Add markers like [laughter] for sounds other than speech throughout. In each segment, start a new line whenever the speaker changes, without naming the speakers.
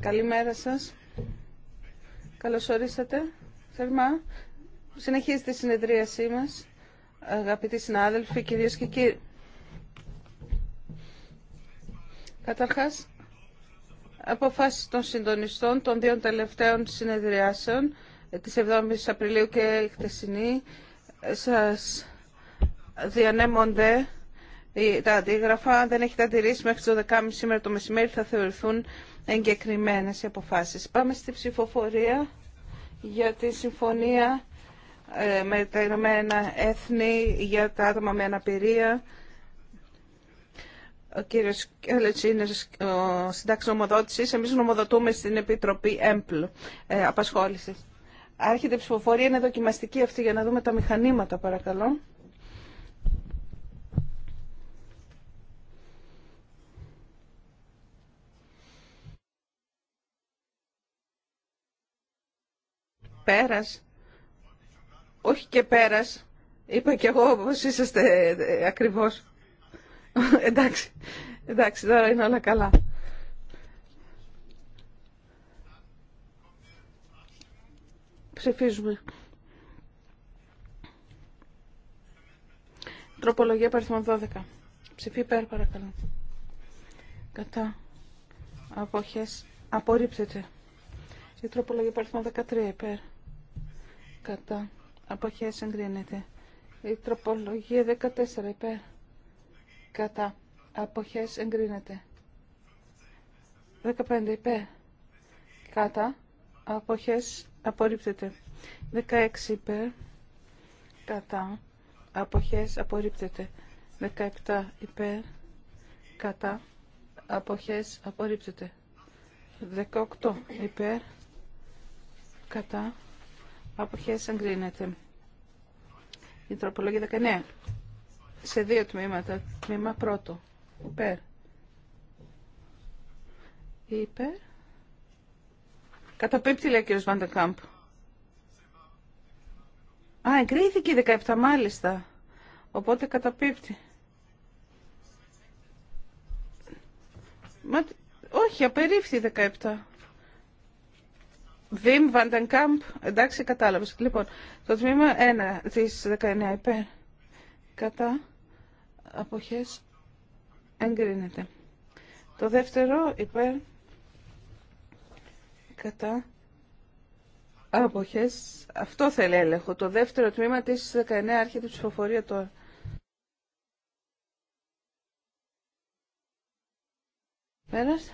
Καλημέρα σα. Καλώ ορίσατε. Θερμά. Συνεχίζεται η συνεδρίασή μα, Αγαπητοί συνάδελφοι, κυρίες και κύριοι. Καταρχά, αποφάσει των συντονιστών των δύο τελευταίων συνεδριάσεων τη 7 η Απριλίου και χτεσινή ε, σα διανέμονται τα αντίγραφα, δεν έχετε αντιρρήσει μέχρι το 12.30 σήμερα το μεσημέρι θα θεωρηθούν εγκεκριμένε οι αποφάσεις. Πάμε στη ψηφοφορία για τη συμφωνία ε, με τα Ηνωμένα Έθνη για τα άτομα με αναπηρία. Ο κύριο Κέλετς είναι ο νομοδότηση. νομοδότησης. Εμείς νομοδοτούμε στην Επιτροπή ΕΜΠΛ ε, απασχόλησης. Άρχεται η ψηφοφορία, είναι δοκιμαστική αυτή για να δούμε τα μηχανήματα παρακαλώ. πέρας, όχι και πέρας, είπα και εγώ όπως είσαστε ε, ακριβώς. [laughs] εντάξει, εντάξει, τώρα είναι όλα καλά. Ψηφίζουμε. Τροπολογία παριθμών 12. Ψηφί πέρα, παρακαλώ. Κατά. Αποχές. Απορρίπτεται. Η τροπολογία παριθμών 13 πέρα κατά αποχές εγκρίνεται. Η τροπολογία 14 υπέρ κατά αποχές εγκρίνεται. 15 υπέρ κατά αποχές απορρίπτεται. 16 υπέρ κατά αποχές απορρίπτεται. 17 υπέρ κατά αποχές απορρίπτεται. 18 υπέρ κατά Αποχές εγκρίνεται. Η τροπολογία 19. Σε δύο τμήματα. Τμήμα πρώτο. Υπέρ. Υπέρ. Καταπίπτει λέει ο κύριος Βαντεκάμπ. Α, εγκρίθηκε η 17 μάλιστα. Οπότε καταπίπτει. Μα, όχι, απερίφθη 17. Βιμ Βαντενκάμπ, εντάξει κατάλαβες. Λοιπόν, το τμήμα 1 της 19 υπέρ κατά αποχές εγκρίνεται. Το δεύτερο υπέρ κατά αποχές, αυτό θέλει έλεγχο. Το δεύτερο τμήμα της 19 άρχεται ψηφοφορία τώρα. Πέρασε.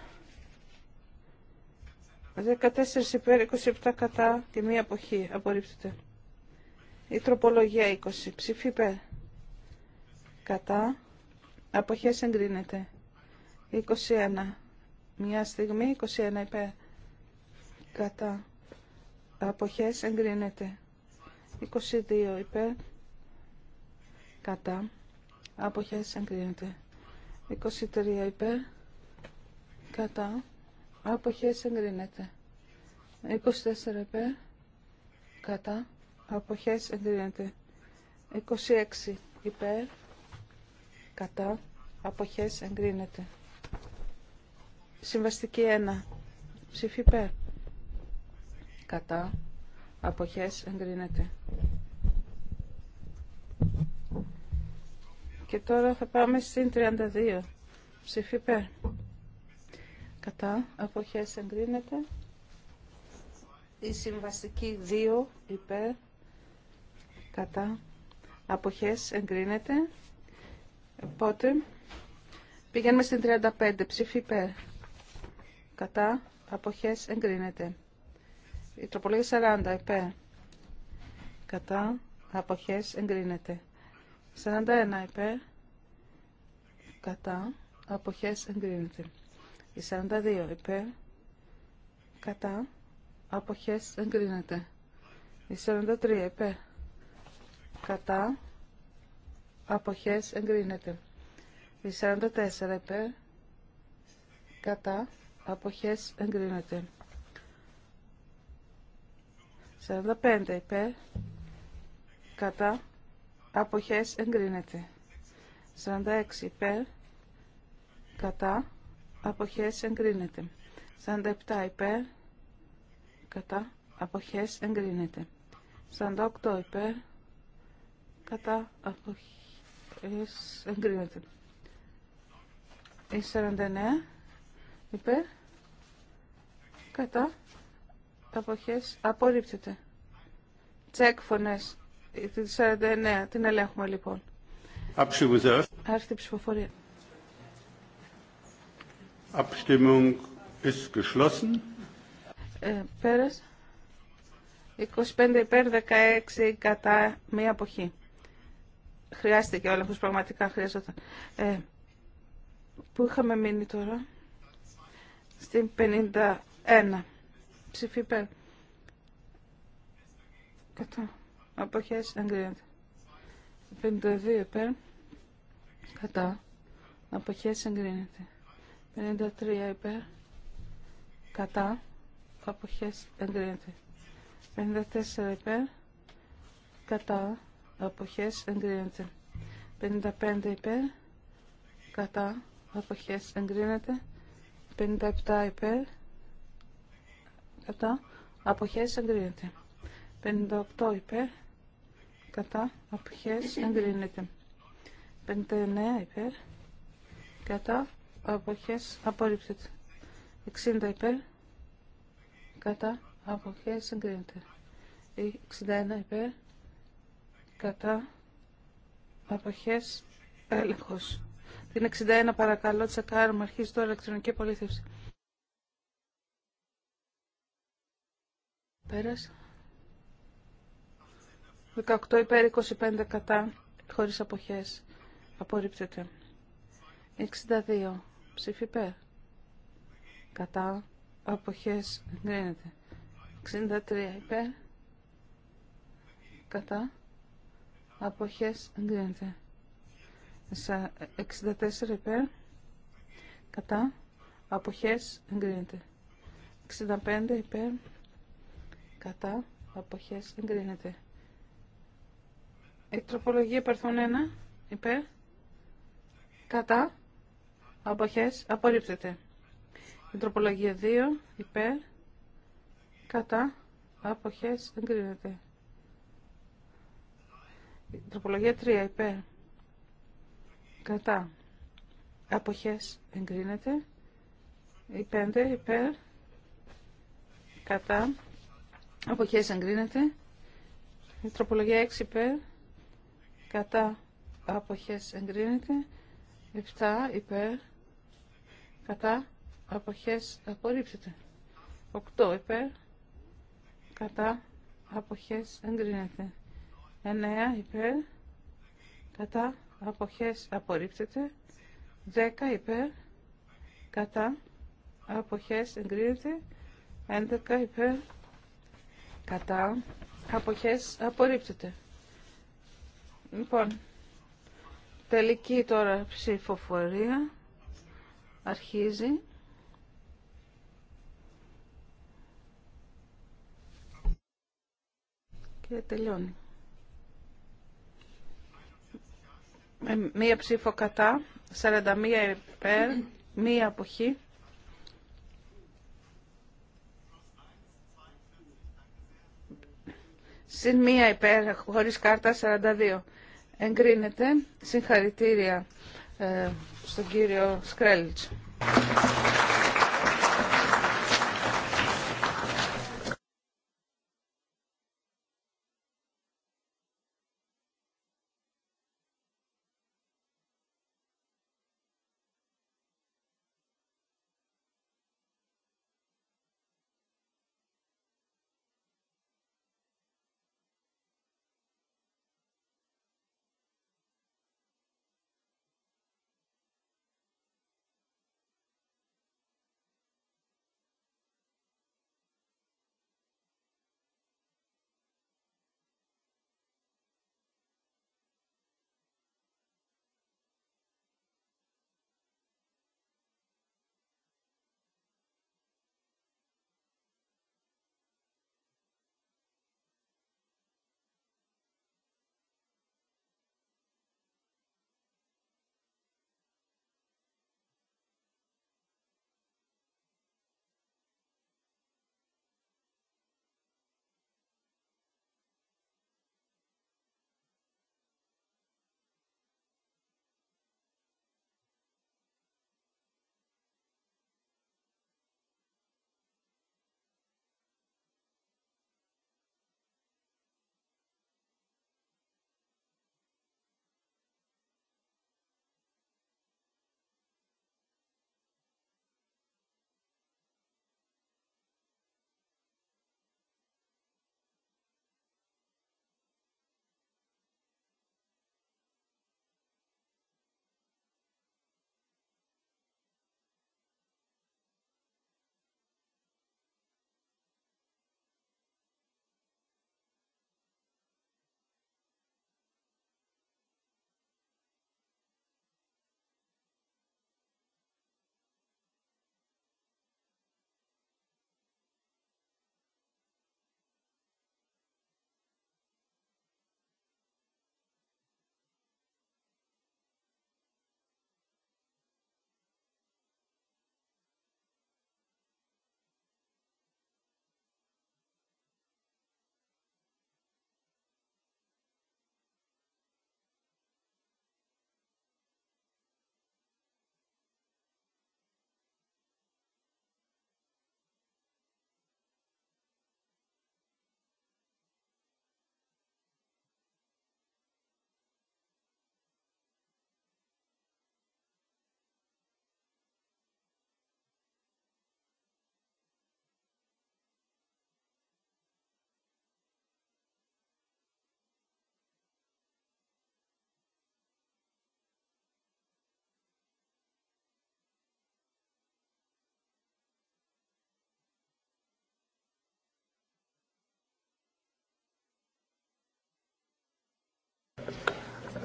14 υπέρ, 27 κατά και μία αποχή. Απορρίπτεται. Η τροπολογία 20. Ψήφι υπέρ. Κατά. Αποχές εγκρίνεται. 21. Μια στιγμή. 21 υπέρ. Κατά. Αποχές εγκρίνεται. 22 υπέρ. Κατά. Αποχές εγκρίνεται. 23 υπέρ. Κατά. Αποχές εγκρίνεται. 24 υπέρ. Κατά. Αποχές εγκρίνεται. 26 υπέρ. Κατά. Αποχές εγκρίνεται. Συμβαστική 1. Ψήφι υπέρ. Κατά. Αποχές εγκρίνεται. Και τώρα θα πάμε στην 32. Ψήφι υπέρ κατά αποχές εγκρίνεται η συμβαστική 2 υπέρ κατά αποχές εγκρίνεται οπότε πηγαίνουμε στην 35 ψήφι υπέρ κατά αποχές εγκρίνεται η τροπολογία 40 υπέρ κατά αποχές εγκρίνεται 41 υπέρ κατά αποχές εγκρίνεται η 42 υπέρ. Κατά. Αποχές εγκρίνεται. Η 43 υπέρ. Κατά. Αποχές εγκρίνεται. Η 44 υπέρ. Κατά. Αποχές εγκρίνεται. 45 υπέρ. Κατά. Αποχές εγκρίνεται. 46 υπέρ. Κατά αποχές εγκρίνεται. 47 υπέρ, κατά, αποχές εγκρίνεται. 48 υπέρ, κατά, αποχές εγκρίνεται. Η 49 υπέρ, κατά, αποχές απορρίπτεται. Τσεκ φωνές. Την 49 την ελέγχουμε λοιπόν.
Άρχεται η ψηφοφορία. Abstimmung ist geschlossen.
25 ε, υπέρ 16 κατά μία αποχή. Χρειάστηκε όλα έλεγχος, πραγματικά χρειαζόταν. Ε, πού είχαμε μείνει τώρα. Στην 51. Ψηφί υπέρ. Κατά. Αποχές εγκρίνεται. 52 υπέρ. Κατά. Αποχές εγκρίνεται. 53 υπέρ. Κατά. Αποχές εγκρίνεται. 54 υπέρ. Κατά. Αποχές εγκρίνεται. 55 υπέρ. Κατά. Αποχές εγκρίνεται. 57 υπέρ. Κατά. Αποχές εγκρίνεται. 58 υπέρ. Κατά. Αποχές εγκρίνεται. 59 υπέρ. Κατά αποχές απορρίπτεται. 60 υπέρ κατά αποχές συγκρίνεται. 61 υπέρ κατά αποχές έλεγχος. Την 61 παρακαλώ τσεκάρουμε αρχίζει τώρα ηλεκτρονική απολύθευση. πέρας 18 υπέρ 25 κατά χωρίς αποχές. Απορρίπτεται. 62 Ψήφι υπέρ. Κατά. Αποχές εγκρίνεται. 63 υπέρ. Κατά. Αποχές εγκρίνεται. 64 υπέρ. Κατά. Αποχές εγκρίνεται. 65 υπέρ. Κατά. Αποχές εγκρίνεται. Η τροπολογία παρθών 1 υπέρ. Κατά. Αποχές. Απορρίπτεται. Η τροπολογία 2. Υπέρ. Κατά. Αποχές. Εγκρίνεται. Η τροπολογία 3. Υπέρ. Κατά. Αποχές. Εγκρίνεται. Η 5. Υπέρ. Κατά. Αποχές. Εγκρίνεται. Η τροπολογία 6. Υπέρ. Κατά. Αποχές. Εγκρίνεται. 7. Υπέρ κατά αποχές απορρίπτεται. 8 υπέρ κατά αποχές εγκρίνεται. 9 υπέρ κατά αποχές απορρίπτεται. 10 υπέρ κατά αποχές εγκρίνεται. 11 υπέρ κατά αποχές απορρίπτεται. Λοιπόν, τελική τώρα ψηφοφορία. Αρχίζει. Και τελειώνει. Με μία ψήφο κατά, 41 υπέρ, μία αποχή. Συν μία υπέρ, χωρίς κάρτα, 42. Εγκρίνεται. Συγχαρητήρια ε, στον κύριο Σκρέλιτς.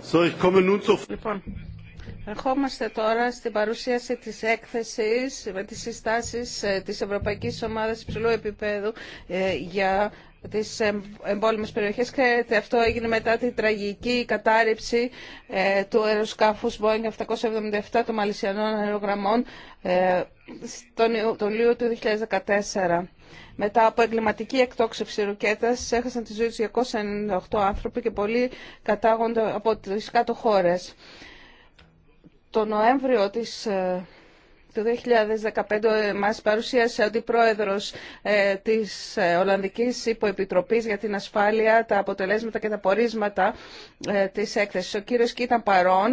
So, ich komme nun zu... Λοιπόν,
Ερχόμαστε τώρα στην παρουσίαση της έκθεσης με τις συστάσεις ε, της Ευρωπαϊκής Ομάδας Υψηλού Επιπέδου ε, για τις εμπόλεμες περιοχές. Ξέρετε, αυτό έγινε μετά την τραγική κατάρριψη ε, του αεροσκάφους Boeing 777 των Μαλισιανών αερογραμμών τον Ιούλιο του 2014. Μετά από εγκληματική εκτόξευση ρουκέτας έχασαν τη ζωή τους 298 άνθρωποι και πολλοί κατάγονται από τις κάτω χώρες. Το Νοέμβριο της ε, το 2015 μας παρουσίασε ο αντιπρόεδρος ε, της ε, Ολλανδικής Υποεπιτροπής για την Ασφάλεια τα αποτελέσματα και τα πορίσματα ε, της έκθεσης. Ο κύριος Κι ήταν παρόν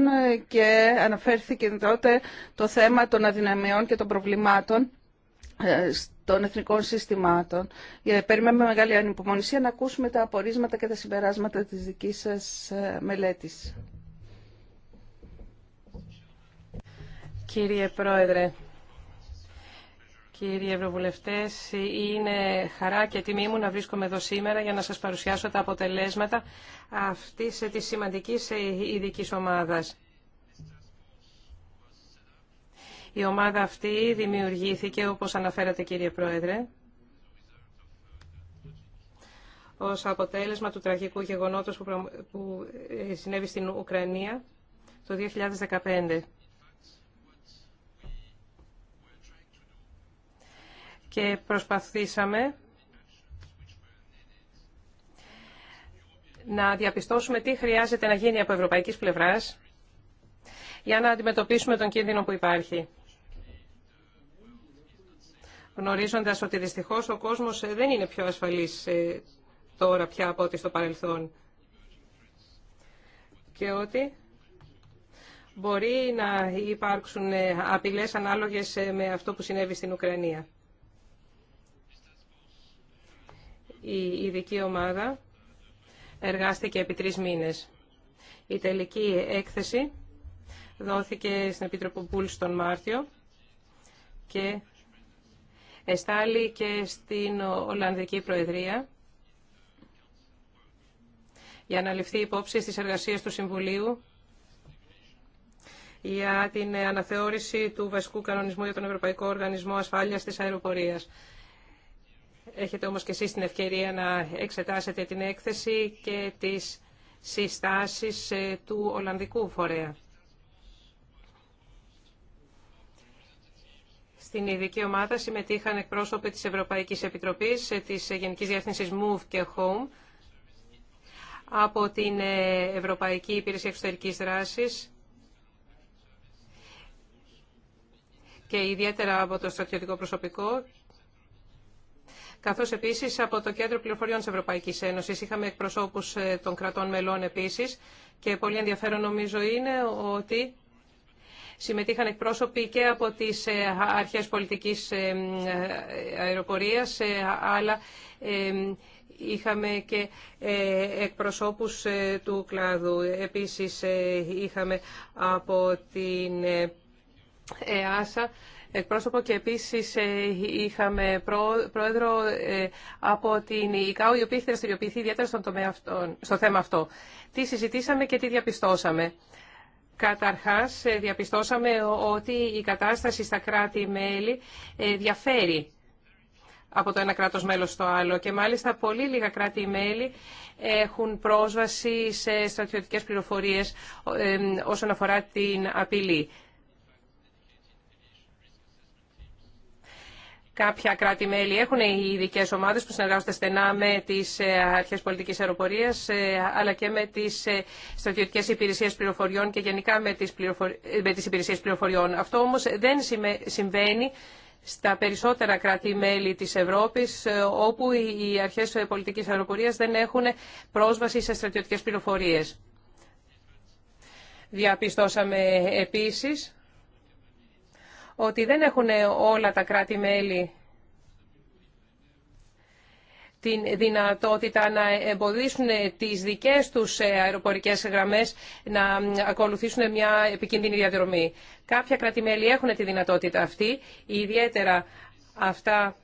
και αναφέρθηκε τότε το θέμα των αδυναμιών και των προβλημάτων των εθνικών συστημάτων. Περιμένουμε μεγάλη ανυπομονησία να ακούσουμε τα απορίσματα και τα συμπεράσματα της δικής σας μελέτης.
Κύριε Πρόεδρε, κύριοι ευρωβουλευτέ, είναι χαρά και τιμή μου να βρίσκομαι εδώ σήμερα για να σας παρουσιάσω τα αποτελέσματα αυτή τη σημαντική ειδική ομάδα. Η ομάδα αυτή δημιουργήθηκε, όπως αναφέρατε κύριε Πρόεδρε, ως αποτέλεσμα του τραγικού γεγονότος που ε, συνέβη στην Ουκρανία το 2015. και προσπαθήσαμε να διαπιστώσουμε τι χρειάζεται να γίνει από ευρωπαϊκής πλευράς για να αντιμετωπίσουμε τον κίνδυνο που υπάρχει. Γνωρίζοντας ότι δυστυχώς ο κόσμος δεν είναι πιο ασφαλής ε, τώρα πια από ό,τι στο παρελθόν και ότι μπορεί να υπάρξουν ε, απειλές ανάλογες ε, με αυτό που συνέβη στην Ουκρανία. Η ειδική ομάδα εργάστηκε επί τρεις μήνες. Η τελική έκθεση δόθηκε στην Επίτροπο Μπούλ στον Μάρτιο και εστάλει και στην Ολλανδική Προεδρία για να ληφθεί υπόψη στις εργασίες του Συμβουλίου για την αναθεώρηση του βασικού κανονισμού για τον Ευρωπαϊκό Οργανισμό Ασφάλειας της Αεροπορίας. Έχετε όμως και εσείς την ευκαιρία να εξετάσετε την έκθεση και τις συστάσεις ε, του Ολλανδικού Φορέα. Στην ειδική ομάδα συμμετείχαν εκπρόσωποι της Ευρωπαϊκής Επιτροπής, ε, της Γενικής Διεύθυνσης MOVE και HOME, από την ε, Ευρωπαϊκή Υπηρεσία Εξωτερικής Δράσης και ιδιαίτερα από το στρατιωτικό προσωπικό καθώς επίσης από το Κέντρο Πληροφοριών της Ευρωπαϊκής Ένωσης. Είχαμε εκπροσώπους ε, των κρατών μελών επίσης και πολύ ενδιαφέρον νομίζω είναι ότι συμμετείχαν εκπρόσωποι και από τις ε, αρχές πολιτικής ε, αεροπορίας, αλλά είχαμε και εκπροσώπους του κλάδου. Επίσης είχαμε από την ΕΑΣΑ εκπρόσωπο και επίσης ε, είχαμε πρόεδρο ε, από την ΙΚΑΟ, η οποία έχει δραστηριοποιηθεί ιδιαίτερα στο θέμα αυτό. Τι συζητήσαμε και τι διαπιστώσαμε. Καταρχάς, ε, διαπιστώσαμε ότι η κατάσταση στα κράτη-μέλη διαφέρει από το ένα κράτος μέλος στο άλλο και μάλιστα πολύ λίγα κράτη-μέλη έχουν πρόσβαση σε στρατιωτικές πληροφορίες όσον αφορά την απειλή. Κάποια κράτη-μέλη έχουν ειδικέ ομάδε που συνεργάζονται στενά με τι ε, αρχέ πολιτική αεροπορία ε, αλλά και με τι ε, στρατιωτικέ υπηρεσίε πληροφοριών και γενικά με τι υπηρεσίες υπηρεσίε πληροφοριών. Αυτό όμω δεν συμβαίνει στα περισσότερα κράτη-μέλη της Ευρώπης, όπου οι αρχές πολιτικής αεροπορίας δεν έχουν πρόσβαση σε στρατιωτικές πληροφορίες. Διαπιστώσαμε επίσης ότι δεν έχουν όλα τα κράτη-μέλη την δυνατότητα να εμποδίσουν τις δικές τους αεροπορικές γραμμές να ακολουθήσουν μια επικίνδυνη διαδρομή. Κάποια κράτη-μέλη έχουν τη δυνατότητα αυτή, ιδιαίτερα αυτά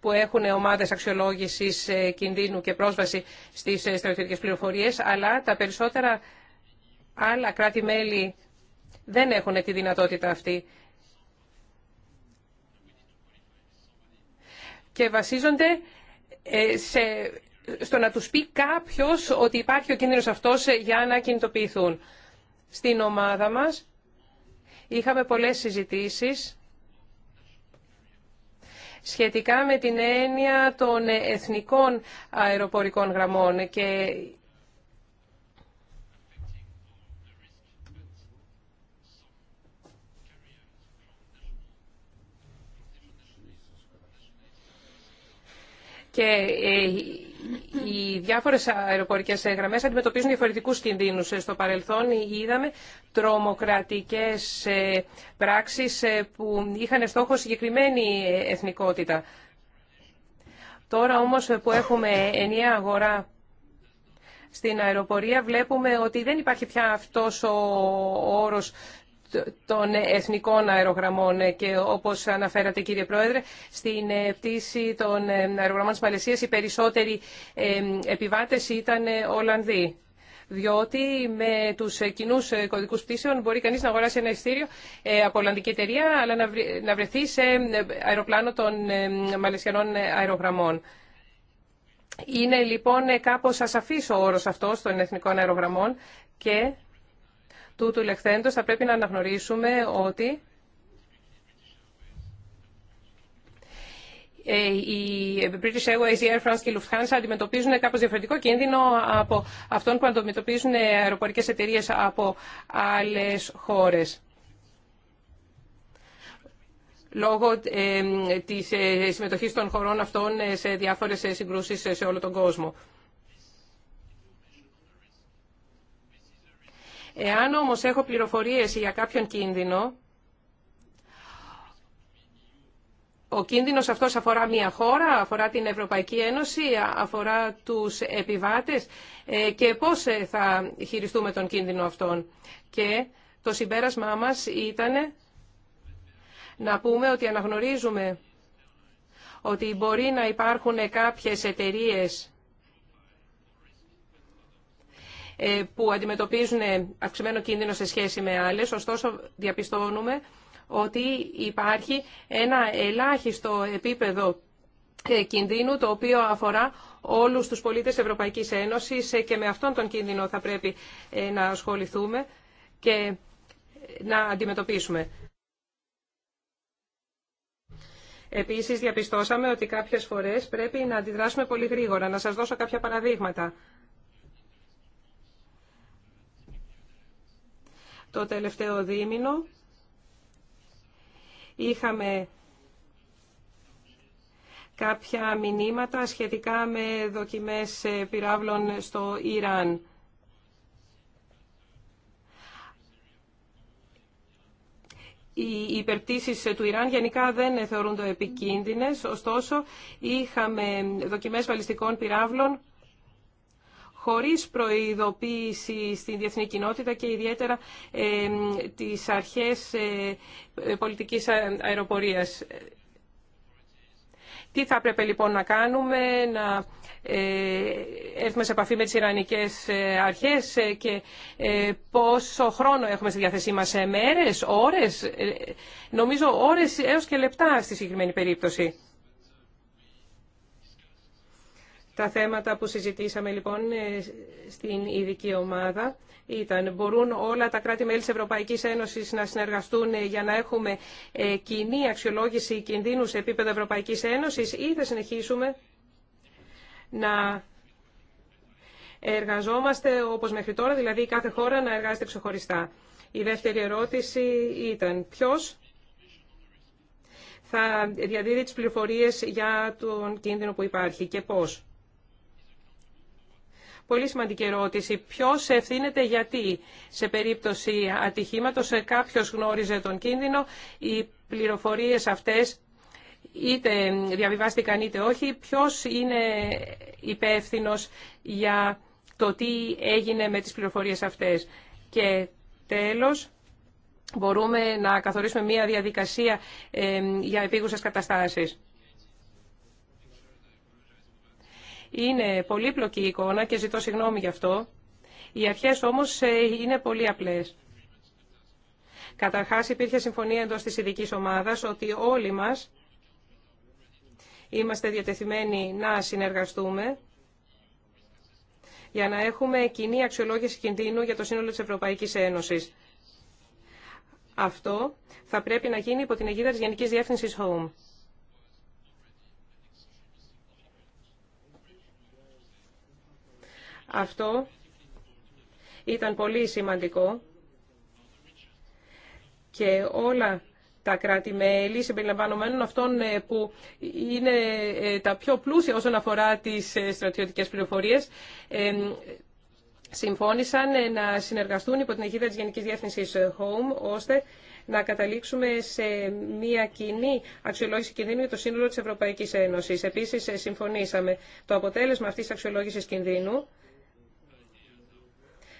που έχουν ομάδες αξιολόγησης κινδύνου και πρόσβαση στις στρατιωτικές πληροφορίες, αλλά τα περισσότερα άλλα κράτη-μέλη δεν έχουν τη δυνατότητα αυτή. και βασίζονται ε, σε, στο να τους πει κάποιος ότι υπάρχει ο κίνδυνος αυτός ε, για να κινητοποιηθούν. Στην ομάδα μας είχαμε πολλές συζητήσεις σχετικά με την έννοια των εθνικών αεροπορικών γραμμών και και ε, οι διάφορες αεροπορικές γραμμές αντιμετωπίζουν διαφορετικούς κινδύνους. Ε, στο παρελθόν είδαμε τρομοκρατικές ε, πράξεις που είχαν στόχο συγκεκριμένη εθνικότητα. Τώρα όμως που έχουμε ενιαία αγορά στην αεροπορία βλέπουμε ότι δεν υπάρχει πια αυτός ο όρος των εθνικών αερογραμμών και όπως αναφέρατε κύριε Πρόεδρε, στην ε, πτήση των ε, αερογραμμών της Μαλαισίας οι περισσότεροι ε, επιβάτες ήταν Ολλανδοί. Διότι με τους κοινού κωδικούς πτήσεων μπορεί κανείς να αγοράσει ένα ειστήριο από Ολλανδική εταιρεία αλλά να βρεθεί σε αεροπλάνο των Μαλαισιανών αερογραμμών. Είναι λοιπόν κάπως ασαφής ο όρος αυτός των εθνικών αερογραμμών και Τούτου λεχθέντος θα πρέπει να αναγνωρίσουμε ότι ε, οι British Airways, η Air France και η Lufthansa αντιμετωπίζουν κάπως διαφορετικό κίνδυνο από αυτόν που αντιμετωπίζουν αεροπορικές εταιρείες από άλλες χώρες. Λόγω ε, της ε, συμμετοχής των χωρών αυτών σε διάφορες συγκρούσεις σε όλο τον κόσμο. Εάν όμως έχω πληροφορίες για κάποιον κίνδυνο, ο κίνδυνος αυτός αφορά μια χώρα, αφορά την Ευρωπαϊκή Ένωση, αφορά τους επιβάτες ε, και πώς ε, θα χειριστούμε τον κίνδυνο αυτόν. Και το συμπέρασμά μας ήταν να πούμε ότι αναγνωρίζουμε ότι μπορεί να υπάρχουν κάποιες εταιρείες ε, που αντιμετωπίζουν ε, αυξημένο κίνδυνο σε σχέση με άλλες. Ωστόσο, διαπιστώνουμε ότι υπάρχει ένα ελάχιστο επίπεδο ε, κινδύνου το οποίο αφορά όλους τους πολίτες Ευρωπαϊκής Ένωσης και με αυτόν τον κίνδυνο θα πρέπει να ασχοληθούμε και να αντιμετωπίσουμε. Επίσης διαπιστώσαμε ότι κάποιες φορές πρέπει να αντιδράσουμε πολύ γρήγορα. Να σας δώσω κάποια παραδείγματα. το τελευταίο δίμηνο. Είχαμε κάποια μηνύματα σχετικά με δοκιμές ε, πυράβλων στο Ιράν. Οι υπερπτήσεις του Ιράν γενικά δεν θεωρούνται επικίνδυνες, ωστόσο είχαμε δοκιμές βαλιστικών πυράβλων χωρίς προειδοποίηση στην διεθνή κοινότητα και ιδιαίτερα τις αρχές ε, ε, πολιτικής αεροπορίας. Τι θα έπρεπε λοιπόν να κάνουμε, να ε, έρθουμε σε επαφή με τις Ιρανικές αρχές και πόσο χρόνο έχουμε στη διάθεσή μας, μέρες, ώρες, νομίζω ώρες έως και λεπτά στη συγκεκριμένη περίπτωση. Τα θέματα που συζητήσαμε λοιπόν ε, στην ειδική ομάδα ήταν μπορούν όλα τα κράτη-μέλη της Ευρωπαϊκής Ένωσης να συνεργαστούν ε, για να έχουμε ε, κοινή αξιολόγηση κινδύνου σε επίπεδο Ευρωπαϊκής Ένωσης ή θα συνεχίσουμε να εργαζόμαστε όπως μέχρι τώρα, δηλαδή κάθε χώρα να εργάζεται ξεχωριστά. Η δεύτερη ερώτηση ήταν ποιος θα διαδίδει τις πληροφορίες για τον κίνδυνο που υπάρχει και πώς. Πολύ σημαντική ερώτηση. Ποιο ευθύνεται γιατί σε περίπτωση ατυχήματος ε, Κάποιο γνώριζε τον κίνδυνο, οι πληροφορίες αυτές είτε διαβιβάστηκαν είτε όχι, ποιο είναι υπεύθυνος για το τι έγινε με τις πληροφορίες αυτές. Και τέλος, μπορούμε να καθορίσουμε μια διαδικασία ε, για επίγουσες καταστάσεις. Είναι πολύπλοκη η εικόνα και ζητώ συγγνώμη γι' αυτό. Οι αρχές όμως ε, είναι πολύ απλές. Καταρχάς υπήρχε συμφωνία εντός της ειδική ομάδας ότι όλοι μας είμαστε διατεθειμένοι να συνεργαστούμε για να έχουμε κοινή αξιολόγηση κινδύνου για το σύνολο της Ευρωπαϊκής Ένωσης. Αυτό θα πρέπει να γίνει υπό την αιγύδα της Γενικής Διεύθυνσης HOME. Αυτό ήταν πολύ σημαντικό και όλα τα κράτη-μέλη, συμπεριλαμβανομένων αυτών ε, που είναι ε, τα πιο πλούσια όσον αφορά τις ε, στρατιωτικές πληροφορίες, συμφώνησαν να συνεργαστούν υπό την αιγύδα της Γενικής Διεύθυνσης HOME, ώστε να καταλήξουμε σε μια κοινή αξιολόγηση κινδύνου για το σύνολο της Ευρωπαϊκής Ένωσης. Επίσης, συμφωνήσαμε το αποτέλεσμα αυτής της αξιολόγησης κινδύνου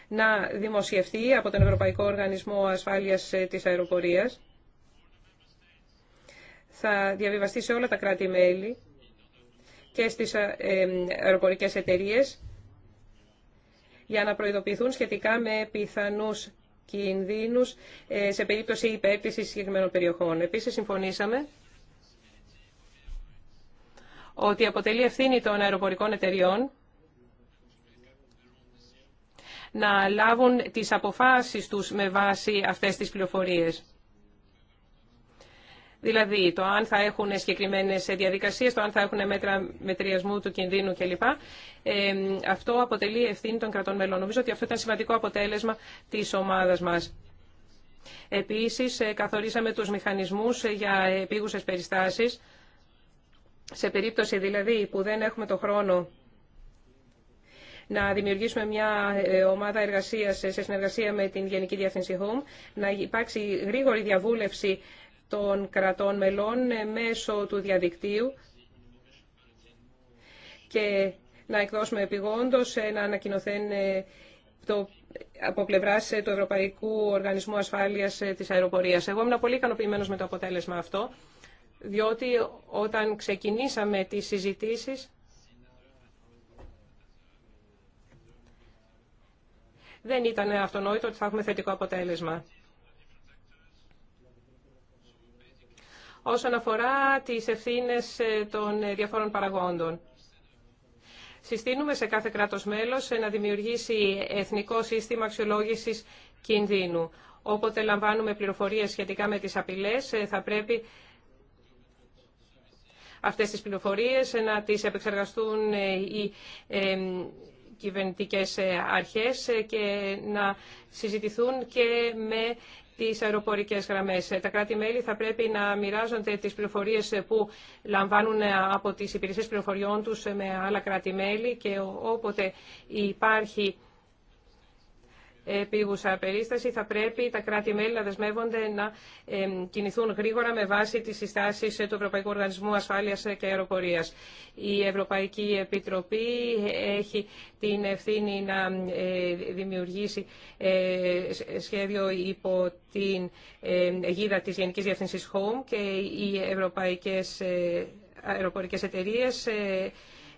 να δημοσιευτεί από τον Ευρωπαϊκό Οργανισμό Ασφάλειας ε, της Αεροπορίας. Θα διαβιβαστεί σε όλα τα κράτη-μέλη και στις ε, ε, αεροπορικές εταιρείες για να προειδοποιηθούν σχετικά με πιθανούς κινδύνους σε περίπτωση υπέρπτυσης συγκεκριμένων περιοχών. Επίσης, συμφωνήσαμε ότι αποτελεί ευθύνη των αεροπορικών εταιριών να λάβουν τις αποφάσεις τους με βάση αυτές τις πληροφορίες. Δηλαδή, το αν θα έχουν συγκεκριμένε διαδικασίε, το αν θα έχουν μέτρα μετριασμού του κινδύνου κλπ. Ε, αυτό αποτελεί ευθύνη των κρατών μελών. Νομίζω ότι αυτό ήταν σημαντικό αποτέλεσμα τη ομάδα μα. Επίσης, ε, καθορίσαμε τους μηχανισμούς ε, για επίγουσε περιστάσει Σε περίπτωση δηλαδή που δεν έχουμε το χρόνο να δημιουργήσουμε μια ε, ομάδα εργασίας ε, σε συνεργασία με την Γενική Διεύθυνση Home, να υπάρξει γρήγορη διαβούλευση των κρατών μελών ε, μέσω του διαδικτύου και να εκδώσουμε επιγόντως να ανακοινωθέν το, από πλευρά του Ευρωπαϊκού Οργανισμού Ασφάλεια τη Αεροπορία. Εγώ ήμουν πολύ ικανοποιημένο με το αποτέλεσμα αυτό, διότι όταν ξεκινήσαμε τι συζητήσει, δεν ήταν αυτονόητο ότι θα έχουμε θετικό αποτέλεσμα. όσον αφορά τις ευθύνες ε, των ε, διαφόρων παραγόντων. Συστήνουμε σε κάθε κράτος μέλος ε, να δημιουργήσει εθνικό σύστημα αξιολόγησης κινδύνου. Όποτε λαμβάνουμε πληροφορίες σχετικά με τις απειλές, θα πρέπει αυτές τις πληροφορίες να τις επεξεργαστούν οι κυβερνητικές ε, αρχές ε, και να συζητηθούν και με τις αεροπορικές γραμμές. Τα κράτη-μέλη θα πρέπει να μοιράζονται τις πληροφορίες που λαμβάνουν ε, από τις υπηρεσίες πληροφοριών τους με άλλα κράτη-μέλη και όποτε υπάρχει επίγουσα περίσταση θα πρέπει τα κράτη-μέλη να δεσμεύονται να κινηθούν γρήγορα με βάση τις συστάσεις του Ευρωπαϊκού Οργανισμού Ασφάλειας και Αεροπορίας. Η Ευρωπαϊκή Επιτροπή έχει την ευθύνη να ε, δημιουργήσει ε, σχέδιο υπό την ε, αιγύδα της Γενικής Διευθυνσής HOME και οι ευρωπαϊκές αεροπορικές εταιρείες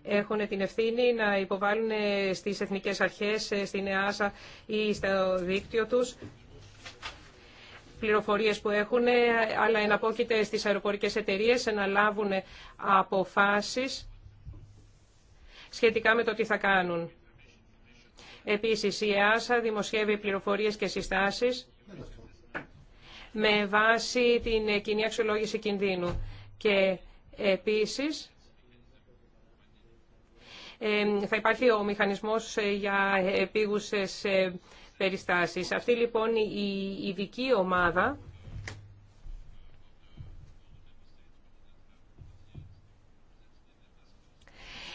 έχουν την ευθύνη να υποβάλουν στις εθνικές αρχές, στην ΕΑΣΑ ή στο δίκτυο τους πληροφορίες που έχουν, αλλά εναπόκειται στις αεροπορικές εταιρείες να λάβουν αποφάσεις σχετικά με το τι θα κάνουν. Επίσης, η ΕΑΣΑ δημοσιεύει πληροφορίες και συστάσεις με βάση την κοινή αξιολόγηση κινδύνου. Και επίσης, θα υπάρχει ο μηχανισμός ε, για επίγουσες ε, περιστάσεις. Αυτή λοιπόν η ειδική ομάδα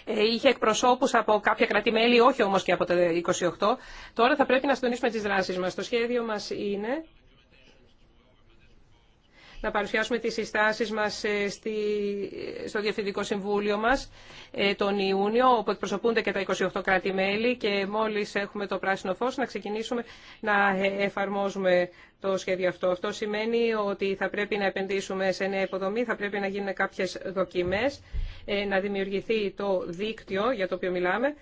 ε, είχε εκπροσώπου από κάποια κρατημέλη, όχι όμω και από το 28. Τώρα θα πρέπει να συντονίσουμε τι δράσει μα. Το σχέδιο μα είναι να παρουσιάσουμε τις συστάσεις μας ε, στη, στο Διευθυντικό Συμβούλιο μας ε, τον Ιούνιο, όπου εκπροσωπούνται και τα 28 κράτη-μέλη και μόλις έχουμε το πράσινο φως να ξεκινήσουμε να ε, εφαρμόζουμε το σχέδιο αυτό. Αυτό σημαίνει ότι θα πρέπει να επενδύσουμε σε νέα υποδομή, θα πρέπει να γίνουν κάποιες δοκιμές, να δημιουργηθεί το δίκτυο για το οποίο μιλάμε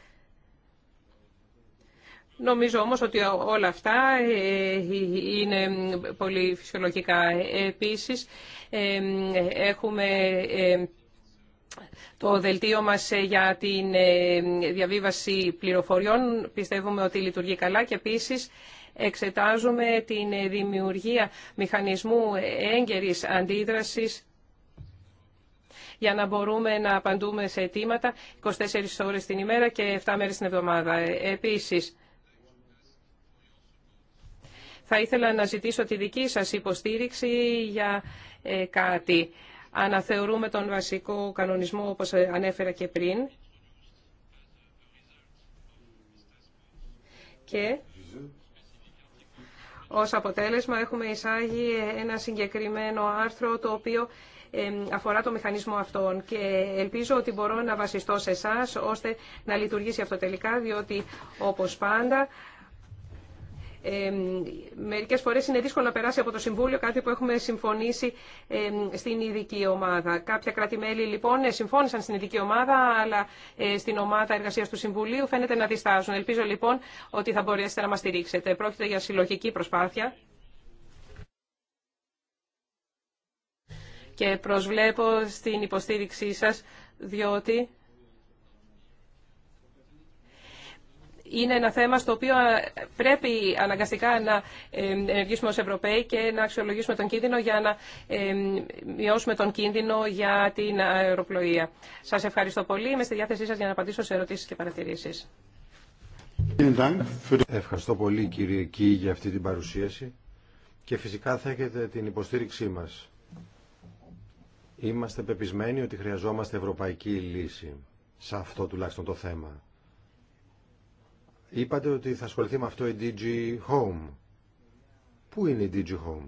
Νομίζω όμως ότι όλα αυτά ε, είναι πολύ φυσιολογικά. Επίσης, ε, έχουμε ε, το δελτίο μας για τη διαβίβαση πληροφοριών. Πιστεύουμε ότι λειτουργεί καλά και επίσης εξετάζουμε την δημιουργία μηχανισμού έγκαιρης αντίδρασης για να μπορούμε να απαντούμε σε αιτήματα 24 ώρες την ημέρα και 7 μέρες την εβδομάδα. Επίσης, θα ήθελα να ζητήσω τη δική σας υποστήριξη για ε, κάτι. Αναθεωρούμε τον βασικό κανονισμό, όπως ανέφερα και πριν. Και ως αποτέλεσμα έχουμε εισάγει ένα συγκεκριμένο άρθρο το οποίο ε, αφορά το μηχανισμό αυτόν και ελπίζω ότι μπορώ να βασιστώ σε εσά ώστε να λειτουργήσει αυτό τελικά διότι όπως πάντα μερικές φορές είναι δύσκολο να περάσει από το Συμβούλιο κάτι που έχουμε συμφωνήσει στην ειδική ομάδα. Κάποια κράτη-μέλη λοιπόν ε, συμφώνησαν στην ειδική ομάδα, αλλά ε, στην ομάδα εργασία του Συμβουλίου φαίνεται να διστάζουν. Ελπίζω λοιπόν ότι θα μπορέσετε να μα στηρίξετε. Πρόκειται για συλλογική προσπάθεια. Και προσβλέπω στην υποστήριξή σας, διότι είναι ένα θέμα στο οποίο ε, πρέπει αναγκαστικά να ε, ενεργήσουμε ως Ευρωπαίοι και να αξιολογήσουμε τον κίνδυνο για να ε, μειώσουμε τον κίνδυνο για την αεροπλοεία. Σας ευχαριστώ πολύ. Είμαι στη διάθεσή σας για να απαντήσω σε ερωτήσεις και παρατηρήσεις.
Ευχαριστώ πολύ κύριε Κύη για αυτή την παρουσίαση και φυσικά θα έχετε την υποστήριξή μας. Είμαστε πεπισμένοι ότι χρειαζόμαστε ευρωπαϊκή λύση σε αυτό τουλάχιστον το θέμα. Είπατε ότι θα ασχοληθεί με αυτό η DG Home. Πού είναι η DG Home?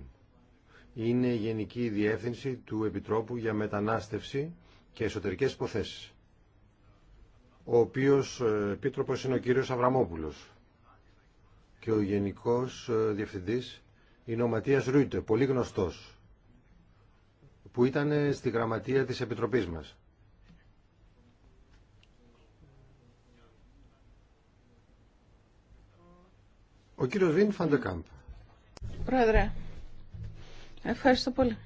Είναι η Γενική Διεύθυνση του Επιτρόπου για Μετανάστευση και Εσωτερικές Υποθέσεις. Ο οποίος ε, επίτροπος είναι ο κύριος Αβραμόπουλος. Και ο Γενικός ε, Διευθυντής είναι ο Ματίας Ρούιτε, πολύ γνωστός, που ήταν στη γραμματεία της Επιτροπής μας. Ο κύριος Βίν Φαντεκάμπ.
Πρόεδρε, ευχαριστώ πολύ.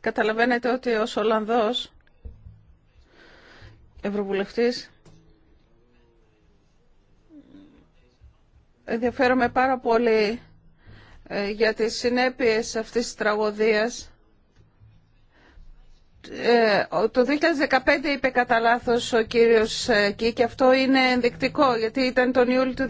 Καταλαβαίνετε ότι ως Ολλανδός Ευρωβουλευτής ενδιαφέρομαι πάρα πολύ ε, για τις συνέπειες αυτής της τραγωδίας ε, το 2015 είπε κατά λάθο ο κύριος ε, Κί και αυτό είναι ενδεικτικό γιατί ήταν τον Ιούλιο του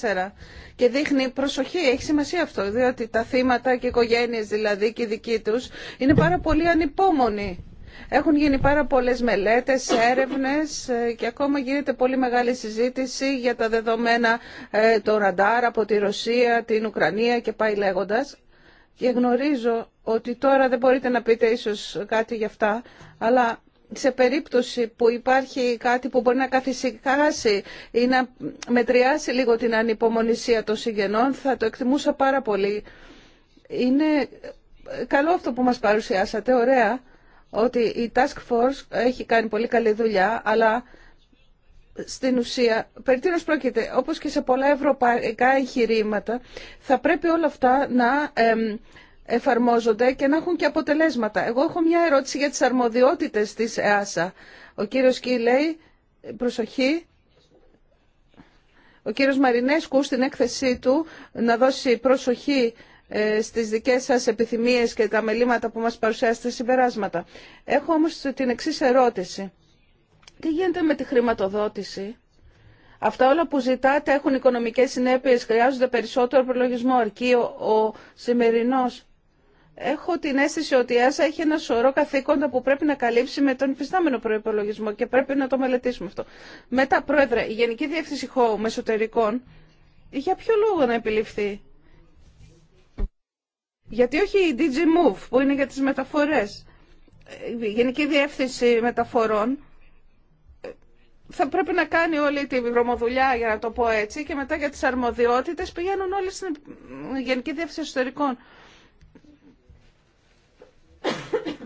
2014 και δείχνει προσοχή, έχει σημασία αυτό διότι τα θύματα και οι οικογένειες δηλαδή και οι δικοί τους είναι πάρα πολύ ανυπόμονοι. Έχουν γίνει πάρα πολλές μελέτες, έρευνες ε, και ακόμα γίνεται πολύ μεγάλη συζήτηση για τα δεδομένα των ραντάρ από τη Ρωσία, την Ουκρανία και πάει λέγοντας. Και γνωρίζω ότι τώρα δεν μπορείτε να πείτε ίσως κάτι γι' αυτά, αλλά σε περίπτωση που υπάρχει κάτι που μπορεί να καθησυχάσει ή να μετριάσει λίγο την ανυπομονησία των συγγενών, θα το εκτιμούσα πάρα πολύ. Είναι καλό αυτό που μας παρουσιάσατε, ωραία, ότι η Task Force έχει κάνει πολύ καλή δουλειά, αλλά στην ουσία, περί τίνος πρόκειται, όπως και σε πολλά ευρωπαϊκά εγχειρήματα, θα πρέπει όλα αυτά να εφαρμόζονται και να έχουν και αποτελέσματα. Εγώ έχω μια ερώτηση για τις αρμοδιότητες της ΕΑΣΑ. Ο κύριος Κι λέει, προσοχή, ο κύριος Μαρινέσκου στην έκθεσή του να δώσει προσοχή ε, στις δικές σας επιθυμίες και τα μελήματα που μας παρουσιάσετε συμπεράσματα. Έχω όμως την εξή ερώτηση. Τι γίνεται με τη χρηματοδότηση. Αυτά όλα που ζητάτε έχουν οικονομικές συνέπειες, χρειάζονται περισσότερο προλογισμό αρκεί ο, ο Έχω την αίσθηση ότι η ΆΣΑ έχει ένα σωρό καθήκοντα που πρέπει να καλύψει με τον υφιστάμενο προπολογισμό και πρέπει να το μελετήσουμε αυτό. Μετά, Πρόεδρε, η Γενική Διεύθυνση Χώου μεσωτερικών για ποιο λόγο να επιληφθεί. Γιατί όχι η DG Move που είναι για τις μεταφορές. Η Γενική Διεύθυνση Μεταφορών ε, θα πρέπει να κάνει όλη τη βρωμοδουλειά, για να το πω έτσι, και μετά για τις αρμοδιότητες πηγαίνουν όλοι στην Γενική Διεύθυνση Εσωτερικών.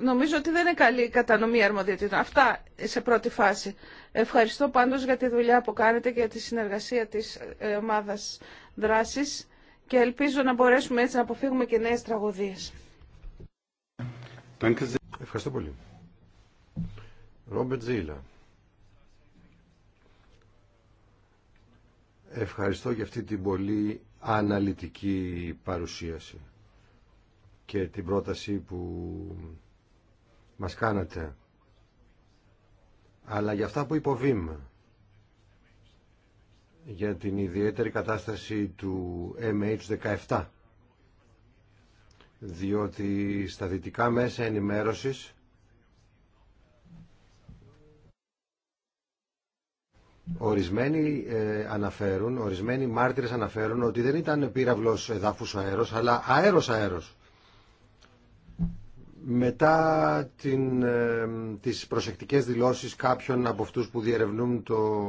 Νομίζω ότι δεν είναι καλή η κατανομή αρμοδιοτήτων. Αυτά σε πρώτη φάση. Ευχαριστώ πάντως για τη δουλειά που κάνετε και για τη συνεργασία της ε, ομάδας δράσης και ελπίζω να μπορέσουμε έτσι να αποφύγουμε και νέες τραγωδίες.
Ευχαριστώ πολύ. Ρόμπετ Ζήλα. Ευχαριστώ για αυτή την πολύ αναλυτική παρουσίαση και την πρόταση που μας κάνατε. Αλλά για αυτά που υποβήμα για την ιδιαίτερη κατάσταση του MH17 διότι στα δυτικά μέσα ενημέρωσης Ορισμένοι ε, αναφέρουν, ορισμένοι μάρτυρες αναφέρουν ότι δεν ήταν πύραυλος εδάφους αέρος, αλλά αέρος αέρος μετά την, ε, τις προσεκτικές δηλώσεις κάποιων από αυτούς που διερευνούν το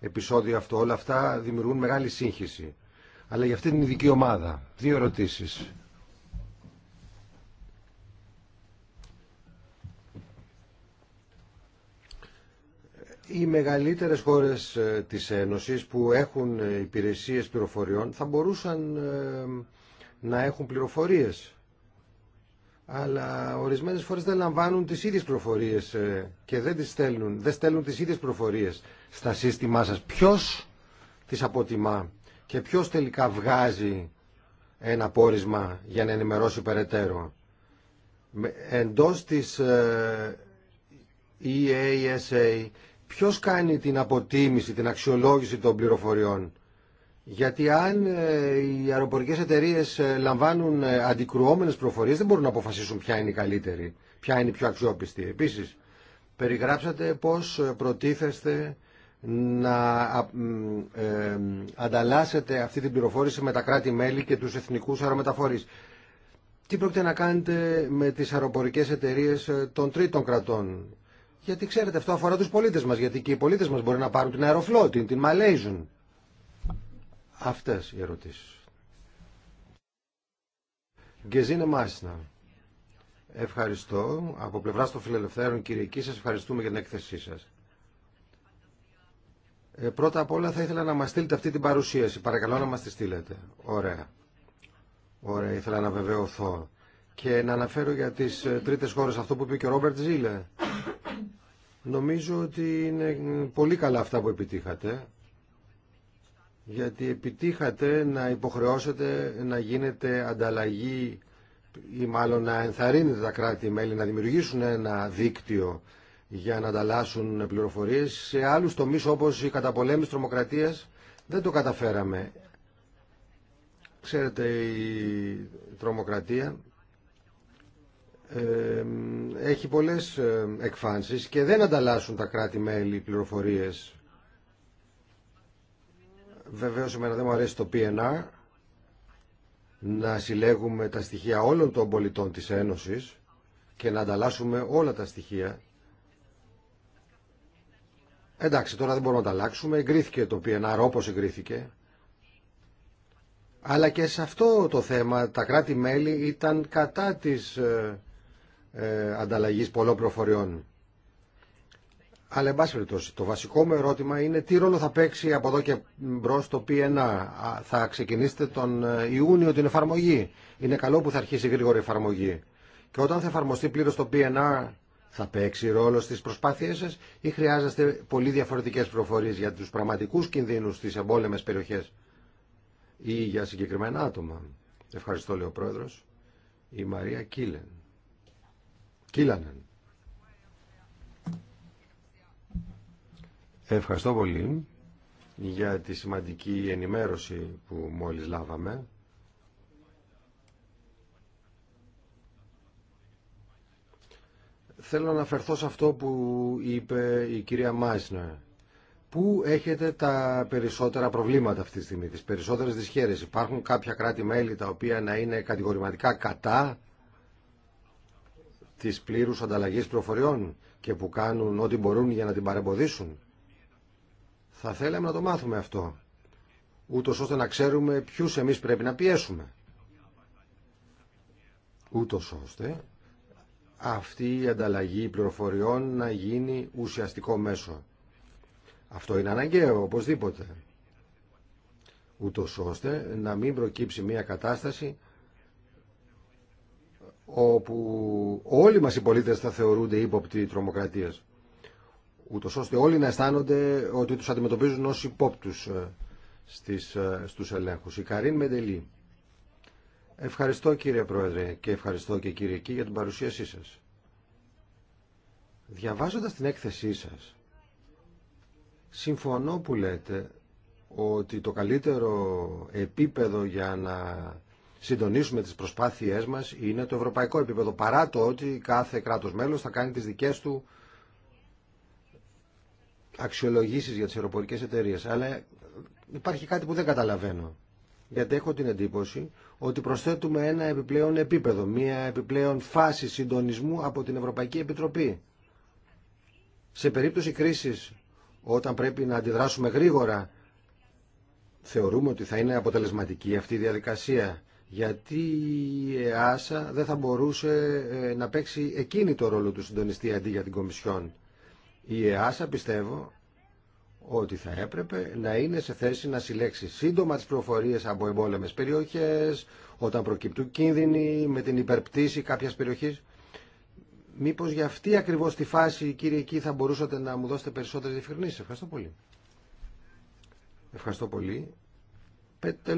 επεισόδιο αυτό, όλα αυτά δημιουργούν μεγάλη σύγχυση. Αλλά για αυτή την ειδική ομάδα, δύο ερωτήσεις. Οι μεγαλύτερες χώρες ε, της Ένωσης που έχουν ε, υπηρεσίες πληροφοριών θα μπορούσαν ε, να έχουν πληροφορίες αλλά ορισμένες φορές δεν λαμβάνουν τις ίδιες προφορίες ε, και δεν τις στέλνουν, δεν στέλνουν τις ίδιες προφορίες στα σύστημά σας. Ποιος τις αποτιμά και ποιος τελικά βγάζει ένα πόρισμα για να ενημερώσει περαιτέρω. Εντός της ε, EASA ποιος κάνει την αποτίμηση, την αξιολόγηση των πληροφοριών γιατί αν ε, οι αεροπορικές εταιρείες ε, λαμβάνουν ε, αντικρουόμενε προφορίες δεν μπορούν να αποφασίσουν ποια είναι η καλύτερη, ποια είναι η πιο αξιόπιστη. Επίση, περιγράψατε πώς προτίθεστε να ε, ανταλλάσσετε αυτή την πληροφόρηση με τα κράτη-μέλη και του εθνικού αερομεταφορεί. Τι πρόκειται να κάνετε με τις αεροπορικές εταιρείες των τρίτων κρατών. Γιατί ξέρετε αυτό αφορά του πολίτε μα, γιατί και οι πολίτε μα μπορεί να πάρουν την αεροφλότη, την μαλέζουν. Αυτές οι ερωτήσεις. Γκεζίνε Μάσινα. Ευχαριστώ. Από πλευρά των φιλελευθέρων, Κυριακή, σας ευχαριστούμε για την έκθεσή σας. Ε, πρώτα απ' όλα θα ήθελα να μας στείλετε αυτή την παρουσίαση. Παρακαλώ να μας τη στείλετε. Ωραία. Ωραία, ήθελα να βεβαιωθώ. Και να αναφέρω για τις ε, τρίτες χώρες αυτό που είπε και ο Ρόμπερτ Ζήλε. Νομίζω ότι είναι πολύ καλά αυτά που επιτύχατε γιατί επιτύχατε να υποχρεώσετε να γίνεται ανταλλαγή ή μάλλον να ενθαρρύνετε τα κράτη-μέλη να δημιουργήσουν ένα δίκτυο για να ανταλλάσσουν πληροφορίες. Σε άλλους τομείς όπως η καταπολέμηση τρομοκρατίας δεν το καταφέραμε. Ξέρετε η τρομοκρατία έχει πολλές εκφάνσεις και δεν ανταλλάσσουν τα κράτη-μέλη πληροφορίες Βεβαίως εμένα δεν μου αρέσει το PNR να συλλέγουμε τα στοιχεία όλων των πολιτών της Ένωσης και να ανταλλάσσουμε όλα τα στοιχεία. Εντάξει, τώρα δεν μπορούμε να τα αλλάξουμε. Εγκρίθηκε το PNR όπως εγκρίθηκε. Αλλά και σε αυτό το θέμα τα κράτη-μέλη ήταν κατά της ε, ε ανταλλαγής πολλών προφοριών. Αλλά, εν περιπτώσει, το βασικό μου ερώτημα είναι τι ρόλο θα παίξει από εδώ και μπρο το P1. Θα ξεκινήσετε τον ε, Ιούνιο την εφαρμογή. Είναι καλό που θα αρχίσει γρήγορη εφαρμογή. Και όταν θα εφαρμοστεί πλήρω το PNR, θα παίξει ρόλο στι προσπάθειέ σα ή χρειάζεστε πολύ διαφορετικέ προφορίε για του πραγματικού κινδύνου στι εμπόλεμε περιοχέ ή για συγκεκριμένα άτομα. Ευχαριστώ, λέει ο Πρόεδρο. Η Μαρία Κίλεν. Κίλανεν. Ευχαριστώ πολύ για τη σημαντική ενημέρωση που μόλις λάβαμε. Θέλω να αναφερθώ σε αυτό που είπε η κυρία Μάισνερ. Πού έχετε τα περισσότερα προβλήματα αυτή τη στιγμή, τις περισσότερες δυσχέρειες. Υπάρχουν κάποια κράτη-μέλη τα οποία να είναι κατηγορηματικά κατά της πλήρους ανταλλαγής προφοριών και που κάνουν ό,τι μπορούν για να την παρεμποδίσουν. Θα θέλαμε να το μάθουμε αυτό, ούτω ώστε να ξέρουμε ποιους εμείς πρέπει να πιέσουμε. Ούτω ώστε αυτή η ανταλλαγή πληροφοριών να γίνει ουσιαστικό μέσο. Αυτό είναι αναγκαίο, οπωσδήποτε. Ούτω ώστε να μην προκύψει μια κατάσταση όπου όλοι μας οι πολίτες θα θεωρούνται ύποπτοι τρομοκρατίας ούτως ώστε όλοι να αισθάνονται ότι τους αντιμετωπίζουν ως υπόπτους ε, στις, ε, στους ελέγχους. Η Καρίν Μεντελή. Ευχαριστώ κύριε Πρόεδρε και ευχαριστώ και κύριε Κύ για την παρουσίασή σας. Διαβάζοντας την έκθεσή σας, συμφωνώ που λέτε ότι το καλύτερο επίπεδο για να συντονίσουμε τις προσπάθειές μας είναι το ευρωπαϊκό επίπεδο, παρά το ότι κάθε κράτος μέλος θα κάνει τις δικές του αξιολογήσεις για τις αεροπορικές εταιρείες. Αλλά υπάρχει κάτι που δεν καταλαβαίνω. Γιατί έχω την εντύπωση ότι προσθέτουμε ένα επιπλέον επίπεδο, μία επιπλέον φάση συντονισμού από την Ευρωπαϊκή Επιτροπή. Σε περίπτωση κρίσης, όταν πρέπει να αντιδράσουμε γρήγορα, θεωρούμε ότι θα είναι αποτελεσματική αυτή η διαδικασία. Γιατί η ΕΑΣΑ δεν θα μπορούσε ε, να παίξει εκείνη το ρόλο του συντονιστή αντί για την Κομισιόν. Η ΕΑΣΑ πιστεύω ότι θα έπρεπε να είναι σε θέση να συλλέξει σύντομα τις προφορίες από εμπόλεμες περιοχές, όταν προκυπτούν κίνδυνοι με την υπερπτήση κάποιας περιοχής. Μήπως για αυτή ακριβώς τη φάση, κύριε εκεί, θα μπορούσατε να μου δώσετε περισσότερες διευκρινήσεις. Ευχαριστώ πολύ. Ευχαριστώ πολύ. Πέτε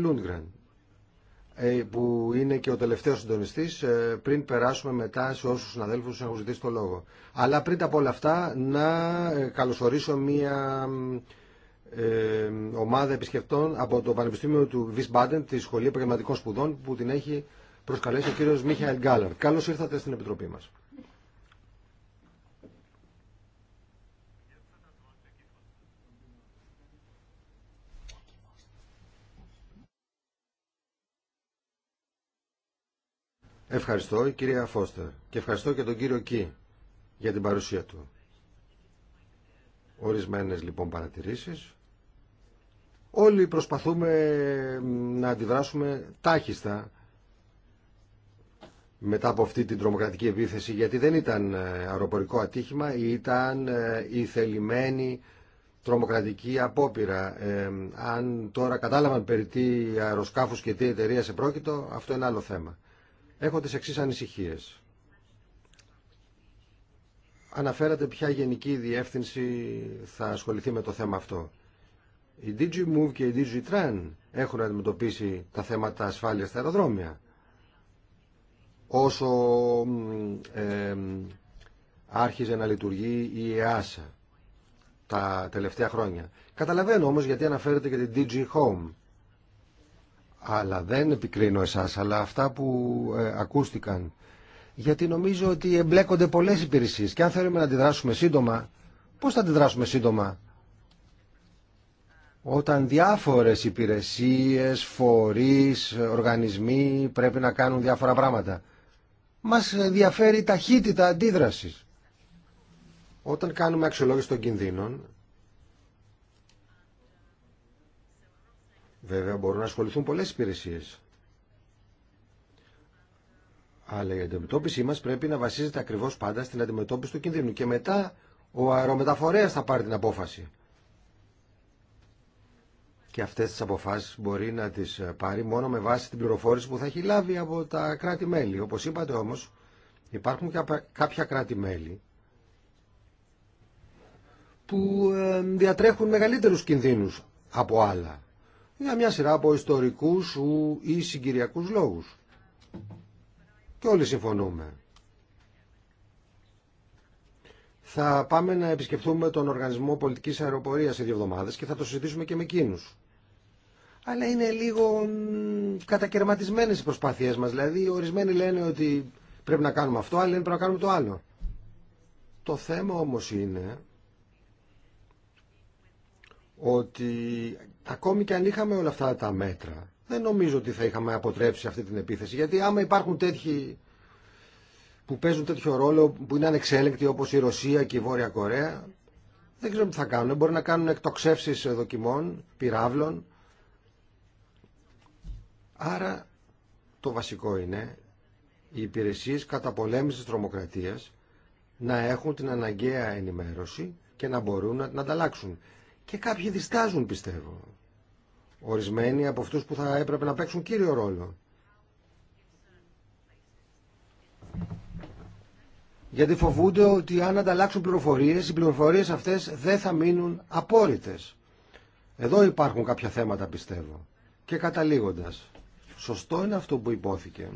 ε, που είναι και ο τελευταίος συντονιστή, ε, πριν περάσουμε μετά σε όσους συναδέλφου έχουν ζητήσει το λόγο. Αλλά πριν από όλα αυτά, να ε, καλωσορίσω μία ομάδα επισκεπτών από το Πανεπιστήμιο του Βισμπάντεν, τη Σχολή Επαγγελματικών Σπουδών, που την έχει προσκαλέσει ο κύριος Μίχαελ Γκάλαρ. Καλώς ήρθατε στην Επιτροπή μας. Ευχαριστώ η κυρία Φώστερ και ευχαριστώ και τον κύριο Κι για την παρουσία του. Ορισμένες λοιπόν παρατηρήσεις. Όλοι προσπαθούμε να αντιδράσουμε τάχιστα μετά από αυτή την τρομοκρατική επίθεση γιατί δεν ήταν ε, αεροπορικό ατύχημα ήταν ε, η θελημένη τρομοκρατική απόπειρα. Ε, αν τώρα κατάλαβαν περί τι αεροσκάφους και τι εταιρεία σε πρόκειτο, αυτό είναι άλλο θέμα έχω τις εξής ανησυχίες. Αναφέρατε ποια γενική διεύθυνση θα ασχοληθεί με το θέμα αυτό. Η DigiMove και η DigiTran έχουν αντιμετωπίσει τα θέματα ασφάλειας στα αεροδρόμια. Όσο ε, άρχιζε να λειτουργεί η ΕΑΣΑ τα τελευταία χρόνια. Καταλαβαίνω όμως γιατί αναφέρεται και την DG Home αλλά δεν επικρίνω εσάς, αλλά αυτά που ε, ακούστηκαν. Γιατί νομίζω ότι εμπλέκονται πολλές υπηρεσίες και αν θέλουμε να αντιδράσουμε σύντομα, πώς θα αντιδράσουμε σύντομα. Όταν διάφορες υπηρεσίες, φορείς, οργανισμοί πρέπει να κάνουν διάφορα πράγματα. Μας ενδιαφέρει ταχύτητα αντίδρασης. Όταν κάνουμε αξιολόγηση των κινδύνων, Βέβαια μπορούν να ασχοληθούν πολλές υπηρεσίες. Αλλά η αντιμετώπιση μας πρέπει να βασίζεται ακριβώς πάντα στην αντιμετώπιση του κινδύνου. Και μετά ο αερομεταφορέας θα πάρει την απόφαση. Και αυτές τις αποφάσεις μπορεί να τις πάρει μόνο με βάση την πληροφόρηση που θα έχει λάβει από τα κράτη-μέλη. Όπως είπατε όμως, υπάρχουν κάποια κράτη-μέλη που ε, διατρέχουν μεγαλύτερους κινδύνους από άλλα για μια σειρά από ιστορικούς ή συγκυριακούς λόγους. Και όλοι συμφωνούμε. Θα πάμε να επισκεφθούμε τον Οργανισμό Πολιτικής Αεροπορίας σε δύο εβδομάδες και θα το συζητήσουμε και με εκείνους.
Αλλά είναι λίγο
κατακαιρματισμένες οι προσπάθειές μας. Δηλαδή ορισμένοι λένε ότι πρέπει να κάνουμε αυτό, άλλοι λένε πρέπει να κάνουμε το άλλο. Το θέμα όμως είναι ότι ακόμη και αν είχαμε όλα αυτά τα μέτρα, δεν νομίζω ότι θα είχαμε αποτρέψει αυτή την επίθεση. Γιατί άμα υπάρχουν τέτοιοι που παίζουν τέτοιο ρόλο, που είναι ανεξέλεγκτοι όπω η Ρωσία και η Βόρεια Κορέα, δεν ξέρω τι θα κάνουν. Μπορεί να κάνουν εκτοξεύσεις δοκιμών, πυράβλων. Άρα το βασικό είναι οι υπηρεσίες καταπολέμησης τρομοκρατία να έχουν την αναγκαία ενημέρωση και να μπορούν να την ανταλλάξουν. Και κάποιοι διστάζουν πιστεύω. Ορισμένοι από αυτούς που θα έπρεπε να παίξουν κύριο ρόλο. Γιατί φοβούνται ότι αν ανταλλάξουν πληροφορίες, οι πληροφορίες αυτές δεν θα μείνουν απόρριτες. Εδώ υπάρχουν κάποια θέματα πιστεύω. Και καταλήγοντας, σωστό είναι αυτό που υπόθηκε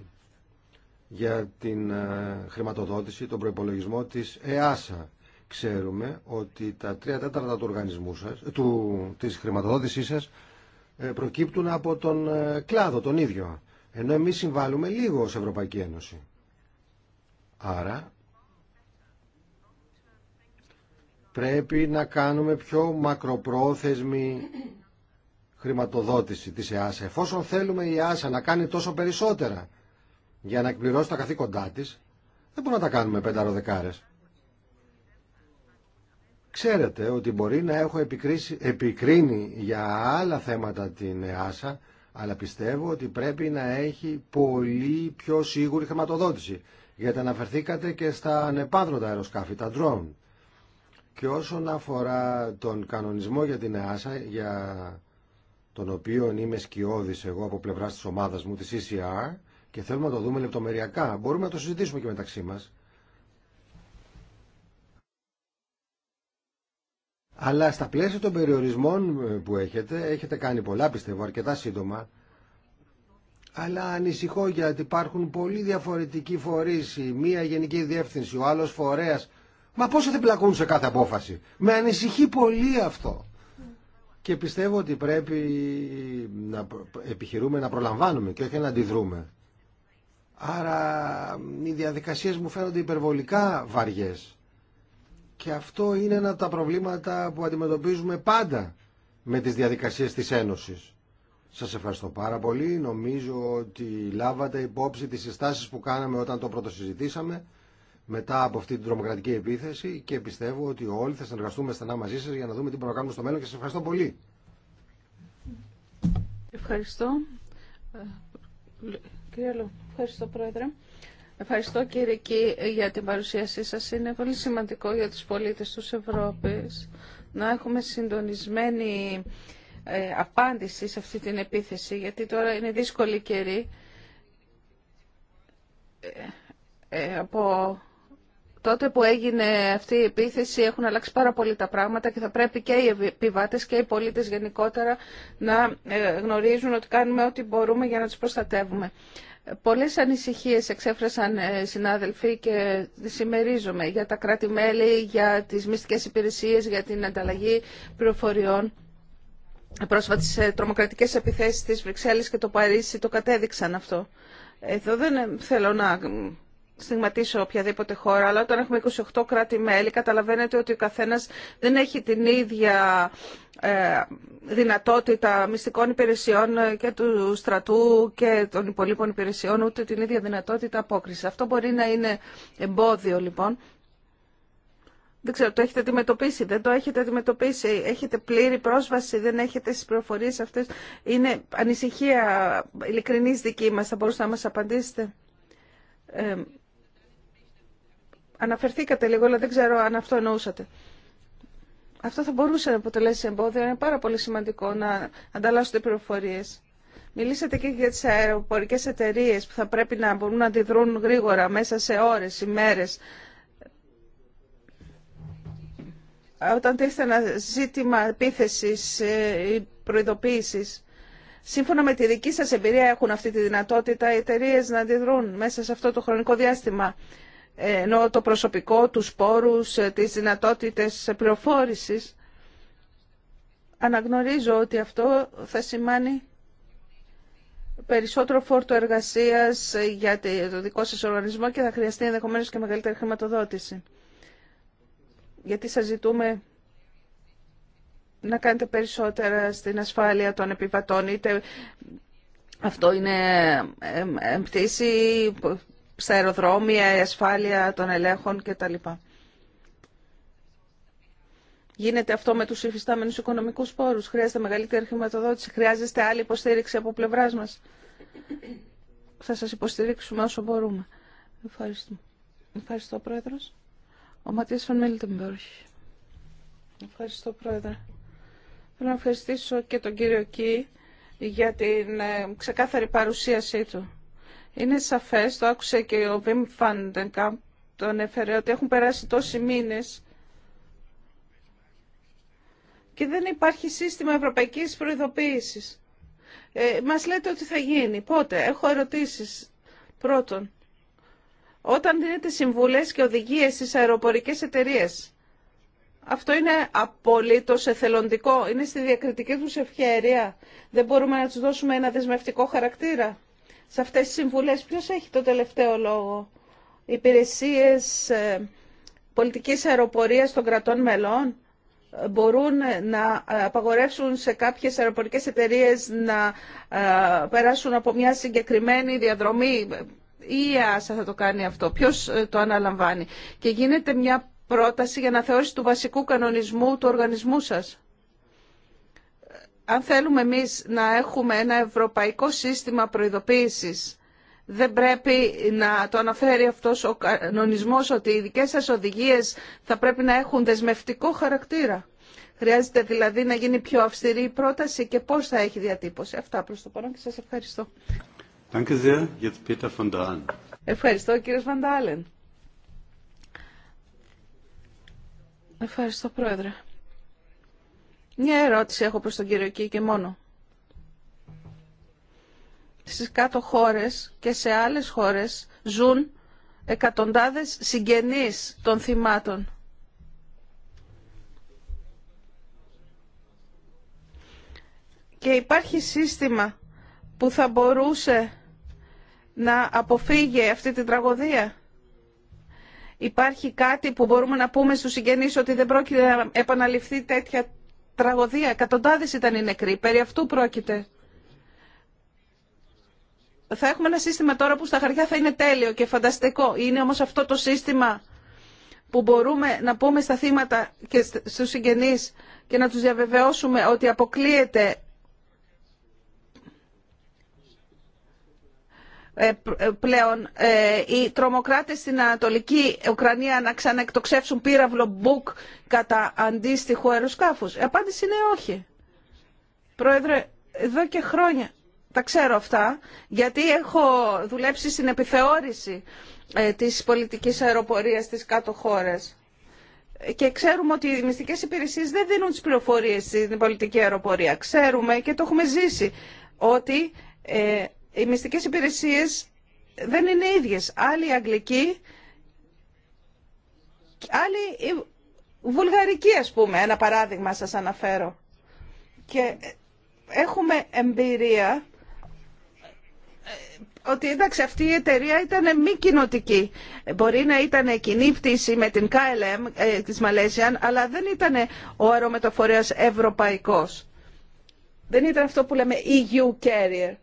για την ε, χρηματοδότηση, τον προϋπολογισμό της ΕΑΣΑ. Ξέρουμε ότι τα τρία τέταρτα του οργανισμού της χρηματοδότησής σας ε, προκύπτουν από τον ε, κλάδο τον ίδιο. Ενώ εμείς συμβάλλουμε λίγο σε Ευρωπαϊκή Ένωση. Άρα πρέπει να κάνουμε πιο μακροπρόθεσμη χρηματοδότηση της ΕΑΣΑ. Εφόσον θέλουμε η ΕΑΣΑ να κάνει τόσο περισσότερα για να εκπληρώσει τα καθήκοντά της, δεν μπορούμε να τα κάνουμε πενταροδεκάρες. Ξέρετε ότι μπορεί να έχω επικρίνει για άλλα θέματα την ΕΑΣΑ, αλλά πιστεύω ότι πρέπει να έχει πολύ πιο σίγουρη χρηματοδότηση. Γιατί αναφερθήκατε και στα ανεπάδροτα αεροσκάφη, τα drone. Και όσον αφορά τον κανονισμό για την ΕΑΣΑ, για τον οποίο είμαι σκιώδης εγώ από πλευράς της ομάδας μου, της ECR, και θέλουμε να το δούμε λεπτομεριακά, μπορούμε να το συζητήσουμε και μεταξύ μας. Αλλά στα πλαίσια των περιορισμών ε, που έχετε, έχετε κάνει πολλά πιστεύω, αρκετά σύντομα, αλλά ανησυχώ γιατί υπάρχουν πολλοί διαφορετικοί φορείς, η μία γενική διεύθυνση, ο άλλος φορέας. Μα πόσο δεν πλακούν σε κάθε απόφαση. Με ανησυχεί πολύ αυτό. Και πιστεύω ότι πρέπει να επιχειρούμε να προλαμβάνουμε και όχι να αντιδρούμε. Άρα οι διαδικασίες μου φαίνονται υπερβολικά βαριές. Και αυτό είναι ένα από τα προβλήματα που αντιμετωπίζουμε πάντα με τις διαδικασίες της Ένωσης. Σας ευχαριστώ πάρα πολύ. Νομίζω ότι λάβατε υπόψη τις συστάσεις που κάναμε όταν το πρώτο συζητήσαμε μετά από αυτή την τρομοκρατική επίθεση και πιστεύω ότι όλοι θα συνεργαστούμε στενά μαζί σας για να δούμε τι μπορούμε να κάνουμε στο μέλλον και σας ευχαριστώ πολύ.
Ευχαριστώ. Κύριε Λου, ευχαριστώ Πρόεδρε. Ευχαριστώ κύριε Κι για την παρουσίασή σας. Είναι πολύ σημαντικό για τους πολίτες της Ευρώπης να έχουμε συντονισμένη ε, απάντηση σε αυτή την επίθεση, γιατί τώρα είναι δύσκολη καιρή ε, ε, από τότε που έγινε αυτή η επίθεση έχουν αλλάξει πάρα πολύ τα πράγματα και θα πρέπει και οι επιβάτες και οι πολίτες γενικότερα να γνωρίζουν ότι κάνουμε ό,τι μπορούμε για να τους προστατεύουμε. Πολλές ανησυχίες εξέφρασαν ε, συνάδελφοι και συμμερίζομαι για τα κράτη-μέλη, για τις μυστικές υπηρεσίες, για την ανταλλαγή πληροφοριών. Πρόσφατες ε, τρομοκρατικές επιθέσεις της Βρυξέλλης και το Παρίσι το κατέδειξαν αυτό. Εδώ δεν ε, θέλω να στιγματίσω οποιαδήποτε χώρα, αλλά όταν έχουμε 28 κράτη-μέλη, καταλαβαίνετε ότι ο καθένας δεν έχει την ίδια ε, δυνατότητα μυστικών υπηρεσιών ε, και του στρατού και των υπολείπων υπηρεσιών, ούτε την ίδια δυνατότητα απόκρισης. Αυτό μπορεί να είναι εμπόδιο λοιπόν. Δεν ξέρω, το έχετε αντιμετωπίσει, δεν το έχετε αντιμετωπίσει, έχετε πλήρη πρόσβαση, δεν έχετε στις πληροφορίε αυτές. Είναι ανησυχία ειλικρινής δική μας, θα μπορούσατε να μας απαντήσετε. Ε, αναφερθήκατε λίγο, αλλά δεν ξέρω αν αυτό εννοούσατε. Αυτό θα μπορούσε να αποτελέσει εμπόδιο. Είναι πάρα πολύ σημαντικό να ανταλλάσσονται πληροφορίε. Μιλήσατε και για τι αεροπορικέ εταιρείε που θα πρέπει να μπορούν να αντιδρούν γρήγορα μέσα σε ώρε, ημέρε. Όταν τίθεται ένα ζήτημα επίθεση ε, ή προειδοποίηση, σύμφωνα με τη δική σα εμπειρία, έχουν αυτή τη δυνατότητα οι εταιρείε να αντιδρούν μέσα σε αυτό το χρονικό διάστημα ενώ το προσωπικό, τους πόρους, ε, τις δυνατότητες πληροφόρησης. Αναγνωρίζω ότι αυτό θα σημάνει περισσότερο φόρτο εργασίας ε, για το δικό σας οργανισμό και θα χρειαστεί ενδεχομένως και μεγαλύτερη χρηματοδότηση. Γιατί σας ζητούμε να κάνετε περισσότερα στην ασφάλεια των επιβατών, είτε αυτό είναι ε, πτήση στα αεροδρόμια, η ασφάλεια των ελέγχων κτλ. Γίνεται αυτό με τους υφιστάμενους οικονομικούς πόρους. Χρειάζεται μεγαλύτερη χρηματοδότηση. Χρειάζεστε άλλη υποστήριξη από πλευράς μας. Θα σας υποστηρίξουμε όσο μπορούμε. Ευχαριστώ. Ευχαριστώ, Πρόεδρος. Ο Ματίας Φαν Ευχαριστώ, Πρόεδρε. Θέλω να ευχαριστήσω και τον κύριο Κι για την ε, ξεκάθαρη παρουσίασή του. Είναι σαφές, το άκουσε και ο Βίμ Φάντεγκα, τον ανέφερε, ότι έχουν περάσει τόσοι μήνες και δεν υπάρχει σύστημα ευρωπαϊκής προειδοποίησης. Ε, μας λέτε ότι θα γίνει. Πότε. Έχω ερωτήσεις. Πρώτον, όταν δίνετε συμβουλές και οδηγίες στις αεροπορικές εταιρείες, αυτό είναι απολύτως εθελοντικό. Είναι στη διακριτική τους ευχαίρεια. Δεν μπορούμε να τους δώσουμε ένα δεσμευτικό χαρακτήρα σε αυτές τις συμβουλές ποιος έχει το τελευταίο λόγο. Υπηρεσίες ε, πολιτικής αεροπορίας των κρατών μελών ε, μπορούν ε, να απαγορεύσουν σε κάποιες αεροπορικές εταιρείες να περάσουν από μια συγκεκριμένη διαδρομή ή ας ΑΣΑ θα το κάνει αυτό. Ποιος το αναλαμβάνει. Και γίνεται μια πρόταση για να θεώρηση του βασικού κανονισμού του οργανισμού σας αν θέλουμε εμείς να έχουμε ένα ευρωπαϊκό σύστημα προειδοποίησης, δεν πρέπει να το αναφέρει αυτός ο κανονισμός ότι οι δικές σας οδηγίες θα πρέπει να έχουν δεσμευτικό χαρακτήρα. Χρειάζεται δηλαδή να γίνει πιο αυστηρή η πρόταση και πώς θα έχει διατύπωση. Αυτά προς το παρόν και σας ευχαριστώ. Ευχαριστώ κύριε Βαντάλεν. Ευχαριστώ πρόεδρε. Μια ερώτηση έχω προς τον κύριο Κίκη και μόνο. Στις κάτω χώρες και σε άλλες χώρες ζουν εκατοντάδες συγγενείς των θυμάτων. Και υπάρχει σύστημα που θα μπορούσε να αποφύγει αυτή την τραγωδία. Υπάρχει κάτι που μπορούμε να πούμε στους συγγενείς ότι δεν πρόκειται να επαναληφθεί τέτοια τραγωδία. Εκατοντάδες ήταν οι νεκροί. Περί αυτού πρόκειται. Θα έχουμε ένα σύστημα τώρα που στα χαρτιά θα είναι τέλειο και φανταστικό. Είναι όμως αυτό το σύστημα που μπορούμε να πούμε στα θύματα και στους συγγενείς και να τους διαβεβαιώσουμε ότι αποκλείεται Ε, ε, πλέον ε, οι τρομοκράτες στην Ανατολική Ουκρανία να ξαναεκτοξεύσουν πύραυλο μπουκ κατά αντίστοιχου αεροσκάφους. Η απάντηση είναι όχι. Πρόεδρε, εδώ και χρόνια τα ξέρω αυτά, γιατί έχω δουλέψει στην επιθεώρηση της πολιτικής αεροπορίας της κάτω χώρας. Και ξέρουμε ότι οι μυστικές υπηρεσίες δεν δίνουν τις πληροφορίες στην πολιτική αεροπορία. Ξέρουμε και το έχουμε ζήσει ότι οι μυστικές υπηρεσίες δεν είναι ίδιες. Άλλοι οι Αγγλικοί, άλλοι οι Βουλγαρικοί ας πούμε, ένα παράδειγμα σας αναφέρω. Και έχουμε εμπειρία ε, ότι εντάξει αυτή η εταιρεία ήταν μη κοινοτική. Μπορεί να ήταν κοινή πτήση με την KLM ε, της Μαλέσιαν, αλλά δεν ήταν ο αερομεταφορέας ευρωπαϊκός. Δεν ήταν αυτό που λέμε EU carrier.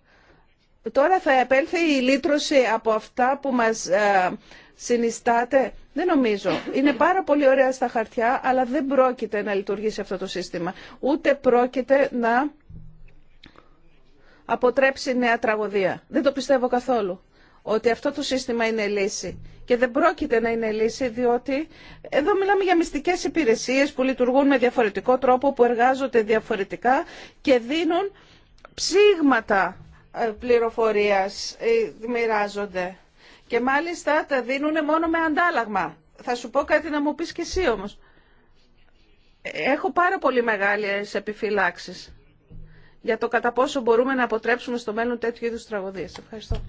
Τώρα θα επέλθει η λύτρωση από αυτά που μας ε, συνιστάτε. Δεν νομίζω. Είναι πάρα πολύ ωραία στα χαρτιά, αλλά δεν πρόκειται να λειτουργήσει αυτό το σύστημα. Ούτε πρόκειται να αποτρέψει νέα τραγωδία. Δεν το πιστεύω καθόλου ότι αυτό το σύστημα είναι λύση. Και δεν πρόκειται να είναι λύση, διότι εδώ μιλάμε για μυστικές υπηρεσίες που λειτουργούν με διαφορετικό τρόπο, που εργάζονται διαφορετικά και δίνουν ψήγματα ε, πληροφορίας ε, μοιράζονται. Και μάλιστα τα δίνουν μόνο με αντάλλαγμα. Θα σου πω κάτι να μου πεις και εσύ όμως. Έχω πάρα πολύ μεγάλες επιφυλάξεις για το κατά πόσο μπορούμε να αποτρέψουμε στο μέλλον τέτοιου είδους τραγωδίες. Ευχαριστώ.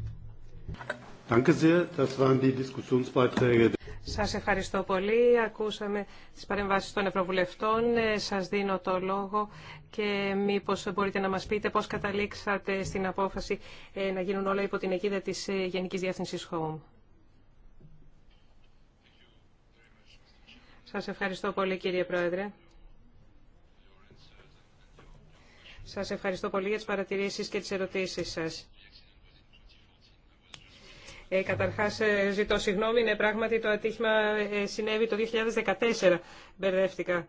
Σας ευχαριστώ πολύ. Ακούσαμε τις παρεμβάσεις των Ευρωβουλευτών. Ε, σας δίνω το λόγο και μήπως μπορείτε να μας πείτε πώς καταλήξατε στην απόφαση ε, να γίνουν όλα υπό την αιγίδα της ε, Γενικής Διεύθυνσης Home. Σας ευχαριστώ πολύ κύριε Πρόεδρε. Σας ευχαριστώ πολύ για τις παρατηρήσεις και τις ερωτήσεις σας. Ε, καταρχάς, ε, ζητώ συγγνώμη, είναι πράγματι το ατύχημα συνέβη το 2014. Μπερδεύτηκα.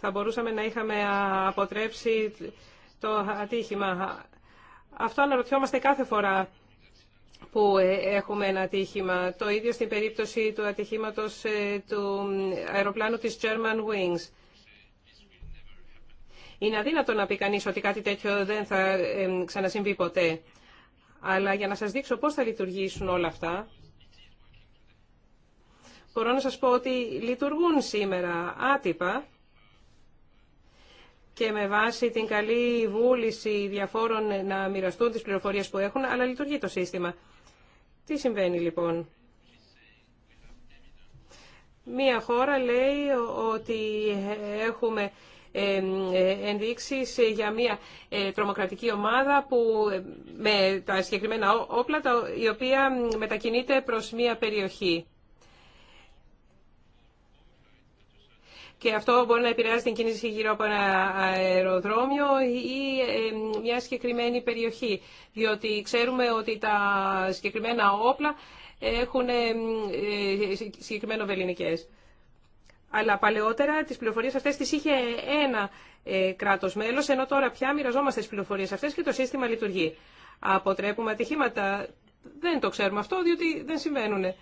θα μπορούσαμε να είχαμε αποτρέψει το ατύχημα. Αυτό αναρωτιόμαστε κάθε φορά που ε, έχουμε ένα ατύχημα. Το ίδιο στην περίπτωση του ατυχήματος ε, του αεροπλάνου της German Wings. Είναι αδύνατο να πει κανείς ότι κάτι τέτοιο δεν θα ε, ξανασυμβεί ποτέ. Αλλά για να σας δείξω πώς θα λειτουργήσουν όλα αυτά, μπορώ να σας πω ότι λειτουργούν σήμερα άτυπα και με βάση την καλή βούληση διαφόρων να μοιραστούν τις πληροφορίες που έχουν, αλλά λειτουργεί το σύστημα. Τι συμβαίνει λοιπόν. Μία χώρα λέει ότι έχουμε ενδείξεις για μια ε, τρομοκρατική ομάδα που με τα συγκεκριμένα όπλα η οποία μετακινείται προς μια περιοχή. και αυτό μπορεί να επηρεάζει την κίνηση γύρω από ένα αεροδρόμιο ή μια συγκεκριμένη περιοχή. Διότι ξέρουμε ότι τα συγκεκριμένα όπλα έχουν ε, συγκεκριμένο βεληνικές. Αλλά παλαιότερα τις πληροφορίες αυτές τις είχε ένα ε, κράτος μέλος, ενώ τώρα πια μοιραζόμαστε τις πληροφορίες αυτές και το σύστημα λειτουργεί. Αποτρέπουμε ατυχήματα. Δεν το ξέρουμε αυτό, διότι δεν συμβαίνουν.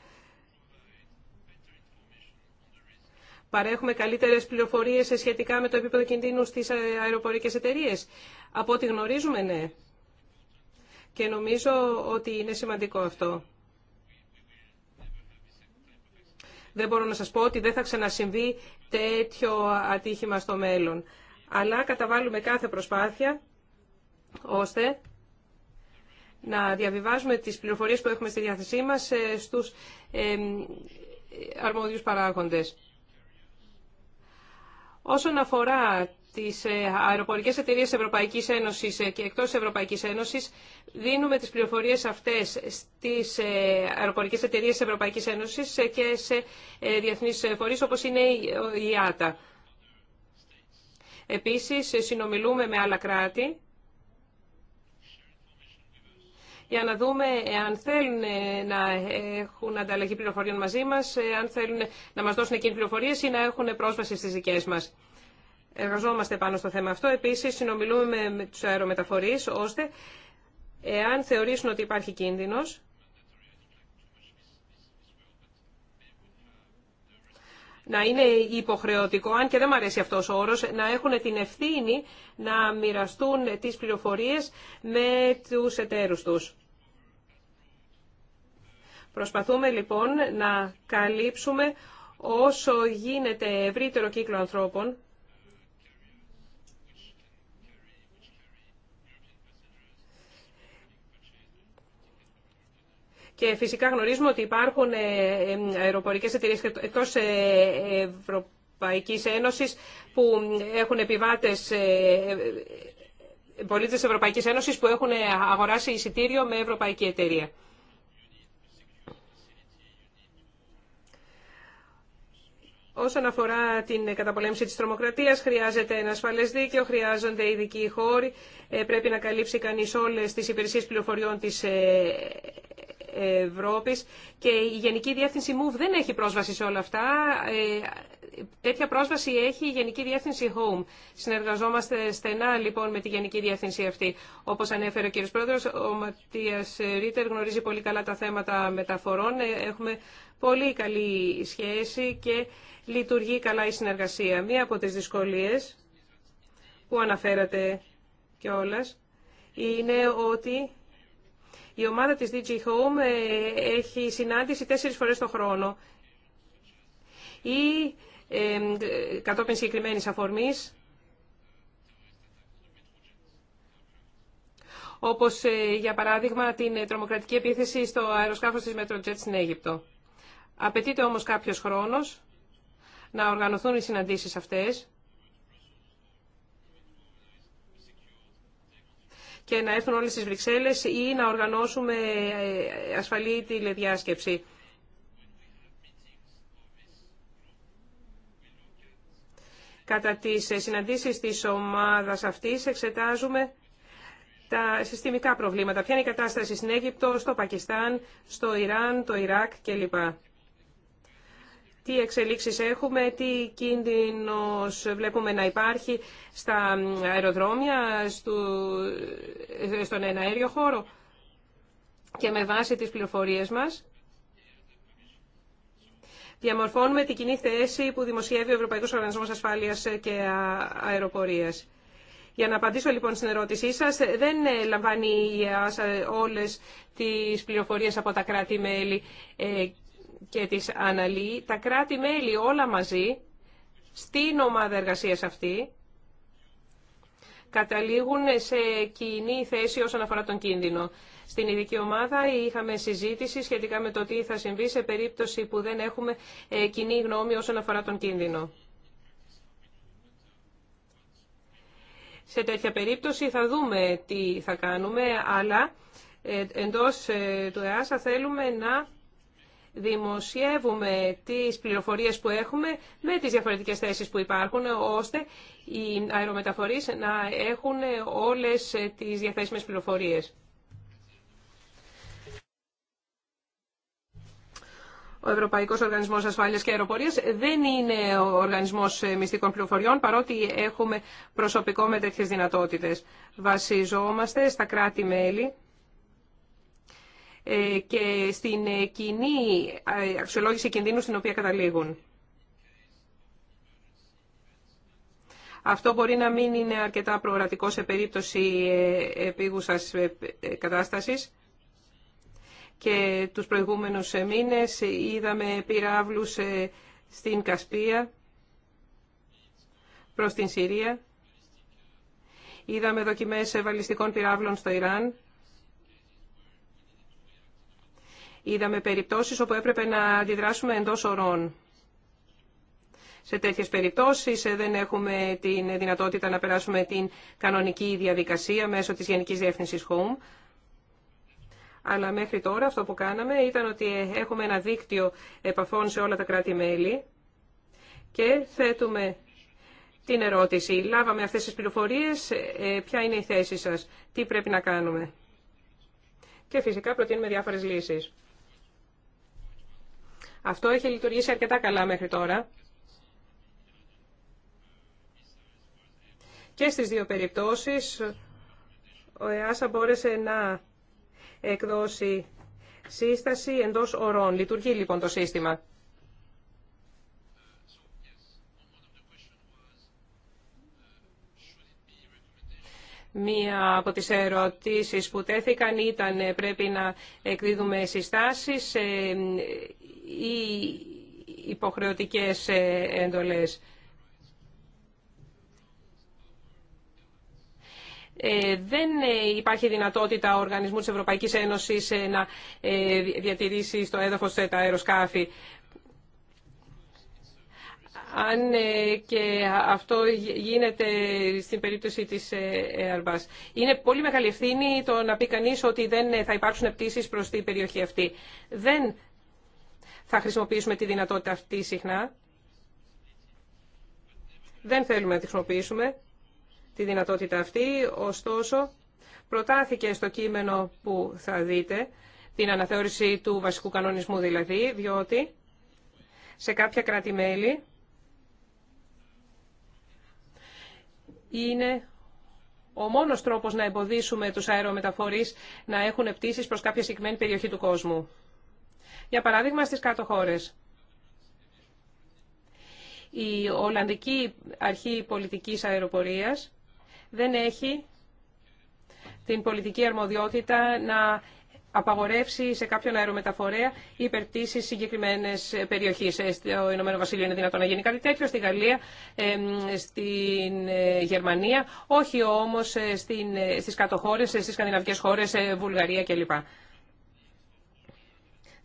παρέχουμε καλύτερες πληροφορίες σχετικά με το επίπεδο κινδύνου στις αεροπορικές εταιρείες. Από ό,τι γνωρίζουμε, ναι. Και νομίζω ότι είναι σημαντικό αυτό. Δεν μπορώ να σας πω ότι δεν θα ξανασυμβεί τέτοιο ατύχημα στο μέλλον. Αλλά καταβάλουμε κάθε προσπάθεια ώστε να διαβιβάζουμε τις πληροφορίες που έχουμε στη διάθεσή μας ε, στους ε, αρμόδιους παράγοντες. Όσον αφορά τις ε, αεροπορικές εταιρείες Ευρωπαϊκής Ένωσης ε, και εκτός Ευρωπαϊκής Ένωσης, δίνουμε τις πληροφορίες αυτές στις ε, αεροπορικές εταιρείες Ευρωπαϊκής Ένωσης και σε διεθνείς φορείς όπως είναι η ΆΤΑ. Επίσης, συνομιλούμε με άλλα κράτη για να δούμε αν θέλουν ε, να έχουν ανταλλαγή πληροφοριών μαζί μας, ε, αν θέλουν να μας δώσουν εκείνες πληροφορίες ή να έχουν πρόσβαση στις δικές μας. Εργαζόμαστε πάνω στο θέμα αυτό. Επίσης, συνομιλούμε με τους αερομεταφορείς, ώστε εάν θεωρήσουν ότι υπάρχει κίνδυνος, να είναι υποχρεωτικό, αν και δεν μου αρέσει αυτός ο όρος, να έχουν την ευθύνη να μοιραστούν τις πληροφορίες με τους εταίρους τους. Προσπαθούμε λοιπόν να καλύψουμε όσο γίνεται ευρύτερο κύκλο ανθρώπων Και φυσικά γνωρίζουμε ότι υπάρχουν ε, ε, αεροπορικές εταιρείες εκτός ε, Ευρωπαϊκής Ένωσης που έχουν επιβάτες πολίτες Ευρωπαϊκής Ένωσης που έχουν αγοράσει εισιτήριο με ευρωπαϊκή εταιρεία. Όσον αφορά την καταπολέμηση της τρομοκρατίας, χρειάζεται ένα ασφαλές δίκαιο, χρειάζονται ειδικοί χώροι, πρέπει να καλύψει κανείς όλες τις υπηρεσίες πληροφοριών της Ευρώπης και η Γενική Διεύθυνση MOVE δεν έχει πρόσβαση σε όλα αυτά. Ε, τέτοια πρόσβαση έχει η Γενική Διεύθυνση HOME. Συνεργαζόμαστε στενά λοιπόν με τη Γενική Διεύθυνση αυτή. Όπως ανέφερε ο κύριος Πρόεδρος, ο ματία Ρίτερ γνωρίζει πολύ καλά τα θέματα μεταφορών. Ε, έχουμε πολύ καλή σχέση και λειτουργεί καλά η συνεργασία. Μία από τις δυσκολίες που αναφέρατε κιόλας είναι ότι η ομάδα της DG Home ε, έχει συνάντηση τέσσερις φορές το χρόνο. Ή ε, κατόπιν συγκεκριμένης αφορμής, όπως ε, για παράδειγμα την τρομοκρατική επίθεση στο αεροσκάφος της Metrojet στην Αίγυπτο. Απαιτείται όμως κάποιος χρόνος να οργανωθούν οι συναντήσεις αυτές και να έρθουν όλες στις Βρυξέλλες ή να οργανώσουμε ε, ασφαλή τηλεδιάσκεψη. Κατά τις ε, συναντήσεις της ομάδας αυτής εξετάζουμε τα συστημικά προβλήματα. Ποια είναι η κατάσταση στην Αίγυπτο, στο Πακιστάν, στο Ιράν, το Ιράκ κλπ τι εξελίξεις έχουμε, τι κίνδυνος βλέπουμε να υπάρχει στα αεροδρόμια, στον εναέριο χώρο. Και με βάση τις πληροφορίες μας, διαμορφώνουμε την κοινή θέση που δημοσιεύει ο Ευρωπαϊκός Οργανισμός Ασφάλειας και Αεροπορίας. Για να απαντήσω λοιπόν στην ερώτησή σας, δεν λαμβάνει η όλες τις πληροφορίες από τα κράτη-μέλη ε, και τις αναλύει τα κράτη-μέλη όλα μαζί στην ομάδα εργασίας αυτή καταλήγουν σε κοινή θέση όσον αφορά τον κίνδυνο. Στην ειδική ομάδα είχαμε συζήτηση σχετικά με το τι θα συμβεί σε περίπτωση που δεν έχουμε ε, κοινή γνώμη όσον αφορά τον κίνδυνο. Σε τέτοια περίπτωση θα δούμε τι θα κάνουμε, αλλά ε, εντός ε, του ΕΑΣΑ θέλουμε να δημοσιεύουμε τις πληροφορίες που έχουμε με τις διαφορετικές θέσεις που υπάρχουν, ώστε οι αερομεταφορείς να έχουν όλες τις διαθέσιμες πληροφορίες. Ο Ευρωπαϊκό Οργανισμό Ασφάλεια και Αεροπορία δεν είναι ο οργανισμό μυστικών πληροφοριών, παρότι έχουμε προσωπικό με τέτοιε δυνατότητε. Βασιζόμαστε στα κράτη-μέλη ε, και στην ε, κοινή ε, αξιολόγηση κινδύνου στην οποία καταλήγουν. Αυτό μπορεί να μην είναι αρκετά προορατικό σε περίπτωση επίγουσας κατάστασης και τους προηγούμενους μήνες είδαμε πυράβλους στην Κασπία προς την Συρία. Είδαμε δοκιμές βαλιστικών πυράβλων στο Ιράν Είδαμε περιπτώσεις όπου έπρεπε να αντιδράσουμε εντός ορών. Σε τέτοιες περιπτώσεις ε, δεν έχουμε την δυνατότητα να περάσουμε την κανονική διαδικασία μέσω της Γενικής Διεύθυνσης Home. Αλλά μέχρι τώρα αυτό που κάναμε ήταν ότι ε, έχουμε ένα δίκτυο επαφών σε όλα τα κράτη-μέλη και θέτουμε την ερώτηση. Λάβαμε αυτές τις πληροφορίες, ε, ποια είναι η θέση σας, τι πρέπει να κάνουμε. Και φυσικά προτείνουμε διάφορες λύσεις. Αυτό έχει λειτουργήσει αρκετά καλά μέχρι τώρα. Και στις δύο περιπτώσεις ο ΕΑΣΑ μπόρεσε να εκδώσει σύσταση εντός ορών. Λειτουργεί λοιπόν το σύστημα. Μία από τις ερωτήσεις που τέθηκαν ήταν ε, πρέπει να εκδίδουμε συστάσεις. Ε, ή υποχρεωτικές ε, εντολές. Ε, δεν ε, υπάρχει δυνατότητα ο οργανισμού της Ευρωπαϊκής Ένωσης να διατηρήσει στο έδαφος τα αεροσκάφη. Αν και αυτό γίνεται στην περίπτωση της Airbus. Είναι πολύ μεγάλη ευθύνη το να πει κανεί ότι δεν θα υπάρξουν πτήσεις προς την περιοχή αυτή. Δεν θα χρησιμοποιήσουμε τη δυνατότητα αυτή συχνά. Δεν θέλουμε να τη χρησιμοποιήσουμε, τη δυνατότητα αυτή, ωστόσο προτάθηκε στο κείμενο που θα δείτε, την αναθεώρηση του βασικού κανονισμού δηλαδή, διότι σε κάποια κράτη-μέλη είναι ο μόνος τρόπος να εμποδίσουμε τους αερομεταφορείς να έχουν πτήσεις προς κάποια συγκεκριμένη περιοχή του κόσμου για παράδειγμα στις κάτω χώρες. Η Ολλανδική Αρχή Πολιτικής Αεροπορίας δεν έχει την πολιτική αρμοδιότητα να απαγορεύσει σε κάποιον αερομεταφορέα υπερπτήσει συγκεκριμένες περιοχές. Ε, στο Ηνωμένο Βασίλειο είναι δυνατόν να γίνει κάτι τέτοιο, στη Γαλλία, στην ε, Γερμανία, όχι όμω ε, στι κατοχώρε, στι σκανδιναβικέ χώρε, Βουλγαρία κλπ.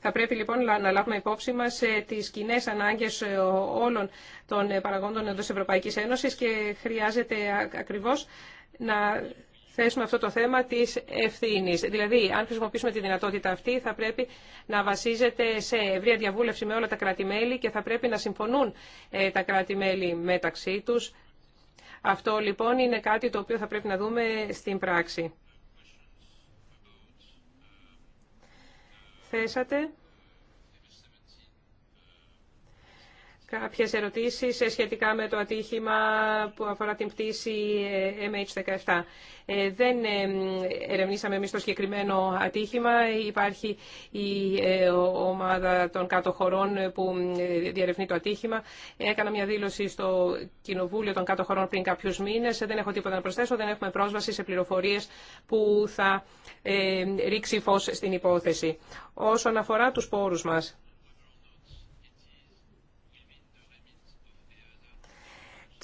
Θα πρέπει λοιπόν να λάβουμε υπόψη μα ε, τι κοινέ ανάγκε ε, όλων των ε, παραγόντων εντό Ευρωπαϊκή Ένωση και χρειάζεται ακριβώ να θέσουμε αυτό το θέμα τη ευθύνη. Δηλαδή, αν χρησιμοποιήσουμε τη δυνατότητα αυτή, θα πρέπει να βασίζεται σε ευρεία διαβούλευση με όλα τα κράτη-μέλη και θα πρέπει να συμφωνούν τα κράτη-μέλη μεταξύ του. Αυτό λοιπόν είναι κάτι το οποίο θα πρέπει να δούμε στην πράξη. θέσατε κάποιες ερωτήσεις ε, σχετικά με το ατύχημα που αφορά την πτήση ε, MH17. Ε, δεν ερευνήσαμε εμείς το συγκεκριμένο ατύχημα. Υπάρχει η ομάδα των κάτω χωρών που διαρευνεί το ατύχημα. Έκανα μια δήλωση στο Κοινοβούλιο των κάτω χωρών πριν κάποιους μήνες. Δεν έχω τίποτα να προσθέσω. Δεν έχουμε πρόσβαση σε πληροφορίες που θα ρίξει φως στην υπόθεση. Όσον αφορά τους πόρους μας,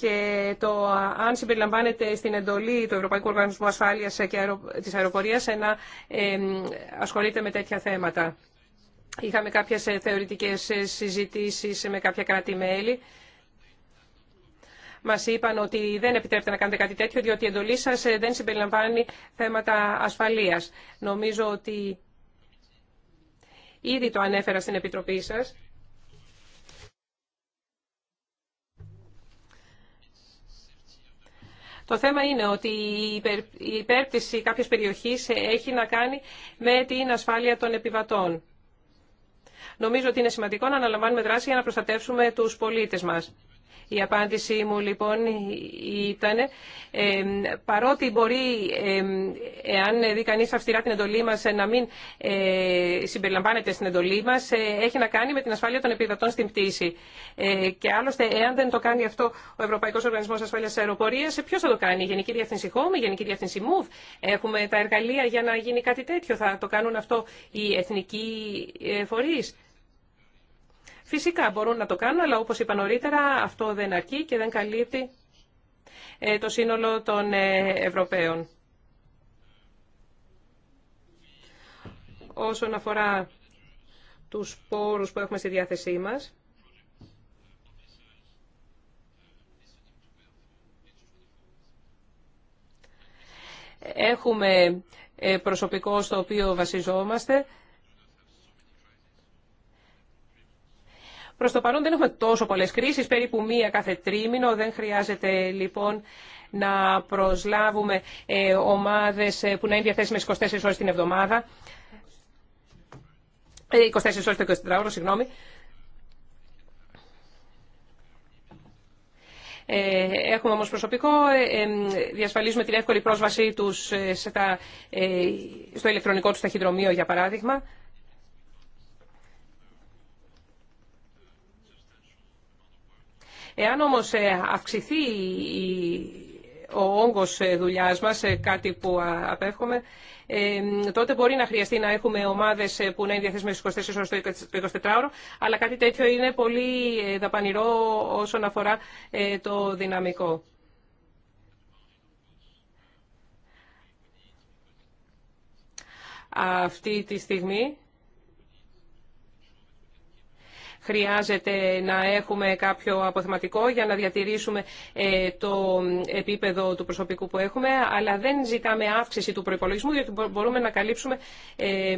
και το αν συμπεριλαμβάνεται στην εντολή του Ευρωπαϊκού Οργανισμού Ασφάλειας και της Αεροπορίας ε, να ε, ασχολείται με τέτοια θέματα. Είχαμε κάποιες ε, θεωρητικές συζητήσεις με κάποια κράτη-μέλη. Μας είπαν ότι δεν επιτρέπεται να κάνετε κάτι τέτοιο, διότι η εντολή σας δεν συμπεριλαμβάνει θέματα ασφαλείας. Νομίζω ότι ήδη το ανέφερα στην Επιτροπή σας. Το θέμα είναι ότι η υπέρπτυση κάποιες περιοχής έχει να κάνει με την ασφάλεια των επιβατών. Νομίζω ότι είναι σημαντικό να αναλαμβάνουμε δράση για να προστατεύσουμε τους πολίτες μας. Η απάντησή μου λοιπόν ήταν, παρότι μπορεί, ε, εάν δει κανεί αυστηρά την εντολή μα, να μην ε, συμπεριλαμβάνεται στην εντολή μα, ε, έχει να κάνει με την ασφάλεια των επιβατών στην πτήση. Ε, και άλλωστε, εάν δεν το κάνει αυτό ο Ευρωπαϊκό Οργανισμό Ασφάλεια Αεροπορία, ποιο θα το κάνει, η Γενική Διεύθυνση Home, η Γενική Διεύθυνση MOVE. Έχουμε τα εργαλεία για να γίνει κάτι τέτοιο. Θα το κάνουν αυτό οι εθνικοί ε, φορεί. Φυσικά μπορούν να το κάνουν, αλλά όπως είπα νωρίτερα αυτό δεν αρκεί και δεν καλύπτει ε, το σύνολο των ε, Ευρωπαίων. Όσον αφορά τους πόρους που έχουμε στη διάθεσή μας, έχουμε ε, προσωπικό στο οποίο βασιζόμαστε Προς το παρόν δεν έχουμε τόσο πολλές κρίσεις, περίπου μία κάθε τρίμηνο. Δεν χρειάζεται λοιπόν να προσλάβουμε ε, ομάδες ε, που να είναι διαθέσιμες 24 ώρε την εβδομάδα. 24 ε, ώρες το 24ωρο, συγγνώμη. Έχουμε όμως προσωπικό, διασφαλίζουμε την εύκολη πρόσβασή τους στο ηλεκτρονικό τους ταχυδρομείο, για παράδειγμα. Εάν όμως ε, αυξηθεί ο όγκος ε, δουλειάς μας, ε, κάτι που απέφχομαι, τότε μπορεί να χρειαστεί να έχουμε ομάδες που να είναι διαθέσιμες 24 ώρες το 24ωρο, αλλά κάτι τέτοιο είναι πολύ δαπανηρό όσον αφορά το δυναμικό. Αυτή τη στιγμή χρειάζεται να έχουμε κάποιο αποθεματικό για να διατηρήσουμε ε, το επίπεδο του προσωπικού που έχουμε, αλλά δεν ζητάμε αύξηση του προϋπολογισμού, γιατί μπορούμε να καλύψουμε ε,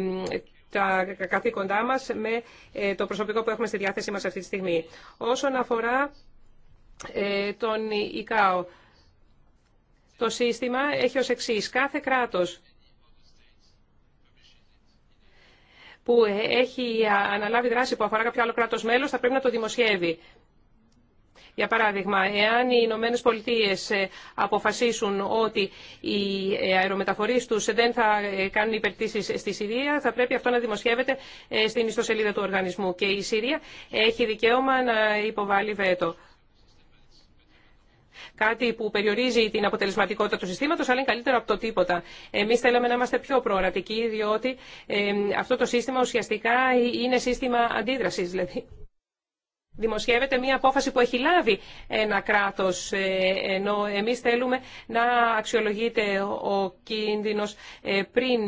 τα καθήκοντά μας με ε, το προσωπικό που έχουμε στη διάθεσή μας αυτή τη στιγμή. Όσον αφορά τον ΙΚΑΟ, το σύστημα έχει ως εξής. Κάθε κράτος που ε, έχει αναλάβει δράση που αφορά κάποιο άλλο κράτο μέλο θα πρέπει να το δημοσιεύει. Για παράδειγμα, εάν οι Ηνωμένε Πολιτείε ε, αποφασίσουν ότι οι ε, αερομεταφορεί του δεν θα κάνουν υπερτήσει στη Συρία, θα πρέπει αυτό να δημοσιεύεται στην ιστοσελίδα του οργανισμού. Και η Συρία έχει δικαίωμα να υποβάλει βέτο. Κάτι που περιορίζει την αποτελεσματικότητα του συστήματο, αλλά είναι καλύτερο από το τίποτα. Εμεί θέλαμε να είμαστε πιο προορατικοί, διότι αυτό το σύστημα ουσιαστικά είναι σύστημα αντίδραση. Δηλαδή, δημοσιεύεται μια απόφαση που έχει λάβει ένα κράτος, ε, ενώ εμείς θέλουμε να αξιολογείται ο κίνδυνος ε, πριν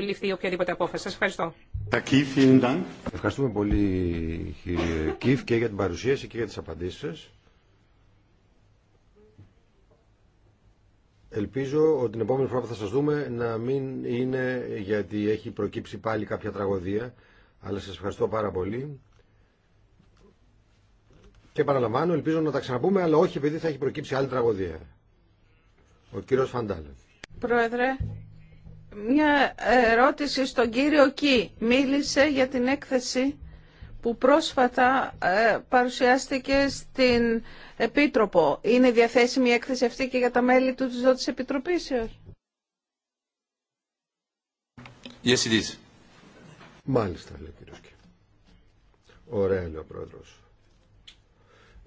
ληφθεί οποιαδήποτε απόφαση. Σας ευχαριστώ.
Ευχαριστούμε πολύ κύριε Κίφ και για την παρουσίαση και για τις απαντήσεις σας. Ελπίζω ότι την επόμενη φορά που θα σας δούμε να μην είναι γιατί έχει προκύψει πάλι κάποια τραγωδία. Αλλά σας ευχαριστώ πάρα πολύ. Και παραλαμβάνω, ελπίζω να τα ξαναπούμε, αλλά όχι επειδή θα έχει προκύψει άλλη τραγωδία. Ο κύριος Φαντάλης.
Πρόεδρε, μια ερώτηση στον κύριο Κι. Μίλησε για την έκθεση που πρόσφατα ε, παρουσιάστηκε στην Επίτροπο. Είναι διαθέσιμη η έκθεση αυτή και για τα μέλη του της Επιτροπής,
Yes, it is. Μάλιστα, λέει ο κύριος Ωραία, ο πρόεδρος.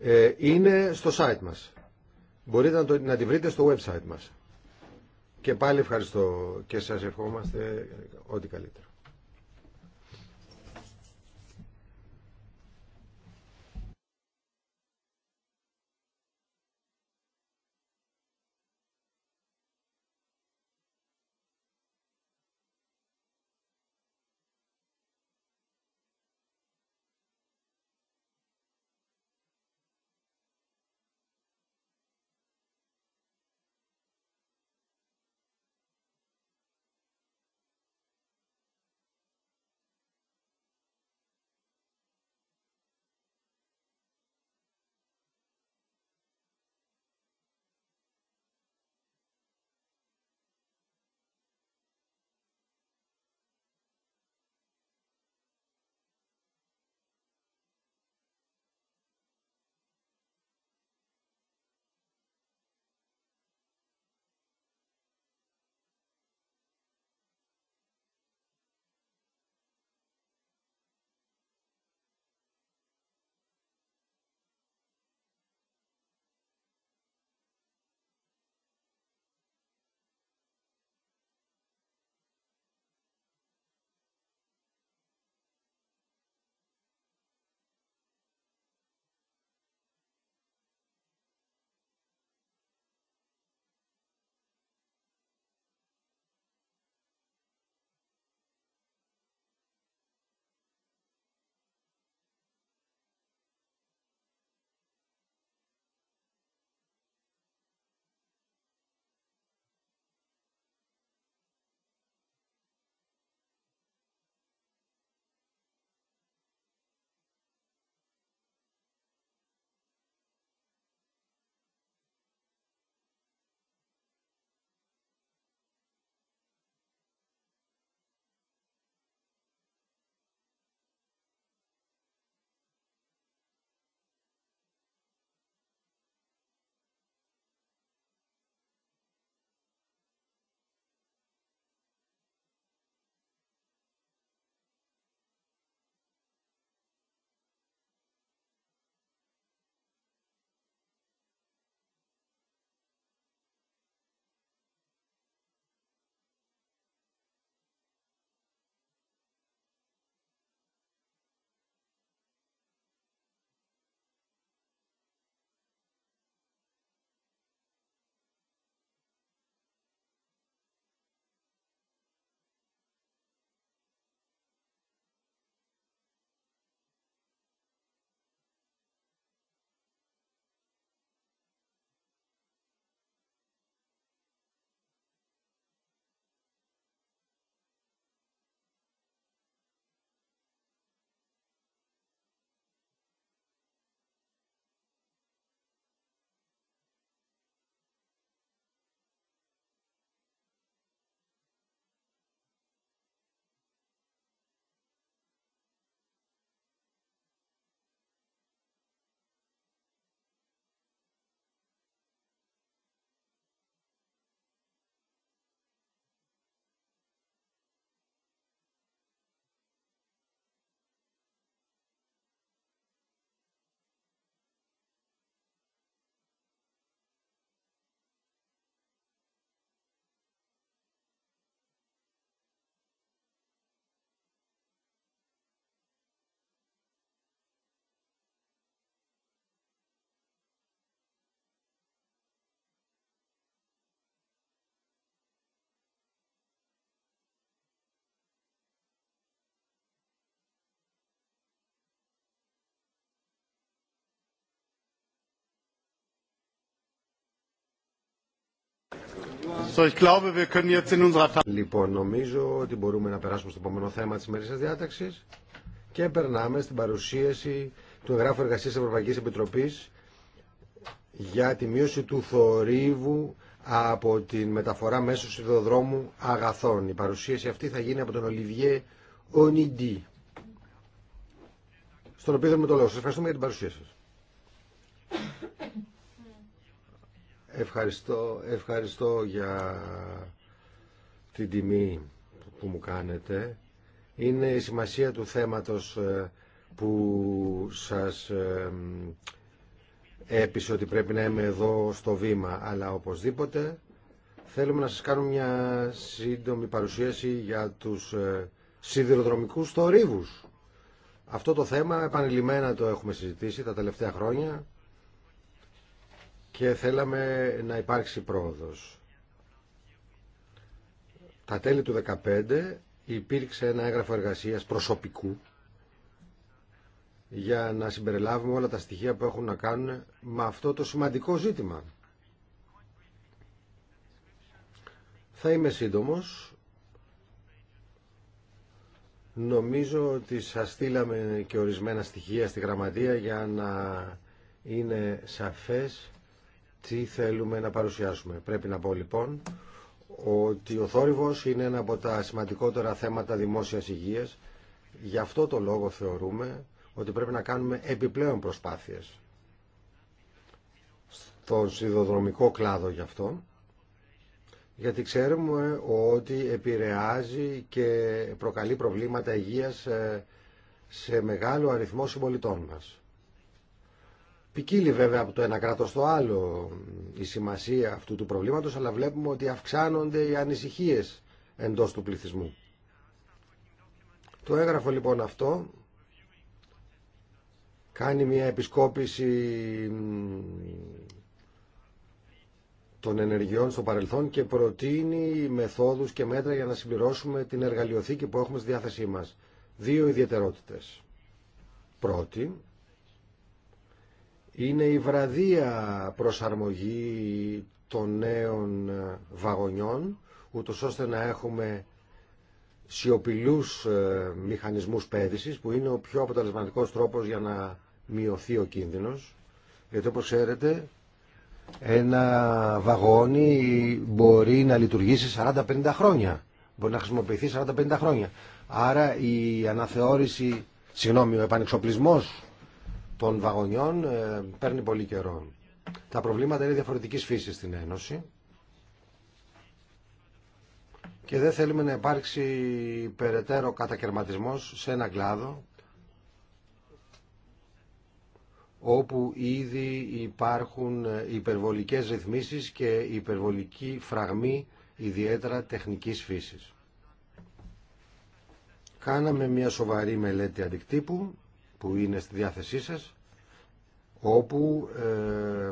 Ε, είναι στο site μας. Μπορείτε να, το, να τη βρείτε στο website μας. Και πάλι ευχαριστώ και σας ευχόμαστε ό,τι καλύτερο. Λοιπόν, νομίζω ότι μπορούμε να περάσουμε στο επόμενο θέμα της μέρης διάταξη και περνάμε στην παρουσίαση του εγγράφου εργασία Ευρωπαϊκή Επιτροπή για τη μείωση του θορύβου από τη μεταφορά μέσω σιδηροδρόμου αγαθών. Η παρουσίαση αυτή θα γίνει από τον Ολιβιέ Ονιντή, στον οποίο με το λόγο. Σα ευχαριστούμε για την παρουσία σα. Ευχαριστώ, ευχαριστώ για την τιμή που μου κάνετε. Είναι η σημασία του θέματος ε, που σας ε, έπεισε ότι πρέπει να είμαι εδώ στο βήμα, αλλά οπωσδήποτε θέλουμε να σας κάνουμε μια σύντομη παρουσίαση για τους ε, σιδηροδρομικούς θορύβους. Αυτό το θέμα επανειλημμένα το έχουμε συζητήσει τα τελευταία χρόνια και θέλαμε να υπάρξει πρόοδος. Τα τέλη του 2015 υπήρξε ένα έγγραφο εργασίας προσωπικού για να συμπεριλάβουμε όλα τα στοιχεία που έχουν να κάνουν με αυτό το σημαντικό ζήτημα. Θα είμαι σύντομος. Νομίζω ότι σας στείλαμε και ορισμένα στοιχεία στη γραμματεία για να είναι σαφές τι θέλουμε να παρουσιάσουμε. Πρέπει να πω λοιπόν ότι ο θόρυβος είναι ένα από τα σημαντικότερα θέματα δημόσιας υγείας. Γι' αυτό το λόγο θεωρούμε ότι πρέπει να κάνουμε επιπλέον προσπάθειες στον σιδοδρομικό κλάδο γι' αυτό, γιατί ξέρουμε ότι επηρεάζει και προκαλεί προβλήματα υγείας ε, σε μεγάλο αριθμό συμπολιτών μας. Ποικίλει βέβαια από το ένα κράτο στο άλλο η σημασία αυτού του προβλήματος, αλλά βλέπουμε ότι αυξάνονται οι ανησυχίε εντός του πληθυσμού. Το έγγραφο λοιπόν αυτό κάνει μια επισκόπηση των ενεργειών στο παρελθόν και προτείνει μεθόδους και μέτρα για να συμπληρώσουμε την εργαλειοθήκη που έχουμε στη διάθεσή μας. Δύο ιδιαιτερότητες. Πρώτη, είναι η βραδία προσαρμογή των νέων ε, βαγονιών, ούτως ώστε να έχουμε σιωπηλούς ε, μηχανισμούς πέδησης, που είναι ο πιο αποτελεσματικός τρόπος για να μειωθεί ο κίνδυνος. Γιατί όπως ξέρετε, ένα βαγόνι μπορεί να λειτουργήσει 40-50 χρόνια. Μπορεί να χρησιμοποιηθεί 40-50 χρόνια. Άρα η αναθεώρηση, συγγνώμη, ο επανεξοπλισμός των βαγονιών ε, παίρνει πολύ καιρό. Τα προβλήματα είναι διαφορετικής φύσης στην Ένωση και δεν θέλουμε να υπάρξει περαιτέρω κατακαιρματισμός σε ένα κλάδο όπου ήδη υπάρχουν υπερβολικές ρυθμίσεις και υπερβολική φραγμή ιδιαίτερα τεχνικής φύσης. Κάναμε μια σοβαρή μελέτη αντικτύπου που είναι στη διάθεσή σας όπου ε,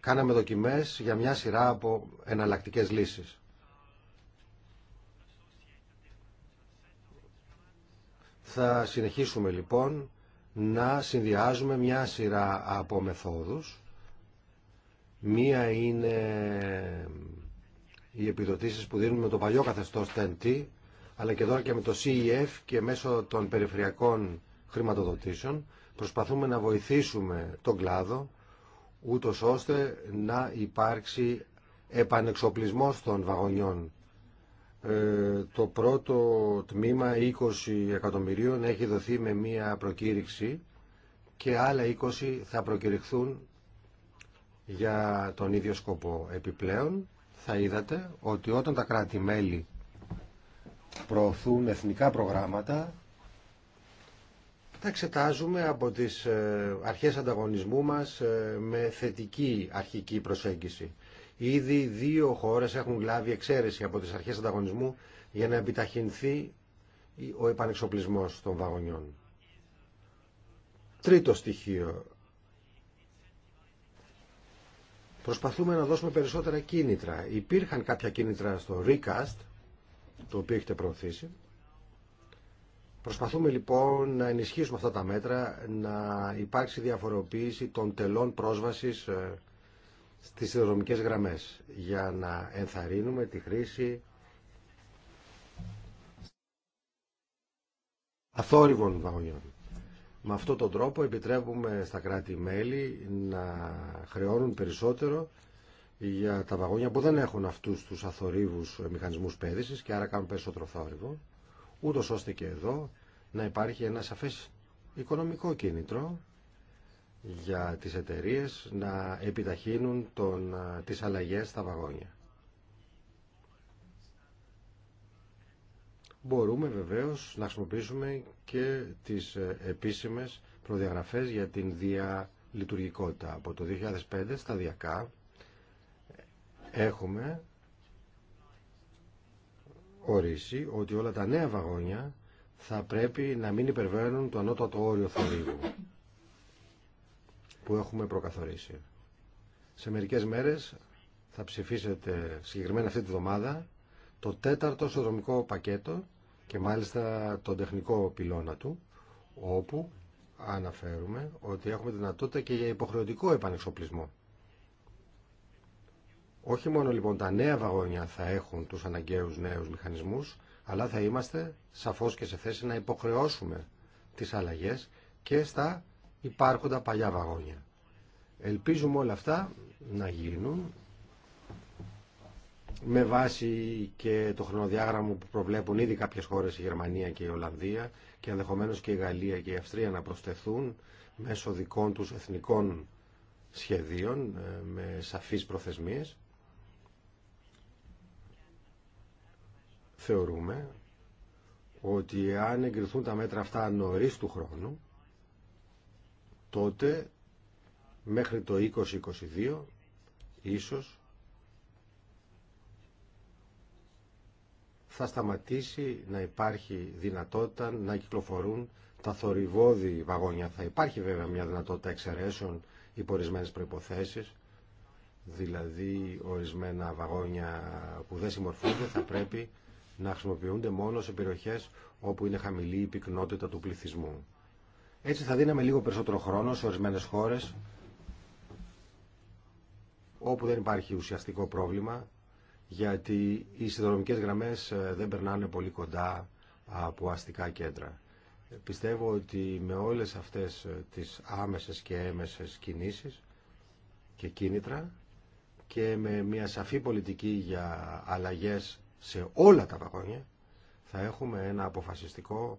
κάναμε δοκιμές για μια σειρά από εναλλακτικές λύσεις. Θα συνεχίσουμε λοιπόν να συνδυάζουμε μια σειρά από μεθόδους. Μία είναι οι επιδοτήσεις που δίνουμε με το παλιό καθεστώς TNT, αλλά και τώρα και με το CEF και μέσω των περιφερειακών χρηματοδοτήσεων. Προσπαθούμε να βοηθήσουμε τον κλάδο, ούτω ώστε να υπάρξει επανεξοπλισμός των βαγονιών. Ε, το πρώτο τμήμα, 20 εκατομμυρίων, έχει δοθεί με μία προκήρυξη και άλλα 20 θα προκηρυχθούν για τον ίδιο σκοπό. Επιπλέον, θα είδατε ότι όταν τα κράτη-μέλη προωθούν εθνικά προγράμματα, τα εξετάζουμε από τις ε, αρχές ανταγωνισμού μας ε, με θετική αρχική προσέγγιση. Ήδη δύο χώρες έχουν λάβει εξαίρεση από τις αρχές ανταγωνισμού για να επιταχυνθεί ο επανεξοπλισμός των βαγονιών. Τρίτο στοιχείο. Προσπαθούμε να δώσουμε περισσότερα κίνητρα. Υπήρχαν κάποια κίνητρα στο Recast, το οποίο έχετε προωθήσει, Προσπαθούμε λοιπόν να ενισχύσουμε αυτά τα μέτρα, να υπάρξει διαφοροποίηση των τελών πρόσβασης ε, στις συνδρομικές γραμμές για να ενθαρρύνουμε τη χρήση αθόρυβων βαγονιών. Με αυτόν τον τρόπο επιτρέπουμε στα κράτη-μέλη να χρεώνουν περισσότερο για τα βαγόνια που δεν έχουν αυτούς τους αθορύβους μηχανισμούς πέδησης και άρα κάνουν περισσότερο θόρυβο ούτω ώστε και εδώ να υπάρχει ένα σαφές οικονομικό κίνητρο για τις εταιρείες να επιταχύνουν τον, τις αλλαγές στα βαγόνια. Μπορούμε βεβαίως να χρησιμοποιήσουμε και τις ε, επίσημες προδιαγραφές για την διαλειτουργικότητα. Από το 2005 σταδιακά έχουμε ορίσει ότι όλα τα νέα βαγόνια θα πρέπει να μην υπερβαίνουν το ανώτατο όριο θορύβου που έχουμε προκαθορίσει. Σε μερικές μέρες θα ψηφίσετε συγκεκριμένα αυτή τη βδομάδα το τέταρτο σοδρομικό πακέτο και μάλιστα τον τεχνικό πυλώνα του όπου αναφέρουμε ότι έχουμε δυνατότητα και για υποχρεωτικό επανεξοπλισμό όχι μόνο λοιπόν τα νέα βαγόνια θα έχουν τους αναγκαίους νέους μηχανισμούς, αλλά θα είμαστε σαφώς και σε θέση να υποχρεώσουμε τις αλλαγές και στα υπάρχοντα παλιά βαγόνια. Ελπίζουμε όλα αυτά να γίνουν με βάση και το χρονοδιάγραμμα που προβλέπουν ήδη κάποιες χώρες, η Γερμανία και η Ολλανδία και ενδεχομένω και η Γαλλία και η Αυστρία να προσθεθούν μέσω δικών τους εθνικών σχεδίων ε, με σαφείς προθεσμίες. θεωρούμε ότι αν εγκριθούν τα μέτρα αυτά νωρίς του χρόνου, τότε μέχρι το 2022 ίσως θα σταματήσει να υπάρχει δυνατότητα να κυκλοφορούν τα θορυβόδη βαγόνια. Θα υπάρχει βέβαια μια δυνατότητα εξαιρέσεων υπορισμένες ορισμένε προϋποθέσεις, δηλαδή ορισμένα βαγόνια που δεν συμμορφούνται θα πρέπει να χρησιμοποιούνται μόνο σε περιοχέ όπου είναι χαμηλή η πυκνότητα του πληθυσμού. Έτσι θα δίναμε λίγο περισσότερο χρόνο σε ορισμένε χώρες όπου δεν υπάρχει ουσιαστικό πρόβλημα γιατί οι συνδρομικέ γραμμές ε, δεν περνάνε πολύ κοντά από αστικά κέντρα. Πιστεύω ότι με όλες αυτές ε, τις άμεσες και έμεσες κινήσεις και κίνητρα και με μια σαφή πολιτική για αλλαγές σε όλα τα βαγόνια θα έχουμε ένα αποφασιστικό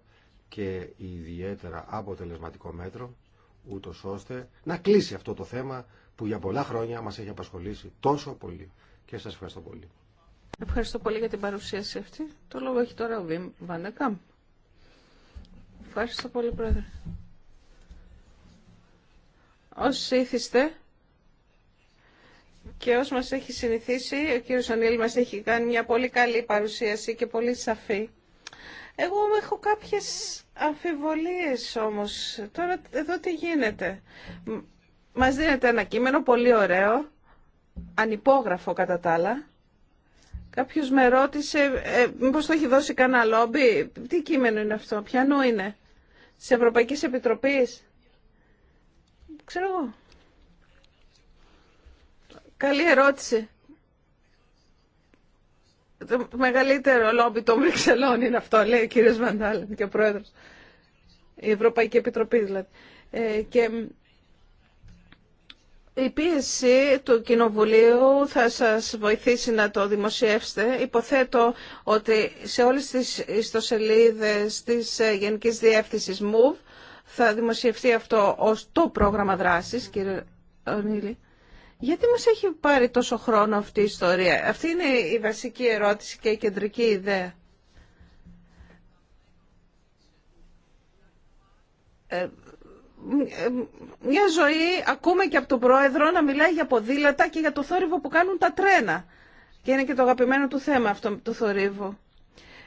και ιδιαίτερα αποτελεσματικό μέτρο ούτω ώστε να κλείσει αυτό το θέμα που για πολλά χρόνια μας έχει απασχολήσει τόσο πολύ. Και σας ευχαριστώ πολύ.
Ευχαριστώ πολύ για την παρουσίαση αυτή. Το λόγο έχει τώρα ο Βιμ Βανεκάμ. Ευχαριστώ πολύ, Πρόεδρε. Όσοι ήθιστε, και όσο μας έχει συνηθίσει, ο κύριος Ανίλη μας έχει κάνει μια πολύ καλή παρουσίαση και πολύ σαφή. Εγώ έχω κάποιες αμφιβολίες όμως. Τώρα εδώ τι γίνεται. Μας δίνεται ένα κείμενο πολύ ωραίο, ανυπόγραφο κατά τα άλλα. Κάποιος με ρώτησε ε, μήπως το έχει δώσει κανένα λόμπι. Τι κείμενο είναι αυτό, ποιανού είναι. Της Ευρωπαϊκής Επιτροπής. Ξέρω εγώ. Καλή ερώτηση. Το μεγαλύτερο λόμπι των Βρυξελών είναι αυτό, λέει ο κύριος Βαντάλεν και ο πρόεδρος. Η Ευρωπαϊκή Επιτροπή δηλαδή. Ε, και η πίεση του Κοινοβουλίου θα σας βοηθήσει να το δημοσιεύσετε. Υποθέτω ότι σε όλες τις ιστοσελίδες της ε, Γενικής Διεύθυνσης MOVE θα δημοσιευτεί αυτό ως το πρόγραμμα δράσης, κύριε Ονίλη. Γιατί μας έχει πάρει τόσο χρόνο αυτή η ιστορία. Αυτή είναι η βασική ερώτηση και η κεντρική ιδέα. Ε, ε, μια ζωή ακούμε και από τον πρόεδρο να μιλάει για ποδήλατα και για το θόρυβο που κάνουν τα τρένα. Και είναι και το αγαπημένο του θέμα αυτό το θορύβο.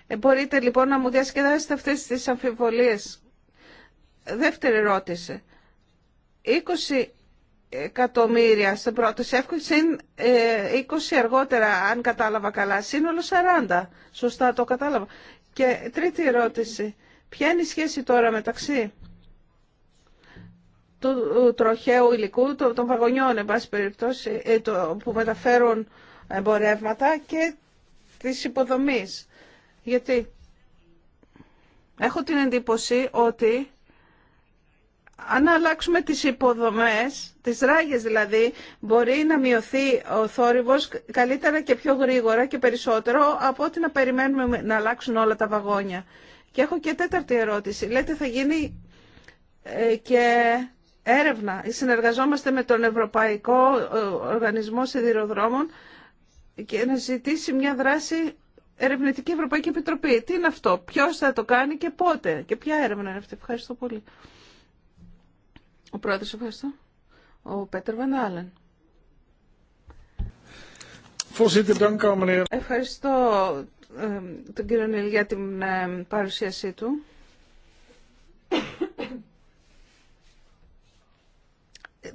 Ε, μπορείτε λοιπόν να μου διασκεδάσετε αυτές τις αμφιβολίες. Δεύτερη ερώτηση. 20 εκατομμύρια στην πρώτη σεύκο, συν 20 ε, αργότερα, αν κατάλαβα καλά, σύνολο 40. Σωστά το κατάλαβα. Και τρίτη ερώτηση. Ποια είναι η σχέση τώρα μεταξύ του τροχαίου υλικού, των βαγονιών, εν πάση περιπτώσει, ε, που μεταφέρουν εμπορεύματα και της υποδομής. Γιατί έχω την εντύπωση ότι αν αλλάξουμε τις υποδομές, τις ράγες δηλαδή, μπορεί να μειωθεί ο θόρυβος καλύτερα και πιο γρήγορα και περισσότερο από ό,τι να περιμένουμε να αλλάξουν όλα τα βαγόνια. Και έχω και τέταρτη ερώτηση. Λέτε θα γίνει ε, και έρευνα. Συνεργαζόμαστε με τον Ευρωπαϊκό ε, Οργανισμό Σιδηροδρόμων και να ζητήσει μια δράση Ερευνητική Ευρωπαϊκή Επιτροπή. Τι είναι αυτό, ποιος θα το κάνει και πότε και ποια έρευνα είναι αυτή. Ευχαριστώ πολύ. Ο πρόεδρος, ευχαριστώ. Ο Πέτερ Βαντάλεν. Ευχαριστώ τον κύριο Νίλ για την παρουσίασή του.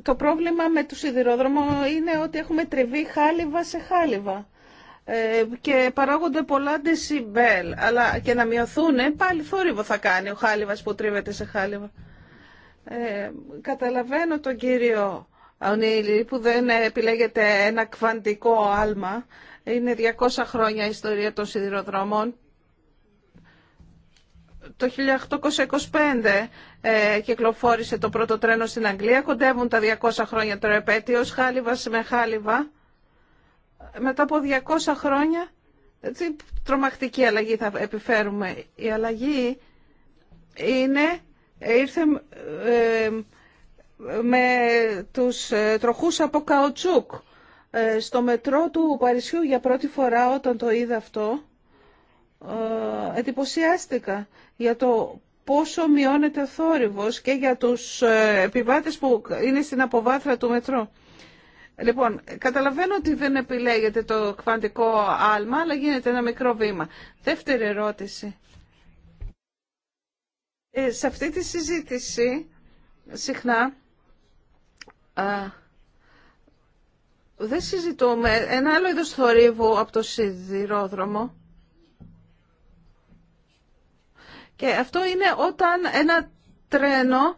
Το πρόβλημα με το σιδηρόδρομο είναι ότι έχουμε τριβή χάλιβα σε χάλιβα ε, και παράγονται πολλά δεσιμπέλ, αλλά και να μειωθούν πάλι θόρυβο θα κάνει ο χάλιβας που τρίβεται σε χάλιβα. Ε, καταλαβαίνω τον κύριο Αουνίλη που δεν επιλέγεται ένα κβαντικό άλμα. Είναι 200 χρόνια η ιστορία των σιδηροδρομών. Το 1825 ε, κυκλοφόρησε το πρώτο τρένο στην Αγγλία. Κοντεύουν τα 200 χρόνια τώρα επέτειος, χάλιβα με χάλιβα. Μετά από 200 χρόνια, τι τρομακτική αλλαγή θα επιφέρουμε. Η αλλαγή είναι ήρθε ε, με τους ε, τροχούς από καουτσούκ ε, στο μετρό του Παρισιού για πρώτη φορά όταν το είδα αυτό εντυπωσιάστηκα για το πόσο μειώνεται ο θόρυβος και για τους επιβάτες που είναι στην αποβάθρα του μετρό. Λοιπόν, καταλαβαίνω ότι δεν επιλέγετε το κβαντικό άλμα, αλλά γίνεται ένα μικρό βήμα. Δεύτερη ερώτηση. Ε, σε αυτή τη συζήτηση συχνά δεν συζητούμε ένα άλλο είδος θορύβου από το σιδηρόδρομο. Και αυτό είναι όταν ένα τρένο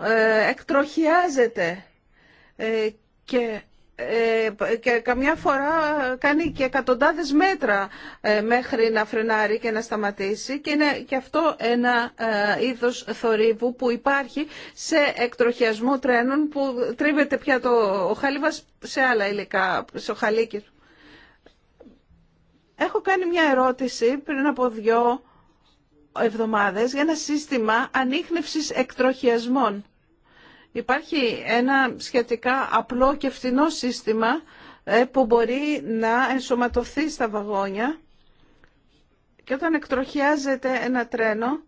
ε, εκτροχιάζεται ε, και ε, και καμιά φορά κάνει και εκατοντάδες μέτρα ε, μέχρι να φρενάρει και να σταματήσει και είναι και αυτό ένα ε, είδος θορύβου που υπάρχει σε εκτροχιασμό τρένων που τρίβεται πια το ο χαλίβας σε άλλα υλικά, σε χαλίκι. Έχω κάνει μια ερώτηση πριν από δυο εβδομάδες για ένα σύστημα ανείχνευσης εκτροχιασμών Υπάρχει ένα σχετικά απλό και φθηνό σύστημα ε, που μπορεί να ενσωματωθεί στα βαγόνια και όταν εκτροχιάζεται ένα τρένο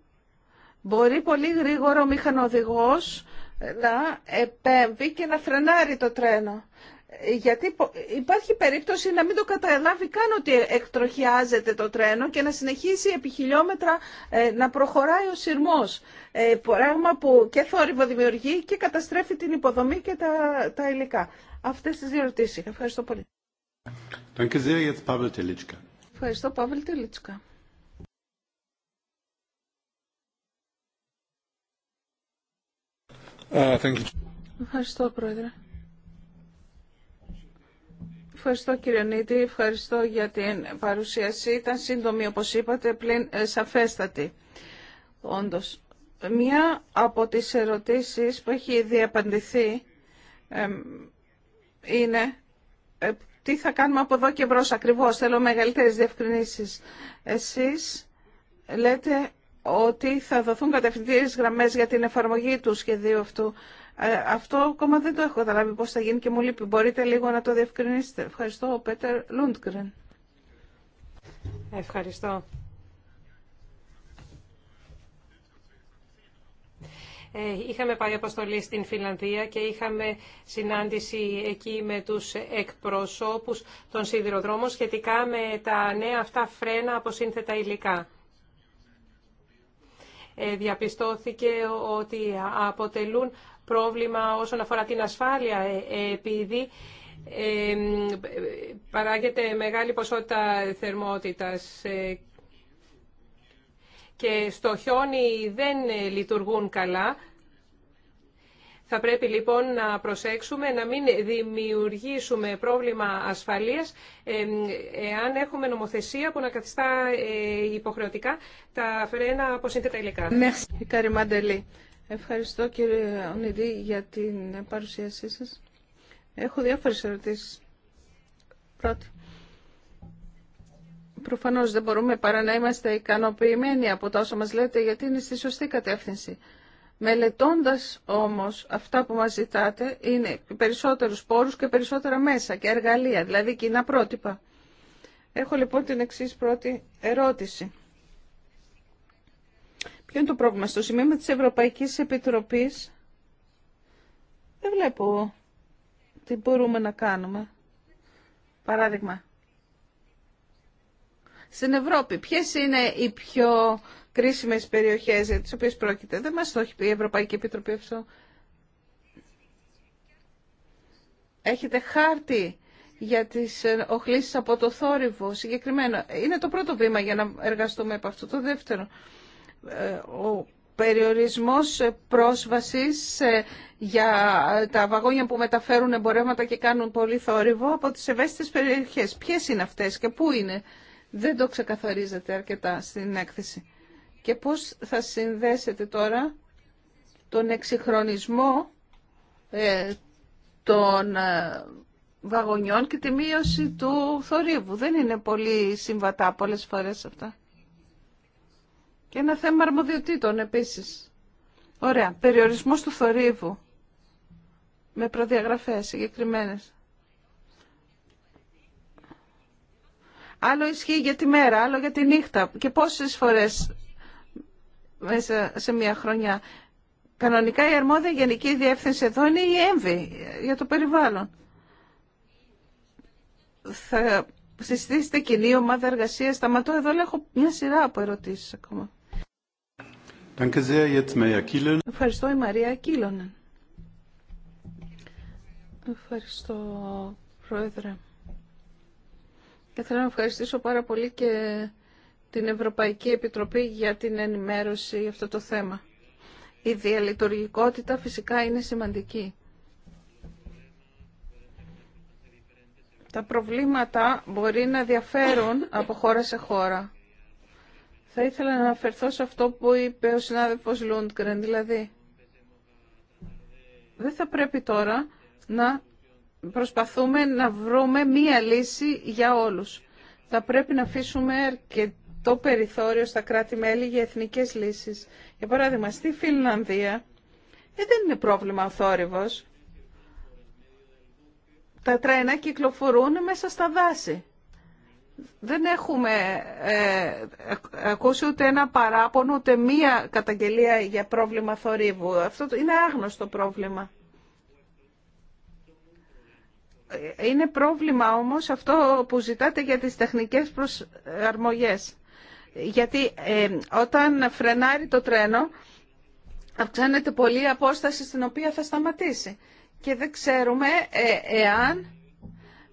μπορεί πολύ γρήγορα ο μηχανοδηγός ε, να επέμβει και να φρενάρει το τρένο. Γιατί υπάρχει περίπτωση να μην το καταλάβει καν ότι εκτροχιάζεται το τρένο και να συνεχίσει επί χιλιόμετρα ε, να προχωράει ο σειρμός. Ε, πράγμα που και θόρυβο δημιουργεί και καταστρέφει την υποδομή και τα, τα υλικά. Αυτές τι δύο ερωτήσει. Ευχαριστώ πολύ. Ευχαριστώ, Παύλ Τελίτσκα. Uh, thank you. Ευχαριστώ, Πρόεδρε. Ευχαριστώ κύριε Νίτη, ευχαριστώ για την παρουσίαση. Ήταν σύντομη όπως είπατε, πλην ε, σαφέστατη. Όντως. Μία από τις ερωτήσεις που έχει ήδη απαντηθεί είναι ε, τι θα κάνουμε από εδώ και μπρος ακριβώς. Θέλω μεγαλύτερες διευκρινήσεις. Εσείς λέτε ότι θα δοθούν κατευθυντήριες γραμμές για την εφαρμογή του σχεδίου αυτού. Ε, αυτό ακόμα δεν το έχω καταλάβει πώς θα γίνει και μου λείπει. Μπορείτε λίγο να το διευκρινίσετε. Ευχαριστώ, Πέτερ Λούντγκρεν.
Ευχαριστώ. Ε, είχαμε πάει αποστολή στην Φιλανδία και είχαμε συνάντηση εκεί με τους εκπροσώπους των σιδηροδρόμων σχετικά με τα νέα αυτά φρένα από σύνθετα υλικά. Ε, διαπιστώθηκε ότι αποτελούν πρόβλημα όσον αφορά την ασφάλεια ε, επειδή παράγεται μεγάλη ποσότητα θερμότητας και στο χιόνι δεν ε, λειτουργούν καλά. Θα πρέπει λοιπόν να προσέξουμε να μην δημιουργήσουμε πρόβλημα ασφαλείας ε, εάν έχουμε νομοθεσία που να καθιστά ε, υποχρεωτικά τα φρένα από σύνθετα υλικά.
Ευχαριστώ κύριε Ονιδή για την παρουσίασή σας. Έχω διάφορες ερωτήσεις. Πρώτη. Προφανώς δεν μπορούμε παρά να είμαστε ικανοποιημένοι από τα όσα μας λέτε γιατί είναι στη σωστή κατεύθυνση. Μελετώντας όμως αυτά που μας ζητάτε είναι περισσότερους πόρους και περισσότερα μέσα και εργαλεία, δηλαδή κοινά πρότυπα. Έχω λοιπόν την εξής πρώτη ερώτηση. Ποιο είναι το πρόβλημα στο σημείο της Ευρωπαϊκής Επιτροπής. Δεν βλέπω τι μπορούμε να κάνουμε. Παράδειγμα, στην Ευρώπη. ποιε είναι οι πιο κρίσιμε περιοχές για τι οποίε πρόκειται. Δεν μα το έχει πει η Ευρωπαϊκή Επιτροπή αυτό. Έχετε χάρτη για τις οχλήσεις από το θόρυβο συγκεκριμένα. Είναι το πρώτο βήμα για να εργαστούμε από αυτό. Το δεύτερο, ε, ο περιορισμός πρόσβασης ε, για ε, τα βαγόνια που μεταφέρουν εμπορεύματα και κάνουν πολύ θόρυβο από τις ευαίσθητες περιοχές. Ποιες είναι αυτές και πού είναι. Δεν το ξεκαθαρίζετε αρκετά στην έκθεση. Και πώς θα συνδέσετε τώρα τον εξυγχρονισμό ε, των ε, βαγονιών και τη μείωση του θορύβου. Δεν είναι πολύ συμβατά πολλές φορές αυτά. Και ένα θέμα αρμοδιοτήτων επίσης. Ωραία. Περιορισμός του θορύβου. Με προδιαγραφές συγκεκριμένες. Άλλο ισχύει για τη μέρα, άλλο για τη νύχτα. Και πόσες φορές μέσα σε μια χρονιά. Κανονικά η αρμόδια γενική διεύθυνση εδώ είναι η έμβη για το περιβάλλον. Θα συστήσετε κοινή ομάδα εργασία. Σταματώ εδώ, έχω μια σειρά από ερωτήσει ακόμα. Ευχαριστώ η Μαρία Κίλωνεν. Ευχαριστώ, Πρόεδρε. Και θέλω να ευχαριστήσω πάρα πολύ και την Ευρωπαϊκή Επιτροπή για την ενημέρωση για αυτό το θέμα. Η διαλειτουργικότητα φυσικά είναι σημαντική. Τα προβλήματα μπορεί να διαφέρουν από χώρα σε χώρα. Θα ήθελα να αναφερθώ σε αυτό που είπε ο συνάδελφος Λούντγκρεν, δηλαδή δεν θα πρέπει τώρα να προσπαθούμε να βρούμε μία λύση για όλους. Θα πρέπει να αφήσουμε αρκετό περιθώριο στα κράτη-μέλη για εθνικές λύσεις. Για παράδειγμα, στη Φιλανδία ε, δεν είναι πρόβλημα ο θόρυβος. Τα τρένα κυκλοφορούν μέσα στα δάση. Δεν έχουμε ε, ακούσει ούτε ένα παράπονο, ούτε μία καταγγελία για πρόβλημα θορύβου. Αυτό είναι άγνωστο πρόβλημα. Είναι πρόβλημα όμως αυτό που ζητάτε για τις τεχνικές προσαρμογές. Γιατί ε, όταν φρενάρει το τρένο, αυξάνεται πολύ η απόσταση στην οποία θα σταματήσει. Και δεν ξέρουμε ε, εάν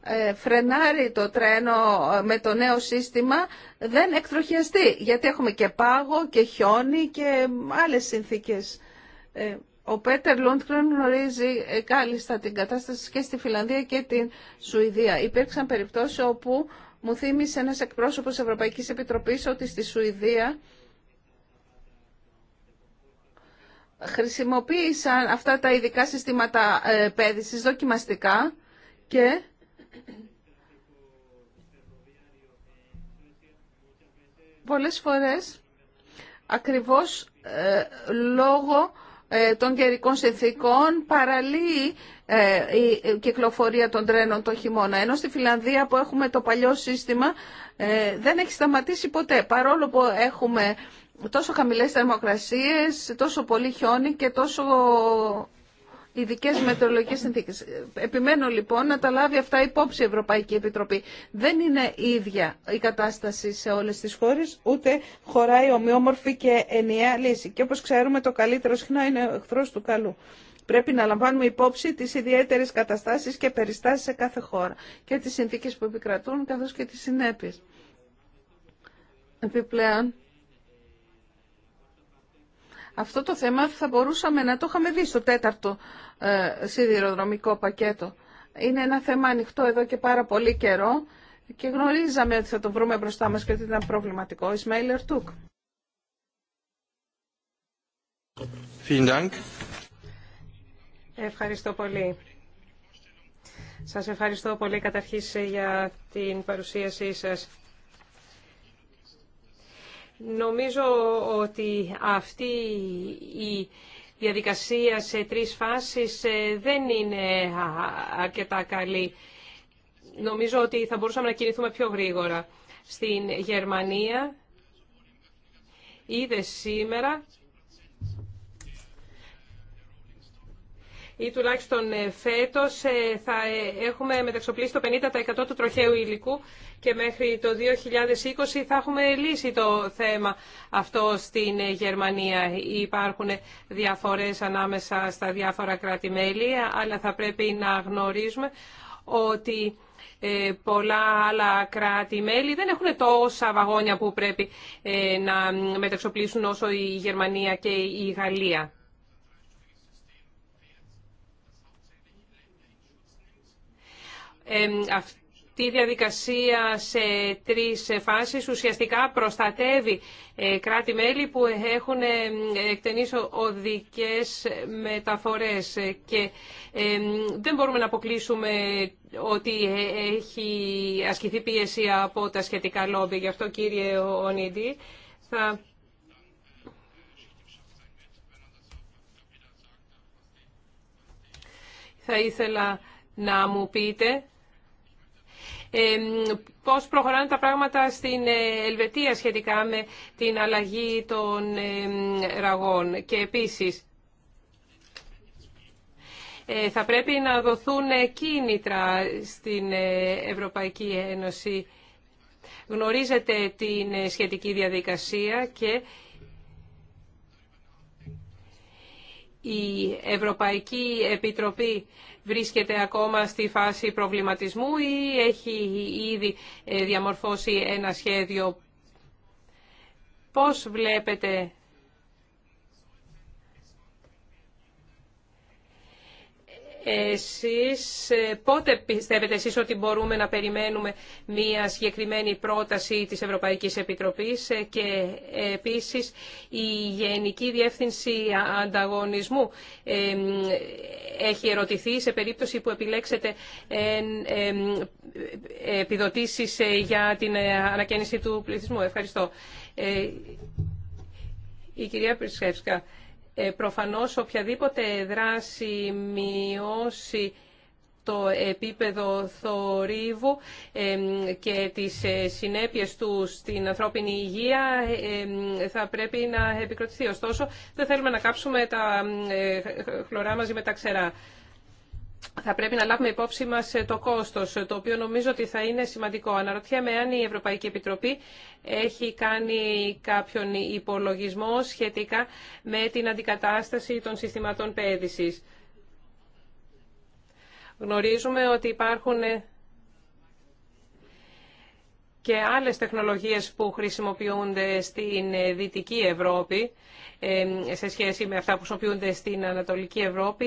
ε, φρενάρει το τρένο με το νέο σύστημα, δεν εκτροχιαστεί. Γιατί έχουμε και πάγο και χιόνι και άλλες συνθήκες ο Πέτερ Λούντκρον γνωρίζει ε, κάλλιστα την κατάσταση και στη Φιλανδία και την Σουηδία. Υπήρξαν περιπτώσεις όπου μου θύμισε ένας εκπρόσωπος Ευρωπαϊκής Επιτροπής ότι στη Σουηδία χρησιμοποίησαν αυτά τα ειδικά συστήματα ε, πέδησης δοκιμαστικά και πολλές φορές ακριβώς ε, λόγω ε, των καιρικών συνθήκων παραλύει ε, η κυκλοφορία των τρένων το χειμώνα. Ενώ στη Φιλανδία που έχουμε το παλιό σύστημα ε, δεν έχει σταματήσει ποτέ. Παρόλο που έχουμε τόσο χαμηλές θερμοκρασίες, τόσο πολύ χιόνι και τόσο ειδικέ μετεωρολογικέ συνθήκε. Επιμένω λοιπόν να τα λάβει αυτά υπόψη η Ευρωπαϊκή Επιτροπή. Δεν είναι ίδια η κατάσταση σε όλε τι χώρε, ούτε χωράει ομοιόμορφη και ενιαία λύση. Και όπω ξέρουμε, το καλύτερο συχνά είναι ο εχθρό του καλού. Πρέπει να λαμβάνουμε υπόψη τι ιδιαίτερε καταστάσει και περιστάσει σε κάθε χώρα και τι συνθήκε που επικρατούν καθώ και τι συνέπειε. Επιπλέον, αυτό το θέμα θα μπορούσαμε να το είχαμε δει στο τέταρτο ε, σιδηροδρομικό πακέτο. Είναι ένα θέμα ανοιχτό εδώ και πάρα πολύ καιρό και γνωρίζαμε ότι θα το βρούμε μπροστά μας και ότι ήταν προβληματικό. Ισμαήλ Ερτούκ. Ευχαριστώ πολύ.
Σας ευχαριστώ πολύ καταρχής για την παρουσίασή σας. Νομίζω ότι αυτή η διαδικασία σε τρεις φάσεις ε, δεν είναι αρκετά καλή. Νομίζω ότι θα μπορούσαμε να κινηθούμε πιο γρήγορα. Στην Γερμανία είδε σήμερα ή τουλάχιστον ε, φέτος ε, θα ε, έχουμε μεταξοπλίσει το 50% του τροχαίου υλικού και μέχρι το 2020 θα έχουμε λύσει το θέμα αυτό στην Γερμανία. Υπάρχουν διαφορές ανάμεσα στα διάφορα κράτη-μέλη, αλλά θα πρέπει να γνωρίζουμε ότι πολλά άλλα κράτη-μέλη δεν έχουν τόσα βαγόνια που πρέπει να μεταξοπλίσουν όσο η Γερμανία και η Γαλλία. αυτή η διαδικασία σε τρεις φάσεις ουσιαστικά προστατεύει ε, κράτη-μέλη που έχουν ε, εκτενείς οδικές μεταφορές και δεν μπορούμε να αποκλείσουμε ότι ε, έχει ασκηθεί πίεση από τα σχετικά λόμπι. Γι' αυτό κύριε Ονίδη θα... Θα ήθελα να μου πείτε πώς προχωράνε τα πράγματα στην ε, Ελβετία σχετικά με την αλλαγή των ραγών. Και επίσης, ε, θα πρέπει να δοθούν ε, κίνητρα στην Ευρωπαϊκή Ένωση. Γνωρίζετε την σχετική διαδικασία και Η Ευρωπαϊκή Επιτροπή βρίσκεται ακόμα στη φάση προβληματισμού ή έχει ήδη ε, διαμορφώσει ένα σχέδιο. Πώς βλέπετε εσείς, ε, πότε πιστεύετε εσείς ότι μπορούμε να περιμένουμε μια συγκεκριμένη πρόταση της Ευρωπαϊκής Επιτροπής ε, και επίσης η Γενική Διεύθυνση Ανταγωνισμού ε, έχει ερωτηθεί σε περίπτωση που επιλέξετε επιδοτήσεις για την ανακαίνιση του πληθυσμού. Ευχαριστώ. Η κυρία Πρισκεύσκα. Ε, προφανώς οποιαδήποτε δράση μειώσει το επίπεδο θορύβου και τις ε, συνέπειες του στην ανθρώπινη υγεία θα πρέπει να επικροτηθεί. Ωστόσο, δεν θέλουμε να κάψουμε τα ε, χλωρά μαζί με τα ξερά θα πρέπει να λάβουμε υπόψη μας ε, το κόστος, ε, το οποίο νομίζω ότι θα είναι σημαντικό. Αναρωτιέμαι αν η Ευρωπαϊκή Επιτροπή έχει κάνει κάποιον υπολογισμό σχετικά με την αντικατάσταση των συστηματών πέδησης. Γνωρίζουμε ότι υπάρχουν ε, και άλλες τεχνολογίες που χρησιμοποιούνται στην Δυτική Ευρώπη σε σχέση με αυτά που χρησιμοποιούνται στην Ανατολική Ευρώπη.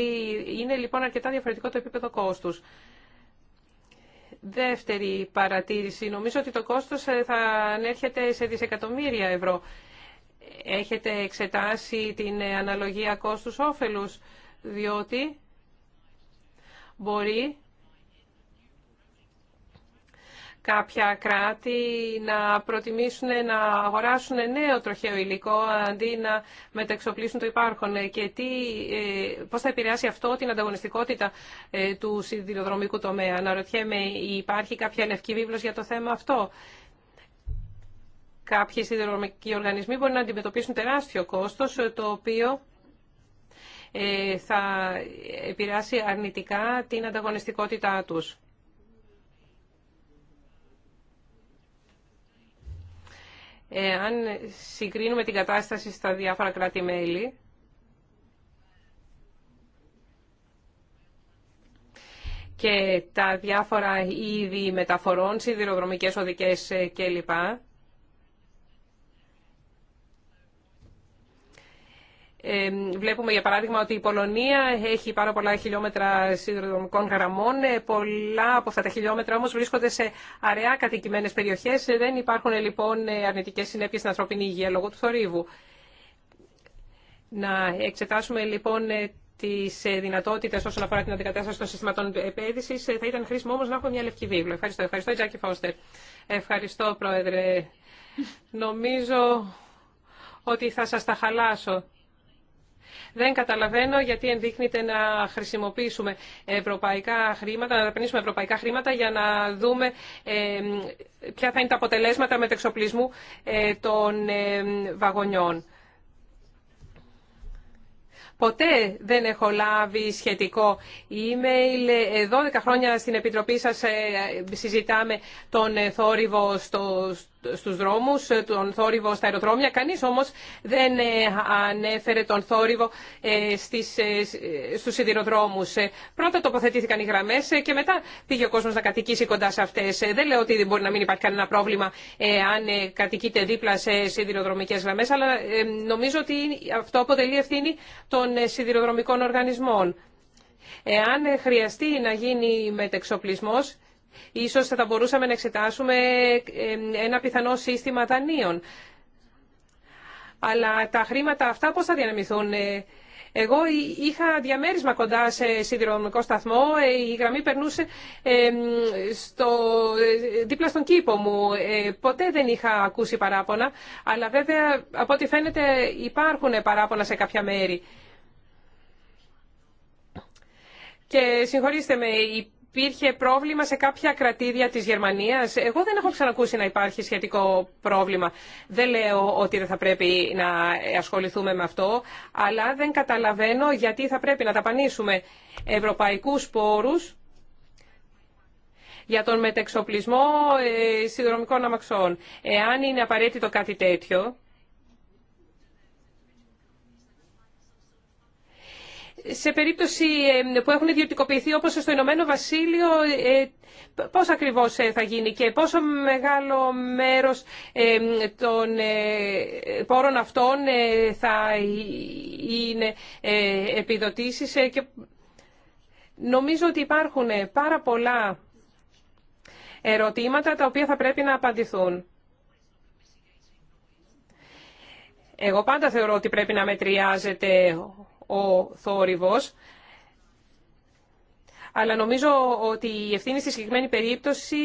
Είναι λοιπόν αρκετά διαφορετικό το επίπεδο κόστους. Δεύτερη παρατήρηση. Νομίζω ότι το κόστος ε, θα ανέρχεται σε δισεκατομμύρια ευρώ. Έχετε εξετάσει την αναλογία κόστους-όφελους, διότι μπορεί κάποια κράτη να προτιμήσουν να αγοράσουν νέο τροχαίο υλικό αντί να μεταξοπλίσουν το υπάρχον και τι, ε, πώς θα επηρεάσει αυτό την ανταγωνιστικότητα ε, του σιδηροδρομικού τομέα. Αναρωτιέμαι, υπάρχει κάποια λευκή βίβλος για το θέμα αυτό. Κάποιοι σιδηροδρομικοί οργανισμοί μπορεί να αντιμετωπίσουν τεράστιο κόστος, το οποίο ε, θα επηρεάσει αρνητικά την ανταγωνιστικότητά τους. Ε, αν συγκρίνουμε την κατάσταση στα διάφορα κράτη-μέλη, και τα διάφορα είδη μεταφορών, σιδηροδρομικές οδικές ε, κλπ. βλέπουμε για παράδειγμα ότι η Πολωνία έχει πάρα πολλά χιλιόμετρα σιδηροδρομικών γραμμών. Ε, πολλά από αυτά τα χιλιόμετρα όμως βρίσκονται σε αραιά κατοικημένες περιοχές. Ε, δεν υπάρχουν λοιπόν ε, αρνητικές συνέπειες στην ανθρωπινή υγεία λόγω του θορύβου. Να εξετάσουμε λοιπόν τις δυνατότητες όσον αφορά την αντικατάσταση των συστηματών επέδυσης. Θα ήταν χρήσιμο όμως να έχουμε μια λευκή βίβλο. Ευχαριστώ. Ευχαριστώ, Τζάκι Φώστερ. Ευχαριστώ, Πρόεδρε. Νομίζω ότι θα σας τα χαλάσω. Δεν καταλαβαίνω γιατί ενδείχνεται να χρησιμοποιήσουμε ευρωπαϊκά χρήματα, να δαπανίσουμε ευρωπαϊκά χρήματα για να δούμε ε, ποια θα είναι τα αποτελέσματα μετεξοπλισμού ε, των ε, βαγονιών. Ποτέ δεν έχω λάβει σχετικό email. 12 χρόνια στην Επιτροπή σας συζητάμε τον θόρυβο στο, στους δρόμους, ε, τον θόρυβο στα αεροδρόμια. Κανείς όμως δεν ε, ανέφερε τον θόρυβο ε, στις, στους σιδηροδρόμους. Πρώτα τοποθετήθηκαν οι γραμμές και μετά πήγε ο κόσμος να κατοικήσει κοντά σε αυτές. Δεν λέω ότι δεν μπορεί να μην υπάρχει κανένα πρόβλημα αν κατοικείται δίπλα σε σιδηροδρομικές γραμμές, αλλά νομίζω ότι αυτό αποτελεί ευθύνη των σιδηροδρομικών οργανισμών. Εάν χρειαστεί να γίνει μετεξοπλισμός, Ίσως θα μπορούσαμε να εξετάσουμε ένα πιθανό σύστημα δανείων. Αλλά τα χρήματα αυτά πώς θα διανεμηθούν. Ε? Εγώ είχα διαμέρισμα κοντά σε σιδηροδρομικό σταθμό. Ε, η γραμμή περνούσε στο, ε, δίπλα στον κήπο μου. Ποτέ δεν είχα ακούσει παράπονα. Αλλά βέβαια από ό,τι φαίνεται υπάρχουν παράπονα σε κάποια μέρη. Και συγχωρήστε με, υπήρχε πρόβλημα σε κάποια κρατήδια της Γερμανίας. Εγώ δεν έχω ξανακούσει να υπάρχει σχετικό πρόβλημα. Δεν λέω ότι δεν θα πρέπει να ασχοληθούμε με αυτό, αλλά δεν καταλαβαίνω γιατί θα πρέπει να ταπανίσουμε ευρωπαϊκούς πόρους για τον μετεξοπλισμό ε, συνδρομικών αμαξών. Εάν είναι απαραίτητο κάτι τέτοιο, σε περίπτωση που έχουν ιδιωτικοποιηθεί όπως στο Ηνωμένο Βασίλειο, ε, πώς ακριβώς ε, θα γίνει και πόσο μεγάλο μέρος των ε, πόρων αυτών θα είναι επιδοτήσεις. Και νομίζω ότι υπάρχουν πάρα πολλά ερωτήματα τα οποία θα πρέπει να απαντηθούν. Εγώ πάντα θεωρώ ότι πρέπει να μετριάζεται ο θόρυβος. Αλλά νομίζω ότι η ευθύνη στη συγκεκριμένη περίπτωση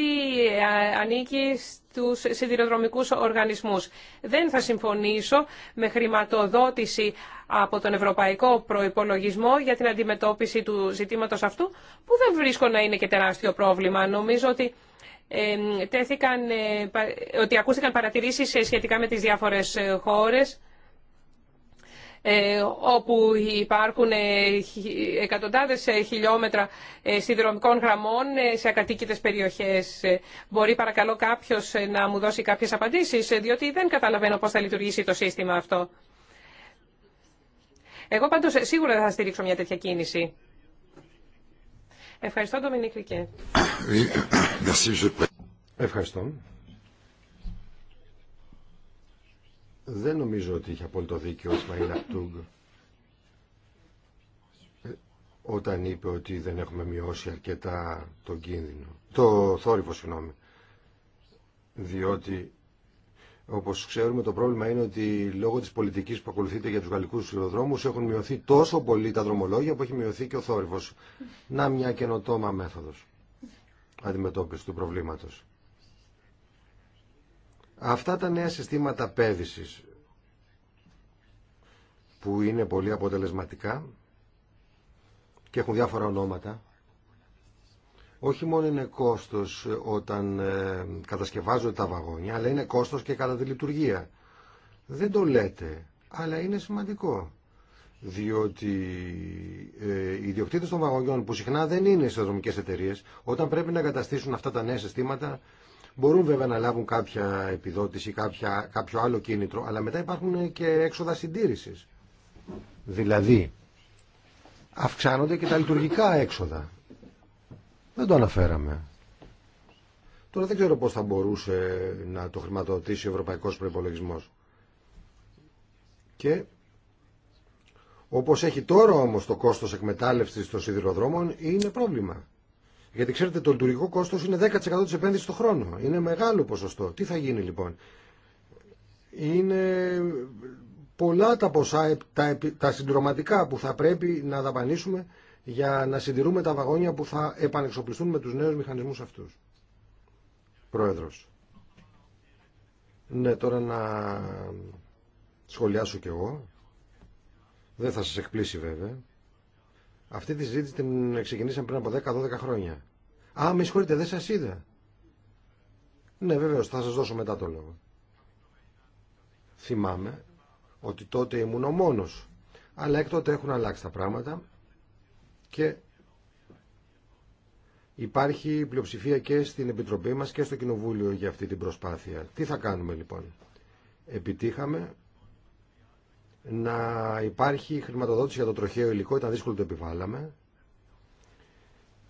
ε, ανήκει στους σιδηροδρομικούς οργανισμούς. Δεν θα συμφωνήσω με χρηματοδότηση από τον Ευρωπαϊκό Προϋπολογισμό για την αντιμετώπιση του ζητήματος αυτού, που δεν βρίσκω να είναι και τεράστιο πρόβλημα. Νομίζω ότι τέθηκαν, ε, ότι ακούστηκαν παρατηρήσεις ε, σχετικά με τις διάφορες χώρες. Ε, όπου υπάρχουν ε, εκατοντάδες ε, χιλιόμετρα σιδηροδρομικών γραμμών σε ακατοίκητες περιοχές. Μπορεί παρακαλώ κάποιος να μου δώσει κάποιες απαντήσεις, διότι δεν καταλαβαίνω πώς θα λειτουργήσει το σύστημα αυτό. Εγώ πάντως σίγουρα δεν θα στηρίξω μια τέτοια κίνηση. Ευχαριστώ, Ντομινίκ Ρικέ.
[coughs] Ευχαριστώ. Δεν νομίζω ότι είχε απόλυτο δίκιο ο Ισμαήλ Αχτούγκ ε, όταν είπε ότι δεν έχουμε μειώσει αρκετά τον κίνδυνο, το θόρυβο συγγνώμη. Διότι όπως ξέρουμε το πρόβλημα είναι ότι λόγω της πολιτικής που ακολουθείται για τους γαλλικούς σιδηροδρόμους έχουν μειωθεί τόσο πολύ τα δρομολόγια που έχει μειωθεί και ο θόρυβος. Να μια καινοτόμα μέθοδος αντιμετώπιση του προβλήματος. Αυτά τα νέα συστήματα πέδησης που είναι πολύ αποτελεσματικά και έχουν διάφορα ονόματα όχι μόνο είναι κόστος όταν ε, κατασκευάζονται τα βαγόνια αλλά είναι κόστος και κατά τη λειτουργία. Δεν το λέτε αλλά είναι σημαντικό διότι ε, οι ιδιοκτήτες των βαγονιών που συχνά δεν είναι σε δρομικές εταιρείες όταν πρέπει να εγκαταστήσουν αυτά τα νέα συστήματα Μπορούν βέβαια να λάβουν κάποια επιδότηση, κάποια, κάποιο άλλο κίνητρο, αλλά μετά υπάρχουν και έξοδα συντήρησης. Δηλαδή, αυξάνονται και τα λειτουργικά έξοδα. Δεν το αναφέραμε. Τώρα δεν ξέρω πώς θα μπορούσε να το χρηματοδοτήσει ο Ευρωπαϊκός Προϋπολογισμός. Και όπως έχει τώρα όμως το κόστος εκμετάλλευσης των σιδηροδρόμων είναι πρόβλημα. Γιατί ξέρετε, το λειτουργικό κόστο είναι 10% τη επένδυση το χρόνο. Είναι μεγάλο ποσοστό. Τι θα γίνει λοιπόν. Είναι πολλά τα ποσά, τα, τα που θα πρέπει να δαπανίσουμε για να συντηρούμε τα βαγόνια που θα επανεξοπλιστούν με τους νέους μηχανισμούς αυτούς. Πρόεδρος. Ναι, τώρα να σχολιάσω κι εγώ. Δεν θα σας εκπλήσει βέβαια. Αυτή τη συζήτηση την ξεκινήσαμε πριν από 10-12 χρόνια. Α, με συγχωρείτε, δεν σα είδα. Ναι, βέβαια, θα σας δώσω μετά το λόγο. Θυμάμαι ότι τότε ήμουν ο μόνος. Αλλά έκτοτε έχουν αλλάξει τα πράγματα και υπάρχει πλειοψηφία και στην Επιτροπή μας και στο Κοινοβούλιο για αυτή την προσπάθεια. Τι θα κάνουμε λοιπόν. Επιτύχαμε να υπάρχει χρηματοδότηση για το τροχαίο υλικό, ήταν δύσκολο το επιβάλαμε.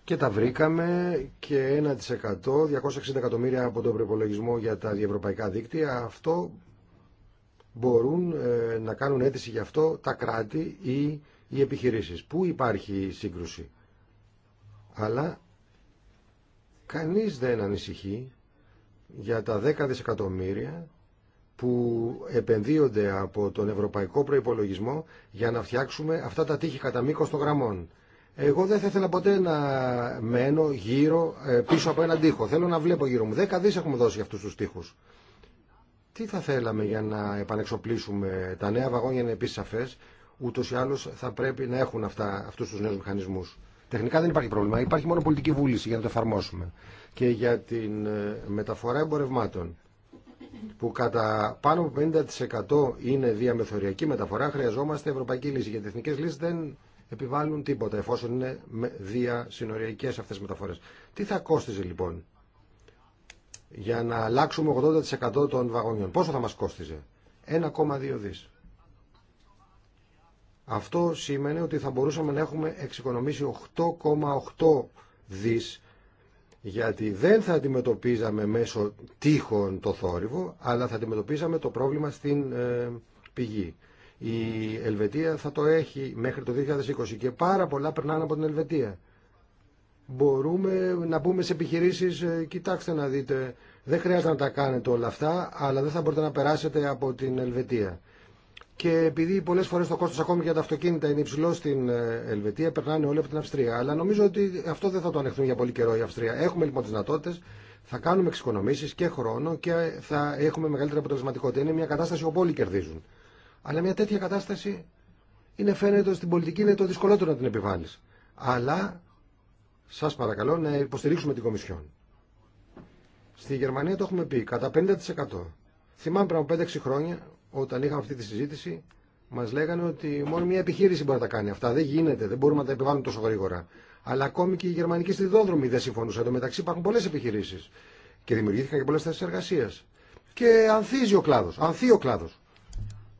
Και τα βρήκαμε και 1%, 260 εκατομμύρια από τον προπολογισμό για τα διευρωπαϊκά δίκτυα. Αυτό μπορούν ε, να κάνουν αίτηση γι' αυτό τα κράτη ή οι επιχειρήσεις. Πού υπάρχει σύγκρουση. Αλλά κανείς δεν ανησυχεί για τα 10 δισεκατομμύρια που επενδύονται από τον ευρωπαϊκό προϋπολογισμό για να φτιάξουμε αυτά τα τείχη κατά μήκο των γραμμών. Εγώ δεν θα ήθελα ποτέ να μένω γύρω ε, πίσω από έναν τείχο. Θέλω να βλέπω γύρω μου. Δέκα δις έχουμε δώσει για αυτούς τους Τι θα θέλαμε για να επανεξοπλίσουμε τα νέα βαγόνια είναι επίση σαφέ. Ούτω ή άλλω θα πρέπει να έχουν αυτού του νέου μηχανισμού. Τεχνικά δεν υπάρχει πρόβλημα. Υπάρχει μόνο πολιτική βούληση για να το εφαρμόσουμε. Και για την ε, μεταφορά εμπορευμάτων που κατά πάνω από 50% είναι διαμεθοριακή μεταφορά, χρειαζόμαστε ευρωπαϊκή λύση. Γιατί οι εθνικέ λύσει δεν επιβάλλουν τίποτα, εφόσον είναι διασυνοριακέ αυτέ οι μεταφορέ. Τι θα κόστιζε λοιπόν για να αλλάξουμε 80% των βαγονιών, πόσο θα μα κόστιζε, 1,2 δι. Αυτό σημαίνει ότι θα μπορούσαμε να έχουμε εξοικονομήσει 8,8 δις γιατί δεν θα αντιμετωπίζαμε μέσω τείχων το θόρυβο, αλλά θα αντιμετωπίζαμε το πρόβλημα στην ε, πηγή. Η Ελβετία θα το έχει μέχρι το 2020 και πάρα πολλά περνάνε από την Ελβετία. Μπορούμε να πούμε σε επιχειρήσεις, ε, κοιτάξτε να δείτε, δεν χρειάζεται να τα κάνετε όλα αυτά, αλλά δεν θα μπορείτε να περάσετε από την Ελβετία. Και επειδή πολλέ φορέ το κόστο ακόμη για τα αυτοκίνητα είναι υψηλό στην ε, Ελβετία, περνάνε όλοι από την Αυστρία. Αλλά νομίζω ότι αυτό δεν θα το ανεχθούν για πολύ καιρό η Αυστρία. Έχουμε λοιπόν τι δυνατότητε, θα κάνουμε εξοικονομήσει και χρόνο και θα έχουμε μεγαλύτερη αποτελεσματικότητα. Είναι μια κατάσταση όπου όλοι κερδίζουν. Αλλά μια τέτοια κατάσταση είναι φαίνεται στην πολιτική είναι το δυσκολότερο να την επιβάλλει. Αλλά σα παρακαλώ να υποστηρίξουμε την Κομισιόν. Στη Γερμανία το έχουμε πει κατά 50%. Θυμάμαι πριν από 5-6 χρόνια όταν είχαμε αυτή τη συζήτηση, μα λέγανε ότι μόνο μια επιχείρηση μπορεί να τα κάνει αυτά. Δεν γίνεται, δεν μπορούμε να τα επιβάλλουμε τόσο γρήγορα. Αλλά ακόμη και οι γερμανικοί σιδηρόδρομοι δεν συμφωνούσαν. Εν μεταξύ υπάρχουν πολλέ επιχειρήσει και δημιουργήθηκαν και πολλέ θέσει εργασία. Και ανθίζει ο κλάδο. Ανθεί ο κλάδο.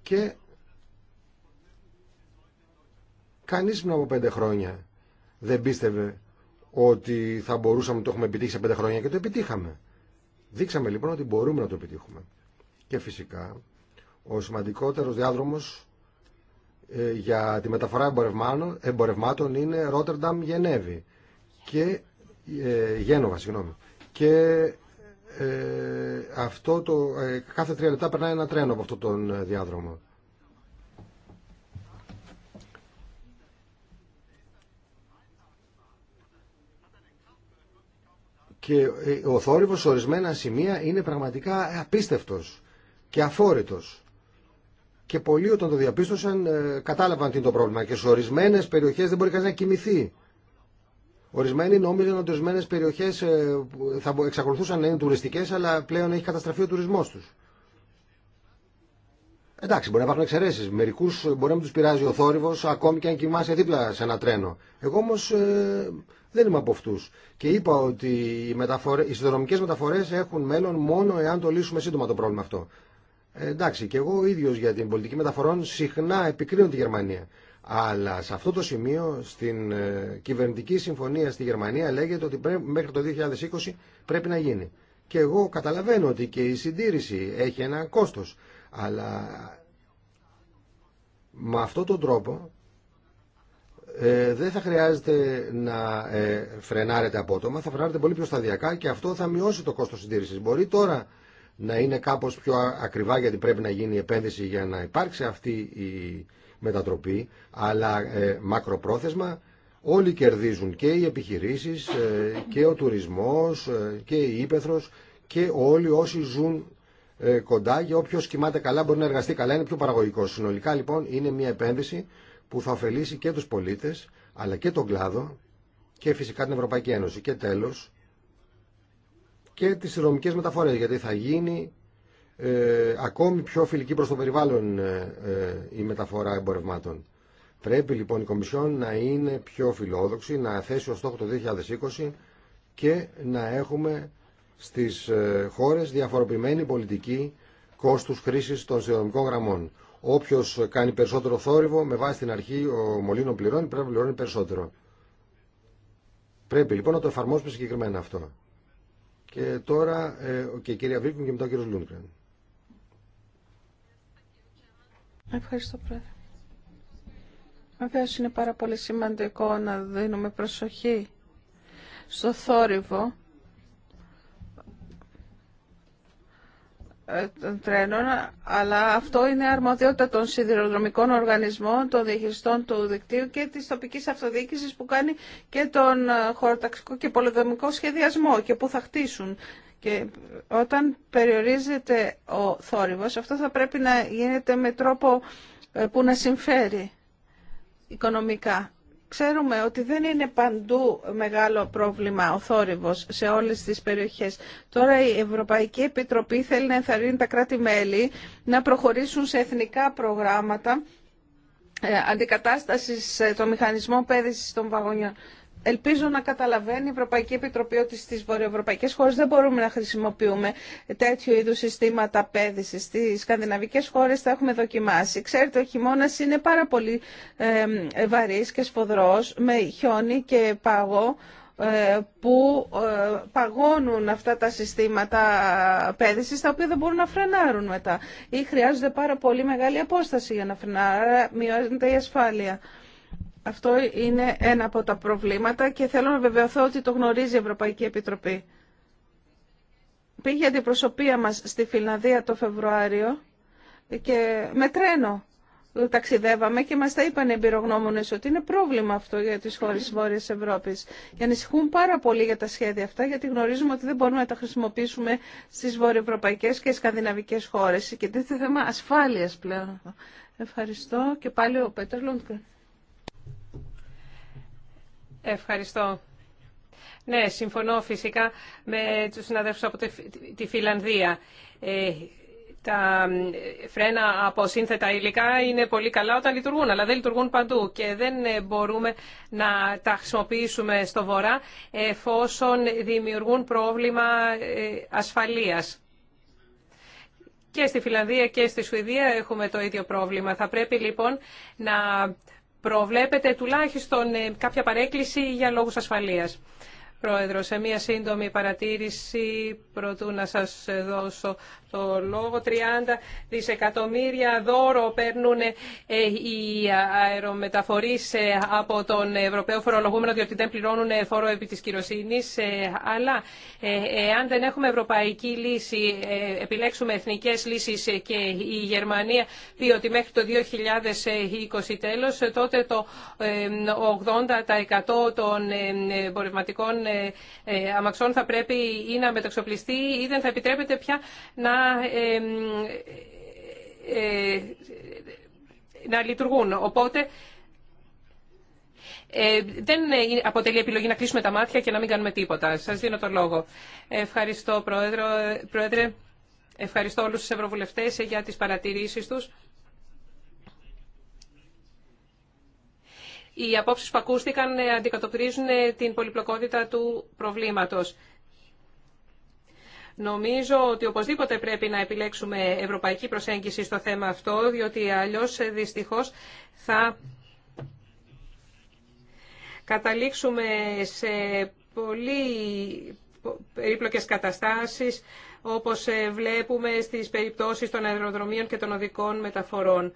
Και κανεί πριν από πέντε χρόνια δεν πίστευε ότι θα μπορούσαμε να το έχουμε επιτύχει σε πέντε χρόνια και το επιτύχαμε. Δείξαμε λοιπόν ότι μπορούμε να το επιτύχουμε. Και φυσικά ο σημαντικότερος διάδρομος ε, για τη μεταφορά εμπορευμάτων είναι Ρότερνταμ Γενέβη και ε, Γένοβα συγγνώμη και ε, αυτό το, κάθε τρία λεπτά περνάει ένα τρένο από αυτόν τον διάδρομο και ο θόρυβος σε ορισμένα σημεία είναι πραγματικά απίστευτος και αφόρητος και πολλοί όταν το διαπίστωσαν ε, κατάλαβαν τι είναι το πρόβλημα και σε ορισμένε περιοχέ δεν μπορεί κανεί να κοιμηθεί. Ορισμένοι νόμιζαν ότι ορισμένε περιοχέ ε, θα εξακολουθούσαν να είναι τουριστικέ, αλλά πλέον έχει καταστραφεί ο τουρισμό του. Εντάξει, μπορεί να υπάρχουν εξαιρέσει. Μερικού ε, μπορεί να του πειράζει ο θόρυβο, ακόμη και αν κοιμάσαι δίπλα σε ένα τρένο. Εγώ όμω δεν είμαι από αυτού. Και είπα ότι οι, οι συνδρομικέ μεταφορέ έχουν μέλλον μόνο εάν το λύσουμε σύντομα το πρόβλημα αυτό εντάξει, και εγώ ίδιος για την πολιτική μεταφορών συχνά επικρίνω τη Γερμανία. Αλλά σε αυτό το σημείο, στην ε, κυβερνητική συμφωνία στη Γερμανία, λέγεται ότι μέχρι το 2020 πρέπει να γίνει. Και εγώ καταλαβαίνω ότι και η συντήρηση έχει ένα κόστος. Αλλά με αυτόν τον τρόπο ε, δεν θα χρειάζεται να ε, φρενάρετε απότομα, θα φρενάρετε πολύ πιο σταδιακά και αυτό θα μειώσει το κόστο συντήρησης. Μπορεί τώρα να είναι κάπως πιο ακριβά γιατί πρέπει να γίνει επένδυση για να υπάρξει αυτή η μετατροπή αλλά ε, μακροπρόθεσμα όλοι κερδίζουν και οι επιχειρήσεις ε, και ο τουρισμός ε, και η ύπεθρος και όλοι όσοι ζουν κοντά για όποιος κοιμάται καλά μπορεί να εργαστεί καλά είναι πιο παραγωγικό. Συνολικά λοιπόν είναι μια επένδυση που θα ωφελήσει και τους πολίτες αλλά και τον κλάδο και φυσικά την Ευρωπαϊκή Ένωση. Και τέλος και τις συνδρομικές μεταφορές, γιατί θα γίνει ε, ακόμη πιο φιλική προς το περιβάλλον ε, ε, η μεταφορά εμπορευμάτων. Πρέπει λοιπόν η Κομισιόν να είναι πιο φιλόδοξη, να θέσει ως στόχο το 2020 και να έχουμε στις ε, χώρες διαφοροποιημένη πολιτική κόστους χρήσης των συνδρομικών γραμμών. Όποιος κάνει περισσότερο θόρυβο, με βάση την αρχή ο Μολύνο πληρώνει, πρέπει να πληρώνει περισσότερο. Πρέπει λοιπόν να το εφαρμόσουμε συγκεκριμένα αυτό. Και τώρα ε, και η κυρία Βίλκουν και μετά ο κύριος Λούντγκρεν.
Ευχαριστώ πρόεδρε. Βεβαίω είναι πάρα πολύ σημαντικό να δίνουμε προσοχή στο θόρυβο Ε, τρένων, αλλά αυτό είναι αρμοδιότητα των σιδηροδρομικών οργανισμών, των διαχειριστών του δικτύου και της τοπικής αυτοδιοίκησης που κάνει και τον ε, χωροταξικό και πολυδομικό σχεδιασμό και που θα χτίσουν. Και όταν περιορίζεται ο θόρυβος, αυτό θα πρέπει να γίνεται με τρόπο ε, που να συμφέρει οικονομικά. Ξέρουμε ότι δεν είναι παντού μεγάλο πρόβλημα ο θόρυβος σε όλες τις περιοχές. Τώρα η Ευρωπαϊκή Επιτροπή θέλει να ενθαρρύνει τα κράτη-μέλη να προχωρήσουν σε εθνικά προγράμματα ε, αντικατάστασης ε, των μηχανισμών πέδησης των βαγονιών. Ελπίζω να καταλαβαίνει η Ευρωπαϊκή Επιτροπή ότι στις βορειοευρωπαϊκές χώρες δεν μπορούμε να χρησιμοποιούμε τέτοιου είδους συστήματα πέδησης. Στις σκανδιναβικέ χώρες τα έχουμε δοκιμάσει. Ξέρετε, ο χειμώνα είναι πάρα πολύ ε, βαρύς και σφοδρός, με χιόνι και πάγο ε, που ε, παγώνουν αυτά τα συστήματα πέδησης τα οποία δεν μπορούν να φρενάρουν μετά ή χρειάζονται πάρα πολύ μεγάλη απόσταση για να φρενάρουν, μειώνεται η ασφάλεια. Αυτό είναι ένα από τα προβλήματα και θέλω να βεβαιωθώ ότι το γνωρίζει η Ευρωπαϊκή Επιτροπή. Πήγε αντιπροσωπεία μας στη Φιλανδία το Φεβρουάριο και με τρένο ταξιδεύαμε και μας τα είπαν οι εμπειρογνώμονες ότι είναι πρόβλημα αυτό για τις χώρες της Βόρειας Ευρώπης. Και ανησυχούν πάρα πολύ για τα σχέδια αυτά γιατί γνωρίζουμε ότι δεν μπορούμε να τα χρησιμοποιήσουμε στις βορειοευρωπαϊκές και σκανδιναβικές χώρες. Και είναι θέμα ασφάλειας πλέον. Ευχαριστώ και πάλι ο Πέτερ
Ευχαριστώ. Ναι, συμφωνώ φυσικά με τους συναδέλφους από τη Φιλανδία. Ε, τα φρένα από σύνθετα υλικά είναι πολύ καλά όταν λειτουργούν, αλλά δεν λειτουργούν παντού και δεν ε, μπορούμε να τα χρησιμοποιήσουμε στο βορρά εφόσον δημιουργούν πρόβλημα ε, ασφαλείας. Και στη Φιλανδία και στη Σουηδία έχουμε το ίδιο πρόβλημα. Θα πρέπει λοιπόν να προβλέπετε τουλάχιστον ε, κάποια παρέκκληση για λόγους ασφαλείας. Πρόεδρο, σε μία σύντομη παρατήρηση, προτού να σας δώσω το λόγο 30 δισεκατομμύρια δώρο παίρνουν ε, οι αερομεταφορείς ε, από τον Ευρωπαίο φορολογούμενο διότι δεν πληρώνουν φόρο επί της κυροσύνης. Ε, αλλά εάν δεν έχουμε ευρωπαϊκή λύση, επιλέξουμε εθνικές λύσεις και η Γερμανία πει ότι μέχρι το 2020 τέλος, τότε το 80% των εμπορευματικών αμαξών θα πρέπει ή να μεταξοπλιστεί ή δεν θα επιτρέπεται πια να ε, ε, ε, να λειτουργούν. Οπότε δεν αποτελεί επιλογή να κλείσουμε τα μάτια και να μην κάνουμε τίποτα. Σας δίνω το λόγο. Ευχαριστώ, Πρόεδρο, Πρόεδρε. Ευχαριστώ όλους τους Ευρωβουλευτές για τις παρατηρήσεις τους. Οι απόψεις που ακούστηκαν αντικατοπτρίζουν την πολυπλοκότητα του προβλήματος. Νομίζω ότι οπωσδήποτε πρέπει να επιλέξουμε ευρωπαϊκή προσέγγιση στο θέμα αυτό, διότι αλλιώς ε, δυστυχώς θα καταλήξουμε σε πολύ περίπλοκες καταστάσεις, όπως ε, βλέπουμε στις περιπτώσεις των αεροδρομίων και των οδικών μεταφορών.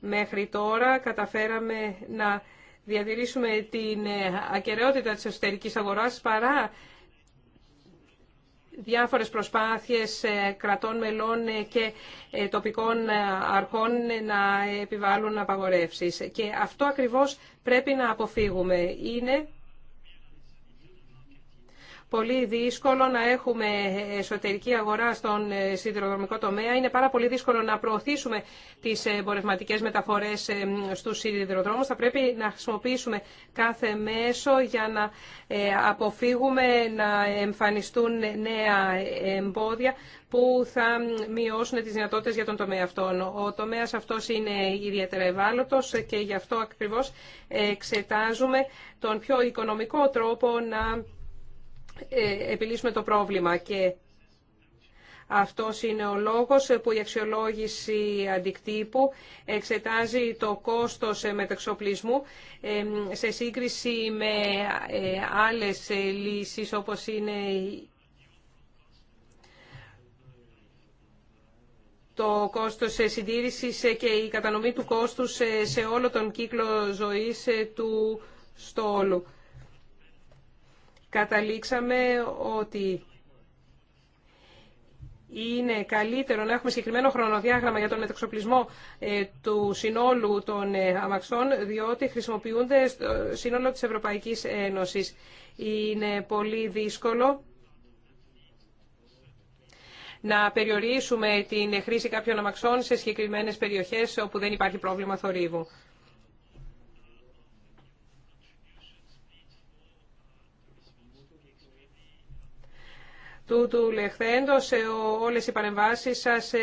Μέχρι τώρα καταφέραμε να διατηρήσουμε την ε, ακεραιότητα της εσωτερικής αγοράς παρά διάφορες προσπάθειες ε, κρατών μελών ε, και ε, τοπικών αρχών να επιβάλλουν απαγορεύσεις. Και αυτό ακριβώς πρέπει να αποφύγουμε. Είναι πολύ δύσκολο να έχουμε εσωτερική αγορά στον ε, σιδηροδρομικό τομέα. Είναι πάρα πολύ δύσκολο να προωθήσουμε τις εμπορευματικέ μεταφορές ε, στους σιδηροδρόμους. Θα πρέπει να χρησιμοποιήσουμε κάθε μέσο για να ε, αποφύγουμε να εμφανιστούν νέα εμπόδια που θα μειώσουν τις δυνατότητες για τον τομέα αυτόν. Ο τομέας αυτός είναι ιδιαίτερα ευάλωτος και γι' αυτό ακριβώς εξετάζουμε τον πιο οικονομικό τρόπο να ε, επιλύσουμε το πρόβλημα και αυτό είναι ο λόγος που η αξιολόγηση αντικτύπου εξετάζει το κόστος ε, μεταξοπλισμού ε, σε σύγκριση με άλλες λύσεις όπως είναι το κόστος συντήρησης και η κατανομή του κόστους σε όλο τον κύκλο ζωής του στόλου καταλήξαμε ότι είναι καλύτερο να έχουμε συγκεκριμένο χρονοδιάγραμμα για τον μεταξοπλισμό ε, του συνόλου των ε, αμαξών, διότι χρησιμοποιούνται στο σύνολο της Ευρωπαϊκής Ένωσης. Είναι πολύ δύσκολο να περιορίσουμε την χρήση κάποιων αμαξών σε συγκεκριμένες περιοχές όπου δεν υπάρχει πρόβλημα θορύβου. Τούτου λεχθέντος, ε, όλες οι παρεμβάσεις σας ε,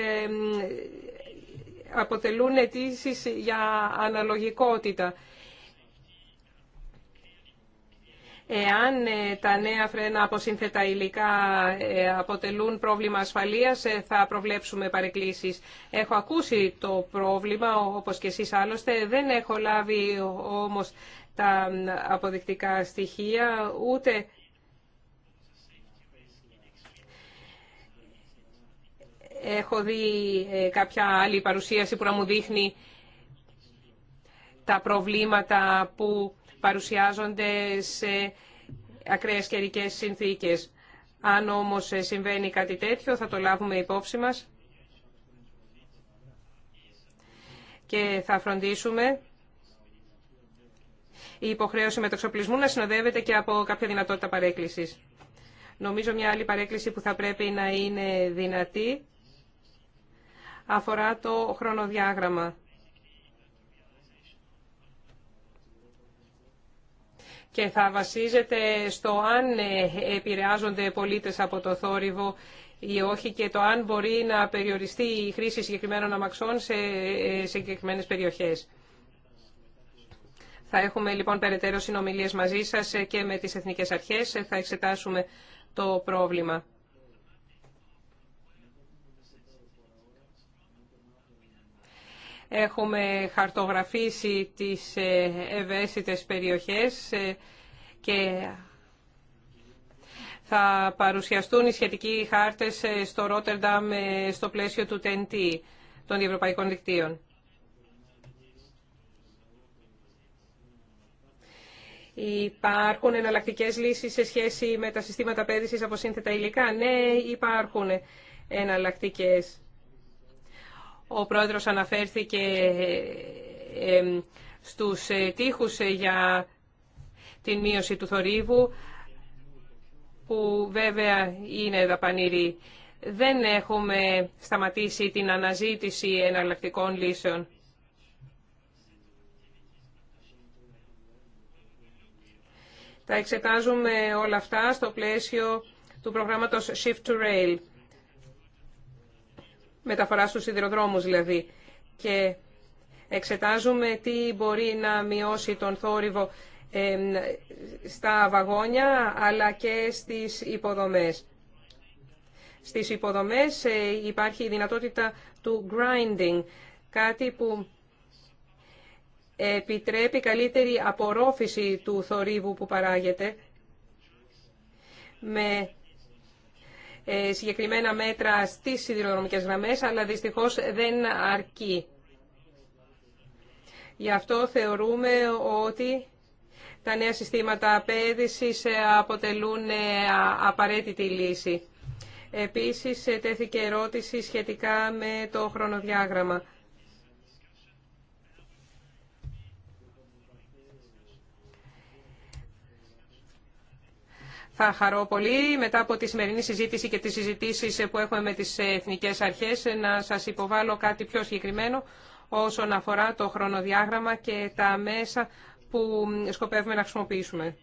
αποτελούν αιτήσει για αναλογικότητα. Εάν ε, τα νέα φρένα από σύνθετα υλικά αποτελούν πρόβλημα ασφαλείας, θα προβλέψουμε παρεκκλήσεις. Έχω ακούσει το πρόβλημα, όπως και εσείς άλλωστε. Δεν έχω λάβει όμως τα αποδεικτικά στοιχεία, ούτε Έχω δει ε, κάποια άλλη παρουσίαση που να μου δείχνει τα προβλήματα που παρουσιάζονται σε ακραίες καιρικέ συνθήκες. Αν όμως ε, συμβαίνει κάτι τέτοιο θα το λάβουμε υπόψη μας και θα φροντίσουμε η υποχρέωση με το εξοπλισμό να συνοδεύεται και από κάποια δυνατότητα παρέκκλησης. Νομίζω μια άλλη παρέκκληση που θα πρέπει να είναι δυνατή αφορά το χρονοδιάγραμμα. Και θα βασίζεται στο αν ε, επηρεάζονται πολίτες από το θόρυβο ή όχι και το αν μπορεί να περιοριστεί η χρήση συγκεκριμένων αμαξών σε ε, συγκεκριμένες περιοχές. Θα έχουμε λοιπόν περαιτέρω συνομιλίες μαζί σας ε, και με τις εθνικές αρχές. Θα εξετάσουμε το πρόβλημα. Έχουμε χαρτογραφήσει τις ε, ευαίσθητες περιοχές ε, και θα παρουσιαστούν οι σχετικοί χάρτες ε, στο Ρότερνταμ στο πλαίσιο του TNT των Ευρωπαϊκών Δικτύων. Υπάρχουν εναλλακτικές λύσεις σε σχέση με τα συστήματα πέδησης από σύνθετα υλικά. Ναι, υπάρχουν εναλλακτικές. Ο πρόεδρος αναφέρθηκε ε, ε, στους ε, τείχους για την μείωση του θορύβου, που βέβαια είναι δαπανηρή. Δεν έχουμε σταματήσει την αναζήτηση εναλλακτικών λύσεων. Τα εξετάζουμε όλα αυτά στο πλαίσιο του προγράμματος Shift to Rail μεταφορά στους σιδηροδρόμους δηλαδή. Και εξετάζουμε τι μπορεί να μειώσει τον θόρυβο στα βαγόνια αλλά και στις υποδομές. Στις υποδομές ε, υπάρχει η δυνατότητα του grinding, κάτι που επιτρέπει καλύτερη απορρόφηση του θορύβου που παράγεται με ε, συγκεκριμένα μέτρα στις σιδηροδρομικές γραμμές, αλλά δυστυχώς δεν αρκεί. Γι' αυτό θεωρούμε ότι τα νέα συστήματα απέδησης ε, αποτελούν ε, απαραίτητη λύση. Επίσης, τέθηκε ερώτηση σχετικά με το χρονοδιάγραμμα. Θα χαρώ πολύ μετά από τη σημερινή συζήτηση και τις συζητήσεις που έχουμε με τις εθνικές αρχές να σας υποβάλω κάτι πιο συγκεκριμένο όσον αφορά το χρονοδιάγραμμα και τα μέσα που σκοπεύουμε να χρησιμοποιήσουμε.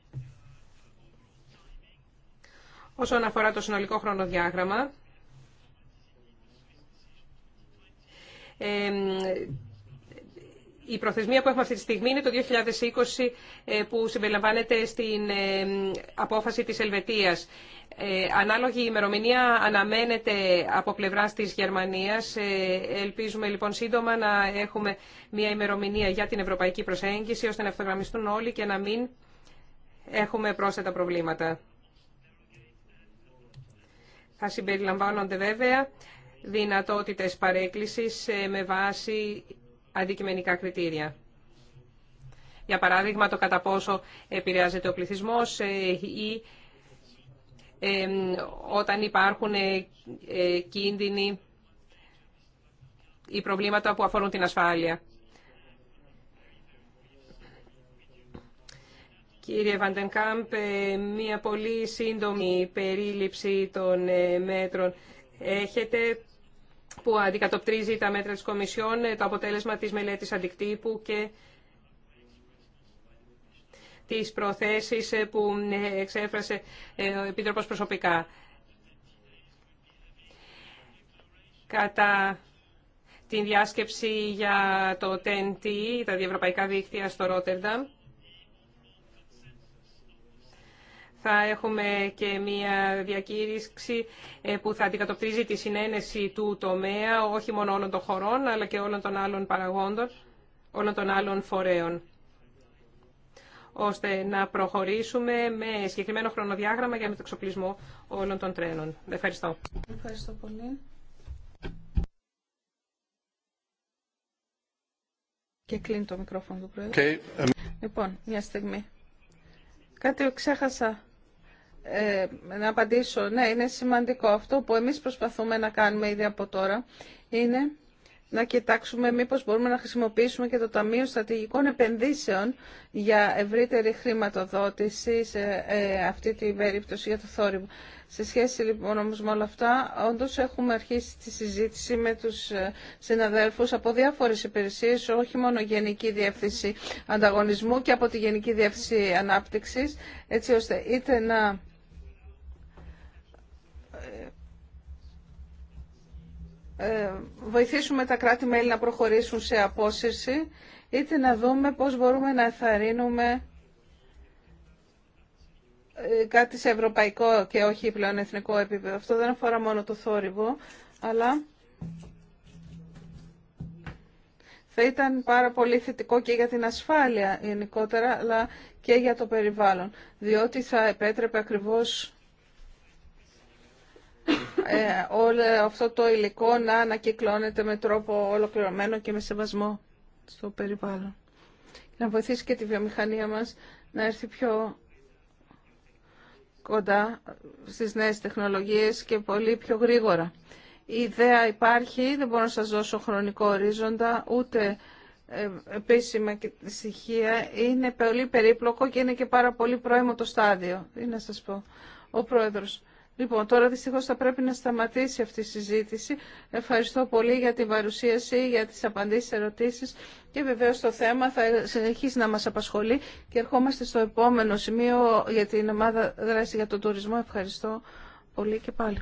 Όσον αφορά το συνολικό χρονοδιάγραμμα, η προθεσμία που έχουμε αυτή τη στιγμή είναι το 2020 ε, που συμπεριλαμβάνεται στην ε, απόφαση της Ελβετίας. Ε, ανάλογη ημερομηνία αναμένεται από πλευράς της Γερμανίας. Ελπίζουμε λοιπόν σύντομα να έχουμε μια ημερομηνία για την ευρωπαϊκή προσέγγιση ώστε να ευθογραμμιστούν όλοι και να μην έχουμε πρόσθετα προβλήματα. Θα συμπεριλαμβάνονται βέβαια δυνατότητες παρέκκλησης με βάση αντικειμενικά κριτήρια. Για παράδειγμα, το κατά πόσο επηρεάζεται ο πληθυσμός ε, ή όταν υπάρχουν ε, ε, κίνδυνοι ή προβλήματα που αφορούν την ασφάλεια. Κύριε Βαντενκάμπ, μία πολύ σύντομη περίληψη των μέτρων έχετε που αντικατοπτρίζει τα μέτρα της Κομισιόν, ε, το αποτέλεσμα της μελέτης αντικτύπου και τις προθέσεις ε, που ε, εξέφρασε ο Επίτροπος προσωπικά. Κατά την διάσκεψη για το TNT, τα διευρωπαϊκά δίκτυα στο Ρότερνταμ, θα έχουμε και μια διακήρυξη ε, που θα αντικατοπτρίζει τη συνένεση του τομέα, όχι μόνο όλων των χωρών, αλλά και όλων των άλλων παραγόντων, όλων των άλλων φορέων ώστε να προχωρήσουμε με συγκεκριμένο χρονοδιάγραμμα για μεταξοπλισμό
όλων των τρένων. Ευχαριστώ. Ευχαριστώ πολύ. Και κλείνει το μικρόφωνο του Πρόεδρου. Um, λοιπόν, μια στιγμή. Κάτι ξέχασα ε, να απαντήσω, ναι, είναι σημαντικό. Αυτό που εμείς προσπαθούμε να κάνουμε ήδη από τώρα είναι να κοιτάξουμε μήπως μπορούμε να χρησιμοποιήσουμε και το Ταμείο Στρατηγικών Επενδύσεων για ευρύτερη χρηματοδότηση σε ε, αυτή την περίπτωση για το θόρυβο. Σε σχέση λοιπόν όμως με όλα αυτά, όντως έχουμε αρχίσει τη συζήτηση με τους ε, συναδέλφους από διάφορες υπηρεσίες, όχι μόνο Γενική Διεύθυνση Ανταγωνισμού και από τη Γενική Διεύθυνση Ανάπτυξης, έτσι ώστε είτε να ε, ε, βοηθήσουμε τα κράτη-μέλη να προχωρήσουν σε απόσυρση, είτε να δούμε πώς μπορούμε να εθαρρύνουμε ε, κάτι σε ευρωπαϊκό και όχι πλέον εθνικό επίπεδο. Αυτό δεν αφορά μόνο το θόρυβο, αλλά θα ήταν πάρα πολύ θετικό και για την ασφάλεια γενικότερα, αλλά και για το περιβάλλον, διότι θα επέτρεπε ακριβώς ε, όλο αυτό το υλικό να ανακυκλώνεται με τρόπο ολοκληρωμένο και με σεβασμό στο περιβάλλον. Να βοηθήσει και τη βιομηχανία μας να έρθει πιο κοντά στις νέες τεχνολογίες και πολύ πιο γρήγορα. Η ιδέα υπάρχει, δεν μπορώ να σας δώσω χρονικό ορίζοντα, ούτε ε, επίσημα και στοιχεία. Είναι πολύ περίπλοκο και είναι και πάρα πολύ πρώιμο το στάδιο, να σας πω. Ο Πρόεδρος. Λοιπόν, τώρα δυστυχώ θα πρέπει να σταματήσει αυτή η συζήτηση. Ευχαριστώ πολύ για την παρουσίαση, για τις απαντήσεις, ερωτήσεις και βεβαίως το θέμα θα συνεχίσει να μας απασχολεί και ερχόμαστε στο επόμενο σημείο για την ομάδα δράση για τον τουρισμό. Ευχαριστώ πολύ και πάλι.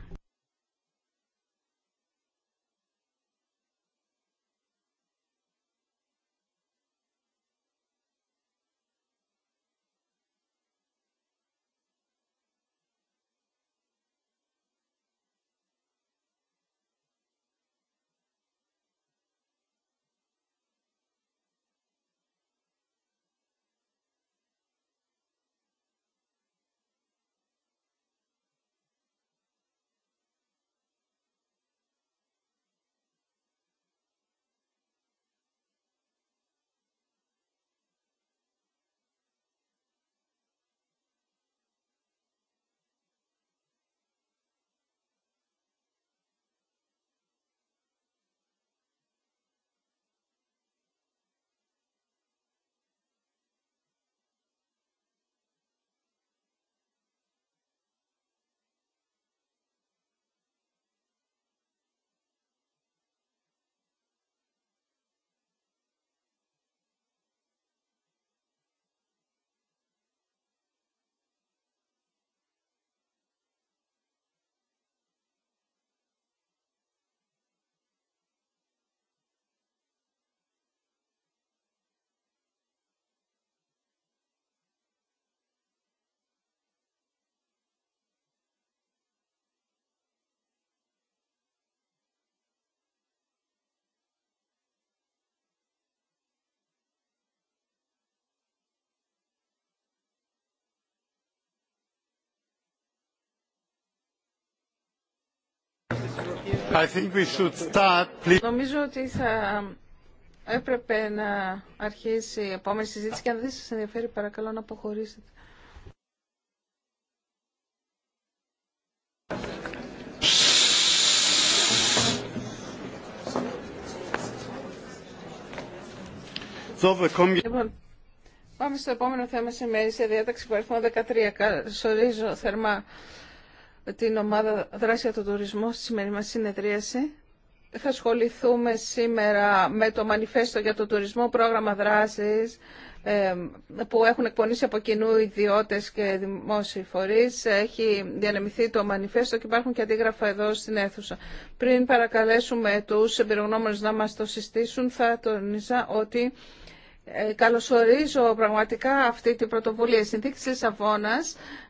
Νομίζω ότι θα έπρεπε να αρχίσει η επόμενη συζήτηση και αν δεν σας ενδιαφέρει παρακαλώ να αποχωρήσετε. Λοιπόν, πάμε στο επόμενο θέμα σε μέρη σε διάταξη που αριθμό 13. Σωρίζω θερμά την ομάδα δράση για τον τουρισμό στη σημερινή μας συνεδρίαση. Θα ασχοληθούμε σήμερα με το Μανιφέστο για τον τουρισμό, πρόγραμμα δράσης, ε, που έχουν εκπονήσει από κοινού ιδιώτες και δημόσιοι φορείς. Έχει διανεμηθεί το μανιφέστο και υπάρχουν και αντίγραφα εδώ στην αίθουσα. Πριν παρακαλέσουμε τους εμπειρογνώμονες να μας το συστήσουν, θα τονίσα ότι ε, καλωσορίζω πραγματικά αυτή την πρωτοβουλία. Η συνθήκη της Λισαβόνα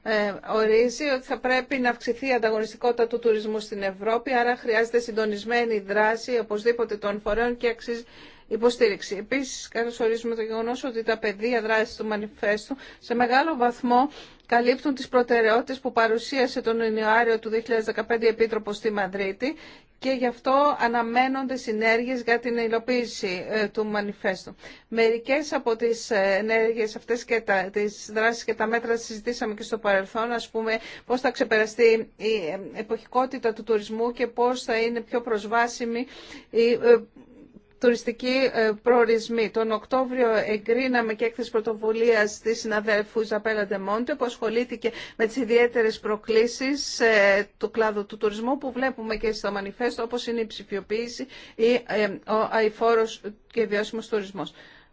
ε, ορίζει ότι θα πρέπει να αυξηθεί η ανταγωνιστικότητα του τουρισμού στην Ευρώπη, άρα χρειάζεται συντονισμένη δράση οπωσδήποτε των φορέων και αξίζει υποστήριξη. Επίσης, καλωσορίζουμε το γεγονό ότι τα πεδία δράση του μανιφέστου σε μεγάλο βαθμό καλύπτουν τις προτεραιότητες που παρουσίασε τον Ιανουάριο του 2015 η Επίτροπο στη Μαδρίτη και γι' αυτό αναμένονται συνέργειες για την υλοποίηση ε, του μανιφέστου. Μερικές από τις ε, ενέργειες αυτές και τα, τις δράσεις και τα μέτρα συζητήσαμε και στο παρελθόν, ας πούμε πώς θα ξεπεραστεί η ε, εποχικότητα του τουρισμού και πώς θα είναι πιο προσβάσιμη η τουριστικοί ε, προορισμοί. Τον Οκτώβριο εγκρίναμε και έκθεση πρωτοβουλία τη συναδέλφου Ζαπέλα Ντεμόντε, που ασχολήθηκε με τι ιδιαίτερε προκλήσει ε, του κλάδου του τουρισμού, που βλέπουμε και στο μανιφέστο, όπω είναι η ψηφιοποίηση ή ε, ο αηφόρο και βιώσιμο τουρισμό.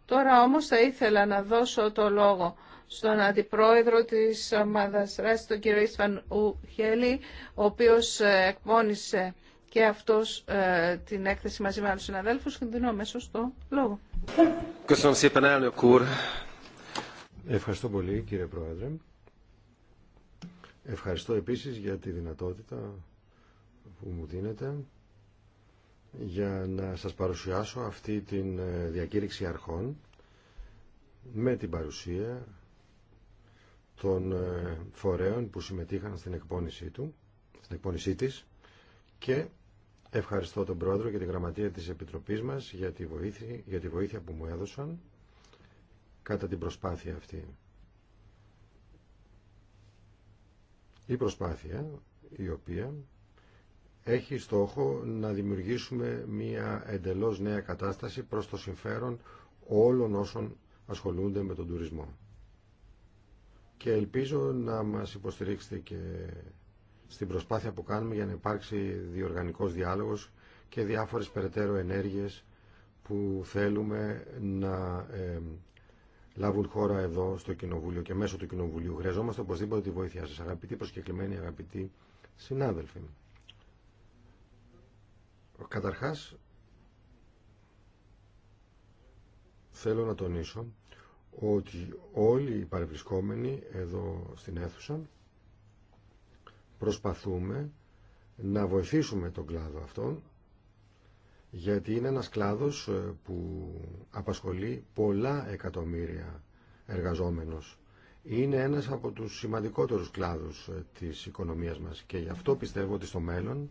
Τώρα όμως θα ήθελα να δώσω το λόγο στον αντιπρόεδρο της ομάδα, τον κύριο Ισφαν Ουχέλη, ο οποίος εκπώνησε και αυτός ε, την έκθεση μαζί με άλλους συναδέλφους και δίνω αμέσω το λόγο.
Ευχαριστώ πολύ κύριε Πρόεδρε. Ευχαριστώ επίσης για τη δυνατότητα που μου δίνετε για να σας παρουσιάσω αυτή την ε, διακήρυξη αρχών με την παρουσία των ε, φορέων που συμμετείχαν στην εκπόνησή του, στην εκπόνησή της και Ευχαριστώ τον Πρόεδρο και τη Γραμματεία της Επιτροπής μας για τη, βοήθεια, για που μου έδωσαν κατά την προσπάθεια αυτή. Η προσπάθεια η οποία έχει στόχο να δημιουργήσουμε μια εντελώς νέα κατάσταση προς το συμφέρον όλων όσων ασχολούνται με τον τουρισμό. Και ελπίζω να μας υποστηρίξετε και στην προσπάθεια που κάνουμε για να υπάρξει διοργανικός διάλογος και διάφορες περαιτέρω ενέργειες που θέλουμε να ε, λάβουν χώρα εδώ στο Κοινοβούλιο και μέσω του Κοινοβουλίου. Χρειαζόμαστε οπωσδήποτε τη βοήθειά σας, αγαπητοί προσκεκλημένοι, αγαπητοί συνάδελφοι. Καταρχάς, θέλω να τονίσω ότι όλοι οι παρευρισκόμενοι εδώ στην αίθουσα Προσπαθούμε να βοηθήσουμε τον κλάδο αυτόν γιατί είναι ένας κλάδος ε, που απασχολεί πολλά εκατομμύρια εργαζόμενους. Είναι ένας από τους σημαντικότερους κλάδους ε, της οικονομίας μας και γι' αυτό πιστεύω ότι στο μέλλον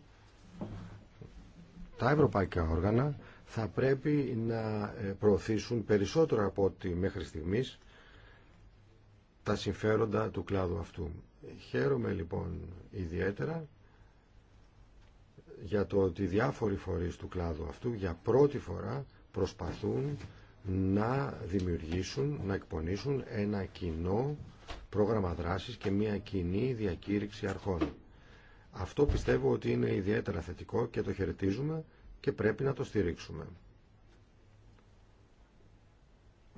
τα ευρωπαϊκά όργανα θα πρέπει να ε, προωθήσουν περισσότερο από ό,τι μέχρι στιγμής τα συμφέροντα του κλάδου αυτού. Χαίρομαι λοιπόν ιδιαίτερα για το ότι διάφοροι φορείς του κλάδου αυτού για πρώτη φορά προσπαθούν να δημιουργήσουν, να εκπονήσουν ένα κοινό πρόγραμμα δράσης και μια κοινή διακήρυξη αρχών. Αυτό πιστεύω ότι είναι ιδιαίτερα θετικό και το χαιρετίζουμε και πρέπει να το στηρίξουμε.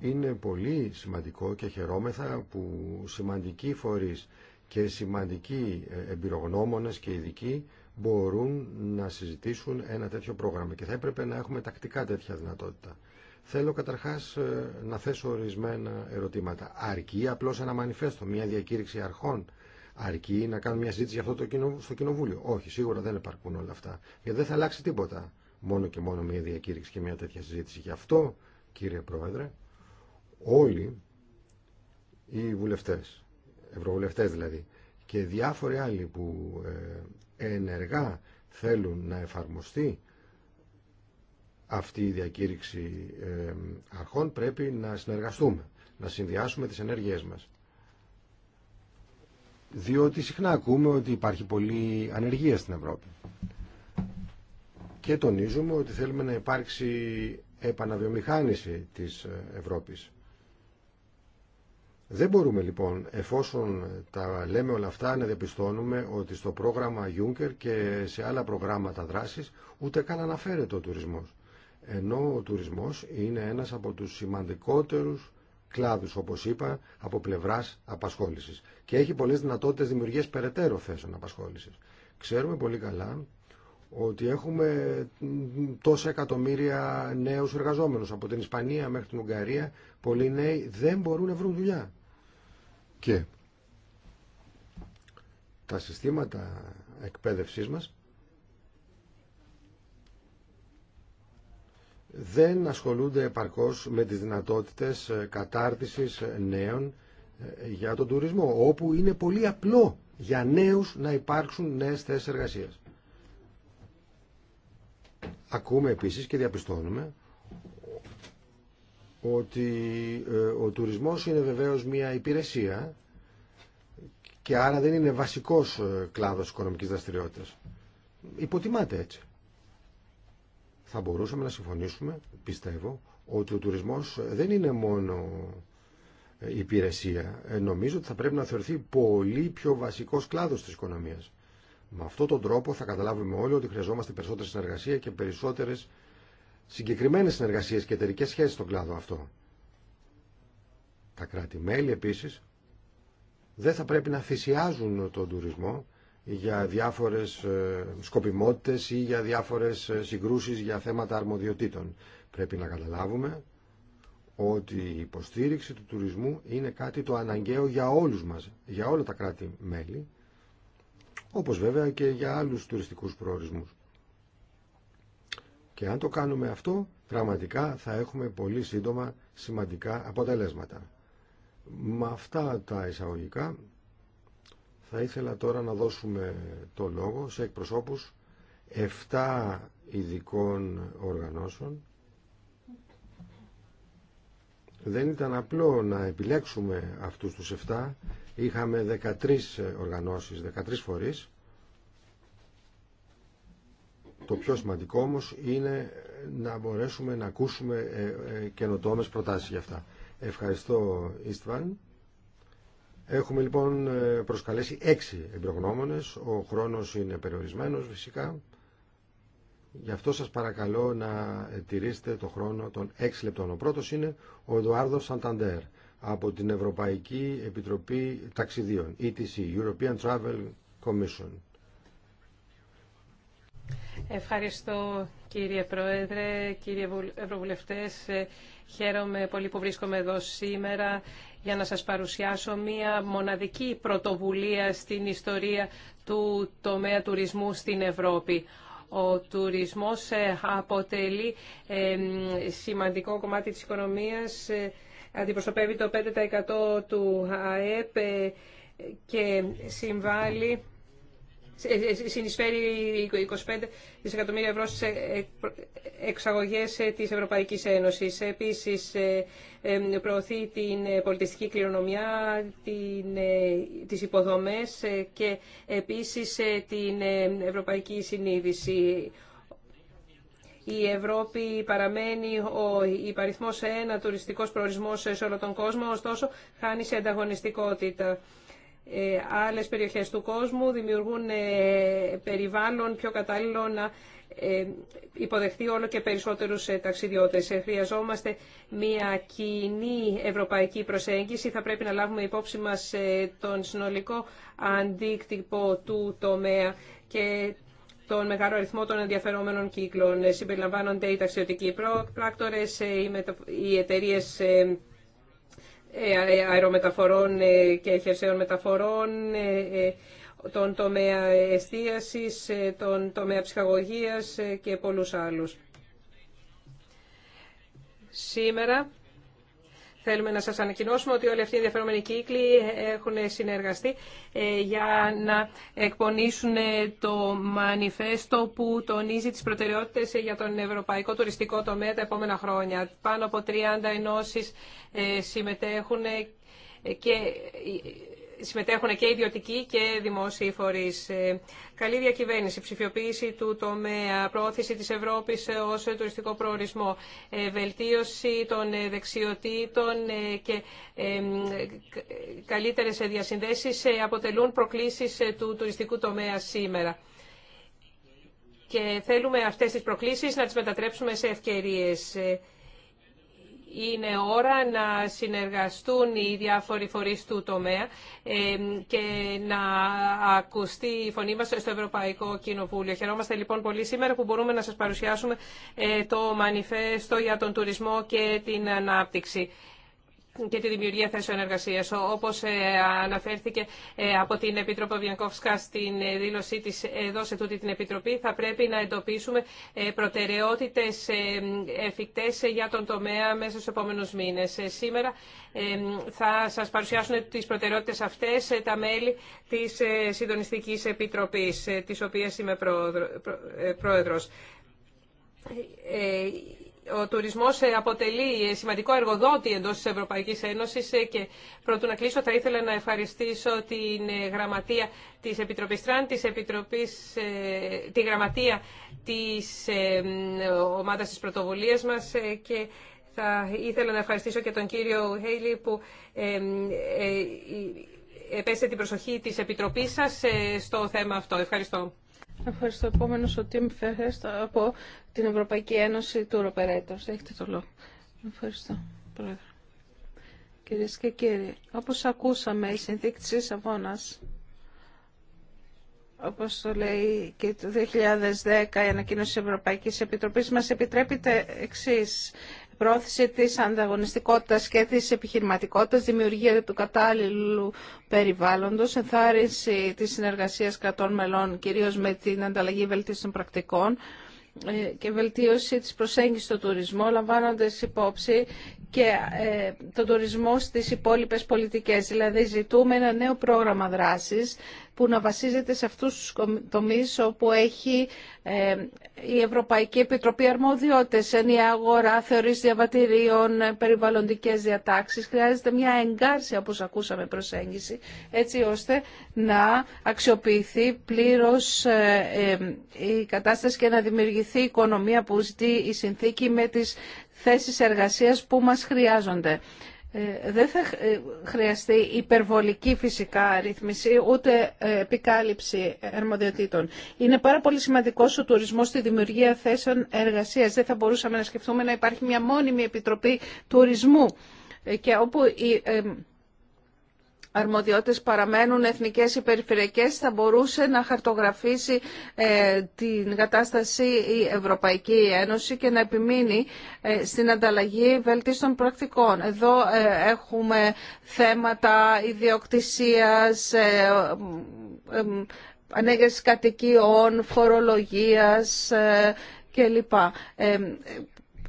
Είναι πολύ σημαντικό και χαιρόμεθα που σημαντικοί φορείς και σημαντικοί ε, εμπειρογνώμονες και ειδικοί μπορούν να συζητήσουν ένα τέτοιο πρόγραμμα και θα έπρεπε να έχουμε τακτικά τέτοια δυνατότητα. Θέλω καταρχάς ε, να θέσω ορισμένα ερωτήματα. Αρκεί απλώς ένα μανιφέστο, μια διακήρυξη αρχών. Αρκεί να κάνουμε μια συζήτηση για αυτό το στο Κοινοβούλιο. Όχι, σίγουρα δεν επαρκούν όλα αυτά. Γιατί δεν θα αλλάξει τίποτα. Μόνο και μόνο μια διακήρυξη και μια τέτοια συζήτηση. Γι' αυτό, κύριε Πρόεδρε, όλοι οι βουλευτές ευρωβουλευτές δηλαδή, και διάφοροι άλλοι που ε, ενεργά θέλουν να εφαρμοστεί αυτή η διακήρυξη ε, αρχών, πρέπει να συνεργαστούμε, να συνδυάσουμε τις ενέργειές μας. Διότι συχνά ακούμε ότι υπάρχει πολλή ανεργία στην Ευρώπη. Και τονίζουμε ότι θέλουμε να υπάρξει επαναβιομηχάνηση της ε, Ευρώπης. Δεν μπορούμε λοιπόν, εφόσον τα λέμε όλα αυτά, να διαπιστώνουμε ότι στο πρόγραμμα Juncker και σε άλλα προγράμματα δράσης ούτε καν αναφέρεται ο τουρισμός. Ενώ ο τουρισμός είναι ένας από τους σημαντικότερους κλάδους, όπως είπα, από πλευράς απασχόλησης. Και έχει πολλές δυνατότητες δημιουργίας περαιτέρω θέσεων απασχόλησης. Ξέρουμε πολύ καλά ότι έχουμε τόσα εκατομμύρια νέους εργαζόμενους από την Ισπανία μέχρι την Ουγγαρία. Πολλοί νέοι δεν μπορούν να βρουν δουλειά. Και τα συστήματα εκπαίδευσής μας δεν ασχολούνται επαρκώς με τις δυνατότητες κατάρτισης νέων ε, για τον τουρισμό, όπου είναι πολύ απλό για νέους να υπάρξουν νέες θέσεις εργασίας. Ακούμε επίσης και διαπιστώνουμε ότι ε, ο τουρισμός είναι βεβαίως μια υπηρεσία και άρα δεν είναι βασικός ε, κλάδος οικονομικής δραστηριότητας. Υποτιμάται έτσι. Θα μπορούσαμε να συμφωνήσουμε, πιστεύω, ότι ο τουρισμός δεν είναι μόνο ε, υπηρεσία. Νομίζω ότι θα πρέπει να θεωρηθεί πολύ πιο βασικός κλάδος της οικονομίας. Με αυτόν τον τρόπο θα καταλάβουμε όλοι ότι χρειαζόμαστε περισσότερη συνεργασία και περισσότερες συγκεκριμένες συνεργασίες και εταιρικέ σχέσεις στον κλάδο αυτό. Τα κράτη-μέλη επίσης δεν θα πρέπει να θυσιάζουν τον τουρισμό για διάφορες ε, σκοπιμότητες ή για διάφορες ε, συγκρούσεις για θέματα αρμοδιοτήτων. Πρέπει να καταλάβουμε ότι η υποστήριξη του τουρισμού είναι κάτι το αναγκαίο για όλους μας, για όλα τα κράτη-μέλη, όπως βέβαια και για άλλους τουριστικούς προορισμούς. Και αν το κάνουμε αυτό, πραγματικά θα έχουμε πολύ σύντομα σημαντικά αποτελέσματα. Με αυτά τα εισαγωγικά θα ήθελα τώρα να δώσουμε το λόγο σε εκπροσώπους 7 ειδικών οργανώσεων. Δεν ήταν απλό να επιλέξουμε αυτούς τους 7. Είχαμε 13 οργανώσεις, 13 φορείς το πιο σημαντικό όμως είναι να μπορέσουμε να ακούσουμε ε, ε, καινοτόμες προτάσεις για αυτά. Ευχαριστώ Ιστβάν. Έχουμε λοιπόν ε, προσκαλέσει έξι εμπειρογνώμονες. Ο χρόνος είναι περιορισμένος φυσικά. Γι' αυτό σας παρακαλώ να τηρήσετε το χρόνο των έξι λεπτών. Ο πρώτος είναι ο Εδουάρδο Σανταντέρ από την Ευρωπαϊκή Επιτροπή Ταξιδίων, ETC, European Travel Commission.
Ευχαριστώ κύριε Πρόεδρε, κύριε Ευρωβουλευτές. Ε, χαίρομαι πολύ που βρίσκομαι εδώ σήμερα για να σας παρουσιάσω μία μοναδική πρωτοβουλία στην ιστορία του τομέα τουρισμού στην Ευρώπη. Ο τουρισμός ε, αποτελεί σημαντικό κομμάτι της οικονομίας, ε, αντιπροσωπεύει το 5% του ΑΕΠ και συμβάλλει συνεισφέρει 25 δισεκατομμύρια ευρώ στις εξαγωγές της Ευρωπαϊκής Ένωσης. Επίσης, ε, προωθεί την πολιτιστική κληρονομιά, την, ε, τις υποδομές ε, και επίσης την ευρωπαϊκή συνείδηση. Η Ευρώπη παραμένει ο υπαριθμός ένα τουριστικός προορισμός σε όλο τον κόσμο, ωστόσο χάνει σε ανταγωνιστικότητα. Ε, άλλες περιοχές του κόσμου, δημιουργούν ε, περιβάλλον πιο κατάλληλο να ε, υποδεχτεί όλο και περισσότερους ταξιδιώτες. Χρειαζόμαστε μια κοινή ευρωπαϊκή προσέγγιση. Θα πρέπει να λάβουμε υπόψη μας τον συνολικό αντίκτυπο του τομέα και τον μεγάλο αριθμό των ενδιαφερόμενων κύκλων. Συμπεριλαμβάνονται οι ταξιδιωτικοί πράκτορες, οι εταιρείε ε, αερομεταφορών ε, και χερσαίων μεταφορών, ε, τον τομέα εστίασης, τον τομέα ψυχαγωγίας και πολλούς άλλους. Σήμερα Θέλουμε να σας ανακοινώσουμε ότι όλοι αυτοί οι ενδιαφερόμενοι κύκλοι έχουν συνεργαστεί ε, για να εκπονήσουν ε, το μανιφέστο που τονίζει τις προτεραιότητες ε, για τον ευρωπαϊκό τουριστικό τομέα τα επόμενα χρόνια. Πάνω από 30 ενώσεις συμμετέχουν και συμμετέχουν και ιδιωτικοί και δημόσιοι φορεί. Ε, καλή διακυβέρνηση, ψηφιοποίηση του τομέα, πρόθεση της Ευρώπης ως τουριστικό προορισμό, ε, βελτίωση των ε, δεξιοτήτων και καλύτερε διασυνδέσει αποτελούν προκλήσεις του τουριστικού τομέα σήμερα. Και θέλουμε αυτές τις προκλήσεις να τις μετατρέψουμε σε ευκαιρίες είναι ώρα να συνεργαστούν οι διάφοροι φορείς του τομέα ε, και να ακουστεί η φωνή μας στο Ευρωπαϊκό Κοινοβούλιο. Χαιρόμαστε λοιπόν πολύ σήμερα που μπορούμε να σας παρουσιάσουμε ε, το μανιφέστο για τον τουρισμό και την ανάπτυξη και τη δημιουργία θέσεων εργασίας. Όπως ε, αναφέρθηκε ε, από την Επίτροπο Βιανκόφσκα στην ε, δήλωσή της εδώ σε τούτη την Επιτροπή, θα πρέπει να εντοπίσουμε προτεραιότητες εφικτές για τον τομέα μέσα στους επόμενους μήνες. Σήμερα θα σα παρουσιάσουν τις προτεραιότητες αυτές τα μέλη της Συντονιστικής Επιτροπής, τη οποία είμαι πρόεδρος ο τουρισμός ε, αποτελεί ε, σημαντικό εργοδότη εντός της Ευρωπαϊκής Ένωσης ε, και πρωτού να κλείσω θα ήθελα να ευχαριστήσω την γραμματεία της Επιτροπής Τραν, της Επιτροπής, τη γραμματεία της ομάδας της πρωτοβουλίας μας και θα ήθελα να ευχαριστήσω και τον κύριο Χέιλι που επέστε την προσοχή της Επιτροπής σας στο θέμα αυτό. Ευχαριστώ.
Ευχαριστώ. Επόμενο ο Τιμ Φέχεστ από την Ευρωπαϊκή Ένωση του Ροπερέτο. Έχετε το λόγο. Ευχαριστώ, Πρόεδρε. Κυρίε και κύριοι, όπω ακούσαμε, η συνθήκη τη Λισαβόνα, όπω το λέει και το 2010 η ανακοίνωση τη Ευρωπαϊκή Επιτροπή, μα επιτρέπεται εξή πρόθεση της ανταγωνιστικότητας και της επιχειρηματικότητας, δημιουργία του κατάλληλου περιβάλλοντος, ενθάρρυνση της συνεργασίας κρατών μελών, κυρίως με την ανταλλαγή βελτίστων πρακτικών ε, και βελτίωση της προσέγγισης στο τουρισμό, λαμβάνοντας υπόψη και ε, τον τουρισμό στις υπόλοιπες πολιτικές. Δηλαδή ζητούμε ένα νέο πρόγραμμα δράσης που να βασίζεται σε αυτούς τους τομείς όπου έχει ε, η Ευρωπαϊκή Επιτροπή Αρμοδιότητες, ενιαία αγορά, διαβατηρίων, ε, περιβαλλοντικές διατάξεις. Χρειάζεται μια εγκάρσια, όπως ακούσαμε, προσέγγιση, έτσι ώστε να αξιοποιηθεί πλήρως ε, η κατάσταση και να δημιουργηθεί η οικονομία που ζητεί η συνθήκη με τις θέσεις εργασίας που μας χρειάζονται. Ε, δεν θα ε, χρειαστεί υπερβολική φυσικά ρύθμιση ούτε ε, επικάλυψη αρμοδιοτήτων. Είναι πάρα πολύ σημαντικό ο τουρισμό στη δημιουργία θέσεων εργασία. Δεν θα μπορούσαμε να σκεφτούμε να υπάρχει μια μόνιμη επιτροπή τουρισμού και όπου οι αρμοδιότητες παραμένουν εθνικές ή περιφερειακές, θα μπορούσε να χαρτογραφήσει ε, την κατάσταση η Ευρωπαϊκή Ένωση και να επιμείνει ε, στην ανταλλαγή βελτίστων πρακτικών. Εδώ ε, έχουμε θέματα ιδιοκτησίας, ανέγερση κατοικιών, φορολογίας κλπ.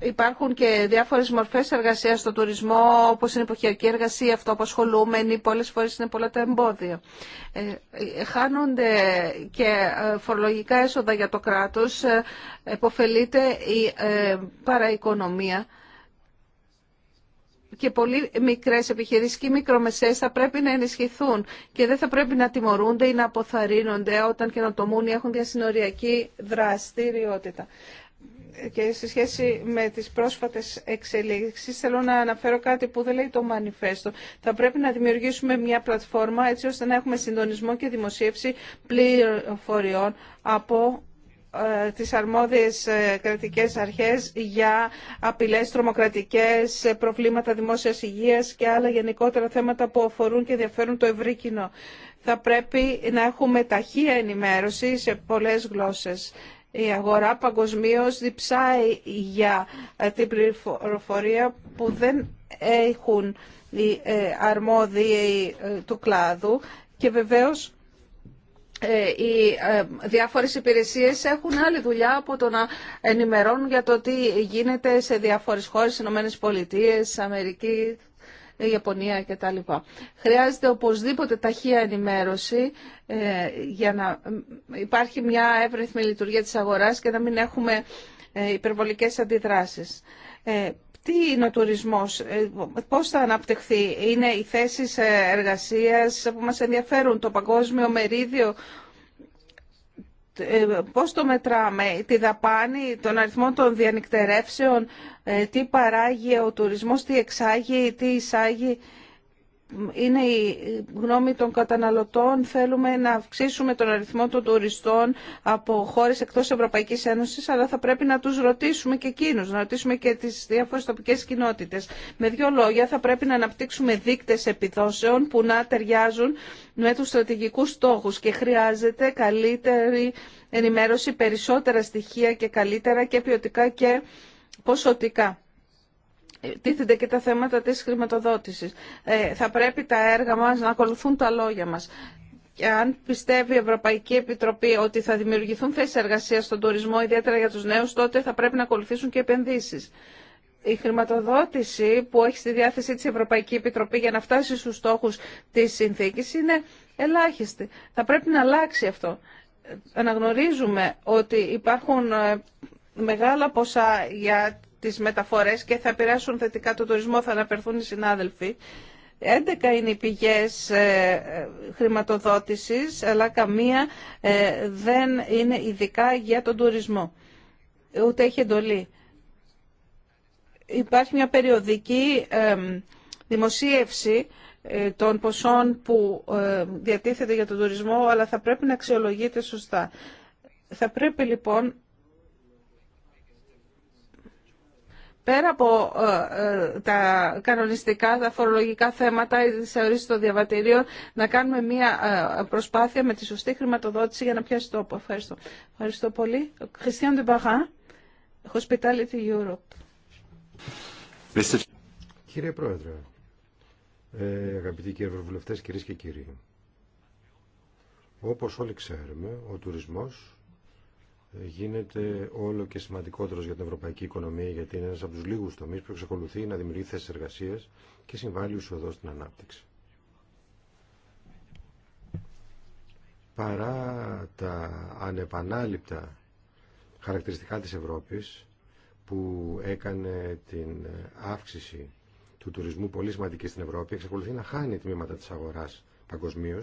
Υπάρχουν και διάφορες μορφές εργασίας στο τουρισμό, όπως είναι εποχιακή εργασία, αυτοαπασχολούμενοι, πολλές φορές είναι πολλά τα εμπόδια. Ε, ε, χάνονται και ε, φορολογικά έσοδα για το κράτος, εποφελείται η παραοικονομία και πολύ μικρές επιχειρήσεις και μικρομεσαίες θα πρέπει να ενισχυθούν και δεν θα πρέπει να τιμωρούνται ή να αποθαρρύνονται όταν καινοτομούν ή έχουν διασυνοριακή δραστηριότητα και σε σχέση με τις πρόσφατες εξελίξεις θέλω να αναφέρω κάτι που δεν λέει το μανιφέστο. Θα πρέπει να δημιουργήσουμε μια πλατφόρμα έτσι ώστε να έχουμε συντονισμό και δημοσίευση πληροφοριών από ε, τις αρμόδιες ε, κρατικές αρχές για απειλές τρομοκρατικές, προβλήματα δημόσιας υγείας και άλλα γενικότερα θέματα που αφορούν και ενδιαφέρουν το ευρύ κοινό. Θα πρέπει να έχουμε ταχεία ενημέρωση σε πολλές γλώσσες η αγορά παγκοσμίω διψάει για ε, την πληροφορία που δεν έχουν οι ε, αρμόδιοι ε, του κλάδου και βεβαίως οι διάφορες υπηρεσίες έχουν άλλη δουλειά από το να ενημερώνουν για το τι γίνεται σε διάφορες χώρες, Ηνωμένες Πολιτείες, Αμερική η Ιαπωνία κτλ. Χρειάζεται οπωσδήποτε ταχεία ενημέρωση ε, για να υπάρχει μια εύρεθμη λειτουργία της αγοράς και να μην έχουμε ε, υπερβολικές αντιδράσεις. Ε, τι είναι ο τουρισμός, πώς θα αναπτυχθεί, είναι οι θέσεις εργασίας που μας ενδιαφέρουν, το παγκόσμιο μερίδιο ε, πώς το μετράμε, τη δαπάνη, τον αριθμό των διανυκτερεύσεων, ε, τι παράγει ο τουρισμός, τι εξάγει, τι εισάγει. Είναι η γνώμη των καταναλωτών. Θέλουμε να αυξήσουμε τον αριθμό των τουριστών από χώρες εκτός Ευρωπαϊκής Ένωσης, αλλά θα πρέπει να τους ρωτήσουμε και εκείνους, να ρωτήσουμε και τις διάφορες τοπικές κοινότητες. Με δύο λόγια θα πρέπει να αναπτύξουμε δείκτες επιδόσεων που να ταιριάζουν με τους στρατηγικούς στόχους και χρειάζεται καλύτερη ενημέρωση, περισσότερα στοιχεία και καλύτερα και ποιοτικά και ποσοτικά. Τίθενται και τα θέματα της χρηματοδότησης. Ε, θα πρέπει τα έργα μας να ακολουθούν τα λόγια μας. Και αν πιστεύει η Ευρωπαϊκή Επιτροπή ότι θα δημιουργηθούν θέσεις εργασίας στον τουρισμό, ιδιαίτερα για του νέου, τότε θα πρέπει να ακολουθήσουν και επενδύσει η χρηματοδότηση που έχει στη διάθεσή της Ευρωπαϊκή Επιτροπή για να φτάσει στους στόχους της συνθήκης είναι ελάχιστη. Θα πρέπει να αλλάξει αυτό. Αναγνωρίζουμε ότι υπάρχουν ε, μεγάλα ποσά για τις μεταφορές και θα επηρεάσουν θετικά το τουρισμό, θα αναπερθούν οι συνάδελφοι. 11 είναι οι πηγές ε, ε, χρηματοδότησης, αλλά καμία δεν είναι ειδικά για τον τουρισμό. Ούτε έχει εντολή υπάρχει μια περιοδική δημοσίευση ε, των ποσών που ε, διατίθεται για τον τουρισμό, αλλά θα πρέπει να αξιολογείται σωστά. Θα πρέπει λοιπόν πέρα από ε, τα κανονιστικά, τα φορολογικά θέματα ή τις των διαβατηρίων, να κάνουμε μια προσπάθεια με τη σωστή χρηματοδότηση για να πιάσει τόπο. Ευχαριστώ. Ευχαριστώ πολύ. Χριστιαν Hospitality Europe.
Κύριε Πρόεδρε, ε, αγαπητοί κύριοι ευρωβουλευτές, κυρίες και κύριοι, όπως όλοι ξέρουμε, ο τουρισμός γίνεται όλο και σημαντικότερος για την ευρωπαϊκή οικονομία, γιατί είναι ένας από τους λίγους τομείς που εξακολουθεί να δημιουργεί θέσεις εργασίας και συμβάλλει ουσιοδό στην ανάπτυξη. Παρά τα ανεπανάληπτα χαρακτηριστικά της Ευρώπης, που έκανε την αύξηση του τουρισμού πολύ σημαντική στην Ευρώπη εξακολουθεί να χάνει τμήματα της αγοράς παγκοσμίω.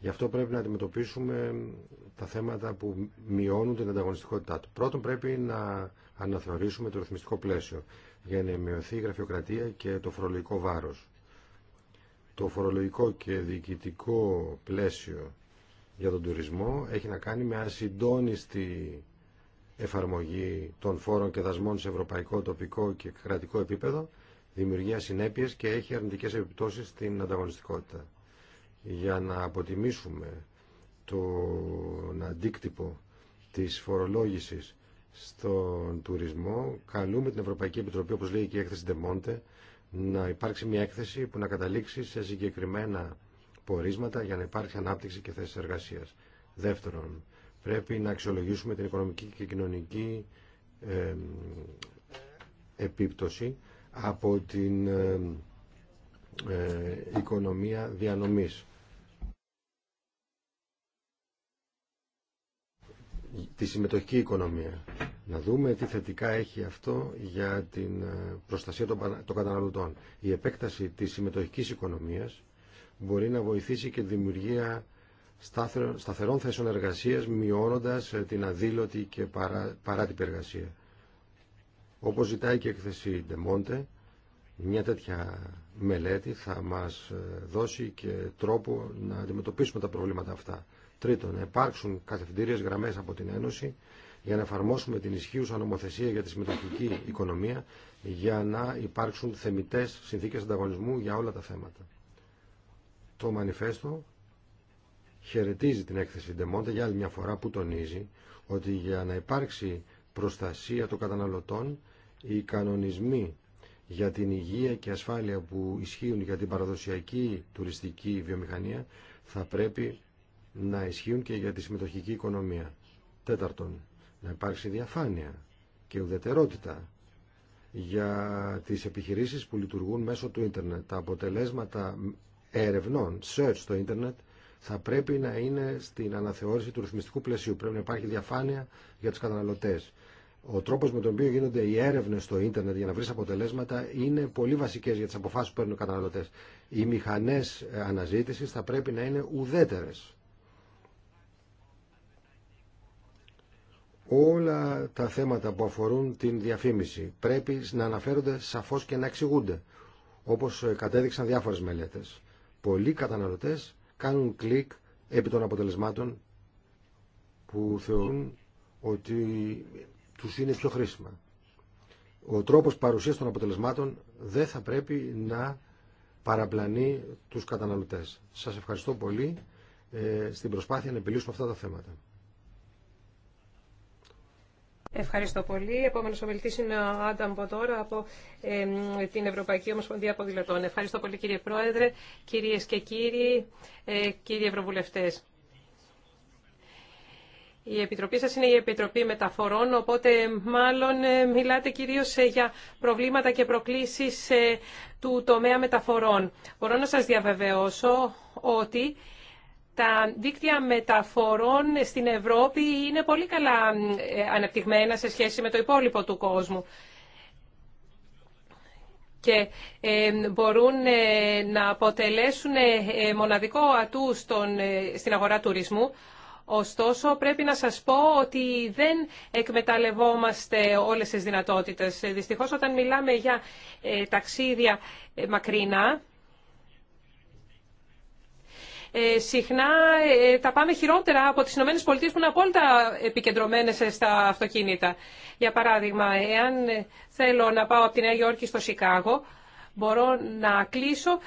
Γι' αυτό πρέπει να αντιμετωπίσουμε τα θέματα που μειώνουν την ανταγωνιστικότητά του. Πρώτον πρέπει να αναθεωρήσουμε το ρυθμιστικό πλαίσιο για να μειωθεί η γραφειοκρατία και το φορολογικό βάρος. Το φορολογικό και διοικητικό πλαίσιο για τον τουρισμό έχει να κάνει με ασυντόνιστη εφαρμογή των φόρων και δασμών σε ευρωπαϊκό, τοπικό και κρατικό επίπεδο δημιουργεί ασυνέπειες και έχει αρνητικές επιπτώσεις στην ανταγωνιστικότητα. Για να αποτιμήσουμε τον αντίκτυπο της φορολόγησης στον τουρισμό, καλούμε την Ευρωπαϊκή Επιτροπή, όπως λέει και η έκθεση Ντεμόντε, να υπάρξει μια έκθεση που να καταλήξει σε συγκεκριμένα πορίσματα για να υπάρξει ανάπτυξη και θέσεις εργασίας. Δεύτερον, Πρέπει να αξιολογήσουμε την οικονομική και κοινωνική επίπτωση από την ε, οικονομία διανομής. τη συμμετοχική οικονομία. Να δούμε τι θετικά έχει αυτό για την ε, προστασία των καταναλωτών. Η επέκταση της συμμετοχικής οικονομίας μπορεί να βοηθήσει και τη δημιουργία σταθερών θέσεων εργασίας μειώνοντας ε, την αδήλωτη και παρά, παράτυπη εργασία. Όπως ζητάει και η εκθεσή Ντεμόντε, μια τέτοια μελέτη θα μας ε, δώσει και τρόπο να αντιμετωπίσουμε τα προβλήματα αυτά. Τρίτον, να υπάρξουν κατευθυντήριες γραμμές από την Ένωση για να εφαρμόσουμε την ισχύουσα νομοθεσία για τη συμμετοχική οικονομία για να υπάρξουν θεμητές συνθήκες ανταγωνισμού για όλα τα θέματα. Το μανιφέστο χαιρετίζει την έκθεση Ντεμόντα για άλλη μια φορά που τονίζει ότι για να υπάρξει προστασία των καταναλωτών οι κανονισμοί για την υγεία και ασφάλεια που ισχύουν για την παραδοσιακή τουριστική βιομηχανία θα πρέπει να ισχύουν και για τη συμμετοχική οικονομία. Τέταρτον, να υπάρξει διαφάνεια και ουδετερότητα για τις επιχειρήσεις που λειτουργούν μέσω του ίντερνετ. Τα αποτελέσματα ερευνών, search στο ίντερνετ, θα πρέπει να είναι στην αναθεώρηση του ρυθμιστικού πλαισίου. Πρέπει να υπάρχει διαφάνεια για του καταναλωτέ. Ο τρόπο με τον οποίο γίνονται οι έρευνε στο ίντερνετ για να βρει αποτελέσματα είναι πολύ βασικέ για τι αποφάσει που παίρνουν οι καταναλωτέ. Οι μηχανέ ε, αναζήτηση θα πρέπει να είναι ουδέτερε. Όλα τα θέματα που αφορούν την διαφήμιση πρέπει να αναφέρονται σαφώς και να εξηγούνται, όπως ε, κατέδειξαν διάφορες μελέτες. Πολλοί καταναλωτές κάνουν κλικ επί των αποτελεσμάτων που θεωρούν ότι τους είναι πιο χρήσιμα. Ο τρόπος παρουσίας των αποτελεσμάτων δεν θα πρέπει να παραπλανεί τους καταναλωτές. Σας ευχαριστώ πολύ ε, στην προσπάθεια να επιλύσουμε αυτά τα θέματα.
Ευχαριστώ πολύ. Επόμενο ομιλητή είναι ο Άνταμ Ποτόρα από την Ευρωπαϊκή Ομοσπονδία Ποδηλατών. Ευχαριστώ πολύ κύριε Πρόεδρε, κυρίε και κύριοι, ε, κύριοι Ευρωβουλευτέ. Η Επιτροπή σας είναι η Επιτροπή Μεταφορών, οπότε μάλλον ε, μιλάτε κυρίως ε, για προβλήματα και προκλήσεις του τομέα μεταφορών. Μπορώ να σας διαβεβαιώσω ότι τα δίκτυα μεταφορών στην Ευρώπη είναι πολύ καλά ε, αναπτυγμένα σε σχέση με το υπόλοιπο του κόσμου και ε, μπορούν ε, να αποτελέσουν μοναδικό ατού στον, στην αγορά τουρισμού. Ωστόσο, πρέπει να σας πω ότι δεν εκμεταλλευόμαστε όλες τις δυνατότητες. Δυστυχώς, όταν μιλάμε για ταξίδια μακρινά, ε, συχνά ε, τα πάμε χειρότερα από τις ΗΠΑ που είναι απόλυτα επικεντρωμένες ε, στα αυτοκίνητα. Για παράδειγμα, εάν θέλω να πάω από τη Νέα Υόρκη στο Σικάγο, μπορώ να κλείσω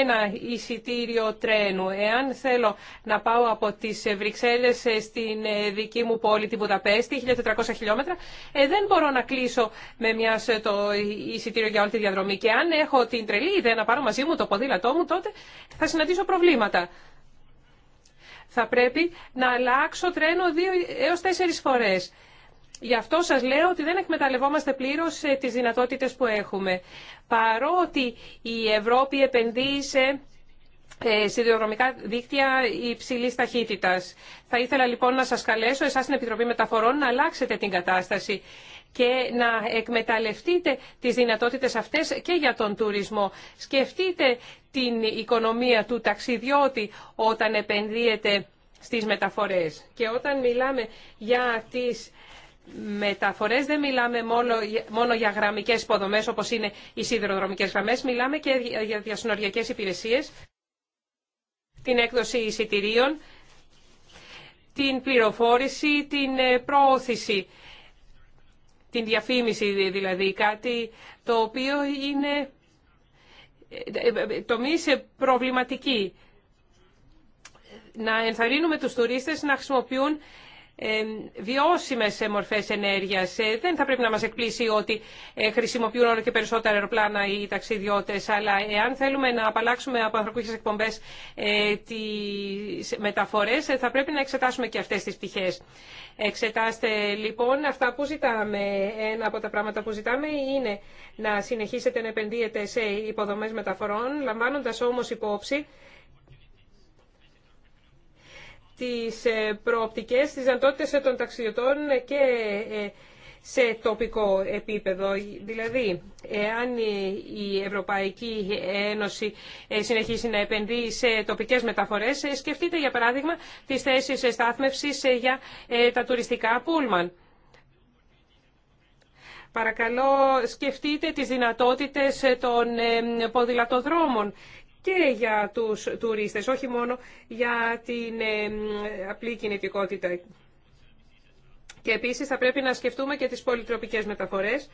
ένα εισιτήριο τρένου. Εάν θέλω να πάω από τις Βρυξέλλες ε, στην ε, δική μου πόλη, την Βουδαπέστη, 1400 χιλιόμετρα, ε, δεν μπορώ να κλείσω με μια το εισιτήριο για όλη τη διαδρομή. Και αν έχω την τρελή ιδέα να πάρω μαζί μου το ποδήλατό μου, τότε θα συναντήσω προβλήματα. Θα πρέπει να αλλάξω τρένο δύο έως τέσσερις φορές. Γι' αυτό σας λέω ότι δεν εκμεταλλευόμαστε πλήρως ε, τις δυνατότητες που έχουμε. Παρότι η Ευρώπη επενδύει σε ε, σιδηροδρομικά δίκτυα υψηλή ταχύτητα. Θα ήθελα λοιπόν να σας καλέσω, εσάς στην Επιτροπή Μεταφορών, να αλλάξετε την κατάσταση και να εκμεταλλευτείτε τις δυνατότητες αυτές και για τον τουρισμό. Σκεφτείτε την οικονομία του ταξιδιώτη όταν επενδύεται στις μεταφορές. Και όταν μιλάμε για τις μεταφορές δεν μιλάμε μόνο, μόνο για γραμμικές υποδομές όπως είναι οι σιδηροδρομικές γραμμές, μιλάμε και για διασυνοριακές υπηρεσίες, την έκδοση εισιτηρίων, την πληροφόρηση, την ε, προώθηση, την διαφήμιση δηλαδή, κάτι το οποίο είναι ε, ε, τομείς προβληματική. Να ενθαρρύνουμε τους τουρίστες να χρησιμοποιούν ε, βιώσιμες μορφές ενέργειας. Ε, δεν θα πρέπει να μας εκπλήσει ότι ε, χρησιμοποιούν όλο και περισσότερα αεροπλάνα οι ταξιδιώτες, αλλά εάν θέλουμε να απαλλάξουμε από ανθρωπικές εκπομπές τις μεταφορές, θα πρέπει να εξετάσουμε και αυτές τις πτυχές. Εξετάστε λοιπόν αυτά που ζητάμε. Ένα από τα πράγματα που ζητάμε είναι να συνεχίσετε να επενδύετε σε υποδομές μεταφορών, λαμβάνοντας όμως υπόψη τις ε, προοπτικές, τις δυνατότητες των ταξιδιωτών και ε, σε τοπικό επίπεδο. Δηλαδή, εάν η Ευρωπαϊκή Ένωση ε, συνεχίσει να επενδύει σε τοπικές μεταφορές, σκεφτείτε για παράδειγμα τις θέσεις στάθμευσης για τα τουριστικά πούλμαν. Παρακαλώ, σκεφτείτε τις δυνατότητες των ποδηλατοδρόμων και για τους τουρίστες, όχι μόνο για την ε, απλή κινητικότητα. Και επίσης θα πρέπει να σκεφτούμε και τις πολυτροπικές μεταφορές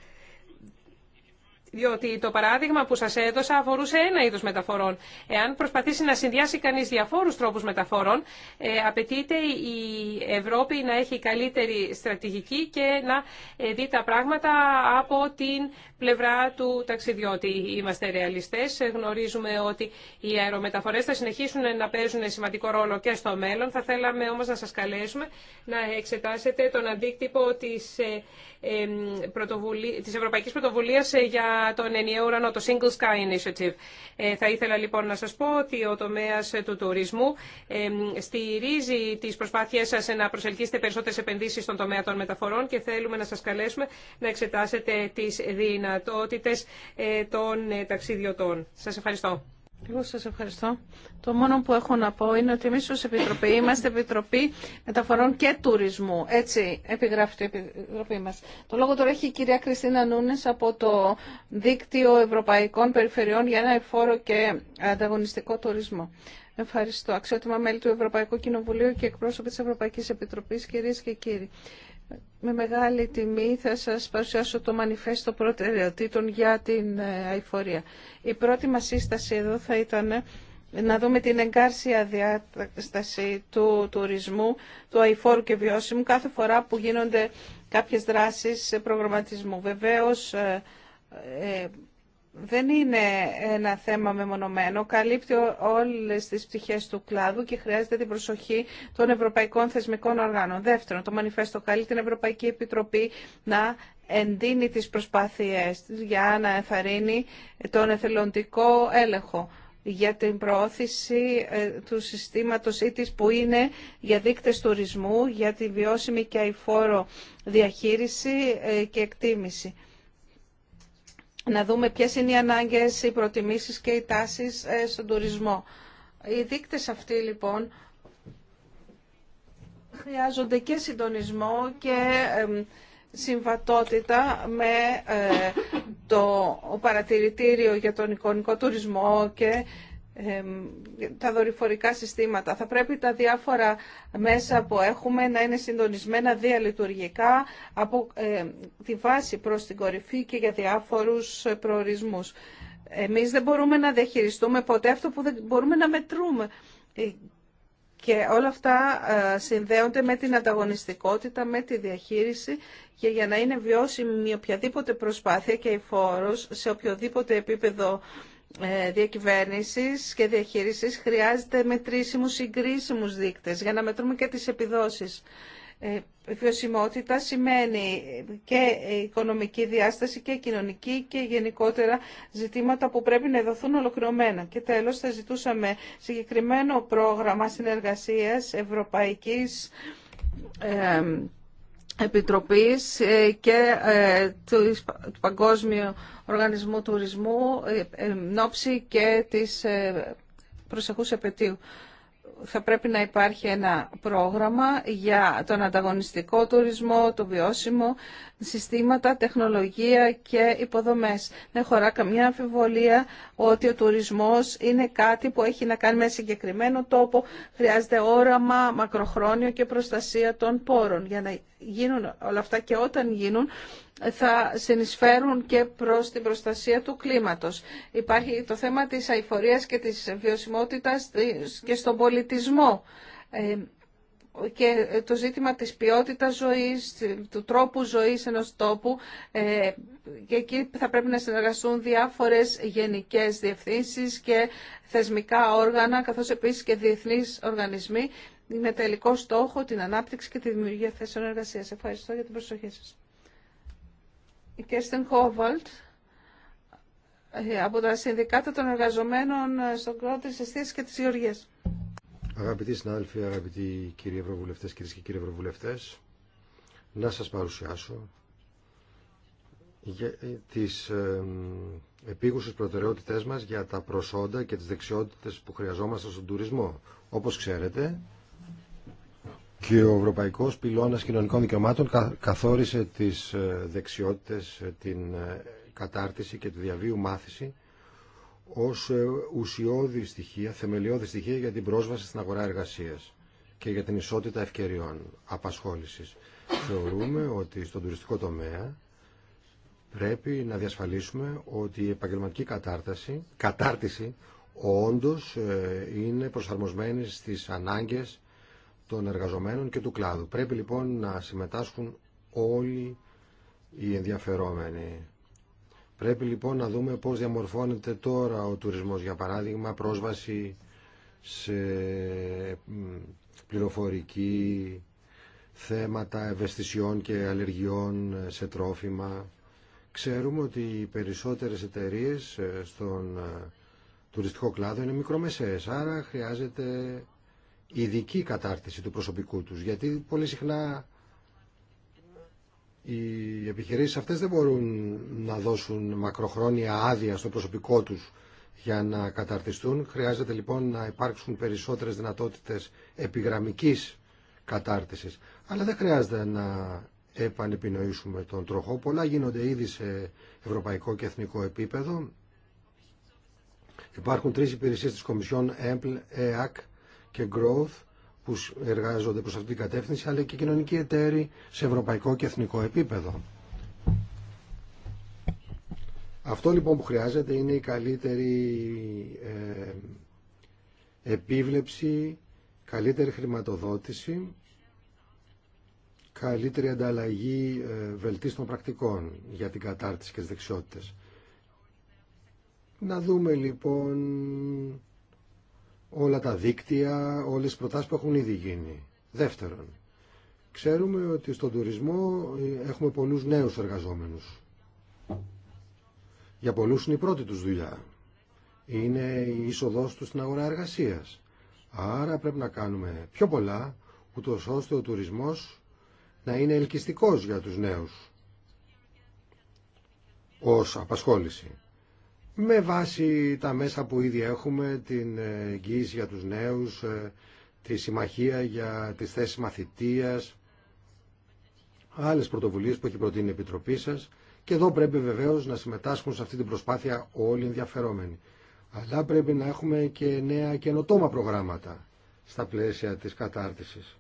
διότι το παράδειγμα που σας έδωσα αφορούσε ένα είδος μεταφορών. Εάν προσπαθήσει να συνδυάσει κανείς διαφόρους τρόπους μεταφορών, ε, απαιτείται η Ευρώπη να έχει καλύτερη στρατηγική και να ε, δει τα πράγματα από την πλευρά του ταξιδιώτη. Είμαστε ρεαλιστές, γνωρίζουμε ότι οι αερομεταφορές θα συνεχίσουν να παίζουν σημαντικό ρόλο και στο μέλλον. Θα θέλαμε όμως να σας καλέσουμε να εξετάσετε τον αντίκτυπο της, ε, πρωτοβουλία, της Ευρωπαϊκής Πρωτοβουλίας για τον ενιαίο ουρανό, το Single Sky Initiative. Ε, θα ήθελα λοιπόν να σας πω ότι ο τομέας ε, του τουρισμού ε, στηρίζει τις προσπάθειές σας να προσελκύσετε περισσότερες επενδύσεις στον τομέα των μεταφορών και θέλουμε να σας καλέσουμε να εξετάσετε τις δυνατότητες των ταξιδιωτών. Σας ευχαριστώ.
Εγώ σας ευχαριστώ. Το μόνο που έχω να πω είναι ότι εμείς ως Επιτροπή είμαστε Επιτροπή Μεταφορών και Τουρισμού. Έτσι επιγράφει η Επιτροπή μας. Το λόγο τώρα έχει η κυρία Κριστίνα Νούνες από το Δίκτυο Ευρωπαϊκών Περιφερειών για ένα εφόρο και ανταγωνιστικό τουρισμό. Ευχαριστώ. Αξιότιμα μέλη του Ευρωπαϊκού Κοινοβουλίου και εκπρόσωποι της Ευρωπαϊκής Επιτροπής, κυρίες και κύριοι. Με μεγάλη τιμή θα σας παρουσιάσω το μανιφέστο προτεραιοτήτων για την ε, αηφορία. Η πρώτη μας σύσταση εδώ θα ήταν ε, να δούμε την εγκάρσια διάσταση του τουρισμού, του αηφόρου και βιώσιμου κάθε φορά που γίνονται κάποιες δράσεις προγραμματισμού. Βεβαίως, ε, δεν είναι ένα θέμα μεμονωμένο, καλύπτει όλε τι πτυχέ του κλάδου και χρειάζεται την προσοχή των ευρωπαϊκών θεσμικών οργάνων. Δεύτερον, το Μανιφέστο καλεί την Ευρωπαϊκή Επιτροπή να εντείνει τις προσπάθειές για να ενθαρρύνει τον εθελοντικό έλεγχο για την προώθηση ε, του συστήματος ήτης που είναι για δείκτες τουρισμού, για τη βιώσιμη και αηφόρο διαχείριση ε, και εκτίμηση να δούμε ποιες είναι οι ανάγκες, οι προτιμήσεις και οι τάσεις ε, στον τουρισμό. Οι δείκτες αυτοί λοιπόν χρειάζονται και συντονισμό και συμβατότητα με ε, το παρατηρητήριο για τον εικονικό τουρισμό και τα δορυφορικά συστήματα. Θα πρέπει τα διάφορα μέσα που έχουμε να είναι συντονισμένα διαλειτουργικά από τη βάση προς την κορυφή και για διάφορους προορισμούς. Εμείς δεν μπορούμε να διαχειριστούμε ποτέ αυτό που δεν μπορούμε να μετρούμε. Ε, και όλα αυτά ε, συνδέονται με την ανταγωνιστικότητα, με τη διαχείριση και για να είναι βιώσιμη οποιαδήποτε προσπάθεια και η σε οποιοδήποτε επίπεδο ε, διακυβέρνησης και διαχείρισης χρειάζεται μετρήσιμους συγκρίσιμους δείκτες για να μετρούμε και τις επιδόσεις. Ε, η βιωσιμότητα σημαίνει και οικονομική διάσταση και κοινωνική και γενικότερα ζητήματα που πρέπει να δοθούν ολοκληρωμένα. Και τέλος θα ζητούσαμε συγκεκριμένο πρόγραμμα συνεργασίας ευρωπαϊκής ε, Επιτροπής ε, και ε, του Παγκόσμιου Οργανισμού Τουρισμού ε, νόψη και της προσεχούς επαιτίου θα πρέπει να υπάρχει ένα πρόγραμμα για τον ανταγωνιστικό τουρισμό, το βιώσιμο, συστήματα, τεχνολογία και υποδομές. Δεν χωρά καμιά αμφιβολία ότι ο τουρισμός είναι κάτι που έχει να κάνει με συγκεκριμένο τόπο, χρειάζεται όραμα, μακροχρόνιο και προστασία των πόρων για να γίνουν όλα αυτά και όταν γίνουν θα συνεισφέρουν και προς την προστασία του κλίματος. Υπάρχει το θέμα της αηφορίας και της βιωσιμότητας και στον πολιτισμό ε, και το ζήτημα της ποιότητας ζωής, του τρόπου ζωής ενός τόπου ε, και εκεί θα πρέπει να συνεργαστούν διάφορες γενικές διευθύνσεις και θεσμικά όργανα καθώς επίσης και διεθνείς οργανισμοί με τελικό στόχο την ανάπτυξη και τη δημιουργία θέσεων εργασίας. Ευχαριστώ για την προσοχή σας η Κέρστεν Χόβαλτ ε, από τα Συνδικάτα των Εργαζομένων ε, στον κλάδο της Εστίας και της Γεωργίας.
Αγαπητοί συνάδελφοι, αγαπητοί κύριοι Ευρωβουλευτές, κύριε και κύριοι Ευρωβουλευτές, να σας παρουσιάσω τι ε, τις επίγουσες προτεραιότητές μας για τα προσόντα και τις δεξιότητες που χρειαζόμαστε στον τουρισμό. Όπως ξέρετε, και ο Ευρωπαϊκός Πυλώνας Κοινωνικών Δικαιωμάτων καθόρισε τις ε, δεξιότητες, ε, την ε, κατάρτιση και τη διαβίου μάθηση ως ουσιώδη στοιχεία, θεμελιώδη στοιχεία για την πρόσβαση στην αγορά εργασίας και για την ισότητα ευκαιριών απασχόλησης. Θεωρούμε ότι στον τουριστικό τομέα πρέπει να διασφαλίσουμε ότι η επαγγελματική κατάρτιση, κατάρτιση όντω είναι προσαρμοσμένη στι ανάγκε των εργαζομένων και του κλάδου. Πρέπει λοιπόν να συμμετάσχουν όλοι οι ενδιαφερόμενοι. Πρέπει λοιπόν να δούμε πώς διαμορφώνεται τώρα ο τουρισμός, για παράδειγμα, πρόσβαση σε πληροφορική, θέματα ευαισθησιών και αλλεργιών ε, σε τρόφιμα. Ξέρουμε ότι οι περισσότερες εταιρείες ε, στον ε, τουριστικό κλάδο είναι μικρομεσαίες, άρα χρειάζεται ειδική κατάρτιση του προσωπικού τους, γιατί πολύ συχνά οι επιχειρήσεις αυτές δεν μπορούν να δώσουν μακροχρόνια άδεια στο προσωπικό τους για να καταρτιστούν. Χρειάζεται λοιπόν να υπάρξουν περισσότερες δυνατότητες επιγραμμικής κατάρτισης. Αλλά δεν χρειάζεται να επανεπινοήσουμε τον τροχό. Πολλά γίνονται ήδη σε ευρωπαϊκό και εθνικό επίπεδο. Υπάρχουν τρεις υπηρεσίες της Κομισιόν, ΕΜΠΛ, ΕΑΚ και Growth που εργάζονται προς αυτή την κατεύθυνση, αλλά και κοινωνικοί εταίροι σε ευρωπαϊκό και εθνικό επίπεδο. Αυτό λοιπόν που χρειάζεται είναι η καλύτερη ε, επίβλεψη, καλύτερη χρηματοδότηση, καλύτερη ανταλλαγή ε, βελτίστων πρακτικών για την κατάρτιση και τις δεξιότητες. Να δούμε λοιπόν όλα τα δίκτυα, όλες τις προτάσεις που έχουν ήδη γίνει. Δεύτερον, ξέρουμε ότι στον τουρισμό ε, έχουμε πολλούς νέους εργαζόμενους. Για πολλούς είναι η πρώτη τους δουλειά. Είναι η είσοδός τους στην αγορά εργασίας. Άρα πρέπει να κάνουμε πιο πολλά, ούτως ώστε ο τουρισμός να είναι ελκυστικός για τους νέους ως απασχόληση με βάση τα μέσα που ήδη έχουμε, την ε, εγγύηση για τους νέους, ε, τη συμμαχία για τις θέσεις μαθητείας, άλλες πρωτοβουλίες που έχει προτείνει η Επιτροπή σας και εδώ πρέπει βεβαίως να συμμετάσχουν σε αυτή την προσπάθεια όλοι οι ενδιαφερόμενοι. Αλλά πρέπει να έχουμε και νέα καινοτόμα προγράμματα στα πλαίσια της κατάρτισης.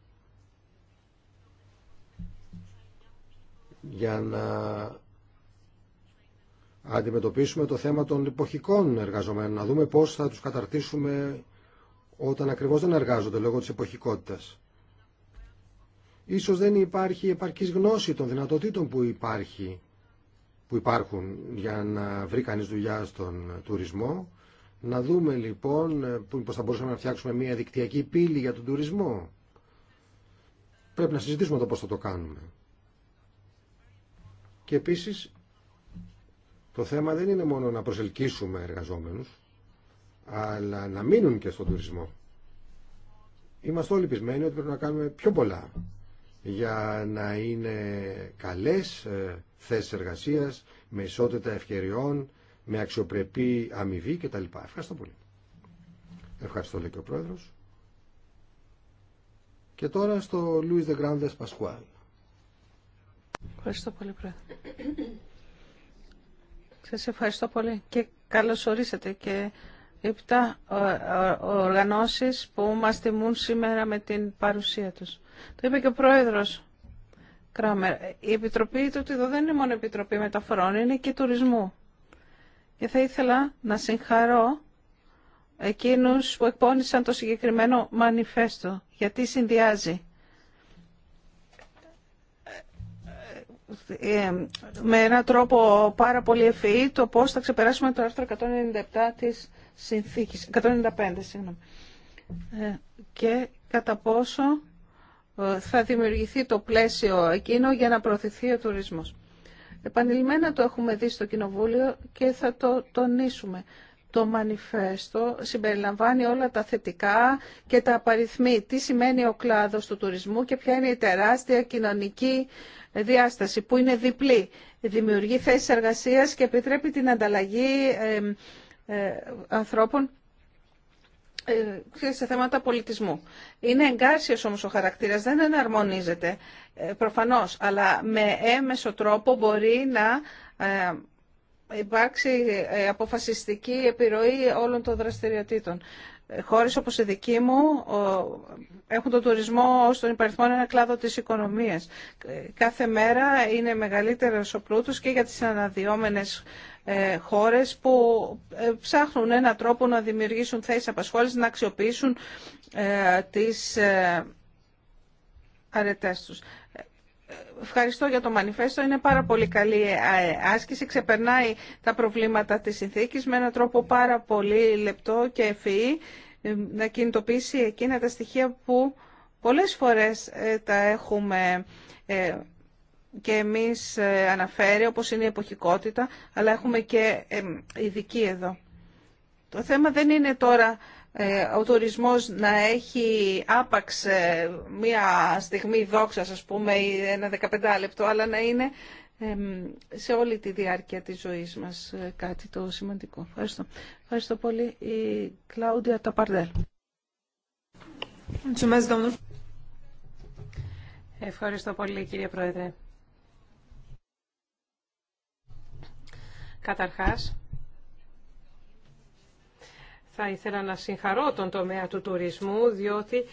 Για να αντιμετωπίσουμε το θέμα των εποχικών εργαζομένων, να δούμε πώς θα τους καταρτήσουμε όταν ακριβώς δεν εργάζονται λόγω της εποχικότητας. Ίσως δεν υπάρχει επαρκής γνώση των δυνατοτήτων που, υπάρχει, που υπάρχουν για να βρει κανείς δουλειά στον τουρισμό. Να δούμε λοιπόν πώς θα μπορούσαμε να φτιάξουμε μια δικτυακή πύλη για τον τουρισμό. Πρέπει να συζητήσουμε το πώς θα το κάνουμε. Και επίσης το θέμα δεν είναι μόνο να προσελκύσουμε εργαζόμενους, αλλά να μείνουν και στον τουρισμό. Είμαστε όλοι πεισμένοι ότι πρέπει να κάνουμε πιο πολλά για να είναι καλές ε, θέσεις εργασίας, με ισότητα ευκαιριών, με αξιοπρεπή αμοιβή κτλ. Ευχαριστώ πολύ. Ευχαριστώ λέει και ο Πρόεδρος. Και τώρα στο Λούις Δεγκράνδες Πασκουάλ.
Ευχαριστώ πολύ Πρόεδρε. Σας ευχαριστώ πολύ και καλώς ορίσατε και επτά οργανώσεις που μας τιμούν σήμερα με την παρουσία τους. Το είπε και ο Πρόεδρος Κράμερ. Η Επιτροπή του Τιδό δεν είναι μόνο Επιτροπή Μεταφορών, είναι και τουρισμού. Και θα ήθελα να συγχαρώ εκείνους που εκπώνησαν το συγκεκριμένο μανιφέστο, γιατί συνδυάζει Ε, με έναν τρόπο πάρα πολύ ευφυή το πώς θα ξεπεράσουμε το άρθρο 197 της συνθήκης, 195 συγγνώμη. Ε, και κατά πόσο ε, θα δημιουργηθεί το πλαίσιο εκείνο για να προωθηθεί ο τουρισμός. Επανειλημμένα το έχουμε δει στο Κοινοβούλιο και θα το τονίσουμε. Το μανιφέστο συμπεριλαμβάνει όλα τα θετικά και τα απαριθμεί. Τι σημαίνει ο κλάδος του τουρισμού και ποια είναι η τεράστια κοινωνική διάσταση που είναι διπλή. Δημιουργεί θέσει εργασίας και επιτρέπει την ανταλλαγή ε, ανθρώπων ε, σε θέματα πολιτισμού. Είναι εγκάρσιος όμως ο χαρακτήρας, δεν εναρμονίζεται ε, προφανώς, αλλά με έμεσο τρόπο μπορεί να υπάρξει αποφασιστική επιρροή όλων των δραστηριοτήτων χώρες όπως η δική μου έχουν τον τουρισμό ως τον υπαριθμό ένα κλάδο της οικονομίας. Κάθε μέρα είναι μεγαλύτερος ο πλούτος και για τις αναδυόμενες ε, χώρες που ε, ψάχνουν έναν τρόπο να δημιουργήσουν θέσεις απασχόλησης, να αξιοποιήσουν ε, τις αρετές τους. Ευχαριστώ για το μανιφέστο. Είναι πάρα πολύ καλή ε, άσκηση. Ξεπερνάει τα προβλήματα της συνθήκης με έναν τρόπο πάρα πολύ λεπτό και ευφυή ε, να κινητοποιήσει εκείνα τα στοιχεία που πολλές φορές ε, τα έχουμε και εμείς αναφέρει, όπως είναι η εποχικότητα, αλλά έχουμε και ειδική εδώ. Το θέμα δεν είναι τώρα ε, ο τουρισμός να έχει άπαξ ε, μία στιγμή δόξα ας πούμε, ή ένα 15 λεπτό, αλλά να είναι σε όλη τη διάρκεια της ζωής μας ε, κάτι το σημαντικό. Ευχαριστώ. Ευχαριστώ πολύ η Κλάουντια Ταπαρδέλ.
Ευχαριστώ πολύ κύριε Πρόεδρε. Καταρχάς, θα ήθελα να συγχαρώ τον τομέα του τουρισμού, διότι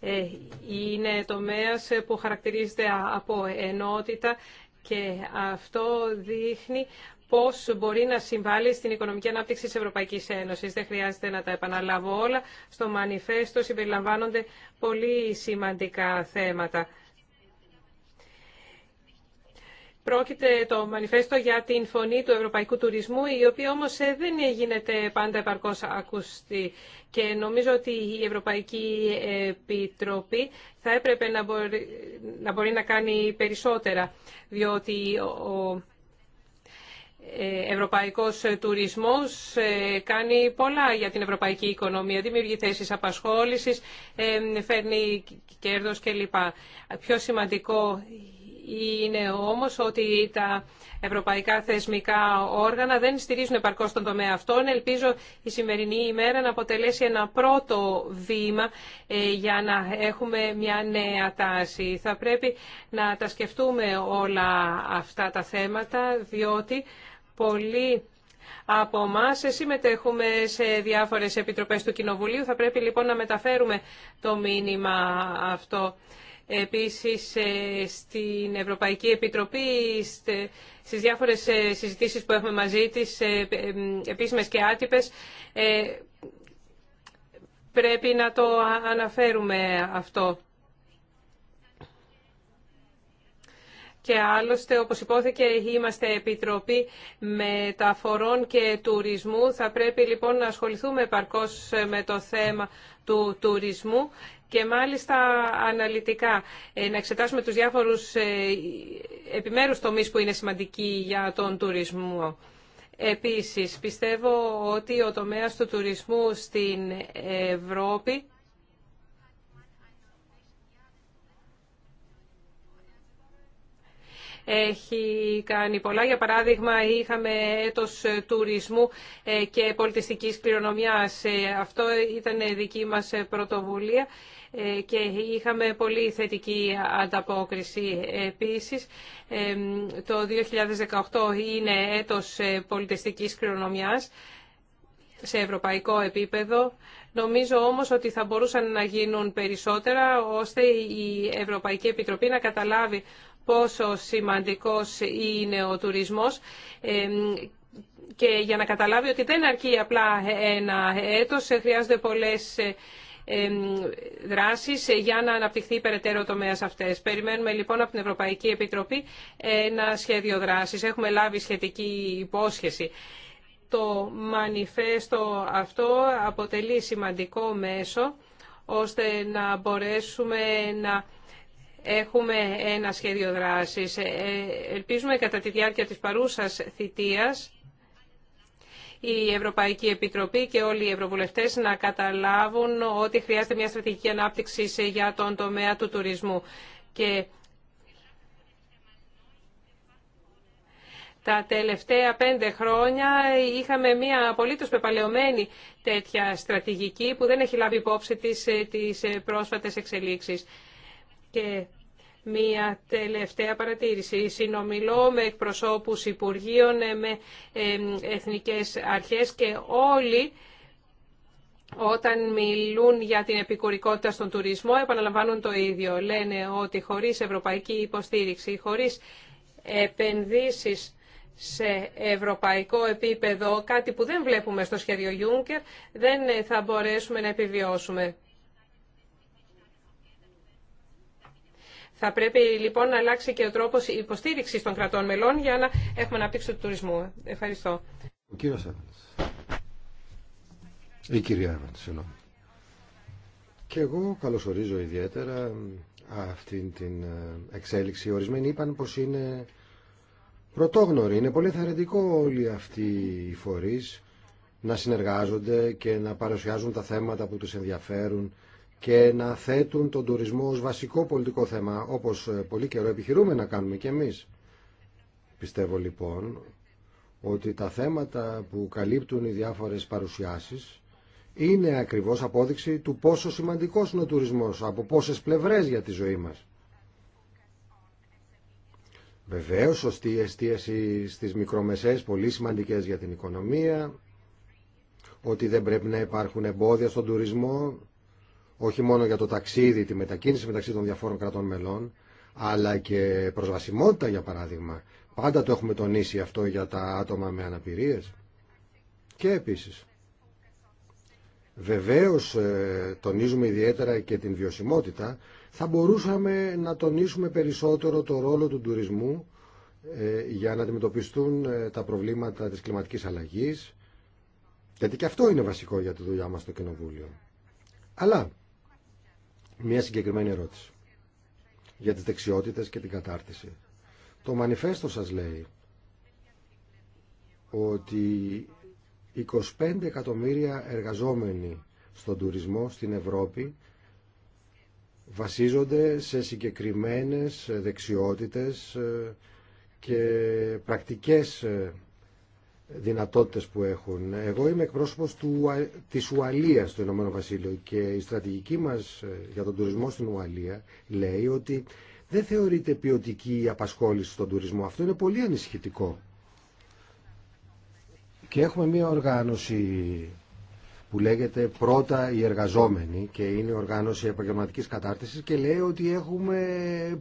ε, είναι τομέας ε, που χαρακτηρίζεται από ενότητα και αυτό δείχνει πώς μπορεί να συμβάλλει στην οικονομική ανάπτυξη της Ευρωπαϊκής Ένωσης. Δεν χρειάζεται να τα επαναλάβω όλα. Στο μανιφέστο συμπεριλαμβάνονται πολύ σημαντικά θέματα. Πρόκειται το μανιφέστο για την φωνή του ευρωπαϊκού τουρισμού, η οποία όμως ε, δεν γίνεται πάντα επαρκώς ακουστή. Και νομίζω ότι η Ευρωπαϊκή Επιτροπή θα έπρεπε να μπορεί να, κάνει περισσότερα, διότι ο ε, ευρωπαϊκός τουρισμός ε, κάνει πολλά για την ευρωπαϊκή οικονομία, δημιουργεί θέσεις απασχόλησης, φέρνει κέρδος κλπ. Πιο σημαντικό είναι όμως ότι τα ευρωπαϊκά θεσμικά όργανα δεν στηρίζουν επαρκώς τον τομέα αυτόν. Ελπίζω η σημερινή ημέρα να αποτελέσει ένα πρώτο βήμα ε, για να έχουμε μια νέα τάση. Θα πρέπει να τα σκεφτούμε όλα αυτά τα θέματα, διότι πολύ από εμά συμμετέχουμε σε διάφορες επιτροπές του Κοινοβουλίου. Θα πρέπει λοιπόν να μεταφέρουμε το μήνυμα αυτό. Επίσης, ε, στην Ευρωπαϊκή Επιτροπή, στις διάφορες ε, συζητήσεις που έχουμε μαζί της, ε, επίσημες και άτυπες, πρέπει να το αναφέρουμε αυτό. Και άλλωστε, όπως υπόθηκε, είμαστε Επιτροπή Μεταφορών και Τουρισμού. Θα πρέπει λοιπόν να ασχοληθούμε επαρκώς με το θέμα του τουρισμού και μάλιστα αναλυτικά. Ε, να εξετάσουμε τους διάφορους ε, επιμέρους τομείς που είναι σημαντικοί για τον τουρισμό. Επίσης, πιστεύω ότι ο τομέας του τουρισμού στην Ευρώπη έχει κάνει πολλά. Για παράδειγμα, είχαμε έτος τουρισμού ε, και πολιτιστικής κληρονομιάς. Αυτό ήταν δική μας πρωτοβουλία ε, και είχαμε πολύ θετική ανταπόκριση. Επίσης, ε, το 2018 είναι έτος ε, πολιτιστικής κληρονομιάς σε ευρωπαϊκό επίπεδο. Νομίζω όμως ότι θα μπορούσαν να γίνουν περισσότερα ώστε η Ευρωπαϊκή Επιτροπή να καταλάβει πόσο σημαντικός είναι ο τουρισμός και για να καταλάβει ότι δεν αρκεί απλά ένα έτος, χρειάζονται πολλές δράσεις ε, για να αναπτυχθεί περαιτέρω τομέας αυτές. Περιμένουμε λοιπόν από την Ευρωπαϊκή Επιτροπή ε, ένα σχέδιο δράσης. Έχουμε λάβει σχετική υπόσχεση. Το μανιφέστο αυτό αποτελεί σημαντικό μέσο ώστε να μπορέσουμε να έχουμε ένα σχέδιο δράσης. Ε, ελπίζουμε κατά τη διάρκεια της παρούσας θητείας η Ευρωπαϊκή Επιτροπή και όλοι οι Ευρωβουλευτές να καταλάβουν ότι χρειάζεται μια στρατηγική ανάπτυξη για τον τομέα του τουρισμού. Και Τα τελευταία πέντε χρόνια είχαμε μια απολύτως πεπαλαιωμένη τέτοια στρατηγική που δεν έχει λάβει υπόψη ε, τις τις ε, πρόσφατες εξελίξεις. Και Μία τελευταία παρατήρηση. Συνομιλώ με εκπροσώπους Υπουργείων, με εθνικές αρχές και όλοι όταν μιλούν για την επικουρικότητα στον τουρισμό επαναλαμβάνουν το ίδιο. Λένε ότι χωρίς ευρωπαϊκή υποστήριξη, χωρίς επενδύσεις σε ευρωπαϊκό επίπεδο, κάτι που δεν βλέπουμε στο σχέδιο Juncker, δεν θα μπορέσουμε να επιβιώσουμε. Θα πρέπει λοιπόν να αλλάξει και ο τρόπος υποστήριξης των κρατών μελών για να έχουμε αναπτύξει του τουρισμού. Ευχαριστώ.
Ο κύριος Εύαντ. Η κυρία Εύαντ, συγγνώμη. Και εγώ καλωσορίζω ιδιαίτερα αυτή την ε, εξέλιξη. Ορισμένοι είπαν πως είναι πρωτόγνωροι. Είναι πολύ θαρρυντικό όλοι αυτοί οι φορεί να συνεργάζονται και να παρουσιάζουν τα θέματα που τους ενδιαφέρουν και να θέτουν τον τουρισμό ως βασικό πολιτικό θέμα, όπως ε, πολύ καιρό επιχειρούμε να κάνουμε και εμείς. Πιστεύω λοιπόν ότι τα θέματα που καλύπτουν οι διάφορες παρουσιάσεις είναι ακριβώς απόδειξη του πόσο σημαντικός είναι ο τουρισμός, από πόσες πλευρές για τη ζωή μας. Βεβαίως, σωστή εστίαση στις μικρομεσαίες, πολύ σημαντικές για την οικονομία, ότι δεν πρέπει να υπάρχουν εμπόδια στον τουρισμό, όχι μόνο για το ταξίδι, τη μετακίνηση μεταξύ των διαφόρων κρατών μελών, αλλά και προσβασιμότητα για παράδειγμα. Πάντα το έχουμε τονίσει αυτό για τα άτομα με αναπηρίες. Και επίσης, βεβαίως ε, τονίζουμε ιδιαίτερα και την βιωσιμότητα, θα μπορούσαμε να τονίσουμε περισσότερο το ρόλο του τουρισμού ε, για να αντιμετωπιστούν ε, τα προβλήματα της κλιματικής αλλαγής, γιατί και αυτό είναι βασικό για τη δουλειά μας στο Κοινοβούλιο. Αλλά μια συγκεκριμένη ερώτηση για τις δεξιότητες και την κατάρτιση. Το μανιφέστο σας λέει ότι 25 εκατομμύρια εργαζόμενοι στον τουρισμό στην Ευρώπη βασίζονται σε συγκεκριμένες δεξιότητες ε, και πρακτικές ε, δυνατότητες που έχουν. Εγώ είμαι εκπρόσωπος του, της Ουαλίας στο Ηνωμένο Βασίλειο και η στρατηγική μας ε, για τον τουρισμό στην Ουαλία λέει ότι δεν θεωρείται ποιοτική η απασχόληση στον τουρισμό. Αυτό είναι πολύ ανησυχητικό. Και έχουμε μια οργάνωση που λέγεται πρώτα οι εργαζόμενοι και είναι οργάνωση επαγγελματικής κατάρτισης και λέει ότι έχουμε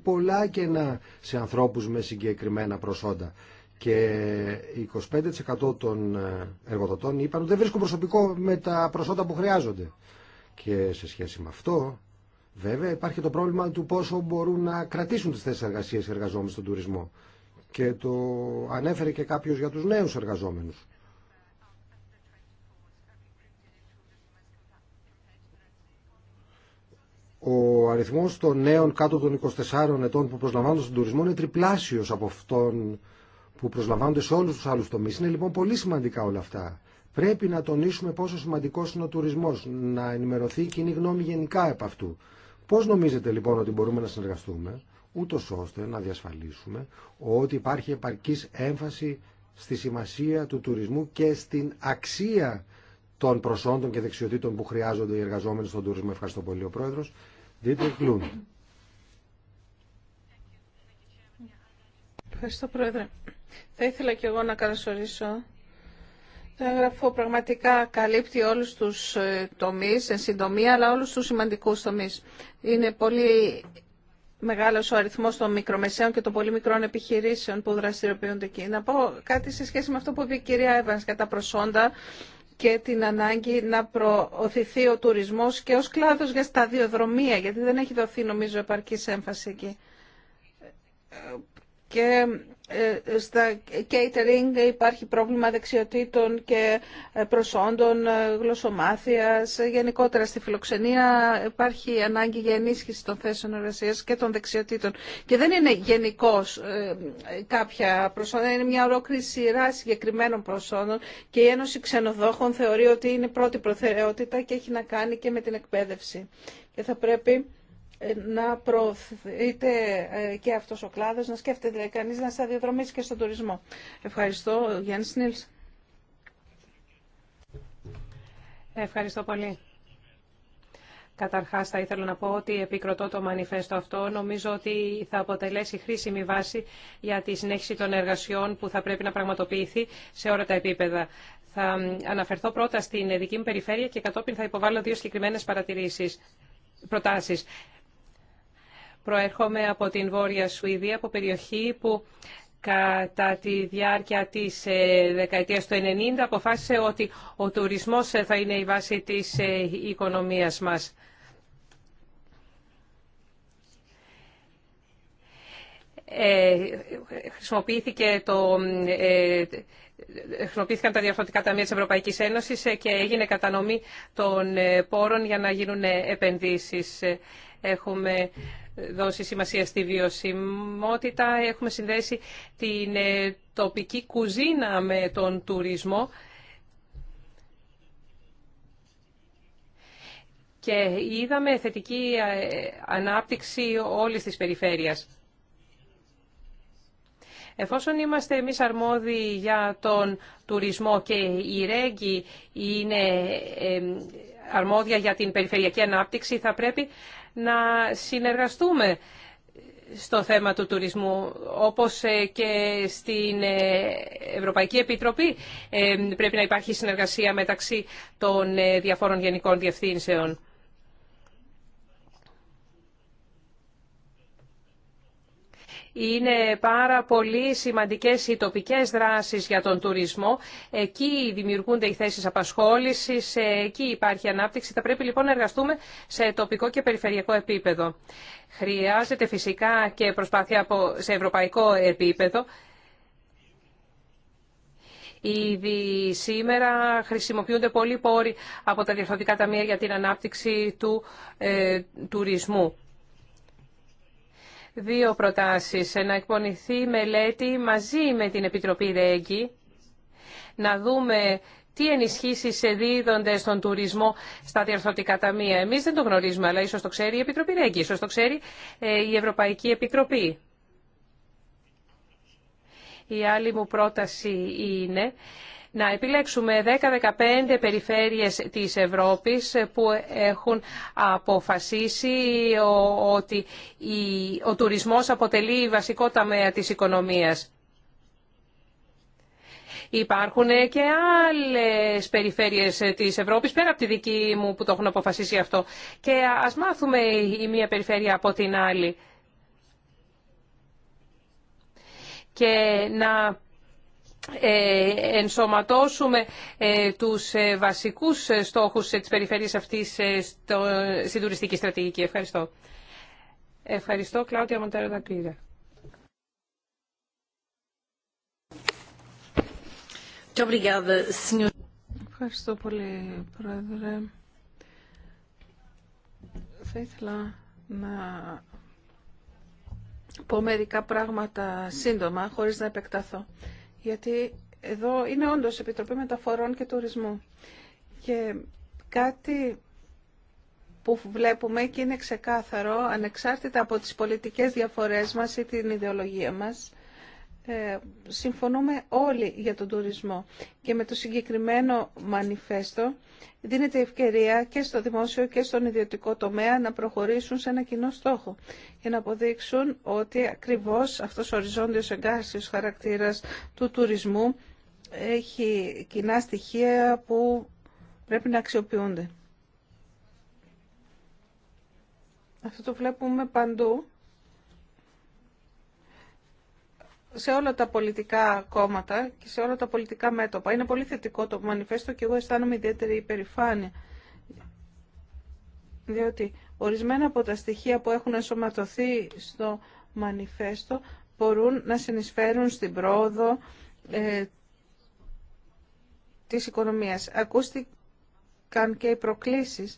πολλά κενά σε ανθρώπους με συγκεκριμένα προσόντα και 25% των ε, εργοδοτών είπαν ότι δεν βρίσκουν προσωπικό με τα προσόντα που χρειάζονται. Και σε σχέση με αυτό, βέβαια, υπάρχει το πρόβλημα του πόσο μπορούν να κρατήσουν τις θέσεις εργασίας οι εργαζόμενοι στον τουρισμό. Και το ανέφερε και κάποιος για τους νέους εργαζόμενους. ο αριθμός των νέων κάτω των 24 ετών που προσλαμβάνονται στον τουρισμό είναι τριπλάσιος από αυτόν που προσλαμβάνονται σε όλους τους άλλους τομείς. Είναι λοιπόν πολύ σημαντικά όλα αυτά. Πρέπει να τονίσουμε πόσο σημαντικός είναι ο τουρισμός, να ενημερωθεί η κοινή γνώμη γενικά επ' αυτού. Πώς νομίζετε λοιπόν ότι μπορούμε να συνεργαστούμε, ούτω ώστε να διασφαλίσουμε ότι υπάρχει επαρκής έμφαση στη σημασία του τουρισμού και στην αξία των προσόντων και δεξιοτήτων που χρειάζονται οι εργαζόμενοι στον τουρισμό. Ευχαριστώ πολύ ο Πρόεδρος. Δείτε Κλούντ.
Ευχαριστώ, Πρόεδρε. Θα ήθελα και εγώ να καλωσορίσω. Το έγγραφο πραγματικά καλύπτει όλους τους ε, τομείς, εν συντομία, αλλά όλους τους σημαντικούς τομείς. Είναι πολύ μεγάλος ο αριθμός των μικρομεσαίων και των πολύ μικρών επιχειρήσεων που δραστηριοποιούνται εκεί. Να πω κάτι σε σχέση με αυτό που είπε η κυρία Εύανς κατά προσόντα και την ανάγκη να προωθηθεί ο τουρισμός και ως κλάδος για σταδιοδρομία, γιατί δεν έχει δοθεί νομίζω επαρκής έμφαση εκεί και ε, στα catering υπάρχει πρόβλημα δεξιοτήτων και ε, προσόντων ε, γλωσσομάθειας. Γενικότερα στη φιλοξενία υπάρχει ανάγκη για ενίσχυση των θέσεων εργασία και των δεξιοτήτων. Και δεν είναι γενικώ κάποια προσόντα, είναι μια ολόκληρη σειρά συγκεκριμένων προσόντων και η Ένωση Ξενοδόχων θεωρεί ότι είναι πρώτη προτεραιότητα και έχει να κάνει και με την εκπαίδευση. Και θα πρέπει να προωθείται ε, και αυτός ο κλάδος, να σκέφτεται δηλαδή, κανείς να σταδιοδρομήσει και στον τουρισμό. Ευχαριστώ, Γιάννη Σνίλς. Ευχαριστώ πολύ.
Καταρχάς θα ήθελα να πω ότι επικροτώ το μανιφέστο αυτό. Νομίζω ότι θα αποτελέσει χρήσιμη βάση για τη συνέχιση των εργασιών που θα πρέπει να πραγματοποιηθεί σε όλα τα επίπεδα. Θα αναφερθώ πρώτα στην δική μου περιφέρεια και κατόπιν θα υποβάλω δύο συγκεκριμένες παρατηρήσεις προτάσεις. Προέρχομαι από την Βόρεια Σουηδία, από περιοχή που κατά τη διάρκεια της ε, δεκαετίας του 90 αποφάσισε ότι ο τουρισμός ε, θα είναι η βάση της ε, οικονομίας μας. Ε, χρησιμοποιήθηκε το, ε, χρησιμοποιήθηκαν τα διαφορετικά ταμεία της Ευρωπαϊκής Ένωσης και έγινε κατανομή των πόρων για να γίνουν επενδύσεις. Έχουμε δώσει σημασία στη βιωσιμότητα. Έχουμε συνδέσει την ε, τοπική κουζίνα με τον τουρισμό. Και είδαμε θετική ε, ανάπτυξη όλης της περιφέρειας. Εφόσον είμαστε εμείς αρμόδιοι για τον τουρισμό και η Ρέγγι είναι ε, αρμόδια για την περιφερειακή ανάπτυξη θα πρέπει να συνεργαστούμε στο θέμα του τουρισμού, όπως ε, και στην ε, Ευρωπαϊκή Επιτροπή ε, πρέπει να υπάρχει συνεργασία μεταξύ των διαφόρων γενικών διευθύνσεων. Είναι πάρα πολύ σημαντικές οι τοπικές δράσεις για τον τουρισμό. Εκεί δημιουργούνται οι θέσεις απασχόλησης, εκεί υπάρχει ανάπτυξη. Θα πρέπει λοιπόν να εργαστούμε σε τοπικό και περιφερειακό επίπεδο. Χρειάζεται φυσικά και προσπάθεια σε ευρωπαϊκό επίπεδο. Ήδη σήμερα χρησιμοποιούνται πολλοί πόροι από τα διευθυντικά ταμεία για την ανάπτυξη του ε, τουρισμού δύο προτάσεις. Να εκπονηθεί μελέτη μαζί με την Επιτροπή ΔΕΕΚΙ, να δούμε τι ενισχύσεις δίδονται στον τουρισμό στα διαρθρωτικά ταμεία. Εμείς δεν το γνωρίζουμε, αλλά ίσως το ξέρει η Επιτροπή ΔΕΕΚΙ, ίσως το ξέρει ε, η Ευρωπαϊκή Επιτροπή. Η άλλη μου πρόταση είναι να επιλέξουμε 10-15 περιφέρειες της Ευρώπης που έχουν αποφασίσει ότι ο τουρισμός αποτελεί βασικό ταμέα της οικονομίας. Υπάρχουν και άλλες περιφέρειες της Ευρώπης, πέρα από τη δική μου που το έχουν αποφασίσει αυτό. Και ας μάθουμε η μία περιφέρεια από την άλλη. Και να ε, ενσωματώσουμε ε, τους ε, βασικούς στόχους της περιφέρειας αυτής στην τουριστική στρατηγική. Ευχαριστώ. Ευχαριστώ, Κλάουτια Μοντέρα Δακλήρα.
Ευχαριστώ πολύ, Πρόεδρε. Θα ήθελα να πω μερικά πράγματα σύντομα, χωρίς να επεκταθώ γιατί εδώ είναι όντως Επιτροπή Μεταφορών και Τουρισμού. Και κάτι που βλέπουμε και είναι ξεκάθαρο, ανεξάρτητα από τις πολιτικές διαφορές μας ή την ιδεολογία μας, ε, συμφωνούμε όλοι για τον τουρισμό και με το συγκεκριμένο μανιφέστο δίνεται ευκαιρία και στο δημόσιο και στον ιδιωτικό τομέα να προχωρήσουν σε ένα κοινό στόχο και να αποδείξουν ότι ακριβώς αυτός ο οριζόντιος εγκάσιος χαρακτήρας του τουρισμού έχει κοινά στοιχεία που πρέπει να αξιοποιούνται. Αυτό το βλέπουμε παντού σε όλα τα πολιτικά κόμματα και σε όλα τα πολιτικά μέτωπα. Είναι πολύ θετικό το μανιφέστο και εγώ αισθάνομαι ιδιαίτερη υπερηφάνεια. Διότι ορισμένα από τα στοιχεία που έχουν ενσωματωθεί στο μανιφέστο μπορούν να συνεισφέρουν στην πρόοδο ε, της οικονομίας. Ακούστηκαν και οι προκλήσεις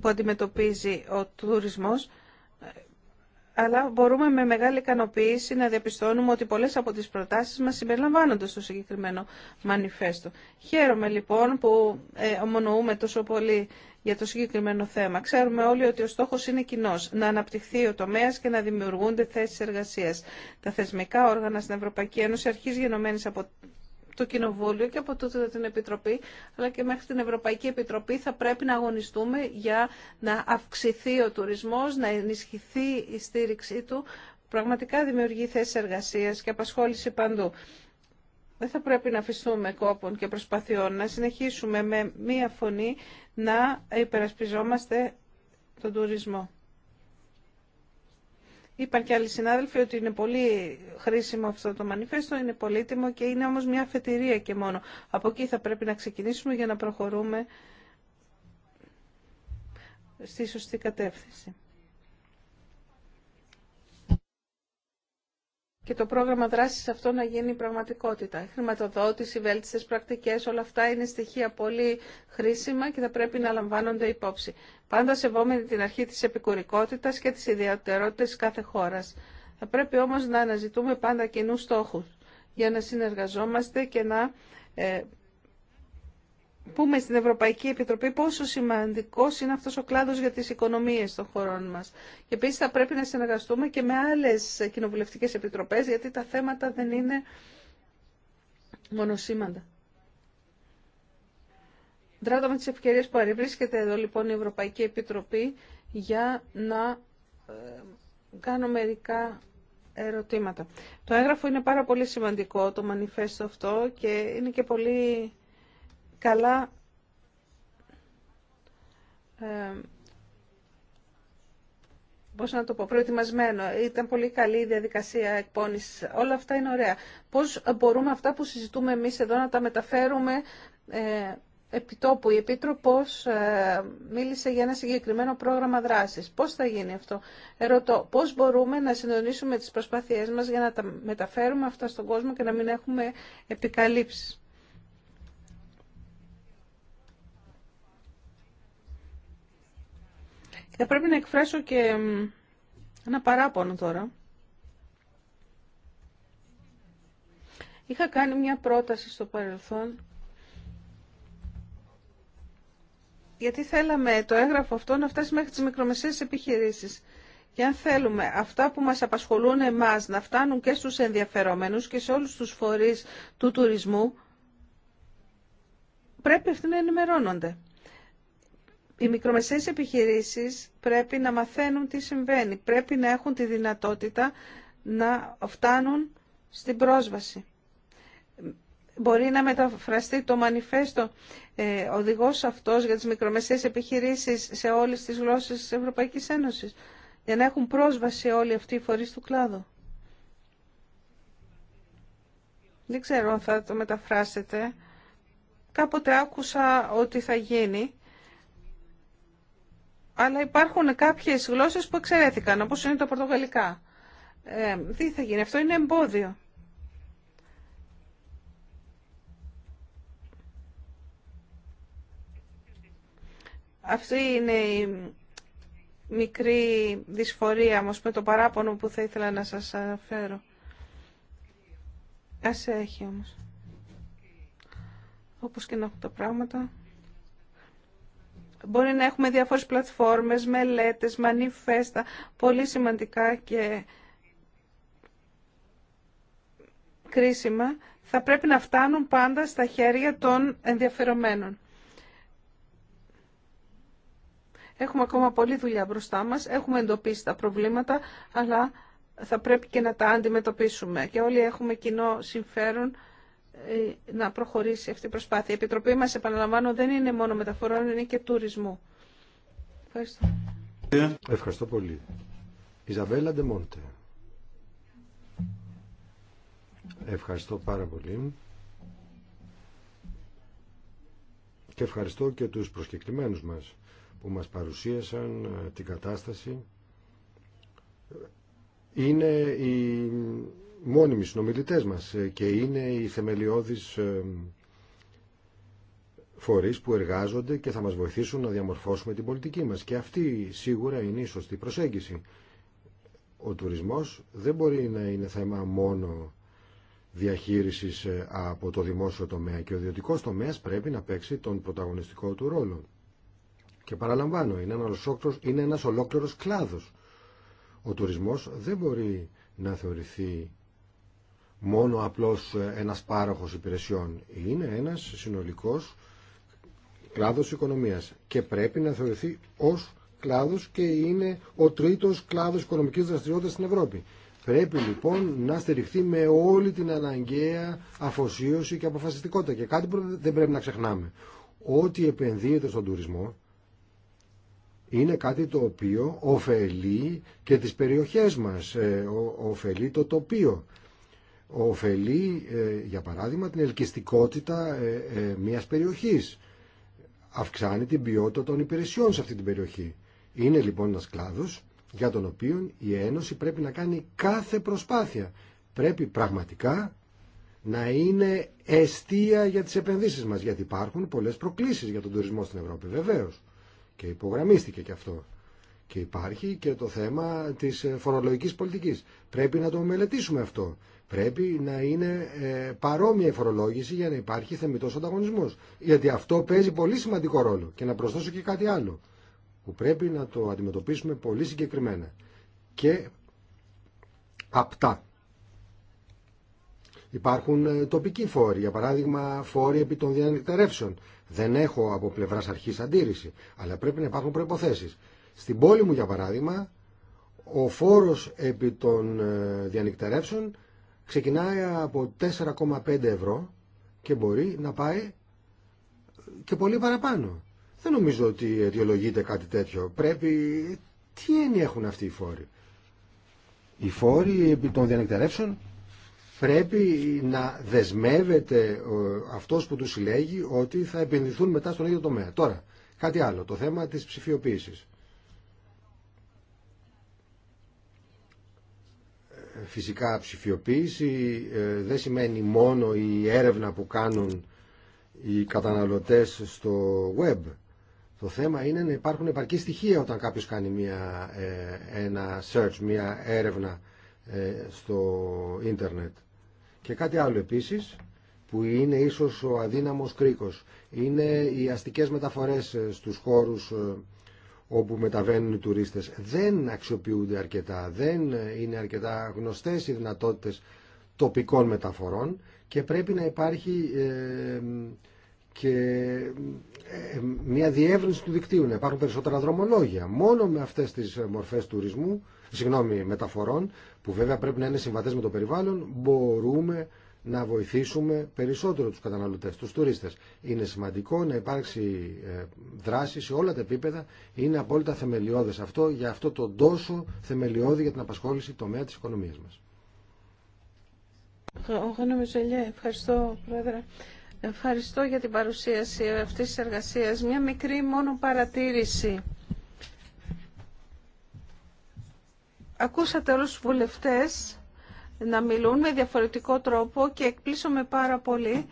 που αντιμετωπίζει ο τουρισμός αλλά μπορούμε με μεγάλη ικανοποίηση να διαπιστώνουμε ότι πολλές από τις προτάσεις μας συμπεριλαμβάνονται στο συγκεκριμένο μανιφέστο. Χαίρομαι λοιπόν που ε, ομονοούμε τόσο πολύ για το συγκεκριμένο θέμα. Ξέρουμε όλοι ότι ο στόχος είναι κοινό να αναπτυχθεί ο τομέας και να δημιουργούνται θέσεις εργασίας. Τα θεσμικά όργανα στην Ευρωπαϊκή Ένωση αρχής γενομένης από το Κοινοβούλιο και από τούτο την Επιτροπή, αλλά και μέχρι την Ευρωπαϊκή Επιτροπή θα πρέπει να αγωνιστούμε για να αυξηθεί ο τουρισμός, να ενισχυθεί η στήριξή του. Πραγματικά δημιουργεί θέσεις εργασίας και απασχόληση παντού. Δεν θα πρέπει να αφιστούμε κόπων και προσπαθειών, να συνεχίσουμε με μία φωνή να υπερασπιζόμαστε τον τουρισμό. Είπαν και άλλοι συνάδελφοι ότι είναι πολύ χρήσιμο αυτό το μανιφέστο, είναι πολύτιμο και είναι όμως μια αφετηρία και μόνο. Από εκεί θα πρέπει να ξεκινήσουμε για να προχωρούμε στη σωστή κατεύθυνση. και το πρόγραμμα δράση αυτό να γίνει πραγματικότητα. Χρηματοδότηση, βέλτιστες πρακτικέ, όλα αυτά είναι στοιχεία πολύ χρήσιμα και θα πρέπει να λαμβάνονται υπόψη. Πάντα σεβόμενοι την αρχή της επικουρικότητα και τις ιδιαιτερότητες κάθε χώρας. Θα πρέπει όμως να αναζητούμε πάντα κοινού στόχους για να συνεργαζόμαστε και να ε, πούμε στην Ευρωπαϊκή Επιτροπή πόσο σημαντικό είναι αυτό ο κλάδο για τι οικονομίε των χωρών μα. Και επίσης θα πρέπει να συνεργαστούμε και με άλλε κοινοβουλευτικέ επιτροπέ γιατί τα θέματα δεν είναι μονοσήμαντα. Δράτω με τις ευκαιρίες που αριβρίσκεται εδώ λοιπόν η Ευρωπαϊκή Επιτροπή για να ε, κάνω μερικά ερωτήματα. Το έγγραφο είναι πάρα πολύ σημαντικό, το μανιφέστο αυτό, και είναι και πολύ καλά ε, πώς να το πω, προετοιμασμένο. Ήταν πολύ καλή η διαδικασία εκπόνησης. Όλα αυτά είναι ωραία. Πώς μπορούμε αυτά που συζητούμε εμείς εδώ να τα μεταφέρουμε ε, επιτόπου. Η Επίτροπος ε, μίλησε για ένα συγκεκριμένο πρόγραμμα δράσης. Πώς θα γίνει αυτό. Ερωτώ, πώς μπορούμε να συντονίσουμε τις προσπάθειές μας για να τα μεταφέρουμε αυτά στον κόσμο και να μην έχουμε επικαλύψεις. Θα ε, πρέπει να εκφράσω και ένα παράπονο τώρα. Είχα κάνει μια πρόταση στο παρελθόν γιατί θέλαμε το έγγραφο αυτό να φτάσει μέχρι τις μικρομεσαίες επιχειρήσεις. Και αν θέλουμε αυτά που μας απασχολούν εμάς να φτάνουν και στους ενδιαφερόμενους και σε όλους τους φορείς του τουρισμού, πρέπει αυτοί να ενημερώνονται. Οι μικρομεσαίες επιχειρήσεις πρέπει να μαθαίνουν τι συμβαίνει. Πρέπει να έχουν τη δυνατότητα να φτάνουν στην πρόσβαση. Μπορεί να μεταφραστεί το μανιφέστο ε, οδηγός αυτός για τις μικρομεσαίες επιχειρήσεις σε όλες τις γλώσσες της Ευρωπαϊκής Ένωσης, για να έχουν πρόσβαση όλοι αυτοί οι φορείς του κλάδου. Δεν ξέρω αν θα το μεταφράσετε. Κάποτε άκουσα ότι θα γίνει αλλά υπάρχουν κάποιες γλώσσες που εξαιρέθηκαν, όπως είναι το πορτογαλικά. Ε, τι θα γίνει, αυτό είναι εμπόδιο. Αυτή είναι η μικρή δυσφορία όμως, με το παράπονο που θα ήθελα να σας αναφέρω. Ας έχει όμως. Όπως και να έχουν τα πράγματα. Μπορεί να έχουμε διάφορες πλατφόρμες, μελέτες, μανιφέστα, πολύ σημαντικά και κρίσιμα. Θα πρέπει να φτάνουν πάντα στα χέρια των ενδιαφερομένων. Έχουμε ακόμα πολλή δουλειά μπροστά μας, έχουμε εντοπίσει τα προβλήματα, αλλά θα πρέπει και να τα αντιμετωπίσουμε. Και όλοι έχουμε κοινό συμφέρον ε, να προχωρήσει αυτή η προσπάθεια. Η Επιτροπή μας, επαναλαμβάνω, δεν είναι μόνο μεταφορών, είναι και τουρισμού. Ευχαριστώ.
Ευχαριστώ πολύ. Ιζαβέλα Ντεμόντε. Ευχαριστώ πάρα πολύ. Και ευχαριστώ και τους προσκεκλημένους μας που μας παρουσίασαν ε, την κατάσταση. Είναι η μόνιμοι συνομιλητές μας ε, και είναι οι θεμελιώδεις ε, φορείς που εργάζονται και θα μας βοηθήσουν να διαμορφώσουμε την πολιτική μας. Και αυτή σίγουρα είναι η σωστή προσέγγιση. Ο τουρισμός δεν μπορεί να είναι θέμα μόνο διαχείρισης ε, από το δημόσιο τομέα και ο ιδιωτικό τομέας πρέπει να παίξει τον πρωταγωνιστικό του ρόλο. Και παραλαμβάνω, είναι ένα ολόκληρο είναι ένας ολόκληρος κλάδος. Ο τουρισμός δεν μπορεί να θεωρηθεί μόνο απλώς ε, ένας πάροχος υπηρεσιών. Είναι ένας συνολικός κλάδος οικονομίας και πρέπει να θεωρηθεί ως κλάδος και είναι ο τρίτος κλάδος οικονομικής δραστηριότητας στην Ευρώπη. Πρέπει λοιπόν να στηριχθεί με όλη την αναγκαία αφοσίωση και αποφασιστικότητα. Και κάτι που δεν πρέπει να ξεχνάμε. Ό,τι επενδύεται στον τουρισμό είναι κάτι το οποίο ωφελεί και τις περιοχές μας, ε, ωφελεί το τοπίο. Οφελεί, ε, για παράδειγμα, την ελκυστικότητα ε, ε, μιας περιοχής. Αυξάνει την ποιότητα των υπηρεσιών σε αυτή την περιοχή. Είναι λοιπόν ένας κλάδος για τον οποίο η Ένωση πρέπει να κάνει κάθε προσπάθεια. Πρέπει πραγματικά να είναι αιστεία για τις επενδύσεις μας, γιατί υπάρχουν πολλές προκλήσεις για τον τουρισμό στην Ευρώπη, βεβαίως. Και υπογραμμίστηκε και αυτό. Και υπάρχει και το θέμα της φορολογικής πολιτικής. Πρέπει να το μελετήσουμε αυτό. Πρέπει να είναι ε, παρόμοια η φορολόγηση για να υπάρχει θεμητό ανταγωνισμό. Γιατί αυτό παίζει πολύ σημαντικό ρόλο. Και να προσθέσω και κάτι άλλο που πρέπει να το αντιμετωπίσουμε πολύ συγκεκριμένα και απτά. Υπάρχουν ε, τοπικοί φόροι, για παράδειγμα φόροι επί των διανυκτερεύσεων. Δεν έχω από πλευρά αρχή αντίρρηση, αλλά πρέπει να υπάρχουν προποθέσει. Στην πόλη μου, για παράδειγμα, ο φόρο επί των ε, διανυκτερεύσεων ξεκινάει από 4,5 ευρώ και μπορεί να πάει και πολύ παραπάνω. Δεν νομίζω ότι αιτιολογείται κάτι τέτοιο. Πρέπει... Τι έννοια έχουν αυτοί οι φόροι. Οι φόροι επί των διανεκτερεύσεων πρέπει να δεσμεύεται αυτός που τους συλλέγει ότι θα επενδυθούν μετά στον ίδιο τομέα. Τώρα, κάτι άλλο, το θέμα της ψηφιοποίησης. φυσικά ψηφιοποίηση ε, δεν σημαίνει μόνο η έρευνα που κάνουν οι καταναλωτές στο web. Το θέμα είναι να υπάρχουν επαρκή στοιχεία όταν κάποιος κάνει μια, ε, ένα search, μια έρευνα ε, στο ίντερνετ. Και κάτι άλλο επίσης που είναι ίσως ο αδύναμος κρίκος. Είναι οι αστικές μεταφορές στους χώρους όπου μεταβαίνουν οι τουρίστες δεν αξιοποιούνται αρκετά, δεν είναι αρκετά γνωστές οι δυνατότητες τοπικών μεταφορών και πρέπει να υπάρχει ε, και ε, ε, μια διεύρυνση του δικτύου, να υπάρχουν περισσότερα δρομολόγια. Μόνο με αυτές τις μορφές τουρισμού, συγγνώμη, μεταφορών, που βέβαια πρέπει να είναι συμβατές με το περιβάλλον, μπορούμε να βοηθήσουμε περισσότερο τους καταναλωτές, τους τουρίστες. Είναι σημαντικό να υπάρξει ε, δράση σε όλα τα επίπεδα. Είναι απόλυτα θεμελιώδες αυτό για αυτό το τόσο θεμελιώδη για την απασχόληση τομέα της οικονομίας μας.
Ευχαριστώ, Πρόεδρε. Ευχαριστώ για την παρουσίαση αυτής της εργασίας. Μια μικρή μόνο παρατήρηση. Ακούσατε όλους τους βουλευτές να μιλούν με διαφορετικό τρόπο και εκπλήσωμαι πάρα πολύ.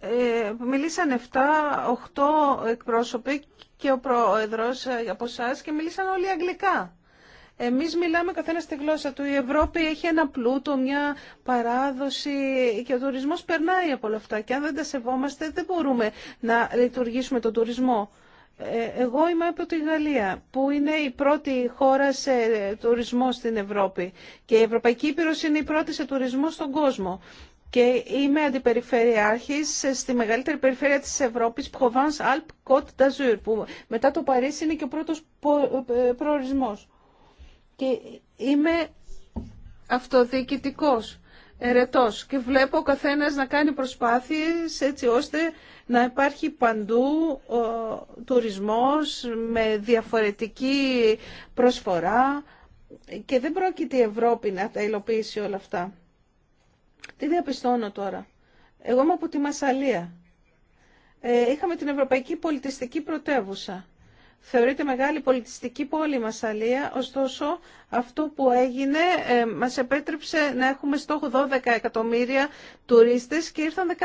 Ε, μιλήσαν 7-8 εκπρόσωποι και ο πρόεδρος ε, από εσά και μιλήσαν όλοι αγγλικά. Εμείς μιλάμε καθένα στη γλώσσα του. Η Ευρώπη έχει ένα πλούτο, μια παράδοση και ο τουρισμός περνάει από όλα αυτά. Και αν δεν τα σεβόμαστε δεν μπορούμε να λειτουργήσουμε τον τουρισμό. Ε, εγώ είμαι από τη Γαλλία, που είναι η πρώτη χώρα σε τουρισμό στην Ευρώπη και η Ευρωπαϊκή Ήπειρος είναι η πρώτη σε τουρισμό στον κόσμο. Και είμαι αντιπεριφερειάρχης στη μεγαλύτερη περιφέρεια της Ευρώπης, Provence Alpes Côte d'Azur, που μετά το Παρίσι είναι και ο πρώτος ε, προορισμός. Και είμαι αυτοδιοικητικός ερετός και βλέπω ο καθένας να κάνει προσπάθειες έτσι ώστε να υπάρχει παντού ο, τουρισμός με διαφορετική προσφορά και δεν πρόκειται η Ευρώπη να τα υλοποιήσει όλα αυτά. Τι διαπιστώνω τώρα. Εγώ είμαι από τη Μασαλία. Ε, είχαμε την Ευρωπαϊκή Πολιτιστική Πρωτεύουσα. Θεωρείται μεγάλη πολιτιστική πόλη η Μασαλία, ωστόσο αυτό που έγινε ε, μας επέτρεψε να έχουμε στόχο 12 εκατομμύρια τουρίστες και ήρθαν 14.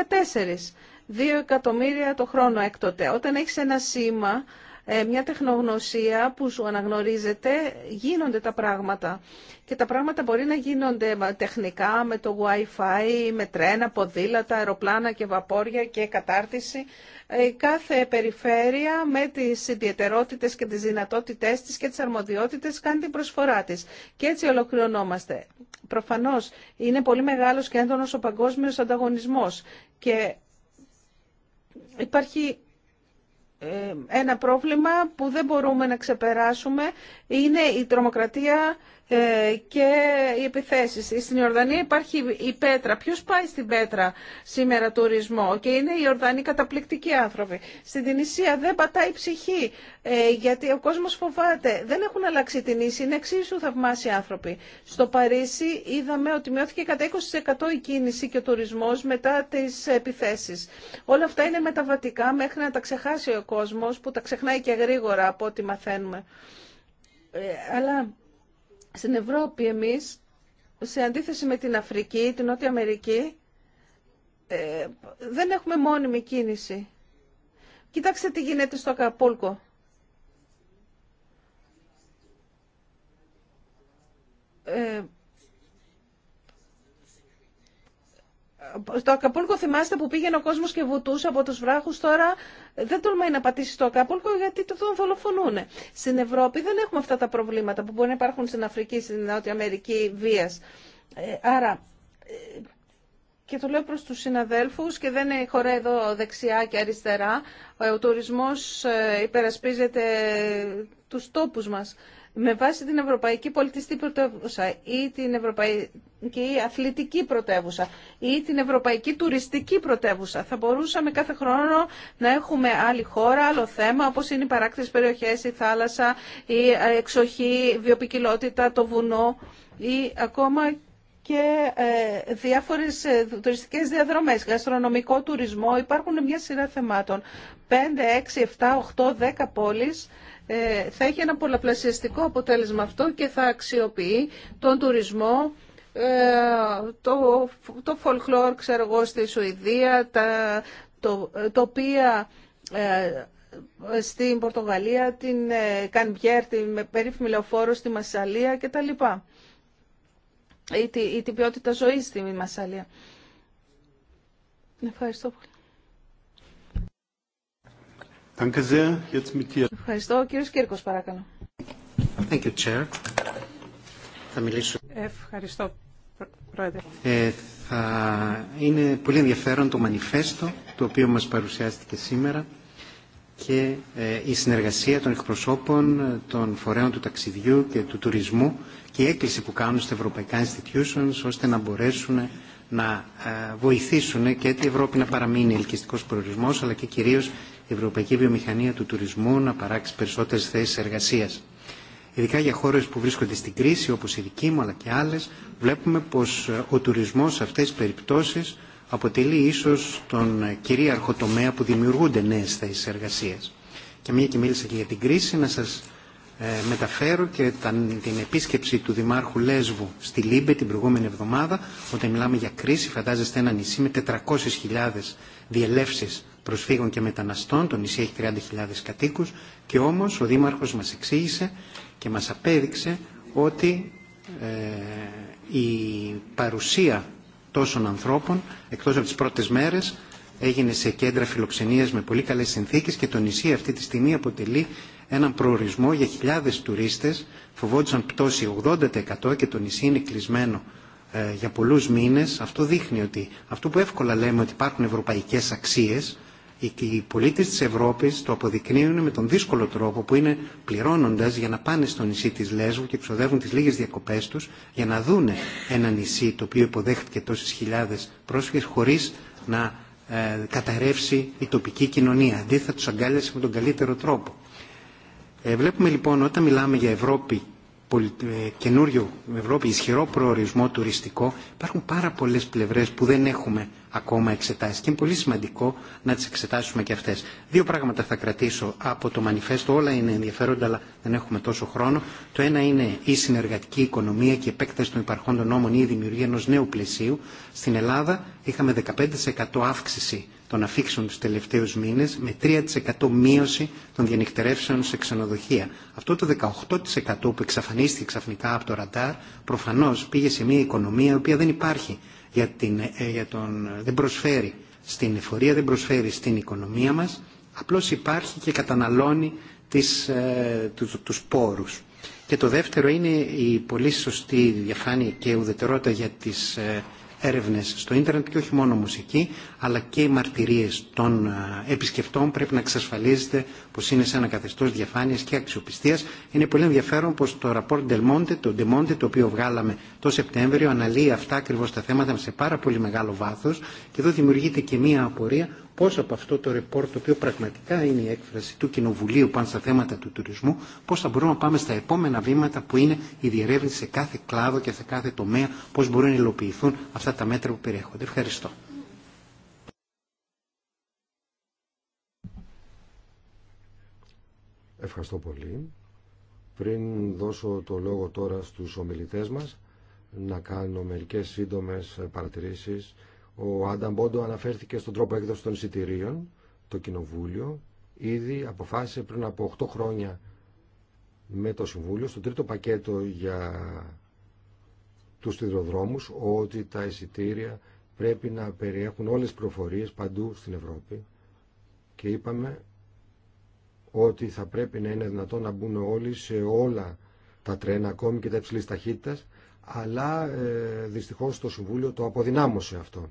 2 εκατομμύρια το χρόνο έκτοτε. Όταν έχεις ένα σήμα ε, μια τεχνογνωσία που σου αναγνωρίζεται, γίνονται τα πράγματα. Και τα πράγματα μπορεί να γίνονται τεχνικά με το Wi-Fi, με τρένα, ποδήλατα, αεροπλάνα και βαπόρια και κατάρτιση. Ε, κάθε περιφέρεια με τις ιδιαιτερότητες και τις δυνατότητές της και τις αρμοδιότητες κάνει την προσφορά της. Και έτσι ολοκληρωνόμαστε. Προφανώς είναι πολύ μεγάλος και έντονος ο παγκόσμιος ανταγωνισμός και υπάρχει ε, ένα πρόβλημα που δεν μπορούμε να ξεπεράσουμε είναι η τρομοκρατία ε, και οι επιθέσεις. Στην Ιορδανία υπάρχει η Πέτρα. Ποιος πάει στην Πέτρα σήμερα τουρισμό και είναι οι Ιορδανοί καταπληκτικοί άνθρωποι. Στην Τινησία δεν πατάει η ψυχή ε, γιατί ο κόσμος φοβάται. Δεν έχουν αλλάξει την ίση, είναι εξίσου θαυμάσιοι άνθρωποι. Στο Παρίσι είδαμε ότι μειώθηκε κατά 20% η κίνηση και ο τουρισμός μετά τις επιθέσεις. Όλα αυτά είναι μεταβατικά μέχρι να τα ξεχάσει ο κόσμος που τα ξεχνάει και γρήγορα από ό,τι μαθαίνουμε. Ε, αλλά στην Ευρώπη εμείς, σε αντίθεση με την Αφρική, την Νότια Αμερική, ε, δεν έχουμε μόνιμη κίνηση. Κοιτάξτε τι γίνεται στο Ακαπούλκο. Ε, στο Ακαπούλκο θυμάστε που πήγαινε ο κόσμος και βουτούσε από τους βράχους τώρα δεν τολμάει να πατήσει στο Ακαπούλκο γιατί το τον δολοφονούν. Στην Ευρώπη δεν έχουμε αυτά τα προβλήματα που μπορεί να υπάρχουν στην Αφρική, στην Νότια Αμερική βίας. Ε, άρα ε, και το λέω προς τους συναδέλφους και δεν χωρέ εδώ δεξιά και αριστερά. Ο τουρισμός ε, υπερασπίζεται τους τόπους μας με βάση την Ευρωπαϊκή Πολιτιστική Πρωτεύουσα ή την Ευρωπαϊκή Αθλητική Πρωτεύουσα ή την Ευρωπαϊκή Τουριστική Πρωτεύουσα. Θα μπορούσαμε κάθε χρόνο να έχουμε άλλη χώρα, άλλο θέμα, όπως είναι οι παράκτητες περιοχές, η θάλασσα, η εξοχή, η βιοπικιλότητα, το βουνό ή ακόμα και ε, διάφορες ε, τουριστικές διαδρομές, γαστρονομικό τουρισμό. Υπάρχουν μια σειρά θεμάτων. 5, 6, 7, 8, 10 πόλεις ε, θα έχει ένα πολλαπλασιαστικό αποτέλεσμα αυτό και θα αξιοποιεί τον τουρισμό, ε, το, το folklore, ξέρω εγώ, στη Σουηδία, τα το, ε, τοπία στην Πορτογαλία, την Κανμπιέρ, την περίφημη λεωφόρο στη Μασσαλία κτλ. Ή, ή την ποιότητα ζωής στη Μασσαλία. Ευχαριστώ πολύ. Ευχαριστώ. Κύριος Κύρκος, παρακαλώ.
Thank you, Chair. Θα
Ευχαριστώ, Πρόεδρε.
Ε, είναι πολύ ενδιαφέρον το μανιφέστο το οποίο μας παρουσιάστηκε σήμερα και ε, η συνεργασία των εκπροσώπων ε, των φορέων του ταξιδιού και του τουρισμού και η έκκληση που κάνουν στα ευρωπαϊκά institutions ώστε να μπορέσουν να βοηθήσουν και την Ευρώπη να παραμείνει ελκυστικός προορισμός αλλά και κυρίως η ευρωπαϊκή βιομηχανία του τουρισμού να παράξει περισσότερε θέσει εργασία. Ειδικά για χώρε που βρίσκονται στην κρίση, όπω η δική μου αλλά και άλλε, βλέπουμε πω ε, ο τουρισμό σε αυτέ τι περιπτώσει αποτελεί ίσω τον ε, κυρίαρχο τομέα που δημιουργούνται νέε θέσει εργασία. Και μια και μίλησα και για την κρίση, να σα ε, μεταφέρω και την επίσκεψη του Δημάρχου Λέσβου στη Λίμπε την προηγούμενη εβδομάδα όταν μιλάμε για κρίση φαντάζεστε ένα νησί με 400.000 διελεύσεις προσφύγων και μεταναστών το νησί έχει 30.000 κατοίκους και όμως ο Δήμαρχος μας εξήγησε και μας απέδειξε ότι ε, η παρουσία τόσων ανθρώπων εκτός από τις πρώτες μέρες έγινε σε κέντρα φιλοξενίας με πολύ καλές συνθήκες και το νησί αυτή τη στιγμή αποτελεί έναν προορισμό για χιλιάδες τουρίστες. Φοβόντουσαν πτώση 80% και το νησί είναι κλεισμένο ε, για πολλούς μήνες. Αυτό δείχνει ότι αυτό που εύκολα λέμε ότι υπάρχουν ευρωπαϊκές αξίες, οι πολίτες της Ευρώπης το αποδεικνύουν με τον δύσκολο τρόπο που είναι πληρώνοντας για να πάνε στο νησί της Λέσβου και ξοδεύουν τις λίγες διακοπές τους για να δούνε ένα νησί το οποίο υποδέχτηκε τόσες χιλιάδες πρόσφυγες χωρίς να ε, καταρρεύσει η τοπική κοινωνία. Αντί θα τους αγκάλιασε με τον καλύτερο τρόπο. Ε, βλέπουμε λοιπόν όταν μιλάμε για Ευρώπη ε, καινούριο Ευρώπη ισχυρό προορισμό τουριστικό υπάρχουν πάρα πολλέ πλευρές που δεν έχουμε ακόμα εξετάσει και είναι πολύ σημαντικό να τις εξετάσουμε και αυτές. Δύο πράγματα θα κρατήσω από το μανιφέστο, όλα είναι ενδιαφέροντα αλλά δεν έχουμε τόσο χρόνο. Το ένα είναι η συνεργατική οικονομία και η επέκταση των υπάρχοντων νόμων ή η δημιουργία ενό νέου πλαισίου. Στην Ελλάδα είχαμε 15% αύξηση των αφήξεων του τελευταίου μήνε με 3% μείωση των διανυκτερεύσεων σε ξενοδοχεία. Αυτό το 18% που εξαφανίστηκε ξαφνικά από το ραντάρ προφανώ πήγε σε μια οικονομία η οποία δεν υπάρχει, για την, ε, για τον, δεν προσφέρει στην εφορία, δεν προσφέρει στην οικονομία μα, απλώ υπάρχει και καταναλώνει τις, ε, τους, τους πόρους. Και το δεύτερο είναι η πολύ σωστή διαφάνεια και ουδετερότητα για τις ε, έρευνες στο ίντερνετ και όχι μόνο μουσική, αλλά και οι μαρτυρίες των ε, επισκεπτών πρέπει να εξασφαλίζεται πως είναι σε ένα καθεστώς διαφάνειας και αξιοπιστίας. Είναι πολύ ενδιαφέρον πως το ραπόρ Del Monte, το Monte, το οποίο βγάλαμε το Σεπτέμβριο, αναλύει αυτά ακριβώς τα θέματα σε πάρα πολύ μεγάλο βάθος και εδώ δημιουργείται και μία απορία πώς από αυτό το ρεπόρτ, το οποίο πραγματικά είναι η έκφραση του Κοινοβουλίου πάνω στα θέματα του τουρισμού, πώς θα μπορούμε να πάμε στα επόμενα βήματα που είναι η διερεύνηση σε κάθε κλάδο και σε κάθε τομέα, πώς μπορούν να υλοποιηθούν αυτά τα μέτρα που περιέχονται. Ευχαριστώ.
Ευχαριστώ πολύ. Πριν δώσω το λόγο τώρα στους ομιλητές μας, να κάνω μερικές σύντομες παρατηρήσεις. Ο Άνταμ Μπόντο αναφέρθηκε στον τρόπο έκδοση των εισιτηρίων, το Κοινοβούλιο, ήδη αποφάσισε πριν από 8 χρόνια με το Συμβούλιο, στο τρίτο πακέτο για τους σιδηροδρόμους, ότι τα εισιτήρια πρέπει να περιέχουν όλες τις προφορίες παντού στην Ευρώπη. Και είπαμε ότι θα πρέπει να είναι δυνατόν να μπουν όλοι σε όλα τα τρένα, ακόμη και τα υψηλή ταχύτητα, αλλά ε, δυστυχώς το Συμβούλιο το αποδυνάμωσε αυτό.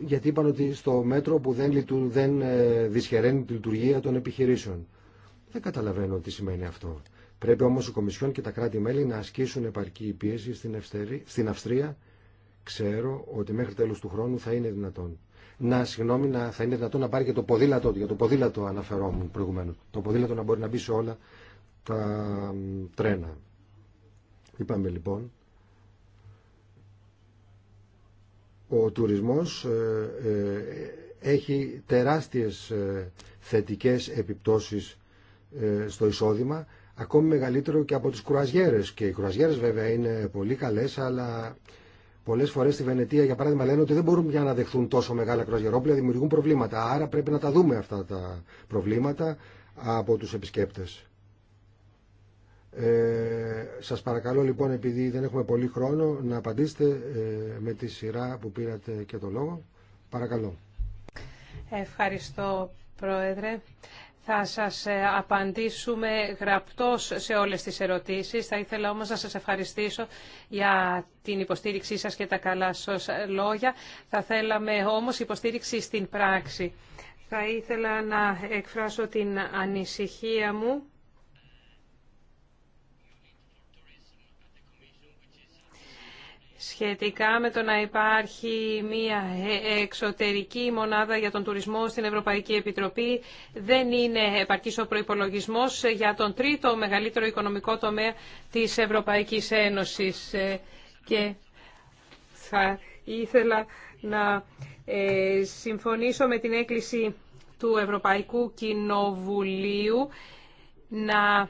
Γιατί είπαν ότι στο μέτρο που δεν, δεν ε, δυσχεραίνει τη λειτουργία των επιχειρήσεων. Δεν καταλαβαίνω τι σημαίνει αυτό. Πρέπει όμως οι Κομισιόν και τα κράτη-μέλη να ασκήσουν επαρκή πίεση στην, Αυστρία. Ξέρω ότι μέχρι τέλος του χρόνου θα είναι δυνατόν να, συγγνώμη, να, θα είναι δυνατόν να πάρει και το ποδήλατο του. Για το ποδήλατο αναφερόμουν προηγουμένω. Το ποδήλατο να μπορεί να μπει σε όλα τα τρένα. Είπαμε λοιπόν ο τουρισμός ε, ε, έχει τεράστιες ε, θετικές επιπτώσεις στο εισόδημα ακόμη μεγαλύτερο και από τις κρουαζιέρες και οι κρουαζιέρες βέβαια είναι πολύ καλές αλλά Πολλέ φορέ στη Βενετία, για παράδειγμα, λένε ότι δεν μπορούν πια να δεχθούν τόσο μεγάλα κρουαζιερόπλαια, δημιουργούν προβλήματα. Άρα πρέπει να τα δούμε αυτά τα προβλήματα από του επισκέπτε. Ε, σας παρακαλώ λοιπόν επειδή δεν έχουμε πολύ χρόνο να απαντήσετε ε, με τη σειρά που πήρατε και το λόγο. Παρακαλώ.
Ευχαριστώ Πρόεδρε. Θα σας ε, απαντήσουμε γραπτός σε όλες τις ερωτήσεις. Θα ήθελα όμως να σας ευχαριστήσω για την υποστήριξή σας και τα καλά σας λόγια. Θα θέλαμε όμως υποστήριξη στην πράξη. Θα ήθελα να εκφράσω την ανησυχία μου σχετικά με το να υπάρχει μια ε, εξωτερική μονάδα για τον τουρισμό στην Ευρωπαϊκή Επιτροπή δεν είναι επαρκής ο προϋπολογισμός για τον τρίτο μεγαλύτερο οικονομικό τομέα της Ευρωπαϊκής Ένωσης. Ε, και θα ήθελα να ε, συμφωνήσω με την έκκληση του Ευρωπαϊκού Κοινοβουλίου να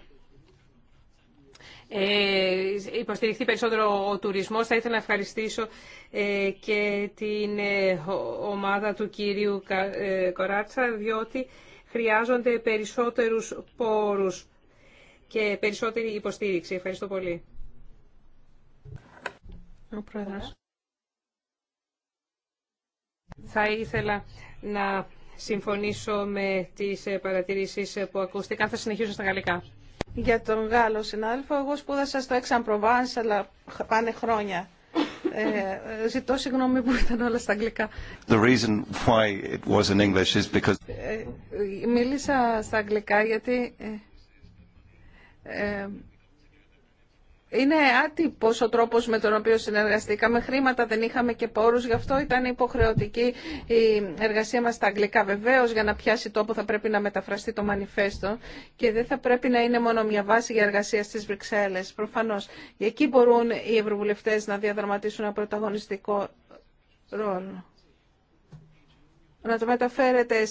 ε, υποστηριχθεί περισσότερο ο τουρισμός. Θα ήθελα να ευχαριστήσω ε, και την ε, ομάδα του κύριου Κοράτσα, διότι χρειάζονται περισσότερους πόρους και περισσότερη υποστήριξη. Ευχαριστώ πολύ. Θα ήθελα να συμφωνήσω με τις
παρατηρήσεις που ακούστηκαν. Θα συνεχίσω στα γαλλικά για τον Γάλλο συνάδελφο. Εγώ σπούδασα στο Έξαν Προβάνς, αλλά πάνε χρόνια. Ε, ζητώ συγγνώμη που ήταν όλα στα αγγλικά.
The reason why it was in English is because... Ε,
μίλησα στα αγγλικά γιατί... Ε, ε είναι άτυπο ο τρόπος με τον οποίο συνεργαστήκαμε. Χρήματα δεν είχαμε και πόρους, γι' αυτό ήταν υποχρεωτική η εργασία μας στα αγγλικά. βεβαίω για να πιάσει τόπο θα πρέπει να μεταφραστεί το μανιφέστο και δεν θα πρέπει να είναι μόνο μια βάση για εργασία στις Βρυξέλλες, προφανώς. Εκεί μπορούν οι ευρωβουλευτέ να διαδραματίσουν ένα πρωταγωνιστικό ρόλο. Να το μεταφέρετε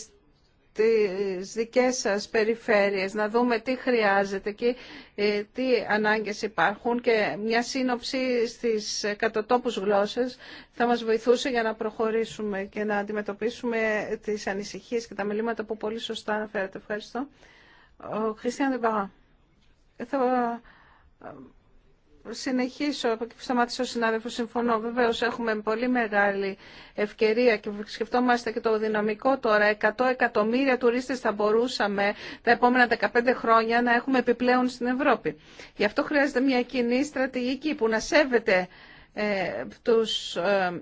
τις δικές σας περιφέρειες, να δούμε τι χρειάζεται και ε, τι ανάγκες υπάρχουν και μια σύνοψη στις κατοτόπους γλώσσες θα μας βοηθούσε για να προχωρήσουμε και να αντιμετωπίσουμε τις ανησυχίες και τα μελήματα που πολύ σωστά αναφέρατε. Ευχαριστώ. Ο Χριστιαν συνεχίσω από εκεί που σταμάτησε ο συνάδελφο. Συμφωνώ. Βεβαίω έχουμε πολύ μεγάλη ευκαιρία και σκεφτόμαστε και το δυναμικό τώρα. 100 εκατομμύρια τουρίστε θα μπορούσαμε τα επόμενα 15 χρόνια να έχουμε επιπλέον στην Ευρώπη. Γι' αυτό χρειάζεται μια κοινή στρατηγική που να σέβεται ε, τους, ε,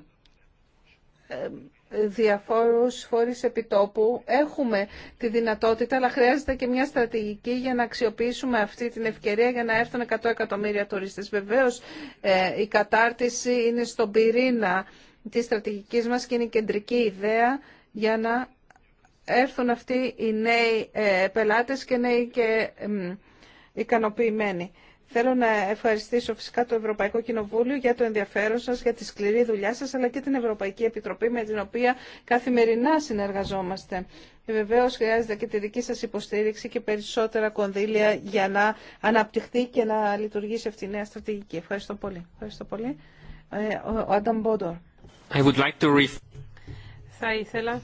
ε, διαφόρους φορείς επιτόπου. Έχουμε τη δυνατότητα, αλλά χρειάζεται και μια στρατηγική για να αξιοποιήσουμε αυτή την ευκαιρία για να έρθουν 100 εκατομμύρια τουρίστες. Βεβαίως, ε, η κατάρτιση είναι στον πυρήνα της στρατηγικής μας και είναι η κεντρική ιδέα για να έρθουν αυτοί οι νέοι ε, πελάτες και νέοι και ικανοποιημένοι. Θέλω να ευχαριστήσω φυσικά το Ευρωπαϊκό Κοινοβούλιο για το ενδιαφέρον σας, για τη σκληρή δουλειά σας, αλλά και την Ευρωπαϊκή Επιτροπή με την οποία καθημερινά συνεργαζόμαστε. Ε, Βεβαίω χρειάζεται και τη δική σας υποστήριξη και περισσότερα κονδύλια για να αναπτυχθεί και να λειτουργήσει αυτή η νέα στρατηγική. Ευχαριστώ πολύ. Ευχαριστώ πολύ. Ε, ο Άνταμ Μπόντορ. Θα
ήθελα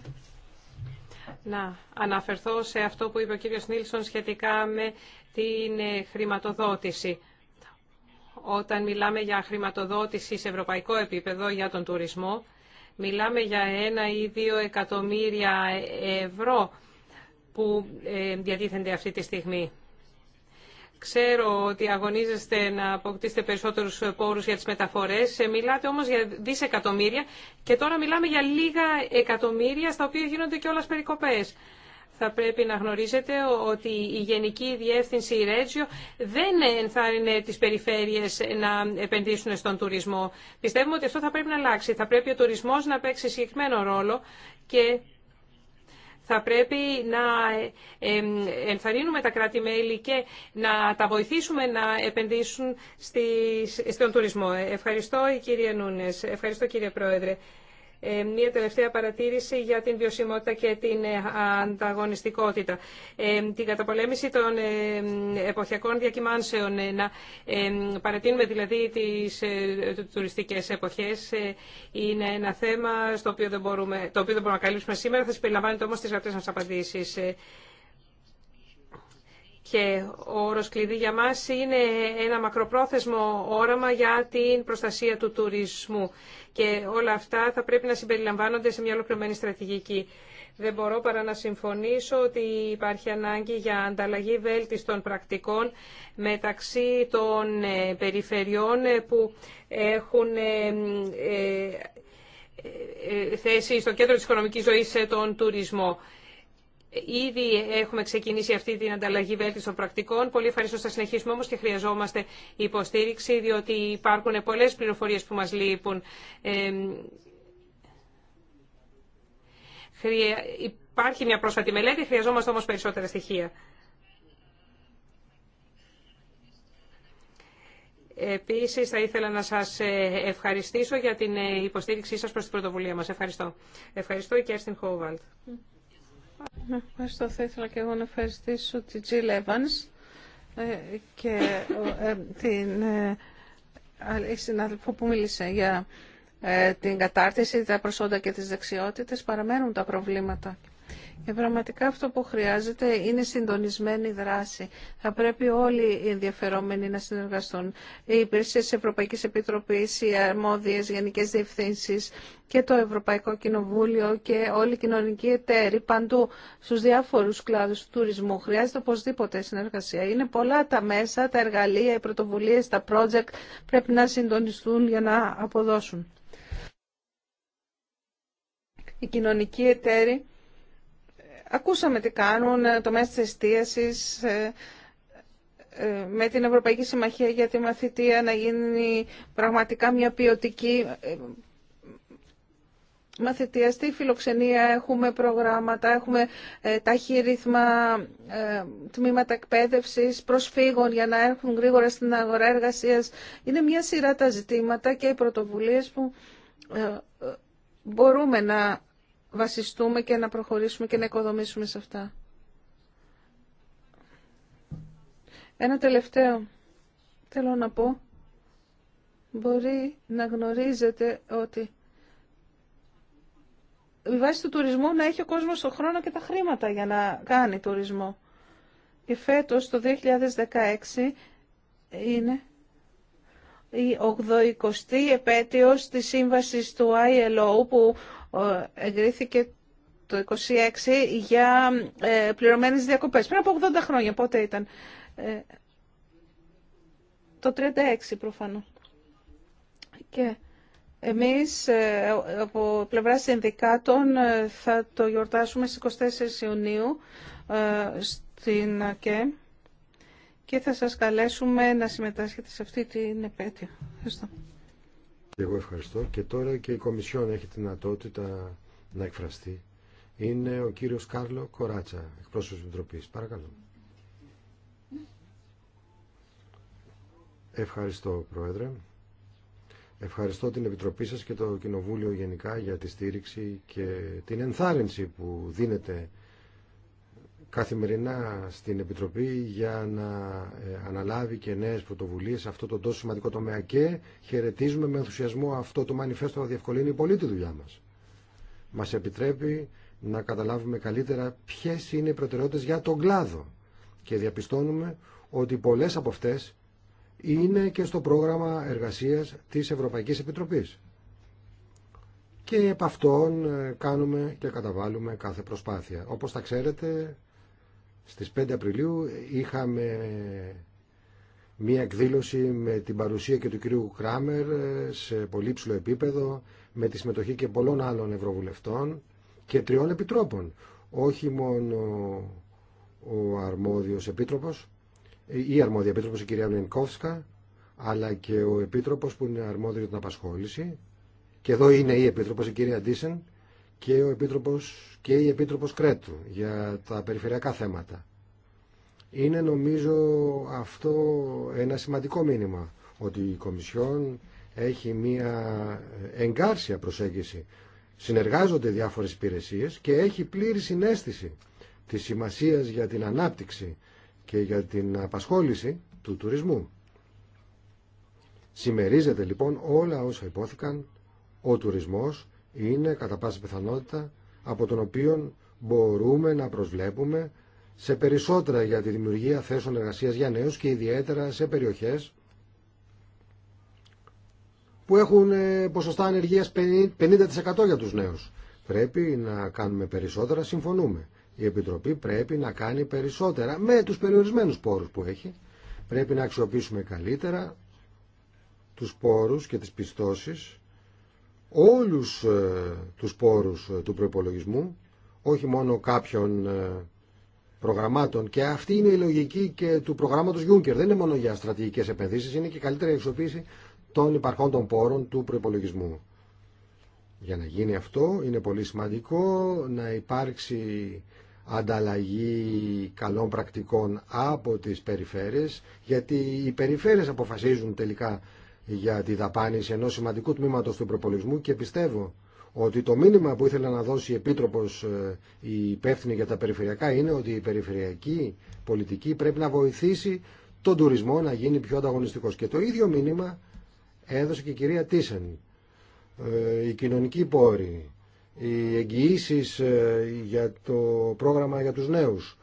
να αναφερθώ σε αυτό που είπε ο κύριος Νίλσον σχετικά με την χρηματοδότηση. Όταν μιλάμε για χρηματοδότηση σε ευρωπαϊκό επίπεδο για τον τουρισμό, μιλάμε για ένα ή δύο εκατομμύρια ευρώ που ε, διατίθενται αυτή τη στιγμή. Ξέρω ότι αγωνίζεστε να αποκτήσετε περισσότερους πόρους για τις μεταφορές. Ε, μιλάτε όμως για δισεκατομμύρια και τώρα μιλάμε για λίγα εκατομμύρια στα οποία γίνονται και όλες περικοπές θα πρέπει να γνωρίζετε ότι η Γενική Διεύθυνση Ρέτζιο δεν ενθάρρυνε τις περιφέρειες να επενδύσουν στον τουρισμό. Πιστεύουμε ότι αυτό θα πρέπει να αλλάξει. Θα πρέπει ο τουρισμός να παίξει συγκεκριμένο ρόλο και θα πρέπει να ε, ενθαρρύνουμε τα κράτη-μέλη και να τα βοηθήσουμε να επενδύσουν στον τουρισμό. Ε, ευχαριστώ, κύριε Νούνες. Ευχαριστώ, κύριε Πρόεδρε. Ε, Μία τελευταία παρατήρηση για την βιωσιμότητα και την ε, ανταγωνιστικότητα. Ε, την καταπολέμηση των εποχιακών διακυμάνσεων, να παρατείνουμε δηλαδή τις τουριστικές εποχές, είναι ένα θέμα στο οποίο δεν μπορούμε, το οποίο δεν μπορούμε να καλύψουμε σήμερα. Θα συμπεριλαμβάνεται όμως τις γραπτές μας απαντήσεις. Και ο όρος κλειδί για μας είναι ένα μακροπρόθεσμο όραμα για την προστασία του τουρισμού και όλα αυτά θα πρέπει να συμπεριλαμβάνονται σε μια ολοκληρωμένη στρατηγική. Δεν μπορώ παρά να συμφωνήσω ότι υπάρχει ανάγκη για ανταλλαγή βέλτιστων πρακτικών μεταξύ των ε, περιφερειών ε, που έχουν ε, θέση στο κέντρο της οικονομικής ζωής τον τουρισμό. Ήδη έχουμε ξεκινήσει αυτή την ανταλλαγή βέλτιστων πρακτικών. Πολύ ευχαριστώ θα συνεχίσουμε όμως και χρειαζόμαστε υποστήριξη διότι υπάρχουν πολλές πληροφορίες που μας λείπουν. Ε, υπάρχει μια πρόσφατη μελέτη, χρειαζόμαστε όμως περισσότερα στοιχεία. Επίσης θα ήθελα να σας ε, ευχαριστήσω για την ε, υποστήριξή σας προς την πρωτοβουλία μας. Ευχαριστώ. Ευχαριστώ και Κέρστιν Χόβαλτ.
Ευχαριστώ. Θα ήθελα και εγώ να ευχαριστήσω τη Τζι Evans ε, και ε, την ε, συνάδελφο που μίλησε για την κατάρτιση, τα προσόντα και τις δεξιότητες. Παραμένουν τα προβλήματα και ε, πραγματικά αυτό που χρειάζεται είναι συντονισμένη δράση. Θα πρέπει όλοι οι ενδιαφερόμενοι να συνεργαστούν. Οι υπηρεσίε τη Ευρωπαϊκή Επιτροπή, οι αρμόδιε γενικέ διευθύνσει και το Ευρωπαϊκό Κοινοβούλιο και όλοι οι κοινωνικοί εταίροι παντού στου διάφορου κλάδου του τουρισμού. Χρειάζεται οπωσδήποτε συνεργασία. Είναι πολλά τα μέσα, τα εργαλεία, οι πρωτοβουλίε, τα project πρέπει να συντονιστούν για να αποδώσουν. Οι κοινωνικοί εταίροι Ακούσαμε τι κάνουν ε, το μέσο της εστίασης ε, ε, με την Ευρωπαϊκή Συμμαχία για τη μαθητεία να γίνει πραγματικά μια ποιοτική μαθητεία. Στη φιλοξενία έχουμε προγράμματα, έχουμε ταχύ ρύθμα, τμήματα εκπαίδευσης, προσφύγων για να έρχουν γρήγορα στην αγορά εργασίας. Είναι μια σειρά τα ζητήματα και οι πρωτοβουλίες που μπορούμε να βασιστούμε και να προχωρήσουμε και να οικοδομήσουμε σε αυτά. Ένα τελευταίο θέλω να πω. Μπορεί να γνωρίζετε ότι η βάση του τουρισμού να έχει ο κόσμος το χρόνο και τα χρήματα για να κάνει τουρισμό. Και φέτος το 2016 είναι η 80η επέτειος της σύμβασης του ILO που εγκρίθηκε το 26 για ε, πληρωμένες διακοπές. Πριν από 80 χρόνια, πότε ήταν. Ε, το 36 προφανώς. Και εμείς ε, από πλευρά συνδικάτων ε, θα το γιορτάσουμε στις 24 Ιουνίου στην ΑΚΕ και θα σας καλέσουμε να συμμετάσχετε σε αυτή την επέτειο. Ευχαριστώ.
Εγώ ευχαριστώ. Και τώρα και η Κομισιόν έχει τη δυνατότητα να εκφραστεί. Είναι ο κύριος Κάρλο Κοράτσα, εκπρόσωπος της Επιτροπής. Παρακαλώ. Ευχαριστώ, Πρόεδρε. Ευχαριστώ την Επιτροπή σας και το Κοινοβούλιο γενικά για τη στήριξη και την ενθάρρυνση που δίνεται καθημερινά στην Επιτροπή για να ε, αναλάβει και νέες πρωτοβουλίες σε αυτό το τόσο σημαντικό τομέα και χαιρετίζουμε με ενθουσιασμό αυτό το μανιφέστο να διευκολύνει πολύ τη δουλειά μας. Μας επιτρέπει να καταλάβουμε καλύτερα ποιες είναι οι προτεραιότητες για τον κλάδο και διαπιστώνουμε ότι πολλές από αυτές είναι και στο πρόγραμμα εργασίας της Ευρωπαϊκής Επιτροπής. Και επ' αυτών ε, κάνουμε και καταβάλουμε κάθε προσπάθεια. Όπως τα ξέρετε, στις 5 Απριλίου είχαμε μία εκδήλωση με την παρουσία και του κυρίου Κράμερ σε πολύ ψηλό επίπεδο, με τη συμμετοχή και πολλών άλλων ευρωβουλευτών και τριών επιτρόπων. Όχι μόνο ο αρμόδιος επίτροπος, η αρμόδια επίτροπος η κυρία Νενκόφσκα, αλλά και ο επίτροπος που είναι αρμόδιος για την απασχόληση. Και εδώ είναι η επίτροπος η κυρία Ντίσεν και, ο Επίτροπος, και η Επίτροπος Κρέτου για τα περιφερειακά θέματα. Είναι νομίζω αυτό ένα σημαντικό μήνυμα ότι η Κομισιόν έχει μια εγκάρσια προσέγγιση. Συνεργάζονται διάφορες υπηρεσίε και έχει πλήρη συνέστηση της σημασίας για την ανάπτυξη και για την απασχόληση του τουρισμού. Σημερίζεται λοιπόν όλα όσα υπόθηκαν ο τουρισμός είναι κατά πάση πιθανότητα από τον οποίο μπορούμε να προσβλέπουμε σε περισσότερα για τη δημιουργία θέσεων εργασίας για νέους και ιδιαίτερα σε περιοχές που έχουν ε, ποσοστά ανεργίας 50% για τους νέους. Πρέπει να κάνουμε περισσότερα, συμφωνούμε. Η Επιτροπή πρέπει να κάνει περισσότερα με τους περιορισμένους πόρους που έχει. Πρέπει να αξιοποιήσουμε καλύτερα τους πόρους και τις πιστώσεις όλους ε, τους πόρους ε, του προϋπολογισμού, όχι μόνο κάποιων ε, προγραμμάτων. Και αυτή είναι η λογική και του προγράμματος Juncker. Δεν είναι μόνο για στρατηγικές επενδύσεις, είναι και καλύτερη εξοπλίση των υπαρχόντων των πόρων του προϋπολογισμού. Για να γίνει αυτό είναι πολύ σημαντικό να υπάρξει ανταλλαγή καλών πρακτικών από τις περιφέρειες, γιατί οι περιφέρειες αποφασίζουν τελικά για τη δαπάνηση ενός σημαντικού τμήματος του προπολισμού και πιστεύω ότι το μήνυμα που ήθελε να δώσει η Επίτροπος ε, η υπεύθυνη για τα περιφερειακά είναι ότι η περιφερειακή πολιτική πρέπει να βοηθήσει τον τουρισμό να γίνει πιο ανταγωνιστικός. Και το ίδιο μήνυμα έδωσε και η κυρία Τίσεν. η ε, κοινωνική πόροι, οι εγγυήσει ε, για το πρόγραμμα για τους νέους,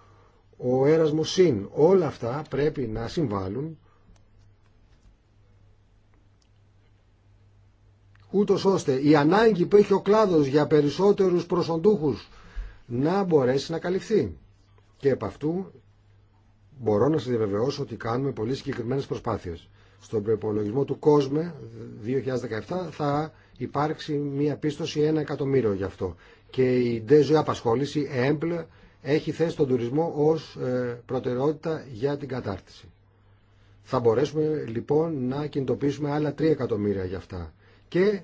ο έρασμος συν, όλα αυτά πρέπει να συμβάλλουν ούτω ώστε η ανάγκη που έχει ο κλάδο για περισσότερου προσοντούχου να μπορέσει να καλυφθεί. Και επ' αυτού μπορώ να σας διαβεβαιώσω ότι κάνουμε πολύ συγκεκριμένε προσπάθειε. Στον προπολογισμό του COSME 2017 θα υπάρξει μια πίστοση 1 εκατομμύριο γι' αυτό. Και η Ντέζο Απασχόληση, ΕΜΠΛ, έχει θέσει τον τουρισμό ω ε, προτεραιότητα για την κατάρτιση. Θα μπορέσουμε λοιπόν να κινητοποιήσουμε άλλα 3 εκατομμύρια γι' αυτά και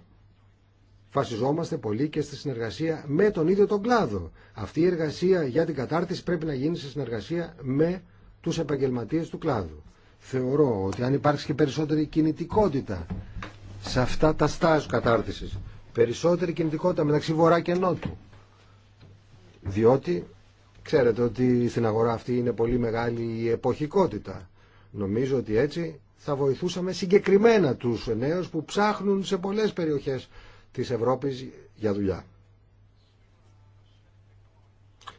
βασιζόμαστε πολύ και στη συνεργασία με τον ίδιο τον κλάδο. Αυτή η εργασία για την κατάρτιση πρέπει να γίνει σε συνεργασία με τους επαγγελματίες του κλάδου. Θεωρώ ότι αν υπάρξει και περισσότερη κινητικότητα σε αυτά τα στάζου κατάρτισης, περισσότερη κινητικότητα μεταξύ βορρά και νότου, διότι ξέρετε ότι στην αγορά αυτή είναι πολύ μεγάλη η εποχικότητα. Νομίζω ότι έτσι θα βοηθούσαμε συγκεκριμένα τους νέους που ψάχνουν σε πολλές περιοχές της Ευρώπης για δουλειά.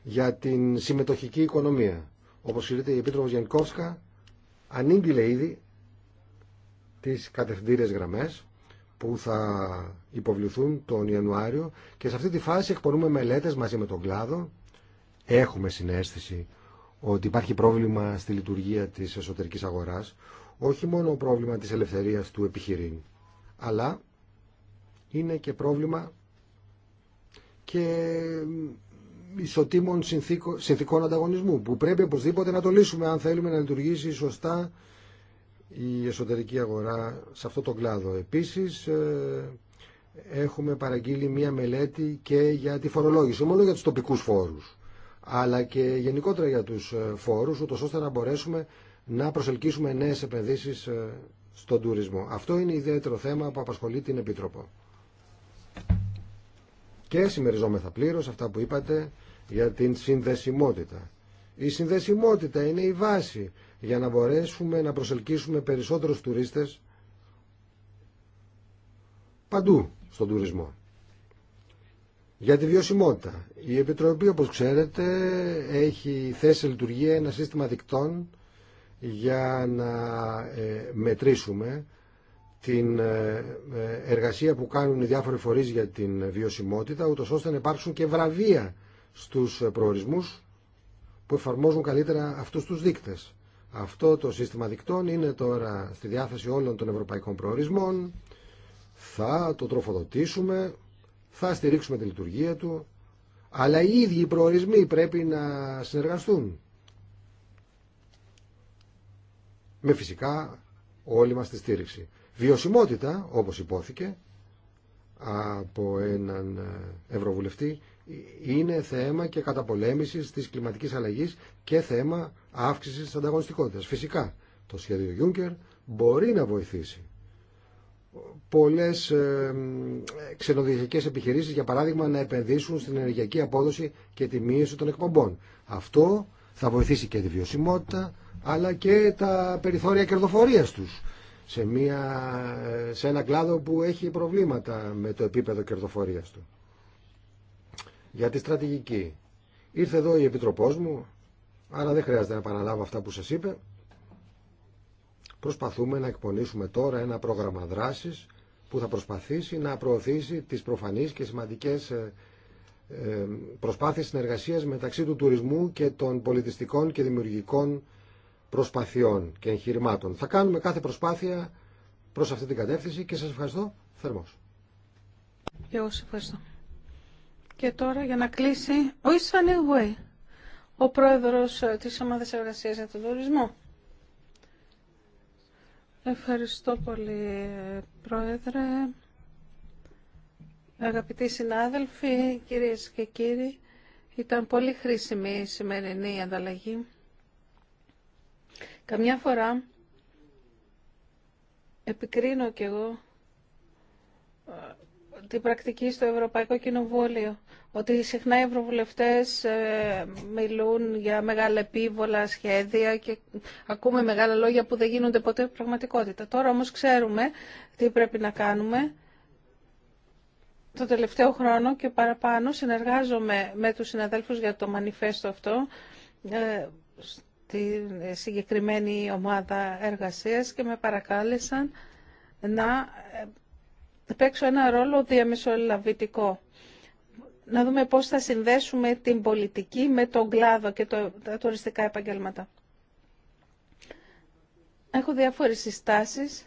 Για την συμμετοχική οικονομία. Όπως συζητείται η Επίτροπος Γενικόφσκα ανήγγειλε ήδη τις κατευθυντήρες γραμμές που θα υποβληθούν τον Ιανουάριο και σε αυτή τη φάση εκπονούμε μελέτες μαζί με τον κλάδο. Έχουμε συνέστηση ότι υπάρχει πρόβλημα στη λειτουργία της εσωτερικής αγοράς όχι μόνο πρόβλημα της ελευθερίας του επιχειρήν, αλλά είναι και πρόβλημα και ισοτήμων συνθήκων ανταγωνισμού που πρέπει οπωσδήποτε να το λύσουμε αν θέλουμε να λειτουργήσει σωστά η εσωτερική αγορά σε αυτό το κλάδο. Επίσης ε, έχουμε παραγγείλει μία μελέτη και για τη φορολόγηση, μόνο για τους τοπικούς φόρους αλλά και γενικότερα για τους ε, φόρους, ούτως ώστε να μπορέσουμε να προσελκύσουμε νέες επενδύσει ε, στον τουρισμό. Αυτό είναι ιδιαίτερο θέμα που απασχολεί την Επίτροπο. Και συμμεριζόμεθα πλήρω αυτά που είπατε για την συνδεσιμότητα. Η συνδεσιμότητα είναι η βάση για να μπορέσουμε να προσελκύσουμε περισσότερους τουρίστες παντού στον τουρισμό. Για τη βιωσιμότητα. Η Επιτροπή, όπως ξέρετε, έχει θέσει σε λειτουργία ένα σύστημα δικτών για να ε, μετρήσουμε την ε, ε, εργασία που κάνουν οι διάφοροι φορείς για την βιωσιμότητα, ούτως ώστε να υπάρξουν και βραβεία στους προορισμούς που εφαρμόζουν καλύτερα αυτούς τους δείκτες. Αυτό το σύστημα δικτών είναι τώρα στη διάθεση όλων των ευρωπαϊκών προορισμών. Θα το τροφοδοτήσουμε, θα στηρίξουμε τη λειτουργία του, αλλά οι ίδιοι οι προορισμοί πρέπει να συνεργαστούν με φυσικά όλη μας τη στήριξη. Βιωσιμότητα, όπως υπόθηκε από έναν Ευρωβουλευτή, είναι θέμα και καταπολέμησης της κλιματικής αλλαγής και θέμα αύξησης της ανταγωνιστικότητας. Φυσικά, το σχέδιο Juncker μπορεί να βοηθήσει πολλές ε, ξενοδοχειακές επιχειρήσεις για παράδειγμα να επενδύσουν στην ενεργειακή απόδοση και τη μείωση των εκπομπών. Αυτό θα βοηθήσει και τη βιωσιμότητα, αλλά και τα περιθώρια κερδοφορίας τους σε, μια, σε ένα κλάδο που έχει προβλήματα με το επίπεδο κερδοφορίας του. Για τη στρατηγική. Ήρθε εδώ η Επιτροπός μου, άρα δεν χρειάζεται να επαναλάβω αυτά που σας είπε. Προσπαθούμε να εκπονήσουμε τώρα ένα πρόγραμμα δράσης που θα προσπαθήσει να προωθήσει τις προφανείς και σημαντικές ε, ε, προσπάθειες συνεργασίας μεταξύ του τουρισμού και των πολιτιστικών και δημιουργικών προσπαθειών και εγχειρημάτων. Θα κάνουμε κάθε προσπάθεια προς αυτή την κατεύθυνση και σας ευχαριστώ θερμός.
Και εγώ σας ευχαριστώ. Και τώρα για να κλείσει ο Ισανίου Βουέι, ο πρόεδρος ε, της Ομάδας Εργασίας για τον Τουρισμό. Ευχαριστώ πολύ, Πρόεδρε. Αγαπητοί συνάδελφοι, κυρίες και κύριοι, ήταν πολύ χρήσιμη η σημερινή ανταλλαγή. Καμιά φορά επικρίνω κι εγώ ε, την πρακτική στο Ευρωπαϊκό Κοινοβούλιο, ότι συχνά οι ευρωβουλευτές ε, μιλούν για μεγάλα επίβολα σχέδια και ακούμε μεγάλα λόγια που δεν γίνονται ποτέ πραγματικότητα. Τώρα όμως ξέρουμε τι πρέπει να κάνουμε. Το τελευταίο χρόνο και παραπάνω συνεργάζομαι με τους συναδέλφους για το μανιφέστο αυτό ε, τη συγκεκριμένη ομάδα εργασίας και με παρακάλεσαν να ε, παίξω ένα ρόλο διαμεσολαβητικό. Να δούμε πώς θα συνδέσουμε την πολιτική με τον κλάδο και τα τουριστικά επαγγέλματα. Έχω διάφορες συστάσεις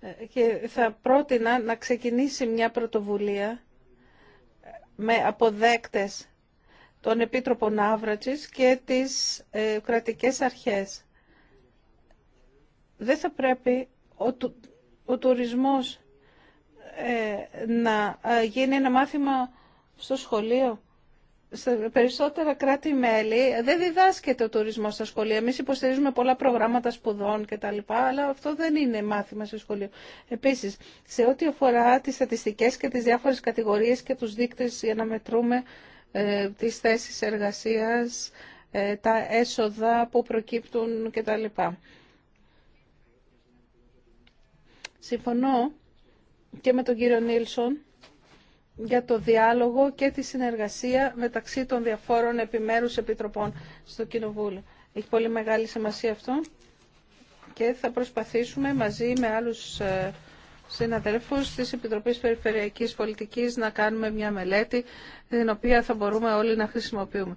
ε, και θα πρότεινα να ξεκινήσει μια πρωτοβουλία με αποδέκτες τον Επίτροπο Ναύρατσης και τις ε, κρατικές αρχές. Δεν θα πρέπει ο, ο τουρισμός ε, να ε, γίνει ένα μάθημα στο σχολείο. Σε περισσότερα κράτη-μέλη δεν διδάσκεται ο τουρισμό στα σχολεία. Εμεί υποστηρίζουμε πολλά προγράμματα σπουδών κτλ. Αλλά αυτό δεν είναι μάθημα στο σχολείο. Επίση, σε ό,τι αφορά τι στατιστικέ και τι διάφορε κατηγορίε και του δείκτε για να μετρούμε ε, τις θέσεις εργασίας, ε, τα έσοδα που προκύπτουν κτλ. Συμφωνώ και με τον κύριο Νίλσον για το διάλογο και τη συνεργασία μεταξύ των διαφόρων επιμέρους επιτροπών στο Κοινοβούλιο. Έχει πολύ μεγάλη σημασία αυτό και θα προσπαθήσουμε μαζί με άλλους ε, Συναδέλφου τη Επιτροπή Περιφερειακής Πολιτικής να κάνουμε μια μελέτη την οποία θα μπορούμε όλοι να χρησιμοποιούμε.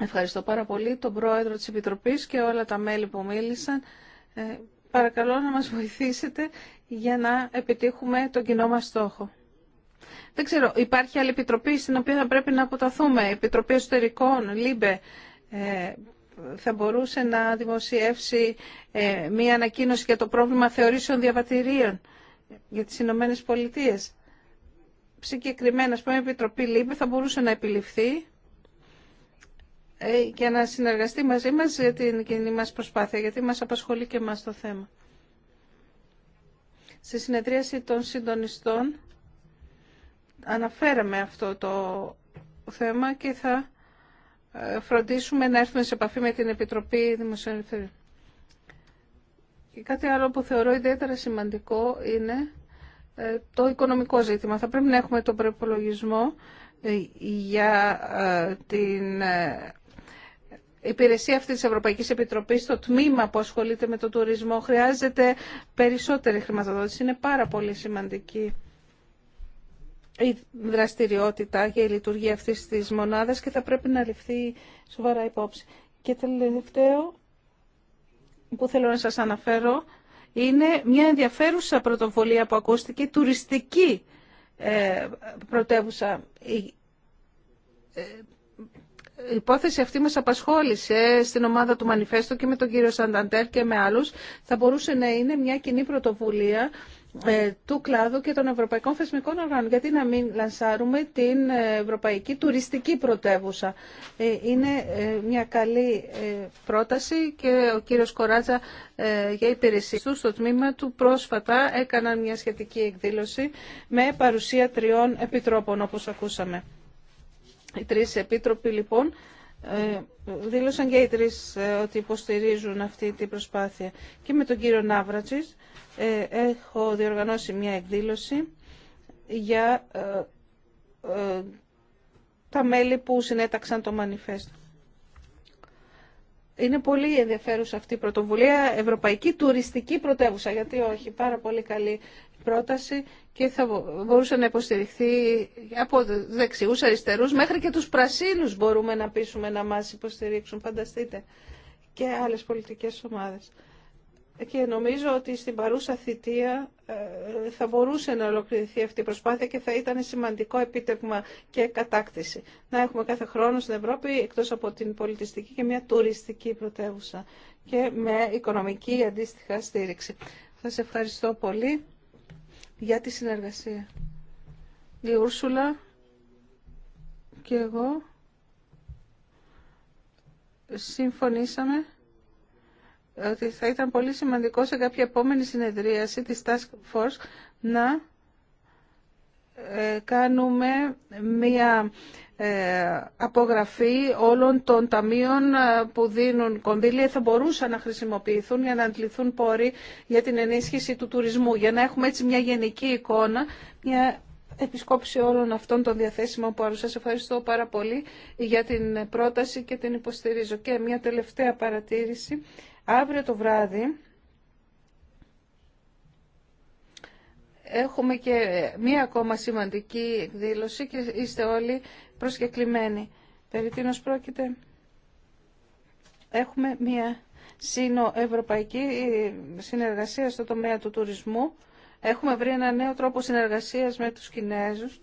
Ευχαριστώ πάρα πολύ τον Πρόεδρο της Επιτροπής και όλα τα μέλη που μίλησαν. Ε, παρακαλώ να μας βοηθήσετε για να επιτύχουμε τον κοινό μας στόχο. Δεν ξέρω, υπάρχει άλλη επιτροπή στην οποία θα πρέπει να αποταθούμε, Επιτροπή Εσωτερικών, ΛΥΜΠΕ, ε, θα μπορούσε να δημοσιεύσει ε, μία ανακοίνωση για το πρόβλημα θεωρήσεων διαβατηρίων για τις Ηνωμένε Πολιτείε. Συγκεκριμένα, ας πούμε, η Επιτροπή ΛΥΜΠΕ θα μπορούσε να επιληφθεί και ε, να συνεργαστεί μαζί μας για την κοινή μας προσπάθεια, γιατί μας απασχολεί και μας το θέμα. Στη συνεδρίαση των συντονιστών αναφέραμε αυτό το θέμα και θα ε, φροντίσουμε να έρθουμε σε επαφή με την Επιτροπή Ελευθεριών. Και κάτι άλλο που θεωρώ ιδιαίτερα σημαντικό είναι ε, το οικονομικό ζήτημα. Θα πρέπει να έχουμε τον προπολογισμό ε, για την υπηρεσία αυτή της Ευρωπαϊκής Επιτροπής, το τμήμα που ασχολείται με τον τουρισμό, χρειάζεται περισσότερη χρηματοδότηση. Είναι πάρα πολύ σημαντική η δραστηριότητα και η λειτουργία αυτής της μονάδας και θα πρέπει να ληφθεί σοβαρά υπόψη. Και τελευταίο που θέλω να σας αναφέρω είναι μια ενδιαφέρουσα πρωτοβουλία που ακούστηκε, τουριστική ε, πρωτεύουσα. Ε, η υπόθεση αυτή μας απασχόλησε στην ομάδα του Μανιφέστο και με τον κύριο Σανταντέρ και με άλλους. Θα μπορούσε να είναι μια κοινή πρωτοβουλία ε, του κλάδου και των ευρωπαϊκών θεσμικών οργάνων. Γιατί να μην λανσάρουμε την ευρωπαϊκή τουριστική πρωτεύουσα. Ε, είναι ε, μια καλή πρόταση και ο κύριος Κοράτζα για υπηρεσίες του στο τμήμα του πρόσφατα έκαναν μια σχετική εκδήλωση με παρουσία τριών επιτρόπων όπως ακούσαμε. Οι τρεις επίτροποι λοιπόν ε, δήλωσαν και οι τρεις ε, ότι υποστηρίζουν αυτή την προσπάθεια. Και με τον κύριο Ναύρατσης ε, έχω διοργανώσει μια εκδήλωση για τα μέλη που συνέταξαν το μανιφέστο. Είναι πολύ ενδιαφέρουσα αυτή η πρωτοβουλία, Ευρωπαϊκή Τουριστική Πρωτεύουσα, γιατί όχι, πάρα πολύ καλή πρόταση και θα μπορούσε να υποστηριχθεί από δεξιούς αριστερούς μέχρι και τους πρασίνους μπορούμε να πείσουμε να μας υποστηρίξουν, φανταστείτε, και άλλες πολιτικές ομάδες. Και νομίζω ότι στην παρούσα θητεία ε, θα μπορούσε να ολοκληρωθεί αυτή η προσπάθεια και θα ήταν σημαντικό επίτευγμα και κατάκτηση. Να έχουμε κάθε χρόνο στην Ευρώπη, εκτός από την πολιτιστική και μια τουριστική πρωτεύουσα και με οικονομική αντίστοιχα στήριξη. Σας ευχαριστώ πολύ για τη συνεργασία. Η Ούρσουλα και εγώ συμφωνήσαμε ότι θα ήταν πολύ σημαντικό σε κάποια επόμενη συνεδρίαση της Task Force να ε, κάνουμε μία ε, απογραφή όλων των ταμείων ε, που δίνουν κονδύλια θα μπορούσαν να χρησιμοποιηθούν για να αντληθούν πόροι για την ενίσχυση του τουρισμού, για να έχουμε έτσι μια γενική εικόνα, μια επισκόπηση όλων αυτών των διαθέσιμων πόρων. Σας ευχαριστώ πάρα πολύ για την πρόταση και την υποστηρίζω. Και μια τελευταία παρατήρηση. Αύριο το βράδυ έχουμε και μία ακόμα σημαντική εκδήλωση και είστε όλοι προσκεκλημένοι. Περί τίνος πρόκειται. Έχουμε μια σύνοευρωπαϊκή συνεργασία στο τομέα του τουρισμού. Έχουμε βρει ένα νέο τρόπο συνεργασίας με τους Κινέζους,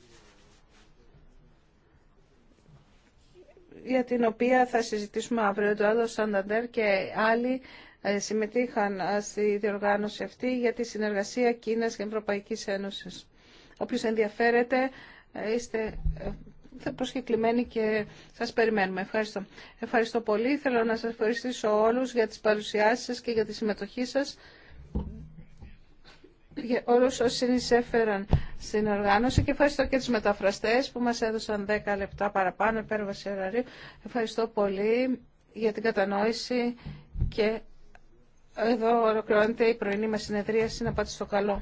για την οποία θα συζητήσουμε αύριο το άλλο Σανταντέρ και άλλοι ε, συμμετείχαν ε, στη διοργάνωση αυτή για τη συνεργασία Κίνας και Ευρωπαϊκής Ένωσης. Όποιος ενδιαφέρεται, ε, είστε προσκεκλημένοι και σας περιμένουμε. Ευχαριστώ. Ευχαριστώ πολύ. Θέλω να σας ευχαριστήσω όλους για τις παρουσιάσεις σας και για τη συμμετοχή σας. Για όλους όσοι συνεισέφεραν στην οργάνωση και ευχαριστώ και τους μεταφραστές που μας έδωσαν 10 λεπτά παραπάνω υπέρβαση ωραρίου. Ευχαριστώ πολύ για την κατανόηση και εδώ ολοκληρώνεται η πρωινή μας συνεδρίαση. Να πάτε στο καλό.